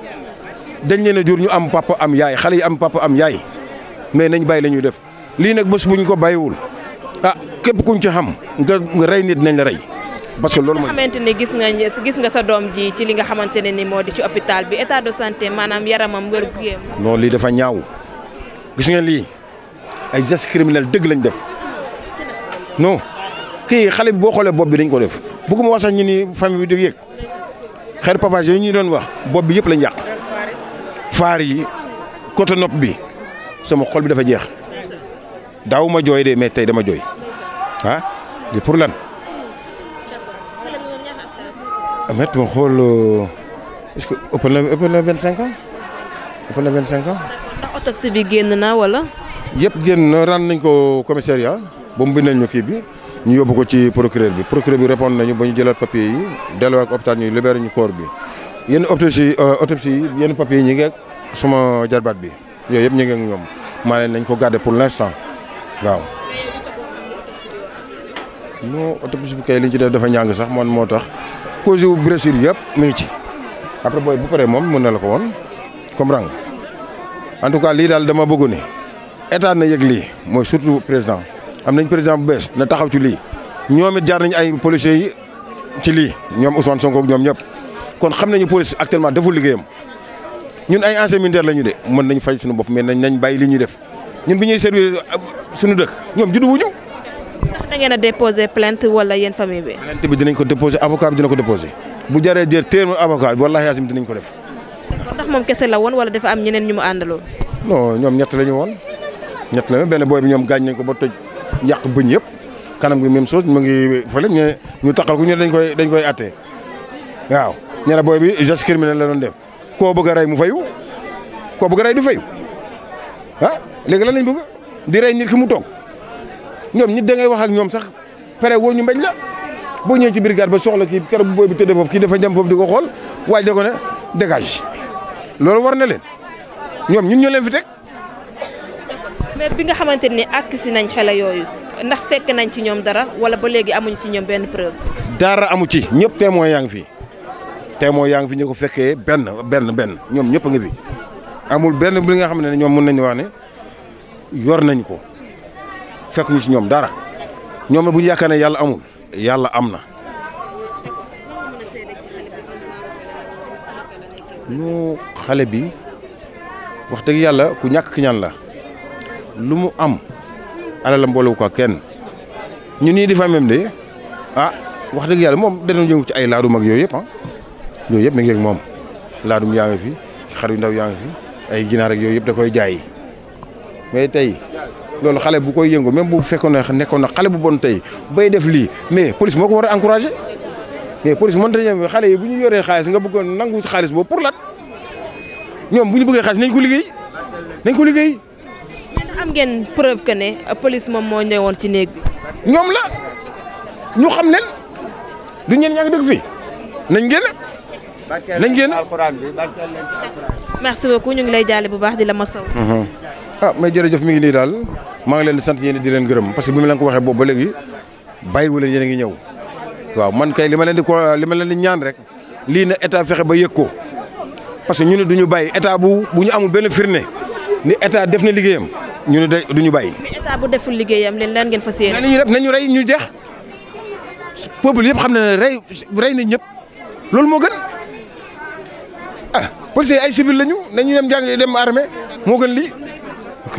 dañ leen a jur ñu am papa am yaay xale yi am papa am yaay mais nañ bay la ñuy def lii nag bés bu ñu ko bàyyiwul ah képp kuñ ci xam nga nga rey nit nañ la rey. parce que loolu mooy xamante ni gis nga gis nga sa doom ji ci li nga xamante ne ni moo di ci hôpital bi état de santé maanaam yaramam wér gu yéem. non lii dafa ñaaw gis ngeen lii ay gestes criminels dëgg lañ def non kii xale bi boo xoolee bopp bi dañ ko def. bu ko ma wax sax ñu ni famille bi di yëg xeer pavage yooyu ñu doon wax bopp bi yëpp lañ yàq. faar yi côté nopp bi sama xol bi dafa jeex daaw ma jooy de mais tey dama jooy ah di pour lan. amet ah, ma xool euh, est-ce que ëpp na ëpp na vingt cinq ans ëpp na vingt cinq ans. ndax autopsie bi génn naa wala. yëpp génn na ran nañ ko commissariat ba mu bindal ñu kii bi ñu yóbbu ko ci procureur bi procureur bi répondre nañu ba ñu jëlaat papier yi delluwaat ko ñu libéré ñu corps bi yenn autopsie euh, autopsie yi yenn papier yi ñu ngeeg suma jarbaat bi yooyu yëpp ñu ngi ak ñoom maa leen nañ ko garder pour l'instant waaw. non autopsie bi kay li ñu ci def dafa ñàng sax man moo tax cause wu blessure yëpp mi ngi ci après booy bu paree moom mën na la ko woon comprendre rang en tout cas lii daal dama bëgg ne état na yëg lii mooy surtout président am nañ président bu bees na taxaw ci lii ñoom it jaar nañ ay policiers yi ci lii ñoom Ousmane Sonko ak ñoom ñëpp kon xam nañu police actuellement deful liggéeyam. ñun ay ancien militaire la ñu de mën nañ faj suñu bopp mais nañ nañ bàyyi li ñuy def ñun bi ñuy servir suñu dëkk ñoom juddu wuñu. da ngeen a déposé plainte wala yéen famille bi. plainte bi dinañ ko déposé avocat bi dina ko déposé bu jaree jër téeméer mu avocat bi wallaahi dinañ ko def. ndax kese la woon wala dafa am ñeneen ñu mu àndaloon. ñoom ñett la ñu woon ñett la ñu benn booy bi ñoom gaañ nañ ko ba toj yàq bëñ yëpp kanam gi même chose mu ngi fële ñu ñu taxal ko ñu dañ koy dañ koy àttee waaw ñeneen booy bi geste criminel la doon dem koo bëgg rey mu fayu koo bëgg a rey du fayu ah léegi la nañ bëgg di rey nit ki mu toog ñoom nit da ngay wax ak ñoom sax pare woo ñu mbañ la boo ñëwee ci birgaar ba soxla kii keroog bu booy bu tëddee foofu kii dafa jam foofu di ko xool waaye da ko ne dégage loolu war na leen ñoom ñu ñoo leen fi teg. mais bi nga xamante nii àkk si nañ xela yooyu ndax fekk nañ ci ñoom dara wala ba léegi amuñ ci ñoom benn preuve. dara amu ci ñëpp témoin yaa ngi fi. tey yaa ngi fi ñu ko fekkee benn benn benn ñoom ñëpp a ngi fi amul benn bi nga xam ne ñoom mën nañu wax ne yor nañ ko fekk ñu ci ñoom dara ñoom bu ñu yaakaar yàlla amul yàlla am na. ñu xale bi wax dëgg yàlla ku ñàkk ñaan la lu mu am alalam boolewu ko kenn ñu nii di fa même de ah wax dëgg yàlla moom danañ yëngu ci ay laadum mag yooyu yëpp ah. yooyu yëpp mi ngi ak moom laadum yaa ngi fi xar yu ndaw yaa ngi ay ginaar ak yooyu yëpp da koy jaay mais tey loolu xale bu koy yëngu même bu fekkoon ne nekkoon na xale bu bon tey bay def lii mais police moo ko war a encouragé mais police mënta ñëw xale yi bu ñu yoree xaalis nga bëggoon nangu xaalis boobu pour lan ñoom bu ñu bëggee xaalis nañ ko liggéey nañ ko liggéey. am ngeen preuve ne police moom moo ñëwoon ci néeg bi. ñoom la ñu xam leen du ñeen ñaa ngi dëkk fii nañ génn. nañ génn merci beaucoup ñu ngi lay jaale bu baax di la ma saw uh-huh. ah mais jërëjëf mi ngi nii daal maa ngi leen di sant yéen di leen gërëm parce que bi ma leen ko waxee boobu ba léegi bàyyiwu leen yéen a ngi ñëw waaw man kay li ma leen di ko li ma leen di ñaan rek lii ne état fexe ba yëg ko parce que ñu ne du ñu bàyyi état bu bu ñu amu benn firnde ni état def na liggéeyam ñu ne du ñu bay mais état bu deful liggéeyam leen lan ngeen fas yéene. nañu def nañu rey ñu jex peuple yëpp xam na ne rey rey na ñëpp loolu moo gën. policiers ay civil lañu nañu dem jàng dem armée moo gën lii ok.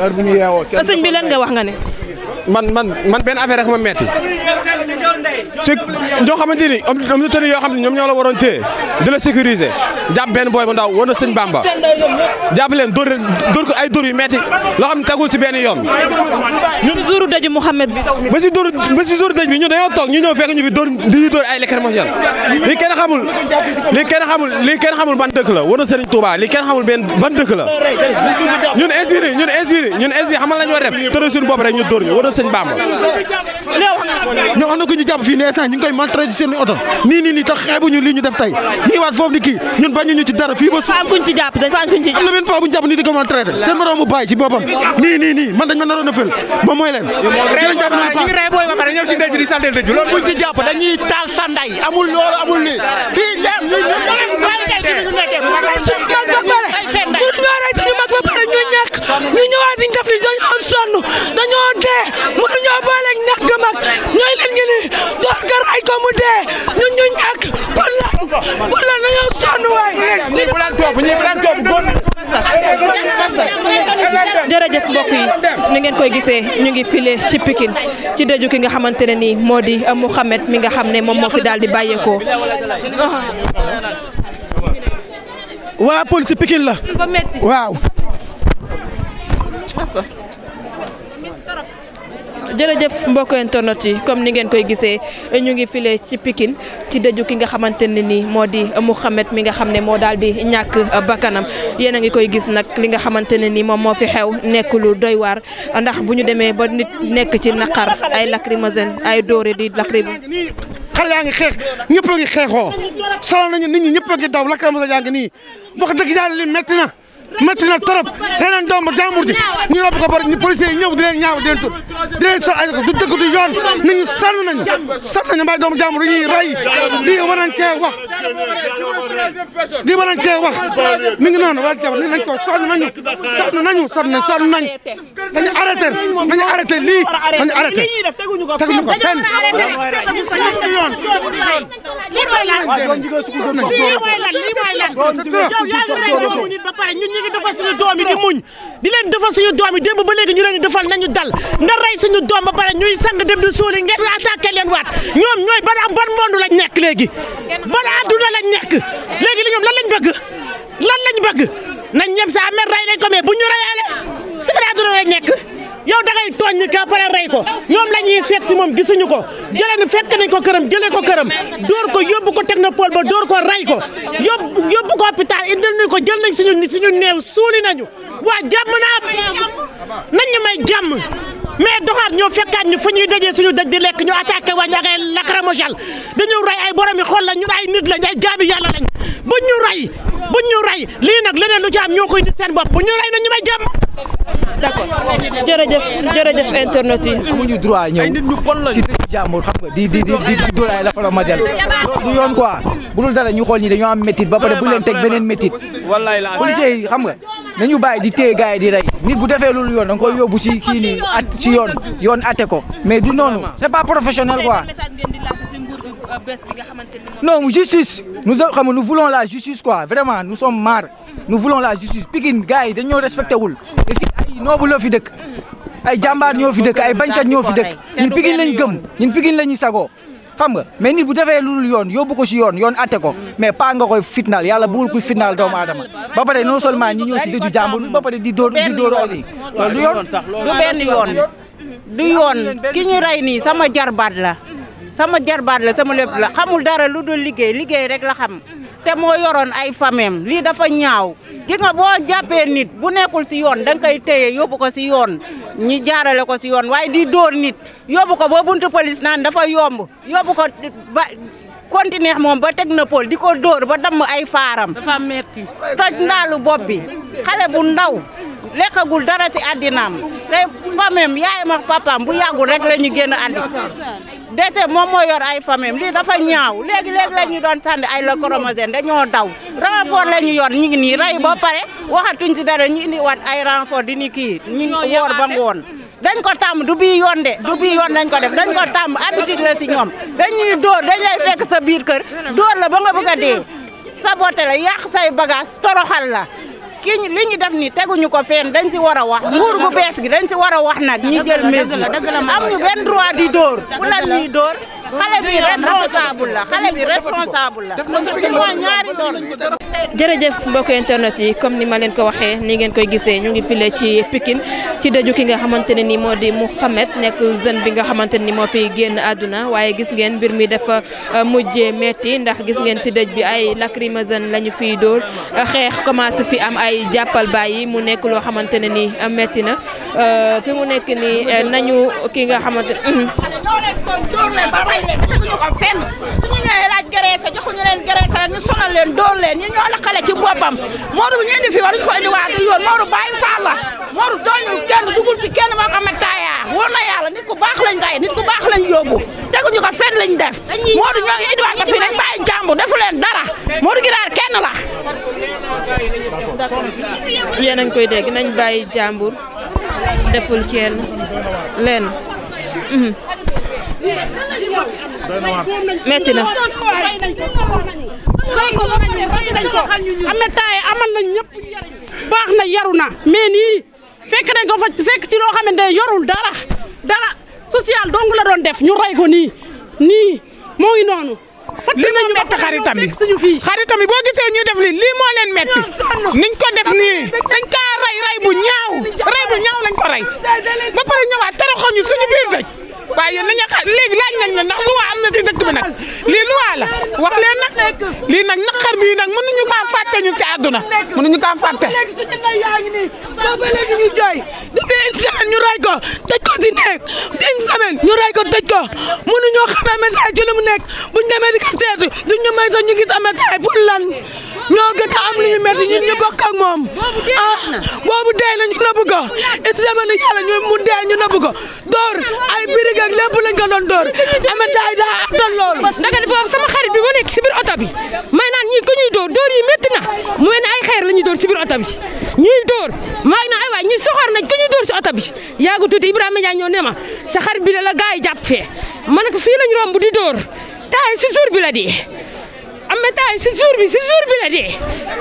heure ñu yeewoo sëñ bi lan nga wax nga ne. man man benn affaire rek ma metti si ñoo xamante ni am am na tënk yoo xam ne ñoom ñoo la waroon di la sécuriser jàpp benn booy bu ndaw war na sëñ Bamba jàpp leen dóor ay dóor yu metti loo xam ne si benn yoon. ñun jouru dëj Mouhamed bi. ba si dóor ba si toog ñu ñëw fekk ñu fi dóor di ñu ay lacrymogène lii kenn kenn xamul lii kenn xamul ban dëkk la war na sëriñ Touba lii kenn xamul benn ban dëkk la ñun inspiré ñun inspiré ñun inspiré xamal la ñu war a def tëral suñu bopp rek ñu dóor ñu war na sëñ Bamba. fii ne sax ñu ngi koy maltraité seen oto nii nii nii tax xeebuñu li ñu bu ñu jàpp ko maltraité seen moroom mu bàyyi ci boppam nii nii man dañ ma naroon a fël moom mooy ci jàpp dañuy taal sanday amul loolu amul lii fii lépp ñu ñu leen bàyyi day ñu nekkee ñu ñëwaat di def li dañoo sonn dañoo dee mënuñoo boole ñàkk mag ñooy leen door ko ko mu dee ñun ñu ñàkk pour lan pour lan dañoo sonn waay. ñii bu leen yi ni koy gisee ñu ngi file ci pikin ci dëju ki nga xamante ne nii moo di euh, Mouhamed mi nga xam ne moom moo fi daal di bàyyeekoo. waa police Pikine la waaw. jërëjëf mbokk internet yi comme ni ngeen koy gisee ñu ngi file ci Pikine ci dëju ki nga xamante ne nii moo di Mouhamed mi nga xam ne moo daal di ñàkk bakkanam yéen a ngi koy gis nag li nga xamante ne nii moom moo fi xew nekk lu doy waar ndax bu ñu demee ba nit nekk ci naqar ay lacrymogène ay dóore di lacrymogène. xale yaa ngi xeex ñëpp ngi xeexoo sonal nit ñi ñëpp ngi daw lacrymogène yaa ngi nii. wax dëgg yàlla li métti na métti na trop reneen doomu jàmbur ji ñu rob ko bari ñu policiers yi ñëw di leen ñaaw di leen tur di leen sol ay ko du dëgg du yoon nit ñi sonn nañu sonn nañu mbay doomu jàmbur yi ñuy rey lii war nañ cee wax lii war nañ cee wax mi ngi noonu war nañ cee ko sonn nañu sonn nañu sonn nañ sonn nañ dañu arrêté nañu arrêté lii nañu arrêté teguñu ko fenn yoon yow yaa ngi rey doomu nit ba ñu ngi defal suñu di muñ di leen defal suñu doom yi démb ba léegi ñu leen di defal nañu dal nga rey suñu doom ba pare ñuy sang dem di suuli ngeen attaqué leen waat ñoom ñooy ban am ban monde lañ nekk léegi ban àdduna lañ nekk léegi li ñoom lan lañ bëgg lan lañ bëgg nañ ñem sa amer rey nañ ko mais bu ñu reyaale si ban àdduna lañ nekk yow da ngay tooñ ni ka pare rey ko ñoom la ñuy seet si moom gisuñu ko jëlee na fekk nañ ko këram jëlee ko këram door ko yóbbu ko technopole ba door ko ray ko yóbbu yóbbu ko hôpital indil nañ ko jël nañ suñu suñu néew suuli nañu waa jàmm naa nañ ñu may jàmm mais doxaat ñoo fekkaat ñu fu ñuy dajee suñu daj di lekk ñu attaqué waa ñu ak ay lacrymogène dañoo ray ay borom yi xool la ñun ay nit lañ ay jaabi yàlla lañ buñ ñu ray buñ ñu ray lii nag leneen lu ci am ñoo koy nit seen bopp buñ ñu ray na ñu may jàmm d'accord jërëjëf jërëjëf internet yi amuñu droit ñëw ci dëkk jàmm xam nga di di di di dóoraay la mademoiselle du yoon quoi bu dara ñu xool ñi dañoo am métit ba pare bu leen teg beneen métit policiers xam nga ñu baay di téye gars yi di rey nit bu defee loolu yoon da nga koy yóbbu si kii nii at si yoon yoon atte ko mais du noonu c'est pas professionnel quoi non justice nous xam nga nous voulons la justice quoi vraiment nu sommes marre nous voulons la justice Pikine gars yi dañoo respecté wul te fii ay noobu la fi dëkk ay jàmbaar ñoo fi dëkk ay bañkat ñoo fi dëkk ñun Pikine lañ gëm ñun Pikine lañuy sagoo xam nga mais nit bu defee lu dul yoon yóbbu ko si yoon yoon atte ko mais paa nga koy fitnaal yàlla bugul kuy fitnaal doomu aadama ba pare non seulement ñi ñëw si dëju jàmbur ba pare di dóor di dóor yi loolu du yoon du benn yoon du yoon ki ñu rey nii sama jarbaat la sama jarbaat la sama lépp la xamul dara lu dul liggéey liggéey rek la xam te moo yoroon ay famem lii dafa ñaaw gis boo jàppee nit bu nekkul si yoon da nga koy téye yóbbu ko si yoon ñi jaarale ko si yoon waaye di dóor nit yóbbu ko ba buntu police naan dafa yomb yóbbu ko ba continuer moom ba technopole di ko dóor ba damm ay faaram. dafa metti toj ndaalu bopp bi xale ndaw. lekkagul dara ci àddinaam te famem yaayam ak papaam bu yàggul rek la ñu génn àddi dete moom moo yor ay famem lii dafa ñaaw léegi léegi la ñu doon tànn ay la chromosome dañoo daw renfort la ñu yor ñu ngi nii rey ba pare waxatuñ ci dara ñu indi wat ay renfort di ni kii ñu woor ba woon dañ ko tàmm du bii yoon de du bii yoon dañ ko def dañ ko tàmm habitude la ci ñoom dañuy dóor dañ lay fekk sa biir kër dóor la ba nga bëgg a dee saboté la yàq say bagage toroxal la ki li ñu def nii teguñu ko fenn dañ ci war a wax nguur gu bees gi dañ si war a wax nag ñi jël mesure am ñu benn droit di dóor ku la ñuy dóor xale la xale la moo ñaari jërëjëf mbokk internet yi comme ni ma leen ko waxee ni ngeen koy gisee ñu ngi file ci Pikine ci dëju ki nga xamante ne ni moo di Mouhamed nekk jeune bi nga xamante ni moo fi génn àdduna waaye gis ngeen mbir mi dafa euh, mujjee metti ndax gis ngeen ci dëj bi ay lacrymogène la ñu fiy dóor xeex commencé fi am ay jàppal bàyyi mu nekk loo xamante ne nii ah, metti na euh, fi mu nekk nii eh, nañu ki nga xamante graisse joxuñu leen graisse rek ñu sonal leen dóor leen ñi ñoo la xale ci boppam Modou bu ñu indi fii waruñu ko indi waa du yoon Modou Baye Fall la Modou dooñul kenn ci kenn moo xam ne taaya wóor na yàlla nit ku baax lañ rey nit ku baax lañ yóbbu teguñu ko fenn lañ def Modou ñoo ngi indiwaat ko fii nañ yéen a koy dégg nañ bàyyi jàmbur deful kenn leen metti na am na taay amal nañ ñëpp baax na yaru na mais nii fekk nañ ko fa fekk ci loo xamante ne yorul dara dara social dong la doon def ñu rey ko nii nii moo ngi li nañu metti xaritam bi xaritam bi boo gisee ñu def li lii moo leen metti niñ ko def nii dañ kaa rey rey bu ñaaw rey bu ñaaw lañ ko rey ba pare ñëwaat toroxoñu suñu biir dëj waaye yéen nañu xaar léegi laaj nañ la ndax luwaa am na ci dëkk bi nag lii luwaa la wax leen nag lii nag naqar bii nag mënuñu kaa fàtte ñu ci àdduna mënuñu kaa fàtte. léegi suñu ndey yaa ngi nii booba ñu rey ko tëj ko ci néeg une semaine ñu rey ko tëj ko mënuñoo xamee message ci lu mu nekk buñ demee di ko seetu duñ ñu may sax ñu gis ametaay pour lan ñoo gën a am lu ñu métti ñun ñu bokk moom ah boobu dee na ñu nëbb ko une semaine yàlla ñu mu dee ñu nëbb ko door ay birig yeeg lépp lañ ko doon door Ahmed Nday daa attan loolu naka ne boobu sama xarit bi ma nekk si biir oto bi may naan ñii ku ñuy door door yi métti na mu mel ay xeer la ñuy door si biir oto bi ñuy door maa ngi naan ay waay ñi soxor nañ ku ñuy door si oto bi yaagu tuuti Ibrahima Ndiaye ñoo ne ma sa xarit bi la la gars yi jàpp fee ma ne ko fii lañ romb di door taay si jour bi la dee am na taay si jour bi si jour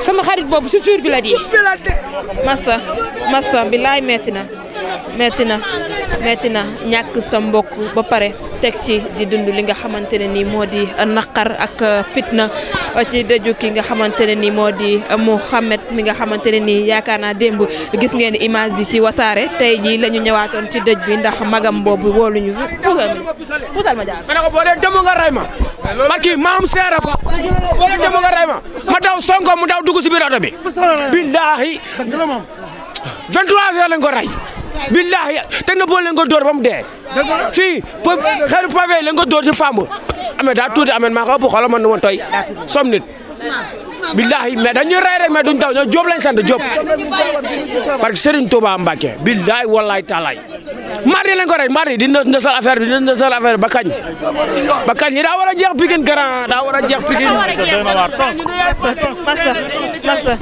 sama xarit boobu si bi la dee massa massa bilaay metti na metti na metti na ñàkk sa mbokk ba pare teg ci di dund li nga xamante ne nii moo di naqar ak euh, fitna euh, ci dëju ki nga xamante ne nii moo di euh, Mouhamed mi nga xamante ne nii yaakaar naa démb gis ngeen image yi ci wasaare tey jii lañu ñu ci dëj bi ndax magam boobu wooluñu fi puusal ma puusal ma jaar ma ne ko boo dee demoo nga rey ma barki maam seera fa ma daw sonko mu daw dugg si biir bi billaahi 23 heures lañ ko rey billaahi te na boo leen ko door ba mu dee. fii xeeru pavé la nga dóor ci fàmb. amee daa tuuti amee maa ko ëpp xoolal ma nu ma tooy som nit. billahi mais dañuy rey rek mais duñ taw ñoo Diop lañ sant Diop parce que Serigne Touba Mbacké billahi wallahi taalaay mardi lañ ko rey mardi dina ndësal affaire bi dina ndësal affaire bi ba kañ daa war a jeex Pikine grand daa war a jeex Pikine massa massa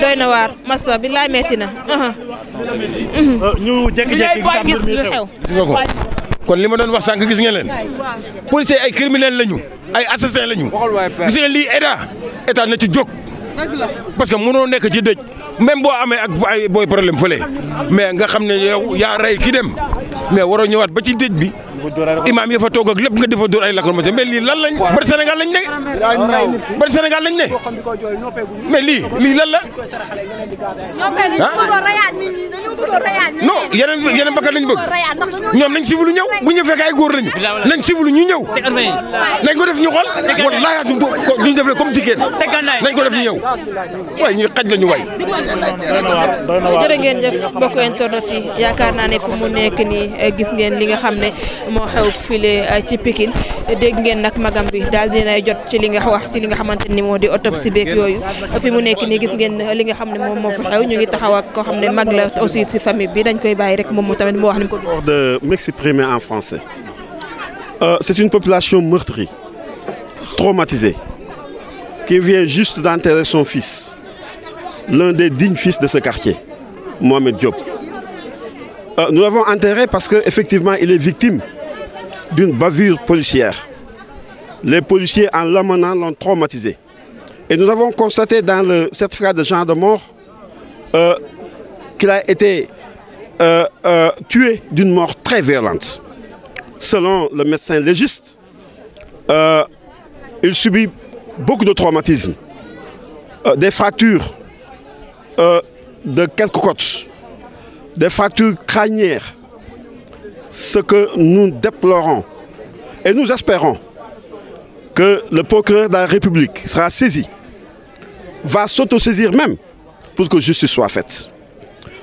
doy na waar massa billahi metti na uh-huh. Uh-huh. ñu jékki gis nga ko kon li ma doon wax sànq gis ngeen leen policier ay criminel lañu ay assassin lañu. gis nga lii état état na ci jóg. parce que mënoo nekk ci dëj même boo amee ak ay booy problème fële mais nga xam ne yow yaa rey ki dem mais waroo ñëwaat ba ci dëj bi. imaam ya fa toog ak lépp nga defa dóor ay lacrymogène mais lii lan lañ bari Sénégal lañ ne bari Sénégal lañ ne mais lii lii lan la non yeneen yeneen bakkan lañ bëgg ñoom nañ sivilu ñëw bu ñu fekk ay góor lañu nañ sivilu ñu ñëw nañ ko def ñu xool wallaahi duñ ko duñ def comme jigéen nañ ko def ñu ñëw waaye ñu xaj la ñu waay jërë ngeen jëf mbokk internet yi yaakaar naa ne fu mu nekk nii eh, gis ngeen li nga xam ne moo xew file eh, ci Pikine dégg ngeen nag magam bi daal dinay jot ci li nga wax ci li nga xamante ni moo di autopsie beeg yooyu fi mu nekk nii gis ngeen li nga xam ne moom moo fi xew ñu ngi taxaw ak koo xam ne mag la aussi si famille bi dañ koy bàyyi rek moom mu tamit mu wax ni mu ko gis. de m'exprimer en français. Euh, c'est une population meurtrie, traumatisée, qui vient juste d'enterrer son fils, l'un des dignes fils de ce quartier, Mohamed Diop. Euh, nous l'avons enterré parce qu'effectivement, il est victime d'une bavure policière. Les policiers, en l'amenant, l'ont traumatisé. Et nous avons constaté dans le, cette frère de Jean de Mort euh, qu'il a été euh, euh, tué d'une mort très violente. Selon le médecin légiste, euh, il subit beaucoup de traumatismes, euh, des fractures euh, de quelques côtes, des fractures crânières, ce que nous déplorons. Et nous espérons que le procureur de la République sera saisi, va s'autosaisir même pour que justice soit faite.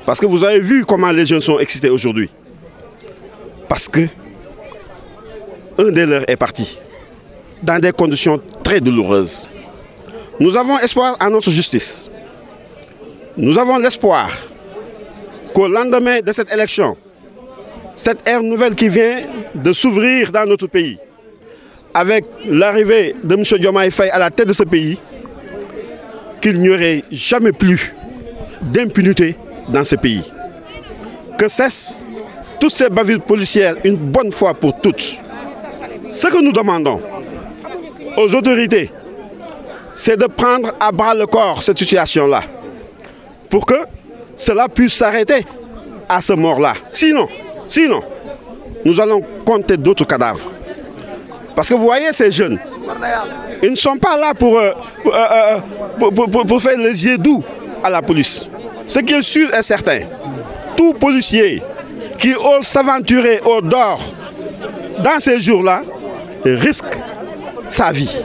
Parce que vous avez vu comment les jeunes sont excités aujourd'hui. Parce que un des leurs est parti dans des conditions très douloureuses. Nous avons espoir en notre justice. Nous avons l'espoir qu'au lendemain de cette élection, cette ère nouvelle qui vient de s'ouvrir dans notre pays, avec l'arrivée de M. Diomaye Faye à la tête de ce pays, qu'il n'y aurait jamais plus d'impunité dans ce pays. Que cessent toutes ces bavures policières une bonne fois pour toutes. Ce que nous demandons aux autorités, c'est de prendre à bras le corps cette situation-là, pour que cela puisse s'arrêter à ce mort-là. Sinon, Sinon, nous allons compter d'autres cadavres. Parce que vous voyez ces jeunes, ils ne sont pas là pour, euh, euh, euh, pour, pour, pour, faire les yeux doux à la police. Ce qui est sûr et certain, tout policier qui ose s'aventurer au dehors dans ces jours-là risque sa vie.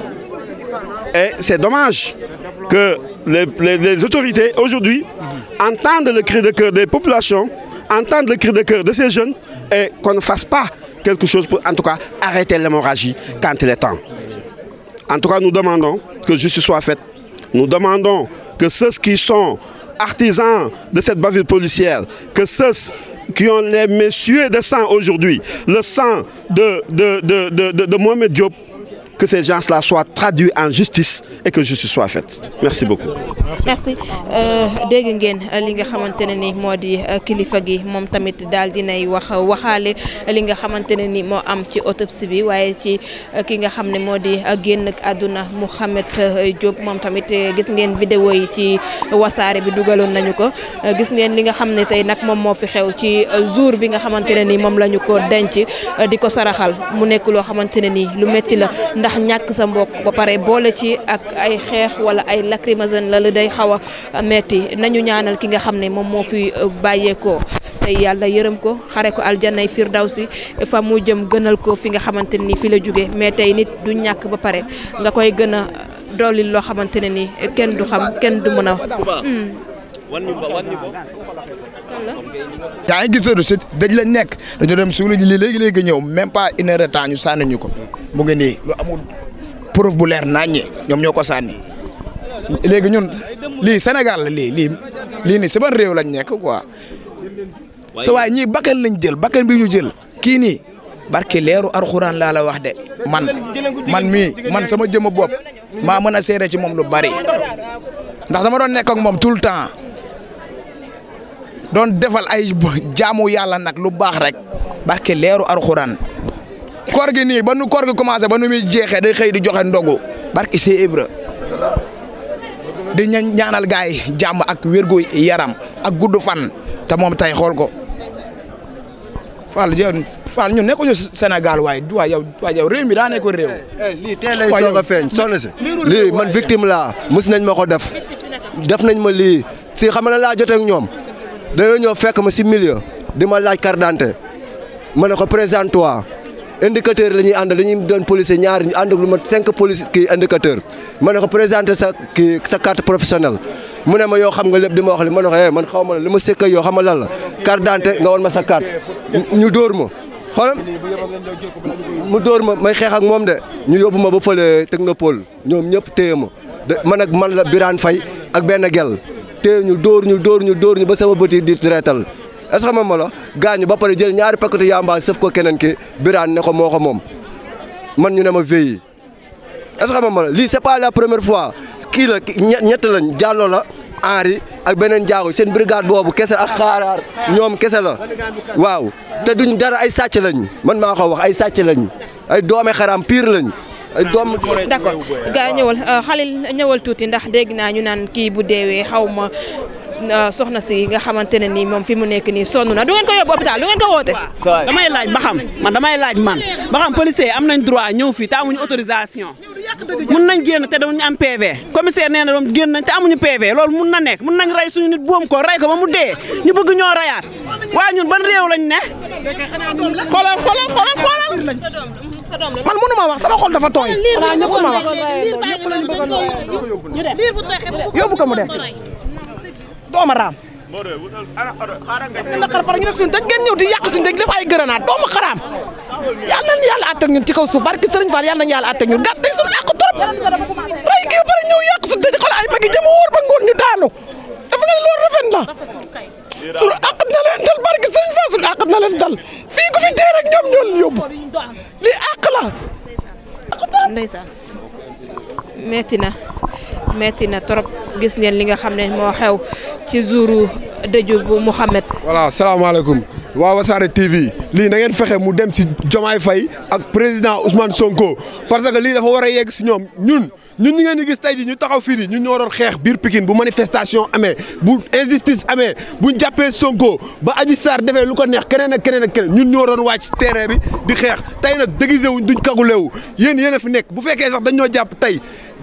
Et c'est dommage que les, les, les autorités aujourd'hui entendent le cri de cœur des populations entendre le cri de cœur de ces jeunes et qu'on ne fasse pas en tout cas, arrêter l'hémorragie quand il est temps. En tout cas, nous demandons que justice soit faite. Nous demandons que ceux qui sont artisans de cette bavure policière, que ceux qui ont les messieurs de sang aujourd'hui, le sang de, de, de, que ces gens-là soient euh, ngeen euh, li nga xamante ne ni moo di euh, kilifa gi moom tamit daal dinay wax waxaale li nga xamante ne ni moo am ci autopsie bi waaye ci ki nga xam ne moo di génn àdduna Mouhamed Diop moom tamit gis ngeen vidéo yi ci wasaare bi dugaloon nañu ko gis ngeen li nga xam ne tey nag moom moo fi xew ci jour bi nga xamante ne ni moom lañu ko denc di ko saraxal mu nekk loo xamante ni lu metti la. ndax ñàkk sa mbokk ba pare boole ci ak ay xeex wala ay lacrymogène la lu day xaw a metti nañu ñaanal ki nga xam ne moom moo fi euh, bàyyeekoo te yàlla yërëm ko xare ko aljanay si fa mu jëm gënal ko fi nga xamante nii fi la jóge mais tey nit du ñàkk ba pare nga koy gën a dolli loo xamante ne ni kenn du xam kenn du mën a. Hmm. yaa ngi gis ne si dëj nekk dañoo dem suul ji lii léegi léegi ñëw même pas une heure de temps ñu ko mu ngi nii lu amul preuve bu leer naññee ñoom ñoo ko sànni léegi ñun lii senegal lii lii lii nii si ban réew lañ nekk quoi sa waay ñii bakkan lañ jël bakkan bi ñu jël kii nii barke leeru arxuraan laa la wax de man man mii man sama jëma bopp maa mën a seere ci moom lu bari ndax dama doon nekk ak moom tout le temps. doon defal ay jaamu yàlla nag lu baax rek barke leeru alxuraan koor gi nii ba nu koor gi commencé ba nu jeexee day xëy di joxe ndogu barke Cheikh Ibra di ñaanal gaay yi jàmm ak wérgu yaram ak gudd fan te moom tay xool ko Fall yow Fall ñu nekkuñu Sénégal senegal waaye yow waaye yow réew mi daa nekkoon réew. Eh, eh, lii teel lay soog a feeñ soxna si. lii man victime laa mus nañ ma ko def. def nañ ma lii si xam na laa jotee ñoom. dañoo ñëw fekk ma si milieu di ma laaj carte d'identité ma ne ko présente toi indicateur la ñuy àndal dañuy doon policier ñaari ñu ànd ak lu ma cinq police kii indicateur ma ne ko présenté sa kii sa carte professionnelle mu ne ma yoo xam nga lépp di ma wax li ma ne ko eh man xaw ma la li ma sëkka yoo xam lan la carte d'identité nga won ma sa carte ñu dóor ma xoolal mu dóor ma may xeex ak moom de ñu yóbbu ma ba fële technopole ñoom ñëpp téye ma man ak man la Birane Faye ak benn gel téye ñu dóor ñu dóor ñu dóor ñu ba sama bëti yi di reetal est ce que moom ma la gaañu ba pare jël ñaari pakkatu yamba sëf ko keneen ki biraan ne ko moo ko moom man ñu ne ma veillé est ce que ma la lii c' est pas la première fois kii la ñett lañ jàlloo la Henri ak beneen jaago seen brigade boobu kese ak xaaraar ñoom kese la waaw te duñ dara ay sàcc lañ man maa ko wax ay sàcc lañ ay doome xaram pire lañ. doom d'accord gaa ñëwal xalil euh, ñëwal tuuti ndax dégg naa ñu naan kii bu deewee xaw ma euh, soxna si nga xamante ne nii moom fi mu nekk nii sonn na du ngeen ko yóbbu hôpital du ngeen ko woote. damay laaj ba xam man damay laaj man ba xam policier am nañ droit ñëw fii te amuñu autorisation. mun nañ génn te doon am PV commissaire nee na doon génn nañ te amuñu PV loolu mun na nekk mun nañ rey suñu nit boom ko rey ko ma mu dee ñu bëgg ñoo reyaat waa ñun ban réew man mënu ma wax sama xol dafa tooy. mënu ma wax dooma raam. naqar par ñu di yàq suñu dëj ay gërënaat doomu xaraam yàlla na yàlla àtteeg ñun ci kaw suuf barki sëriñ Fall yàlla na yàlla àtteeg ñun gàtt suñu yàq trop rey kii bari ñëw yàq suñu ay magi jëm wóor ba ngoon ñu daanu dafa ne loolu rafet na sunu àq na leen dal barke sëriñ Fall sunu àq fii ku fi dee rek ñoom ñoo leen metti na metti na trop gis ngeen li nga xam ne moo xew ci jouru dëju bu Mouhamed. voilà salaamaaleykum waa Wasaare TV lii na ngeen fexe mu dem si Jomaay fay ak président Ousmane Sonko parce que lii dafa war a yegg si ñoom ñun ñun ñu ngeen di gis tey ji ñu taxaw fii ñu ñun ñoo doon xeex biir Pikine bu manifestation ame bu injustice amee bu ñu jàppee Sonko ba Adji Sarr defee lu ko neex keneen ak keneen ak keneen ñun ñoo doon wàcc si terrain bi di xeex tey nag déguisé wuñ duñ kagulewu yéen yéen a fi nekk bu fekkee sax dañ ñoo jàpp tey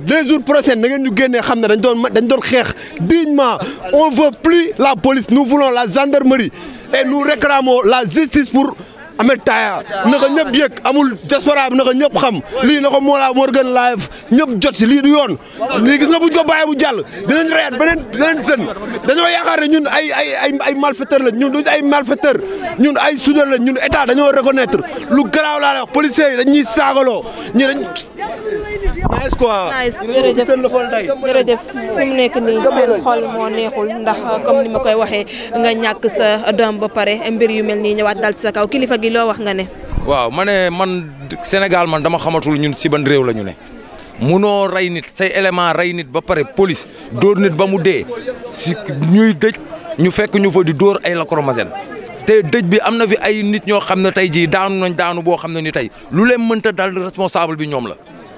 deux jours prochains na ngeen ñu génnee xam ne dañ doon dañ doon xeex dignement on veut plus la police nous voulons la gendarmerie et nous réclamons la justice pour Ahmed Taya na ko ñëpp yëg amul diaspora bi na ko ñëpp xam lii na ko Mollah Morgun live ñëpp jot yoon lii gis nga buñ ko bàyyee bu jàll dinañ reyaat beneen beneen sën dañoo yaakaar ne ñun ay ay ay ay malfaiteur lañ ñun duñ ay malfaiteur ñun ay soudeur lañ ñun état dañoo la wax policiers yi dañ ñuy saagaloo ñi dañ nice quoi jërëjëf jërëjëf fi mu nekk nii seen xol moo neexul ndax comme ni ma koy waxee nga ñàkk sa doom ba pare mbir yu mel nii ñëwaat dal sa kaw kilifa gi loo wax nga ne. waaw ma ne man Sénégal man dama xamatul ñun si ban réew la ñu ne mu noo rey nit sey élément rey nit ba pare police dóor nit ba mu dee si ñuy dëj ñu fekk ñu fa di dóor ay lacrymogène te dëj bi am na fi ay nit ñoo xam ne tey jii daanu nañ daanu boo xam ne ni tey lu leen mënta dal responsable bi ñoom la.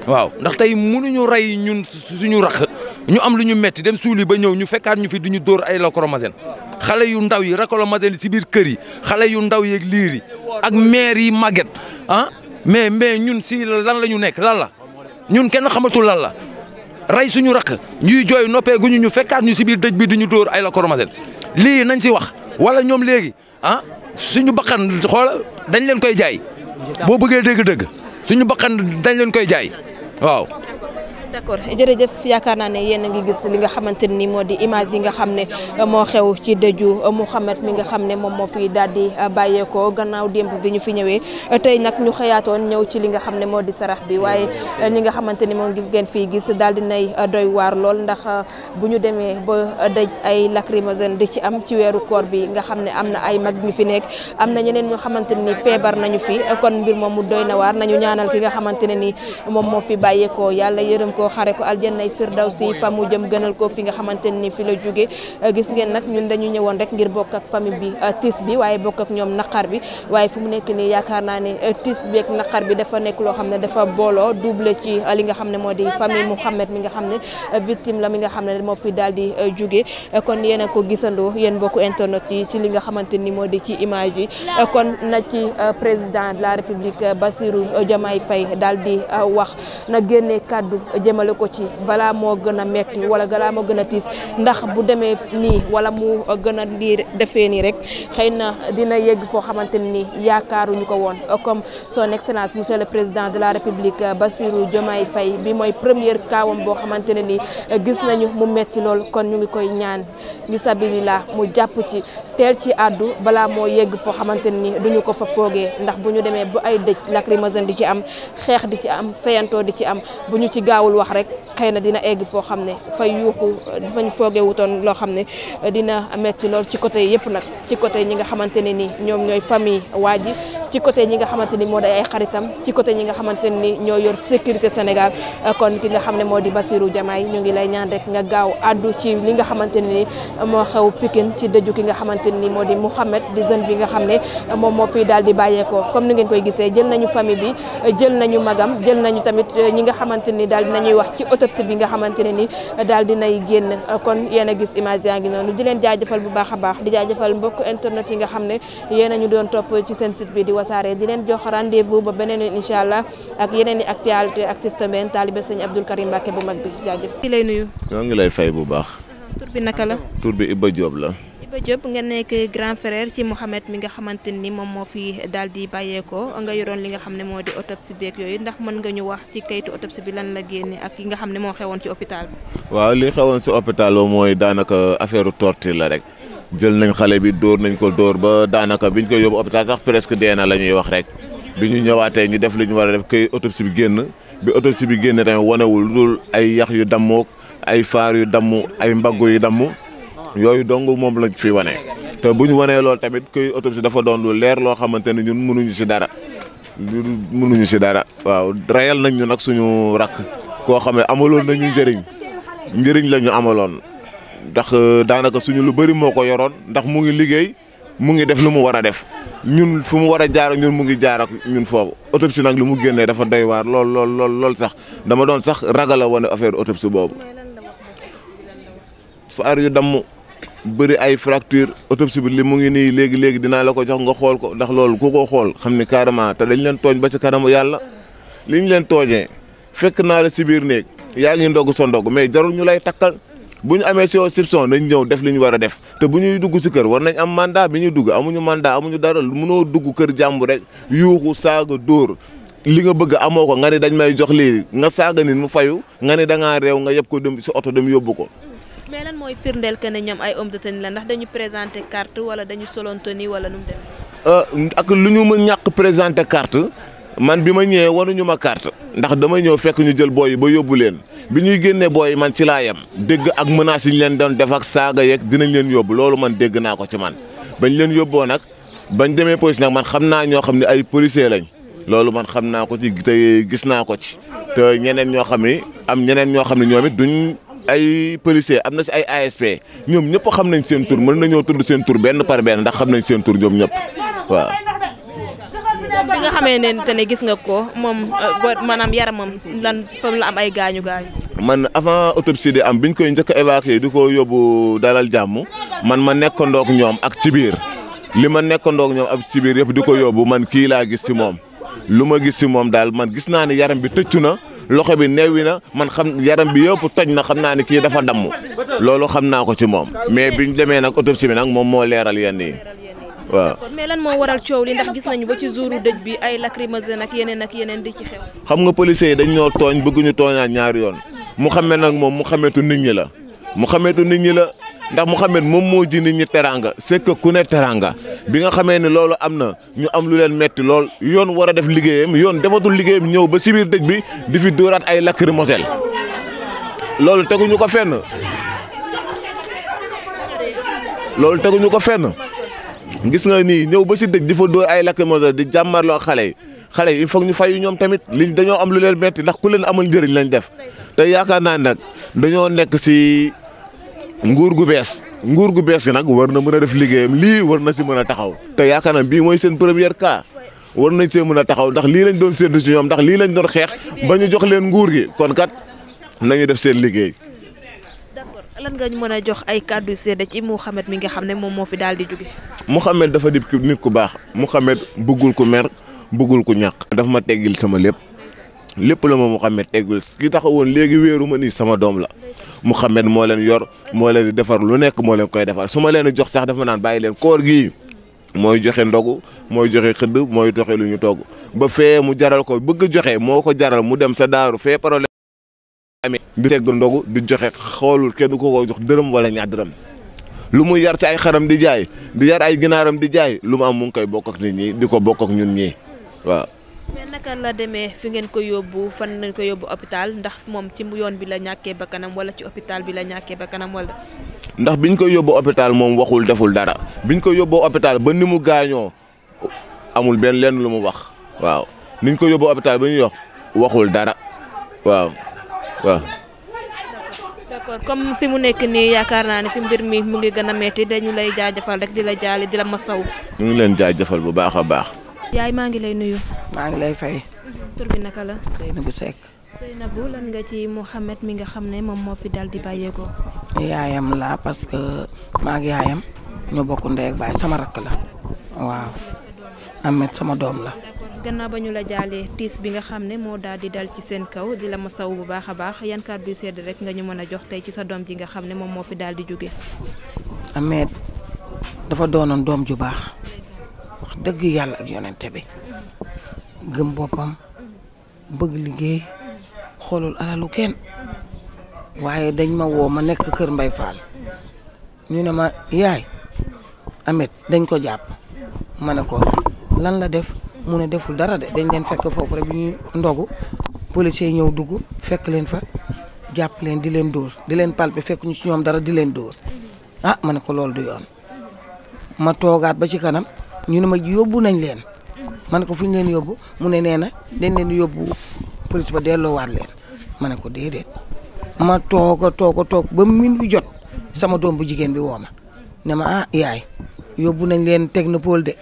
waaw ndax tey mënuñu rey ñun suñu rax ñu am lu ñu metti dem suuli ba ñëw ñu fekkaat ñu fi du ñu dóor ay lacrymogène xale yu ndaw yi lacrymogène yi si biir kër yi xale yu ndaw yeeg liir yi ak maire yi màgget ah mais mais ñun si lan la ñu nekk lan la ñun kenn xamatul lan la rey suñu rakk ñuy jooy noppee ñu fekkaat ñu si biir dëj bi di dóor ay lacrymogène lii nañ si wax wala ñoom léegi ah suñu bakkan xoola dañ leen koy jaay boo bëggee dégg-dégg suñu bakkan dañ leen koy jaay waaw d' accord jërëjëf yaakaar naa ne yéen a ngi gis li nga xamante ni moo di image nga xam ne euh, moo xew ci dëju euh, Mouhamed mi nga xam ne moom moo fi daal di euh, bàyyeekoo gannaaw démb bi ñu fi ñëwee tey nag ñu xëyaatoon ñëw ci li nga xam ne moo di sarax bi waaye li nga xamante ni moo ngi ngeen fii gis daal di nay doy waar lool ndax bu ñu demee ba dëj ay lacrymogène di ci am ci weeru koor bi nga xam ne am na ay mag ñu fi nekk am na ñeneen ñoo xamante ni feebar nañu fi kon mbir moom mu doy waar nañu ñaanal ki nga xamante ne ni moom moo fi bàyyeekoo yàlla yërëm ko ko xare ko aljannay firdawsi fa mu jëm gënal ko fi nga xamante ni fi la jóge euh, gis ngeen nag ñun dañu ñëwoon rek ngir bokk ak famille bi euh, tiis bi waaye bokk ñoom naqar bi waaye fu mu nekk nii yaakaar naa ne euh, tiis bi naqar bi dafa nekk loo xam ne dafa booloo double ci li nga xam ne moo di famille Mouhamed mi nga xam ne victime la mi nga xam ne moo fi daal di jóge kon yéen a ko gisandoo yéen bokk internet yi ci li nga xamante ni moo di ci image yi kon na ci président de la république Bassirou Diomaye Faye daal di wax na jëmale ko ci balaa moo gën a metti wala balaa moo gën a tiis ndax bu demee nii wala mu gën a di defee nii rek xëy na dina yégg foo xamante ne nii yaakaaruñu ko woon comme son excellence monsieur le président de la république Bassirou Diomaye Faye bi mooy première kaawam boo xamante ne nii gis nañu mu metti lool kon ñu ngi koy ñaan ngi bisabilillah mu jàpp ci teel ci àddu balaa moo yegg foo xamante ne nii duñu ko fa foogee ndax bu ñu demee bu ay dëj lacrymogène di ci am xeex di ci am wax rek xëy na dina egg foo xam ne fay yuuxu dafañ foogee wutoon loo xam ne dina metti lool ci côté yëpp nag ci côté ñi nga xamante ne ni ñoom ñooy famille waa ji ci côté xamante ni moo di ay xaritam ci côté ñi nga xamante ni ñoo yor sécurité Sénégal kon ki nga xam ne moo di Bassirou Diomaye ñoo ngi lay ñaan rek nga gaaw addu ci li nga xamante ni moo xew Pikine ci dëju ki nga xamante ni moo di Mouhamed di jeune bi nga xam ne moom moo fii daal di bàyyeekoo comme ni ngeen koy gisee jël nañu famille bi jël nañu magam ñuy wax ci autopsie bi nga xamante ne ni daal dinay génn kon yéen a gis image yaa ngi noonu di leen jaajëfal bu baax a baax di jaajëfal mbokk internet yi nga xam ne yéen a ñu doon topp ci seen site bi di wasaare di leen jox rendez-vous ba beneen incha allah ak yeneen i actualité ak système en taalibe sëñ Abdoul Karim Mbacké bu mag bi jaajëf. di lay nuyu. ñoo ngi lay fay bu baax. bi naka la. tur bi Iba Diop la. Kebe Diop nga nekk grand frère ci Mouhamed mi nga xamante ni moom moo fi daal di bàyyeekoo nga yoroon li nga xam ne moo di autopsie beeg yooyu ndax mën nga ñu wax ci kayitu autopsie bi lan la génne ak yi nga xam ne moo xewoon ci hôpital bi. waaw li si hôpital mooy daanaka affaire torture la rek jël nañ xale bi dóor nañ ko dóor ba daanaka biñ koy yóbbu hôpital sax presque dee na la ñuy wax rek bi ñu ñëwaatee ñu def lu ñu war a def kayit autopsie bi génn bi autopsie bi génn tamit wanewul lu dul ay yax yu dammook ay faar yu damm ay mbagg yu damm yooyu dong moom lañ fi wane te bu ñu wanee loolu tamit kuy autopsie dafa doon lu leer loo xamante ne ñun mënuñu si dara mënuñu si dara waaw rayal nañ ñu nag suñu rakk koo xam ne amaloon nañu njëriñ njëriñ la ñu amaloon ndax euh, daanaka suñu lu bëri moo ko yoroon ndax mu ngi liggéey mu ngi def lu mu war a def ñun fu mu war a jaar ñun mu ngi jaar ak ñun foofu autopsie nag lu mu génnee dafa doy waar lool lool lool sax dama doon sax ragal a wane affaire autopsie boobu bëri ay fracture autopsie bi li mu ngi nii léegi léegi dinaa la ko jox nga xool ko ndax loolu ku ko xool xam ni carrément te dañ leen tooñ ba si kanamu yàlla li ñu leen tooñee fekk naa la si biir néeg yaa ngi ndogg sa ndogg mais jarul ñu lay takka bu ñu amee soupçon nañ ñëw def li ñu war a def te bu ñuy dugg si kër war nañ am mandaa bi ñuy dugg amuñu mandat amuñu dara mënoo dugg kër jàmbu rek yuuxu saaga dóor li nga bëgg amoo ko nga ne dañ may jox lii nga saaga nit mu fayu nga ne da ngaa réew nga yëpp ko dem si oto yóbbu ko mais lan mooy firndeel que ne ñoom ay homme de tenue la ndax dañu présenté carte wala dañu soloon tenue wala nu dem euh, ak lu ñu ma ñàkk présenté kart man bi ma ñëwee ñu ma carte ndax dama ñëw fekk ñu jël booy ba yóbbu leen bi ñuy génne booy man ci laa yem dégg ak menaces yi leen doon def ak saaga yeeg dinañ leen yóbbu loolu man dégg naa ko ci man bañ leen yóbboo nag bañ demee police nag man xam naa ñoo xam ne ay policier lañ loolu man xam naa ko ci te gis naa ko ci ñoo xam ne ñoo xam ne ay policier am na si ay ASP ñoom ñëpp xam nañ seen tur mën na nañoo tudd seen tur benn par benn ndax xam nañ seen tur ñoom ñëpp waaw. bi nga xamee ne te gis nga ko moom euh, maanaam yaramam lan fa la am ay gaañu gaañu. man avant autopsie di am biñ koy njëkk a évacuer di ko yóbbu dalal jàmm man ma nekkandoog ñoom ak ci biir li ma nekkandoog ñoom ak ci biir yëpp di ko yóbbu man kii laa gis si moom lu ma gis si moom daal man gis naa ne yaram bi tëccu na. loxo bi newwi na man xam yaram bi yëpp toj na xam naa ne kii dafa damm loolu xam naa ko ci moom mais bi demee nag autopsie bi nag moom moo leeral yenn yi waaw mais lan moo waral coow li ndax gis nañu ba ci jouru dëj bi ay lacrymogène ak yeneen ak yeneen di ci xew. xam nga policiers yi dañ ñoo tooñ bëgg ñu tooñaat ñaari yoon mu xamee nag moom mu xameetu nit ñi la mu xameetu nit ñi la ndax Mouhamed moom moo ji nit ñi teraanga c'est que ku ne teraanga bi nga xamee ne loolu am na ñu am lu leen metti lool yoon war a def liggéeyam yoon defatul liggéeyam ñëw ba si biir dëj bi di fi dóoraat ay lacrymogène loolu teguñu ko fenn loolu teguñu ko fenn gis nga ni ñëw ba si dëj di fa dóor ay lacrymogène di jàmmarloo xale yi xale yi il ñu fay ñoom tamit li dañoo am lu leen metti ndax ku leen amal njëriñ lañ def te yaakaar naa nag dañoo nekk si. nguur gu bees nguur gu bees gi nag war na mën a def liggéeyam lii war na si mën a taxaw te yaakaar naa bii mooy seen première cas war nañ see mën a taxaw ndax lii lañ doon séntu si ñoom ndax lii lañ doon xeex ba ñu jox leen nguur gi kon kat nañu def seen liggéey. d'accord lan nga ñu mën a jox ay kàddu seede ci Mouhamed mi nga xam ne moom moo fi daal di jóge. Mouhamed dafa dib nit ku baax mu Mouhamed bëggul ku mer bëggul ku ñàkk. dafa ma teggil sama lépp. lépp la ma Mouhamed eggul ki taxawoon léegi wéeru ma nii sama doom la mu Mouhamed moo leen yor moo leen defar lu nekk moo leen koy defar su ma leen jox sax dafa naan bàyyi leen koor gii mooy joxe ndogu mooy joxe xëdd mooy joxe lu ñu toog ba fee mu jaral ko bëgg joxe moo ko jaral mu dem sa daaru fee problème amee di segg ndogu di joxe xoolul kenn ko ko jox dërëm wala ñaadram lu mu yar si ay xaram di jaay di yar ay ginaaram di jaay lu mu am mu koy bokk ak nit ñi di ko bokk ak ñun ñii mais naka la demee fi ngeen ko yóbbu fan nañ ko yóbbu hôpital ndax moom ci yoon bi la ñàkkee ba kanam wala ci hôpital bi la ñàkkee ba kanam wala. ndax biñ ko yóbbu hôpital moom waxul deful dara biñ ko yóbbu hôpital ba ni mu gaañoo amul benn lenn lu mu wax waaw niñ ko yóbbu hôpital ba ñuy wax waxul dara waaw waaw. d'accord comme fi mu nekk nii yaakaar naa ne fi mbir mi mu ngi gën a metti dañu lay jaajëfal rek di la jaali di la saw mu ngi leen jaajëfal bu baax a baax. yaay maa ngi lay nuyu. maa ngi lay fay. tur bi naka la. Seynabou na bu lan nga ci Mouhamed mi nga xam ne moom moo fi dal di bàyyeekoo. yaayam parce que maa ngi yaayam ñu bokk ndey sama rakk la waaw Ahmed sama doom la. gannaaw ba ñu la jaalee tiis bi nga xam ne moo dal di dal ci seen kaw di la ma saw bu baax a baax yan kàddu yu sedd rek nga ñu mën a jox tey ci sa doom ji nga xam ne moom moo fi daal di jóge. Ahmed dafa doonoon doom ju baax. wax dëgg yàlla ak yonente bi gëm boppam bëgg liggéey xoolul alalu kenn waaye dañ ma woo ma nekk kër Mbay Fall ñu ne ma yaay Amet dañ ko jàpp ma ne ko lan la def mu ne deful dara de dañ leen fekk foofu rek bi ñuy ndogu policier ñëw dugg fekk leen fa jàpp leen di leen dóor di leen palpe fekk ñu ci ñoom dara di leen dóor ah ma ne ko loolu du yoon ma toogaat ba ci kanam ñu ne ma yóbbu nañ leen man ko fu ñu leen yóbbu mu ne nee na dañ leen yóbbu police ba delloowaat leen ma ne ko déedéet ma toog a toog a toog ba min bu jot sama doom bu jigéen bi woo ma ne ma ah yaay yóbbu nañ leen technopole de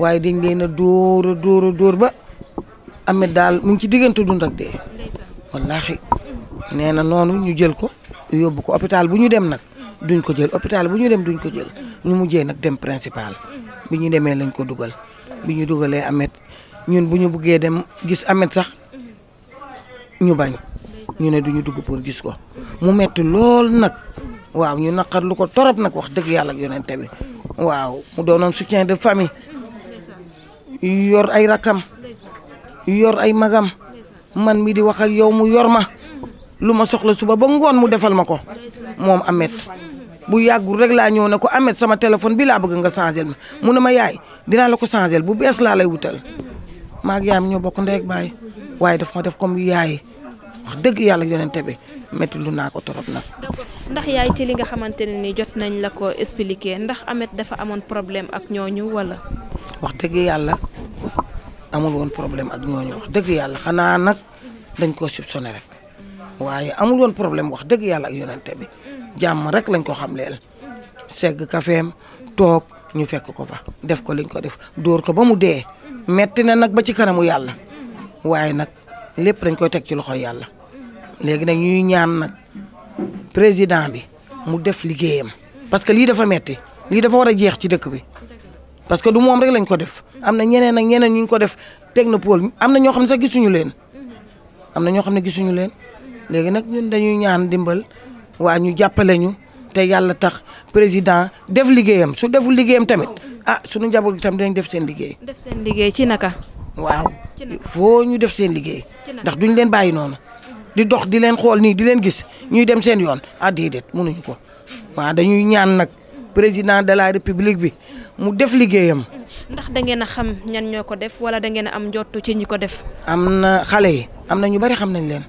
waaye dañ leen a dóor a dóor a dóor ba amet daal mu ngi ci diggante dund ak dee wallaahi nee na noonu ñu jël ko yóbbu ko hôpital bu ñu dem nag duñ ko jël hôpital bu ñu dem duñ ko jël ñu mujjee nag dem principal bi ñu demee lañ ko dugal bi ñu dugalee Ameth ñun bu ñu buggee dem gis Ameth sax ñu bañ ñu ne duñu dugg pour gis ko mu metti lool nag waaw ñu naqar lu ko torop nag wax dëgg yàlla ak yonente bi waaw mu doonoon soutien de famille yor ay rakam yor ay magam man mi di wax ak yow mu yor ma lu ma soxla suba ba ngoon mu defal ma ko moom Ameth bu yàggul rek laa ñëw na ko Ameth sama téléphone bi laa bëgg nga changé ma mu a ma yaay dinaa la ko changé bu bees laa lay wutal maa ngi yaay mi ñoo bokk ndey ak baay waaye daf ma def comme yaay wax dëgg yàlla yonente bi métti lu naa ko torop nag. yaay ci li nga xamante ne ni jot nañ la ko expliquer ndax Ameth dafa amoon problème ak ñooñu wala. wax dëgg yàlla amul woon problème ak ñooñu wax dëgg yàlla xanaa nag dañ koo soupçonné rek waaye amul woon problème wax dëgg yàlla ak yonente bi. jàmm rek lañ ko xam leel segg kafeem toog ñu fekk ko fa def ko lañ ko def dóor ko ba mu dee metti na nag ba ci kanamu yàlla waaye nag lépp dañ koy teg ci loxo yàlla léegi nag ñuy ñaan nag président bi mu def liggéeyam parce que lii dafa metti lii dafa war a jeex ci dëkk bi parce que du moom rek lañ ko def am na ñeneen ak ñeneen ñu ko def technopole am na ñoo xam ne sax gisuñu leen am na ñoo xam ne gisuñu leen léegi nag ñun dañuy ñaan dimbal waa ñu jàppale ñu te yàlla tax président def liggéeyam su deful liggéeyam tamit ah suñu njaboot gi tam dañ def seen liggéey. def seen liggéey ci naka. waaw foo ñu def seen liggéey. ndax duñ leen bàyyi noonu. di dox di leen xool nii di leen gis ñuy dem seen yoon ah déedéet mënuñu ko waa dañuy ñaan nag président de la république bi mu def liggéeyam. ndax da ngeen xam ñan ñoo ko def wala da ngeen a am njottu ci ñi ko def. am na xale yi am na ñu bari xam nañ leen.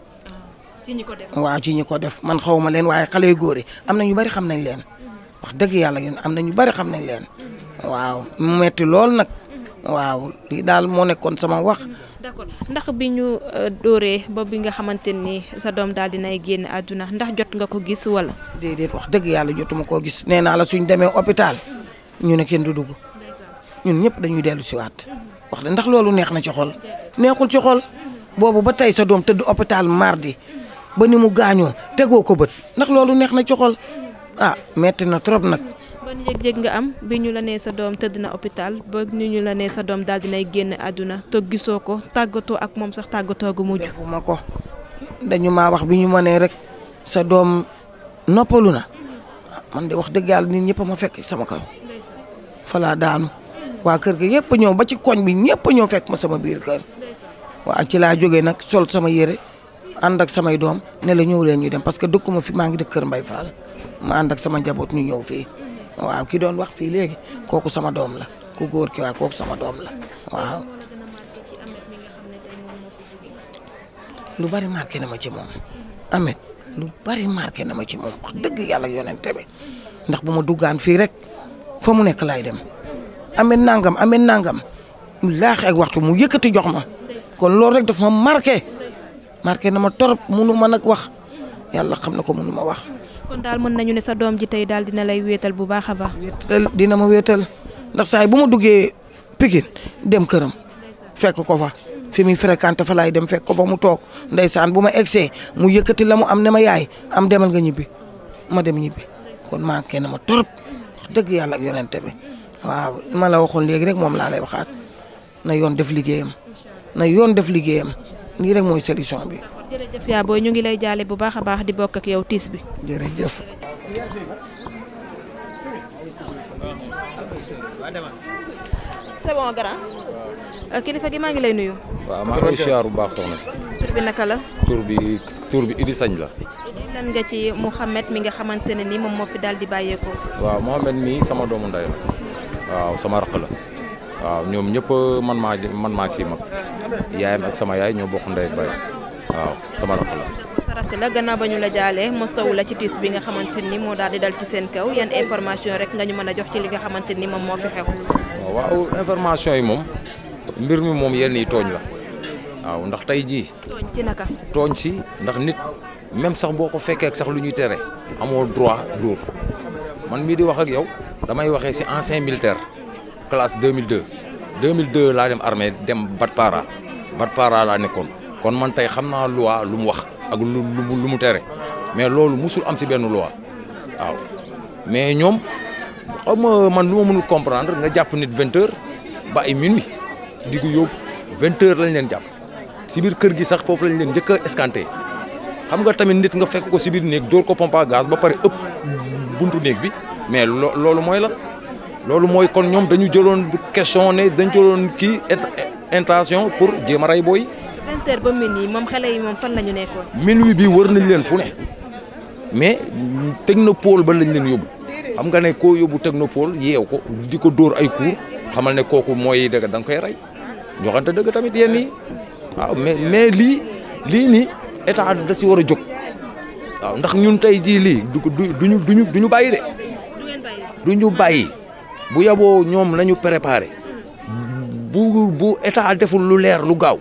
ci ñi ko def waaw ci ñi ko def man xaw ma leen waaye xale yu góor yi am na ñu bari xam nañ leen mm-hmm. wax dëgg yàlla yéen am na ñu bari xam nañ leen mm-hmm. waaw mu metti lool nag mm-hmm. waaw daal moo nekkoon sama wax. d'accord ndax bi ñu euh, dóoree ba bi nga xamante ni sa doom daal dinay génn àdduna ndax jot nga ko gis walla déedéet wax dëgg yàlla jotuma koo gis nee naa la suñ demee hôpital ñu ne kenn du dugg ñun ñëpp dañuy dellu si wax de ndax loolu neex na ci xol neexul ci xol boobu ba tey sa doom tëdd hôpital mardi. ba ni mu gaañoo tegoo ko bët ndax loolu neex na ci xol ah metti na trop nag. ban yëg-yëg nga am bi ñu la nee sa doom tëdd na hôpital ba ñu la nee sa doom daal dinay génn àdduna te gisoo ko tàggatoo ak moom sax tàggatoo gu mujj. defuma ko dañu maa wax bi ñu ma nee rek sa doom noppalu na ah, man de wax dëgg yàlla nit ñëpp ma fekk sama kaw falaa daanu waa kër gi yëpp ñëw ba ci koñ bi ñëpp ñëw fekk ma sama biir kër waa ci laa jógee nag sol sama yére. ànd ak samay doom ne la ñëw leen ñu dem parce que ma fi maa ngi dëkk Kër Mbay faal ma ànd ak sama njaboot ñu ñëw fii waaw ki doon wax fii léegi kooku sama doom la ku góor ki waaw kooku sama doom la waaw. lu bari marqué na ma ci moom amet lu bari marqué na ma ci moom wax dëgg yàlla yonente bi ndax bu ma duggaan fii rek fa mu nekk laay dem amet nangam amet nangam mu laax waxtu mu yëkkati jox ma kon loolu rek daf ma marqué. marqué na ma torop munu ma nag wax yàlla xam na ko munu ma wax. kon daal mën nañu ne sa doom ji tey daal dina lay wéetal bu baax a baax. dina ma wéetal ndax saa yi bu ma duggee Pikine dem këram fekk ko fa. fi muy fréquenté fa laay dem fekk ko fa mu toog ndeysaan bu ma egsee mu yëkkati la mu am ne ma yaay am demal nga ñibbi ma dem ñibbi kon manqué na ma torop dëgg yàlla ak yonente bi waaw ma la waxoon léegi rek moom laa lay waxaat na yoon def liggéeyam na yoon def liggéeyam. lii rek mooy solution bi. jërëjëf yaa booy ñu ngi lay jaale bu baax a baax di bokk ak yow tiis bi. jërëjëf. c'est bon grand. Euh, kilifa gi maa ngi lay nuyu. waaw maa ngi siyaar bu baax soxna si. tur bi naka la. tur bi tur bi Idi Sañ la. lan nga ci Mouhamed mi nga xamante ne ni moom moo fi daal di bàyyeekoo. waaw Mouhamed mii sama doomu ndey la. waaw sama raq la. waaw ñoom ñëpp man maa man maa si mag yaayam ak sama yaay ñoo bokk ndey ak waaw sama rakk la. sa rakk la gannaaw ba ñu la jaalee mosawu la ci tiis bi nga xamante ni moo daal di dal ci seen kaw information rek nga ñu mën a jox ci li nga xamante ni moom moo fi waaw information yi moom mbir mi moom yenn yi tooñ la waaw ndax tey jii. tooñ tooñ si ndax nit même sax boo ko fekkee sax lu ñuy tere amoo droit dóor man mii di wax ak yow damay waxee si ancien militaire. classe 2002 2002 laa dem armée dem Batpara Batpara laa nekkoon kon man tey xam naa loi lu mu wax ak lu mu lu mu tere mais loolu musul am si benn loi waaw mais ñoom xaw man lu ma mënul comprendre nga jàpp nit vingt heures ba ay minuit di ko yóbbu vingt lañ leen jàpp si biir kër gi sax foofu lañ leen njëkk a xam nga tamit nit nga fekk ko si biir néeg dóor ko pompe à ba pare ëpp buntu néeg bi mais loolu mooy la loolu mooy kon ñoom dañu jëloon question ne dañ jëloon kii intention pour jéem a rey booy. vingt heures ba moom xale yi moom fan la ñu nekkoon. minuit bi wër nañ leen fu ne mais technopole ba lañ leen yóbbu xam nga ne koo yóbbu technopole yeew ko di ko dóor ay cours xamal ne kooku mooy dëgg da nga koy rey ñoxante dëgg tamit yéen nii waaw mais mais lii lii nii état da si war a jóg waaw ndax ñun tey jii lii du du duñu duñu duñu bàyyi de. du ñu bàyyi. bu yaboo ñoom nañu préparé bu bu état deful lu leer lu gaaw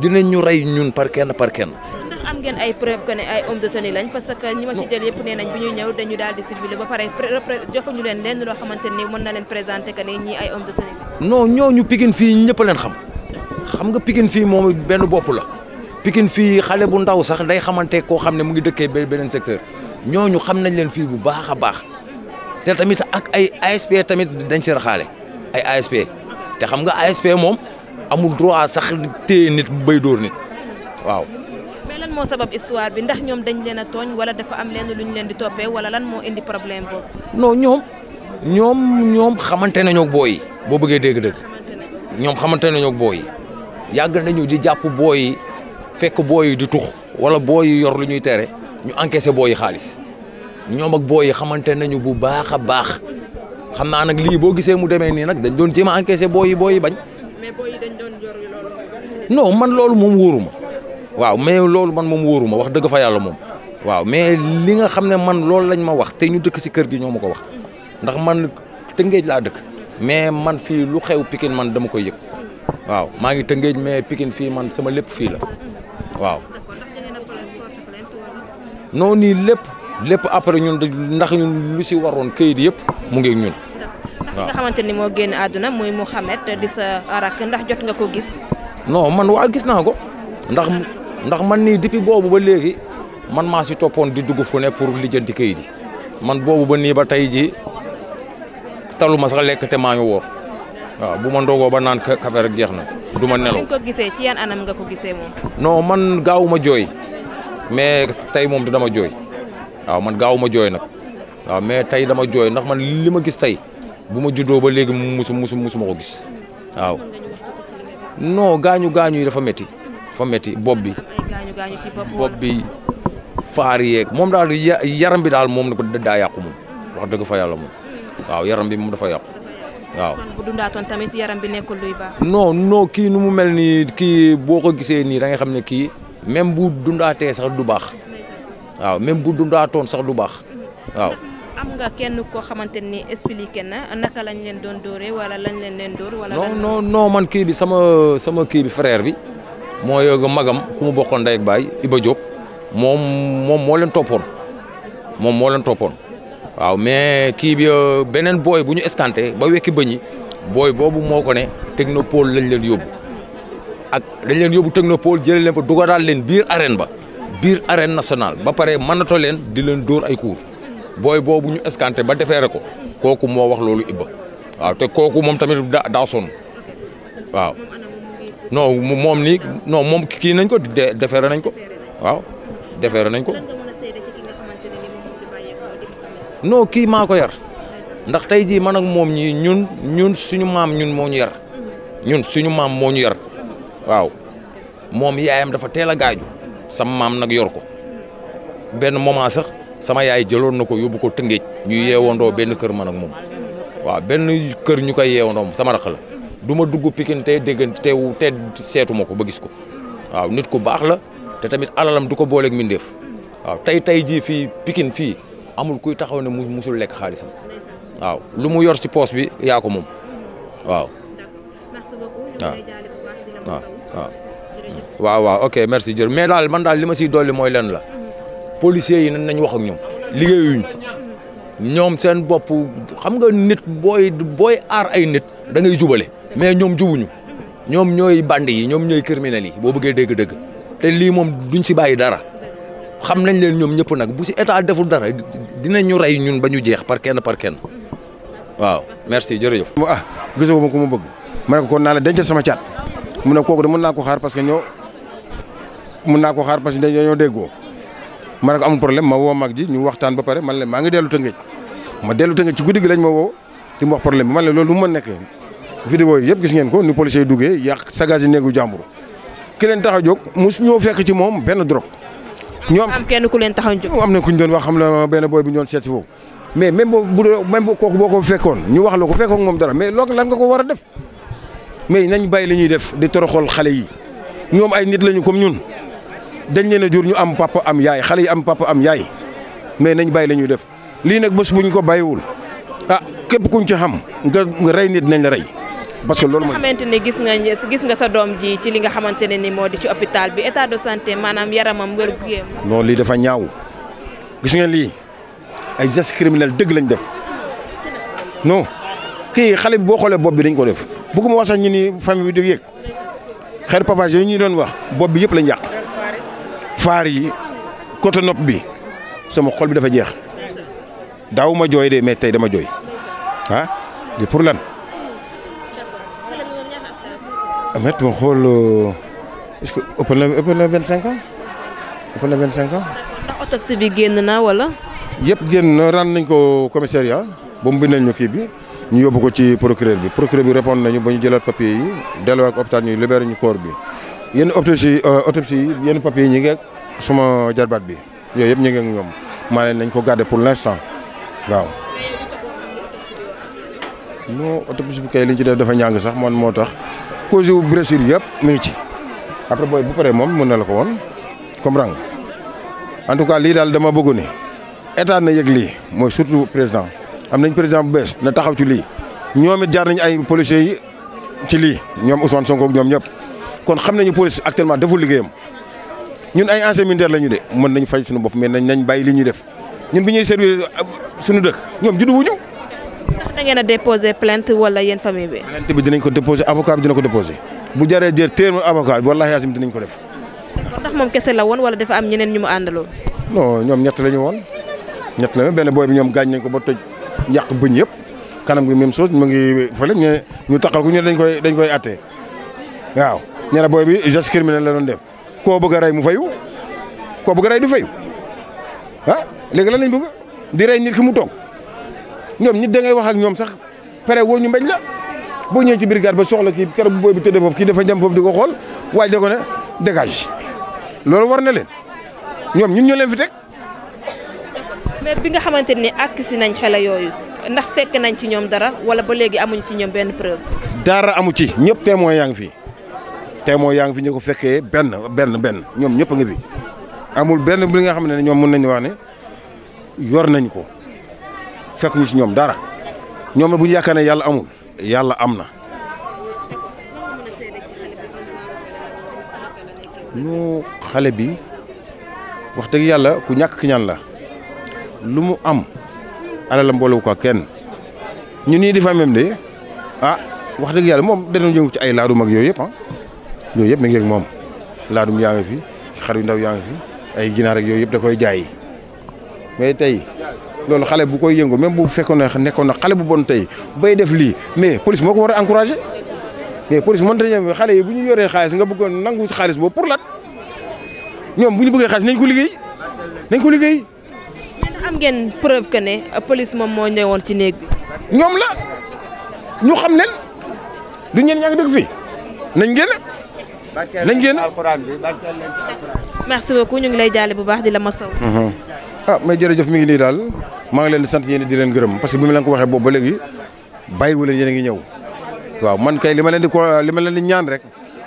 dinañ ñu rey ñun par kenn par kenn. ndax am ay preuve que ne ay homme de tenue lañ parce que ñi ma ci jël yëpp nee nañ bi ñuy ñëw dañu daal di ciblé ba pare joxuñu leen lenn loo xamante ni mën na leen présenté que ne ñii ay homme de tenue. non ñooñu Pikine fii ñëpp leen xam xam nga Pikine fii moom benn bopp la Pikine fii xale bu ndaw sax day xamante koo xam ne mu ngi dëkkee beneen secteur ñooñu xam nañ leen fii bu baax a baax. te tamit ak ay ASP tamit dañ ci raxaale ay ASP te xam nga ASP moom amul droit sax téye nit bay dóor nit waaw. mais lan moo sabab histoire bi ndax ñoom dañ leen a tooñ wala dafa am leen lu leen di toppee wala lan moo indi problème boobu. non ñoom ñoom ñoom xamante nañoo booy boo bëggee dégg-dëgg ñoom xamante nañoo booy yi yàgg nañu di jàpp booy fekk booy di tux wala booy yor lu ñuy tere ñu encaissé booy xaalis. ñoom ak booy yi xamante nañu bu baax a baax xam naa nag lii boo gisee mu demee nii nag dañ doon jéem a encaissé booy yi bañ. mais booy loolu. non man loolu moom wóoruma waaw mais loolu man moom wóoruma wax dëgg fa yàlla moom. waaw mais li nga xam ne man loolu lañ ma wax te ñu dëkk si kër gi ñoo ma ko wax ndax man tëngéej laa dëkk. mais man fii lu xew pikin man dama koy yëg waaw maa ngi tëngéej mais Pikine fii man sama lépp fii la waaw. noonu lépp. lépp après ñun ndax ñun lu si waroon këyit yëpp mu ngi ñun. waaw nga xamante génn àdduna muy Mouhamed di sa ndax jot nga ko gis. non man waa gis naa ko ndax ndax man nii depuis boobu ba léegi man maa si toppoon di dugg fu pour lijjanti këyit yi man boobu ba nii ba tey ji taluma sax lekk maa ngi woor waaw bu ma ndogoo ba naan kafe rek jeex na du ma nelaw. ko gisee ci gisee moom. non man gaawuma jooy mais tey moom dama jooy. waaw man gaawuma jooy nag waaw mais tey dama jooy ndax man li ma gis tey bu ma judoo ba léegi musu musu musuma ko gis waaw non gaañu gaañu yi dafa meti fo métti bopp bi bopp bi faar yeeg moom daal yaram bi daal moom daa yàqu moom wax dëgg fa yàlla moom waaw yaram bi moom dafa yàqu waaw. bu dundaatoon kii nu mu mel nii kii boo ko gisee nii da nga xam ne kii même bu dundaatee sax du baax. waaw même bu dundaatoon sax du baax waaw. am nga kenn koo xamante ni expliqué na naka lañ leen doon dóoree wala lañ leen leen dóor. wala non man kii bi sama sama kii bi frère bi. moo yooga magam ku mu bokkoon day ak baay Iba Diop moom moom moo leen toppoon moom moo leen toppoon waaw mais kii bi euh, beneen booy bu ñu escanté ba wekki bëñi booy boobu moo ko ne technopole lañ leen yóbbu ak dañ leen yóbbu technopole jëlee leen fa dugalaat leen biir arène ba. biir arène nationale ba pare mënatoo leen di leen dóor ay cours booy boobu ñu escanté ba defeere ko kooku moo wax loolu Ibba waaw te kooku moom tamit daa sonn waaw non moom nii noo moom kii nañ ko defeere nañ ko waaw nañ ko non kii maa ko yar ndax tey jii man ak moom ñii ñun ñun suñu maam ñun moo ñu ñun suñu maam moo ñu yar waaw moom yaayam dafa teel a gaaju sama maam nag yor ko benn moment sax sama yaay jëloon na ko yóbbu ko tëngéej ñu yeewandoo benn kër ma nag moom waaw benn kër ñu koy yeewandoo sama rax la du ma dugg Pikine tey déggante teewu te seetu ma ko ba gis ko waaw nit ku baax la te tamit alalam du ko booleeg mindeef waaw tey tey jii fii pikin fii amul kuy taxaw ne mu musul lekk xaalisam waaw lu mu yor ci poos bi yaa ko moom waaw waaw waaw waaw waaw ok merci jërëjëf mais daal man li ma siy dolli mooy lenn la policiers yi nañ wax ak ñoom liggéeyuñ ñoom seen bopp xam nga nit booy booy aar ay nit da ngay jubale mais ñoom jubuñu ñoom ñooy bandi yi ñoom ñooy criminels yi boo bëggee dégg-dégg te lii moom duñ si bàyyi dara xam nañ leen ñoom ñëpp nag bu si état deful dara dinañ ñu rey ñun ba ñu jeex par kenn par kenn waaw merci jërëjëf. ah gisoo ma ku ma bëgg ma ne ko kon naa la denc sama caat mu ne kooku de mën naa ko xaar parce ñoo. mun naa ko xaar parce que dañoo déggoo ma ne ko amul problème ma woo mag ji ñu waxtaan ba pare man la maa ngi dellu Tëngéej ma dellu Tëngéej ci guddi gi lañ ma woo di mu wax problème bi man la loolu lu mu mën nekk yëpp gis ngeen ko ni policier yi duggee yàq sagas yi néegu jàmbur ki leen tax a jóg mus ñoo fekk ci moom benn drogue. ñoom am kenn ku leen tax a am na ku ñu doon wax xam na benn boy bi ñu doon seet si foofu mais même boo bu doon même kooku boo ko fekkoon ñu wax la ko fekkoon moom dara mais loolu nga ko war a def mais nañ bàyyi li ñuy def di toroxol xale yi ñoom ay nit lañu comme ñun dañ leen a jur ñu am papa am yaay xale yi am papa am yaay mais nañ bay la ñuy def lii nag bés bu ñu ko bàyyiwul ah képp kuñ ci xam nga rey nit nañ la rey. parce que loolu mooy xamante gis nga gis nga sa doom ji ci li nga xamante ne ni moo di ci hôpital bi état de santé maanaam yaramam wér gu yéem. non lii dafa ñaaw gis nga lii ay geste criminel dëgg lañ def non kii xale bi boo xoolee bopp bi dañ ko def. bu ko ma wax sax ñu ni famille bi di yëg xeer pavage yooyu ñu doon wax bopp bi yëpp lañ yàq. faar yi côté nopp bi sama xol bi dafa jeex daaw ma jooy de mais tey dama jooy ah di pour lan. amet ma xool euh, est-ce que ëpp na ëpp na vingt cinq ans ëpp na vingt cinq ans. ndax autopsie bi génn na wala. yëpp génn na ran nañ ko commissariat ba mu bindal ñu kii bi ñu yóbbu ko ci procureur bi procureur bi répondre nañu ba ñu jëlaat papier yi delluwaat ak ñu libéré ñu corps bi yenn euh, autopsie yi yenn papier yi ñu ngeeg suma jarbaat bi yooyu yëpp ñu ngi ak ñoom maa leen nañ ko garder pour l'instant waaw. non autopsie bi kay li ci def dafa ñàng sax man moo tax cause yu blessure yëpp mi ci après booy bu paree moom mën na la ko woon comprendre nga en tout cas lii daal dama bëgg ni état na yëg lii mooy surtout président am nañ président bu bees na taxaw ci lii ñoom jaar nañ ay policiers yi ci lii ñoom Ousmane Sonko ak ñoom ñëpp kon xam nañu police actuellement deful liggéeyam. ñun ay ancien militaire la ñu de mën nañ faj suñu bopp mais nañ nañ bàyyi li ñuy def ñun bi ñuy servir suñu dëkk ñoom juddu wuñu. ndax da ngeen a déposé plainte wala yéen famille bi. plainte bi dinañ ko déposé avocat bi dina ko déposé bu jaree jër téeméer avocat bi wallaahi yaasim dinañ ko def. ndax kese la woon wala dafa am ñeneen ñu mu àndaloo. ñoom ñett la ñu woon ñett la benn booy bi ñoom gaañ nañ ko ba toj yàq bëñ yëpp kanam gi même chose mu ngi fële ñu ñu taxal ko ñu dañ koy dañ koy attee waaw ñeneen booy bi geste criminel la doon def koo bëgg rey mu fayu koo bëgg a rey du fayu ah léegi la lañ bëgg di rey nit ki mu toog ñoom nit da ngay wax ak ñoom sax pare woo ñu mbéj la boo ñëwee ci brigade ba soxla kii keroog bu booy bi tëddee foofu kii dafa jam foofu di ko xool waaye da ko ne dégage loolu war na leen ñoom ñu ñoo leen fi teg. mais bi nga xamante ni àkk si nañ xela yooyu ndax fekk nañ ci ñoom dara wala ba léegi amuñ ci ñoom benn preuve. dara amu ci ñëpp témoin yaa ngi fii témoin yaa ngi fi ñu ko fekkee benn benn benn ñoom ñëpp ngi fi amul benn bi nga xam ne ñoom mën nañu wax ne yor nañ ko fekk ñu ci ñoom dara ñoom na bu ñu yaakaar yàlla amul yàlla am na. ñu xale bi wax dëgg yàlla ku ñàkk ki la lu mu am alalam boolewu ko kenn ñu nii di fa même de ah wax dëgg yàlla moom danañ yëngu ci ay laadum ak yooyu yëpp ah. yooyu yëpp mi ngeen ak moom laadum yaa ngi fi xar yu ndaw yaa ngi fi ay ginaar ak yooyu yëpp da koy jaay mais tey loolu xale bu koy yëngu même bu fekkoon ne nekkoon na xale bu bon tey bay def lii mais police moo ko war a mais police mënta ñëw xale yi bu ñu yoree xaalis nga bëggoon nangu xaalis boobu pour lat ñoom bu ñu bëggee xaalis nañ ko liggéey nañ ko liggéey. am ngeen preuve que ne police moom moo ñëwoon ci néeg bi. ñoom la ñu xam leen du ñeen ñaa ngi dëkk fii nañ génn. nañ génn merci beaucoup ñu ngi lay jaale bu baax di la masaw mhm. ah mais jërëjëf mi ngi nii daal maa ngi leen di sant yéen di leen gërëm parce que bi ma leen ko waxee boobu ba léegi bàyyiwu leen yéen a ngi ñëw waaw man kay li ma leen di ko li ma leen di ñaan rek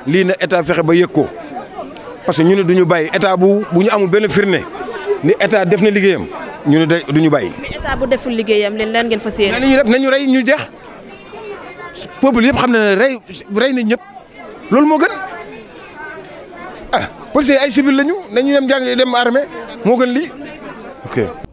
lii ne état fexe ba yëg ko parce que ñu ne duñu bàyyi état bu bu ñu amul benn firnde ni état def na liggéeyam ñu ne de duñu bàyyi. mais état bu deful liggéeyam leen lan ngeen fas yéene. nañu def nañu rey ñu jex peuple yëpp xam na ne rey rey nañ ñëpp loolu moo gën. policiers ay civil lañu nañu dem jàng dem armée moo gën lii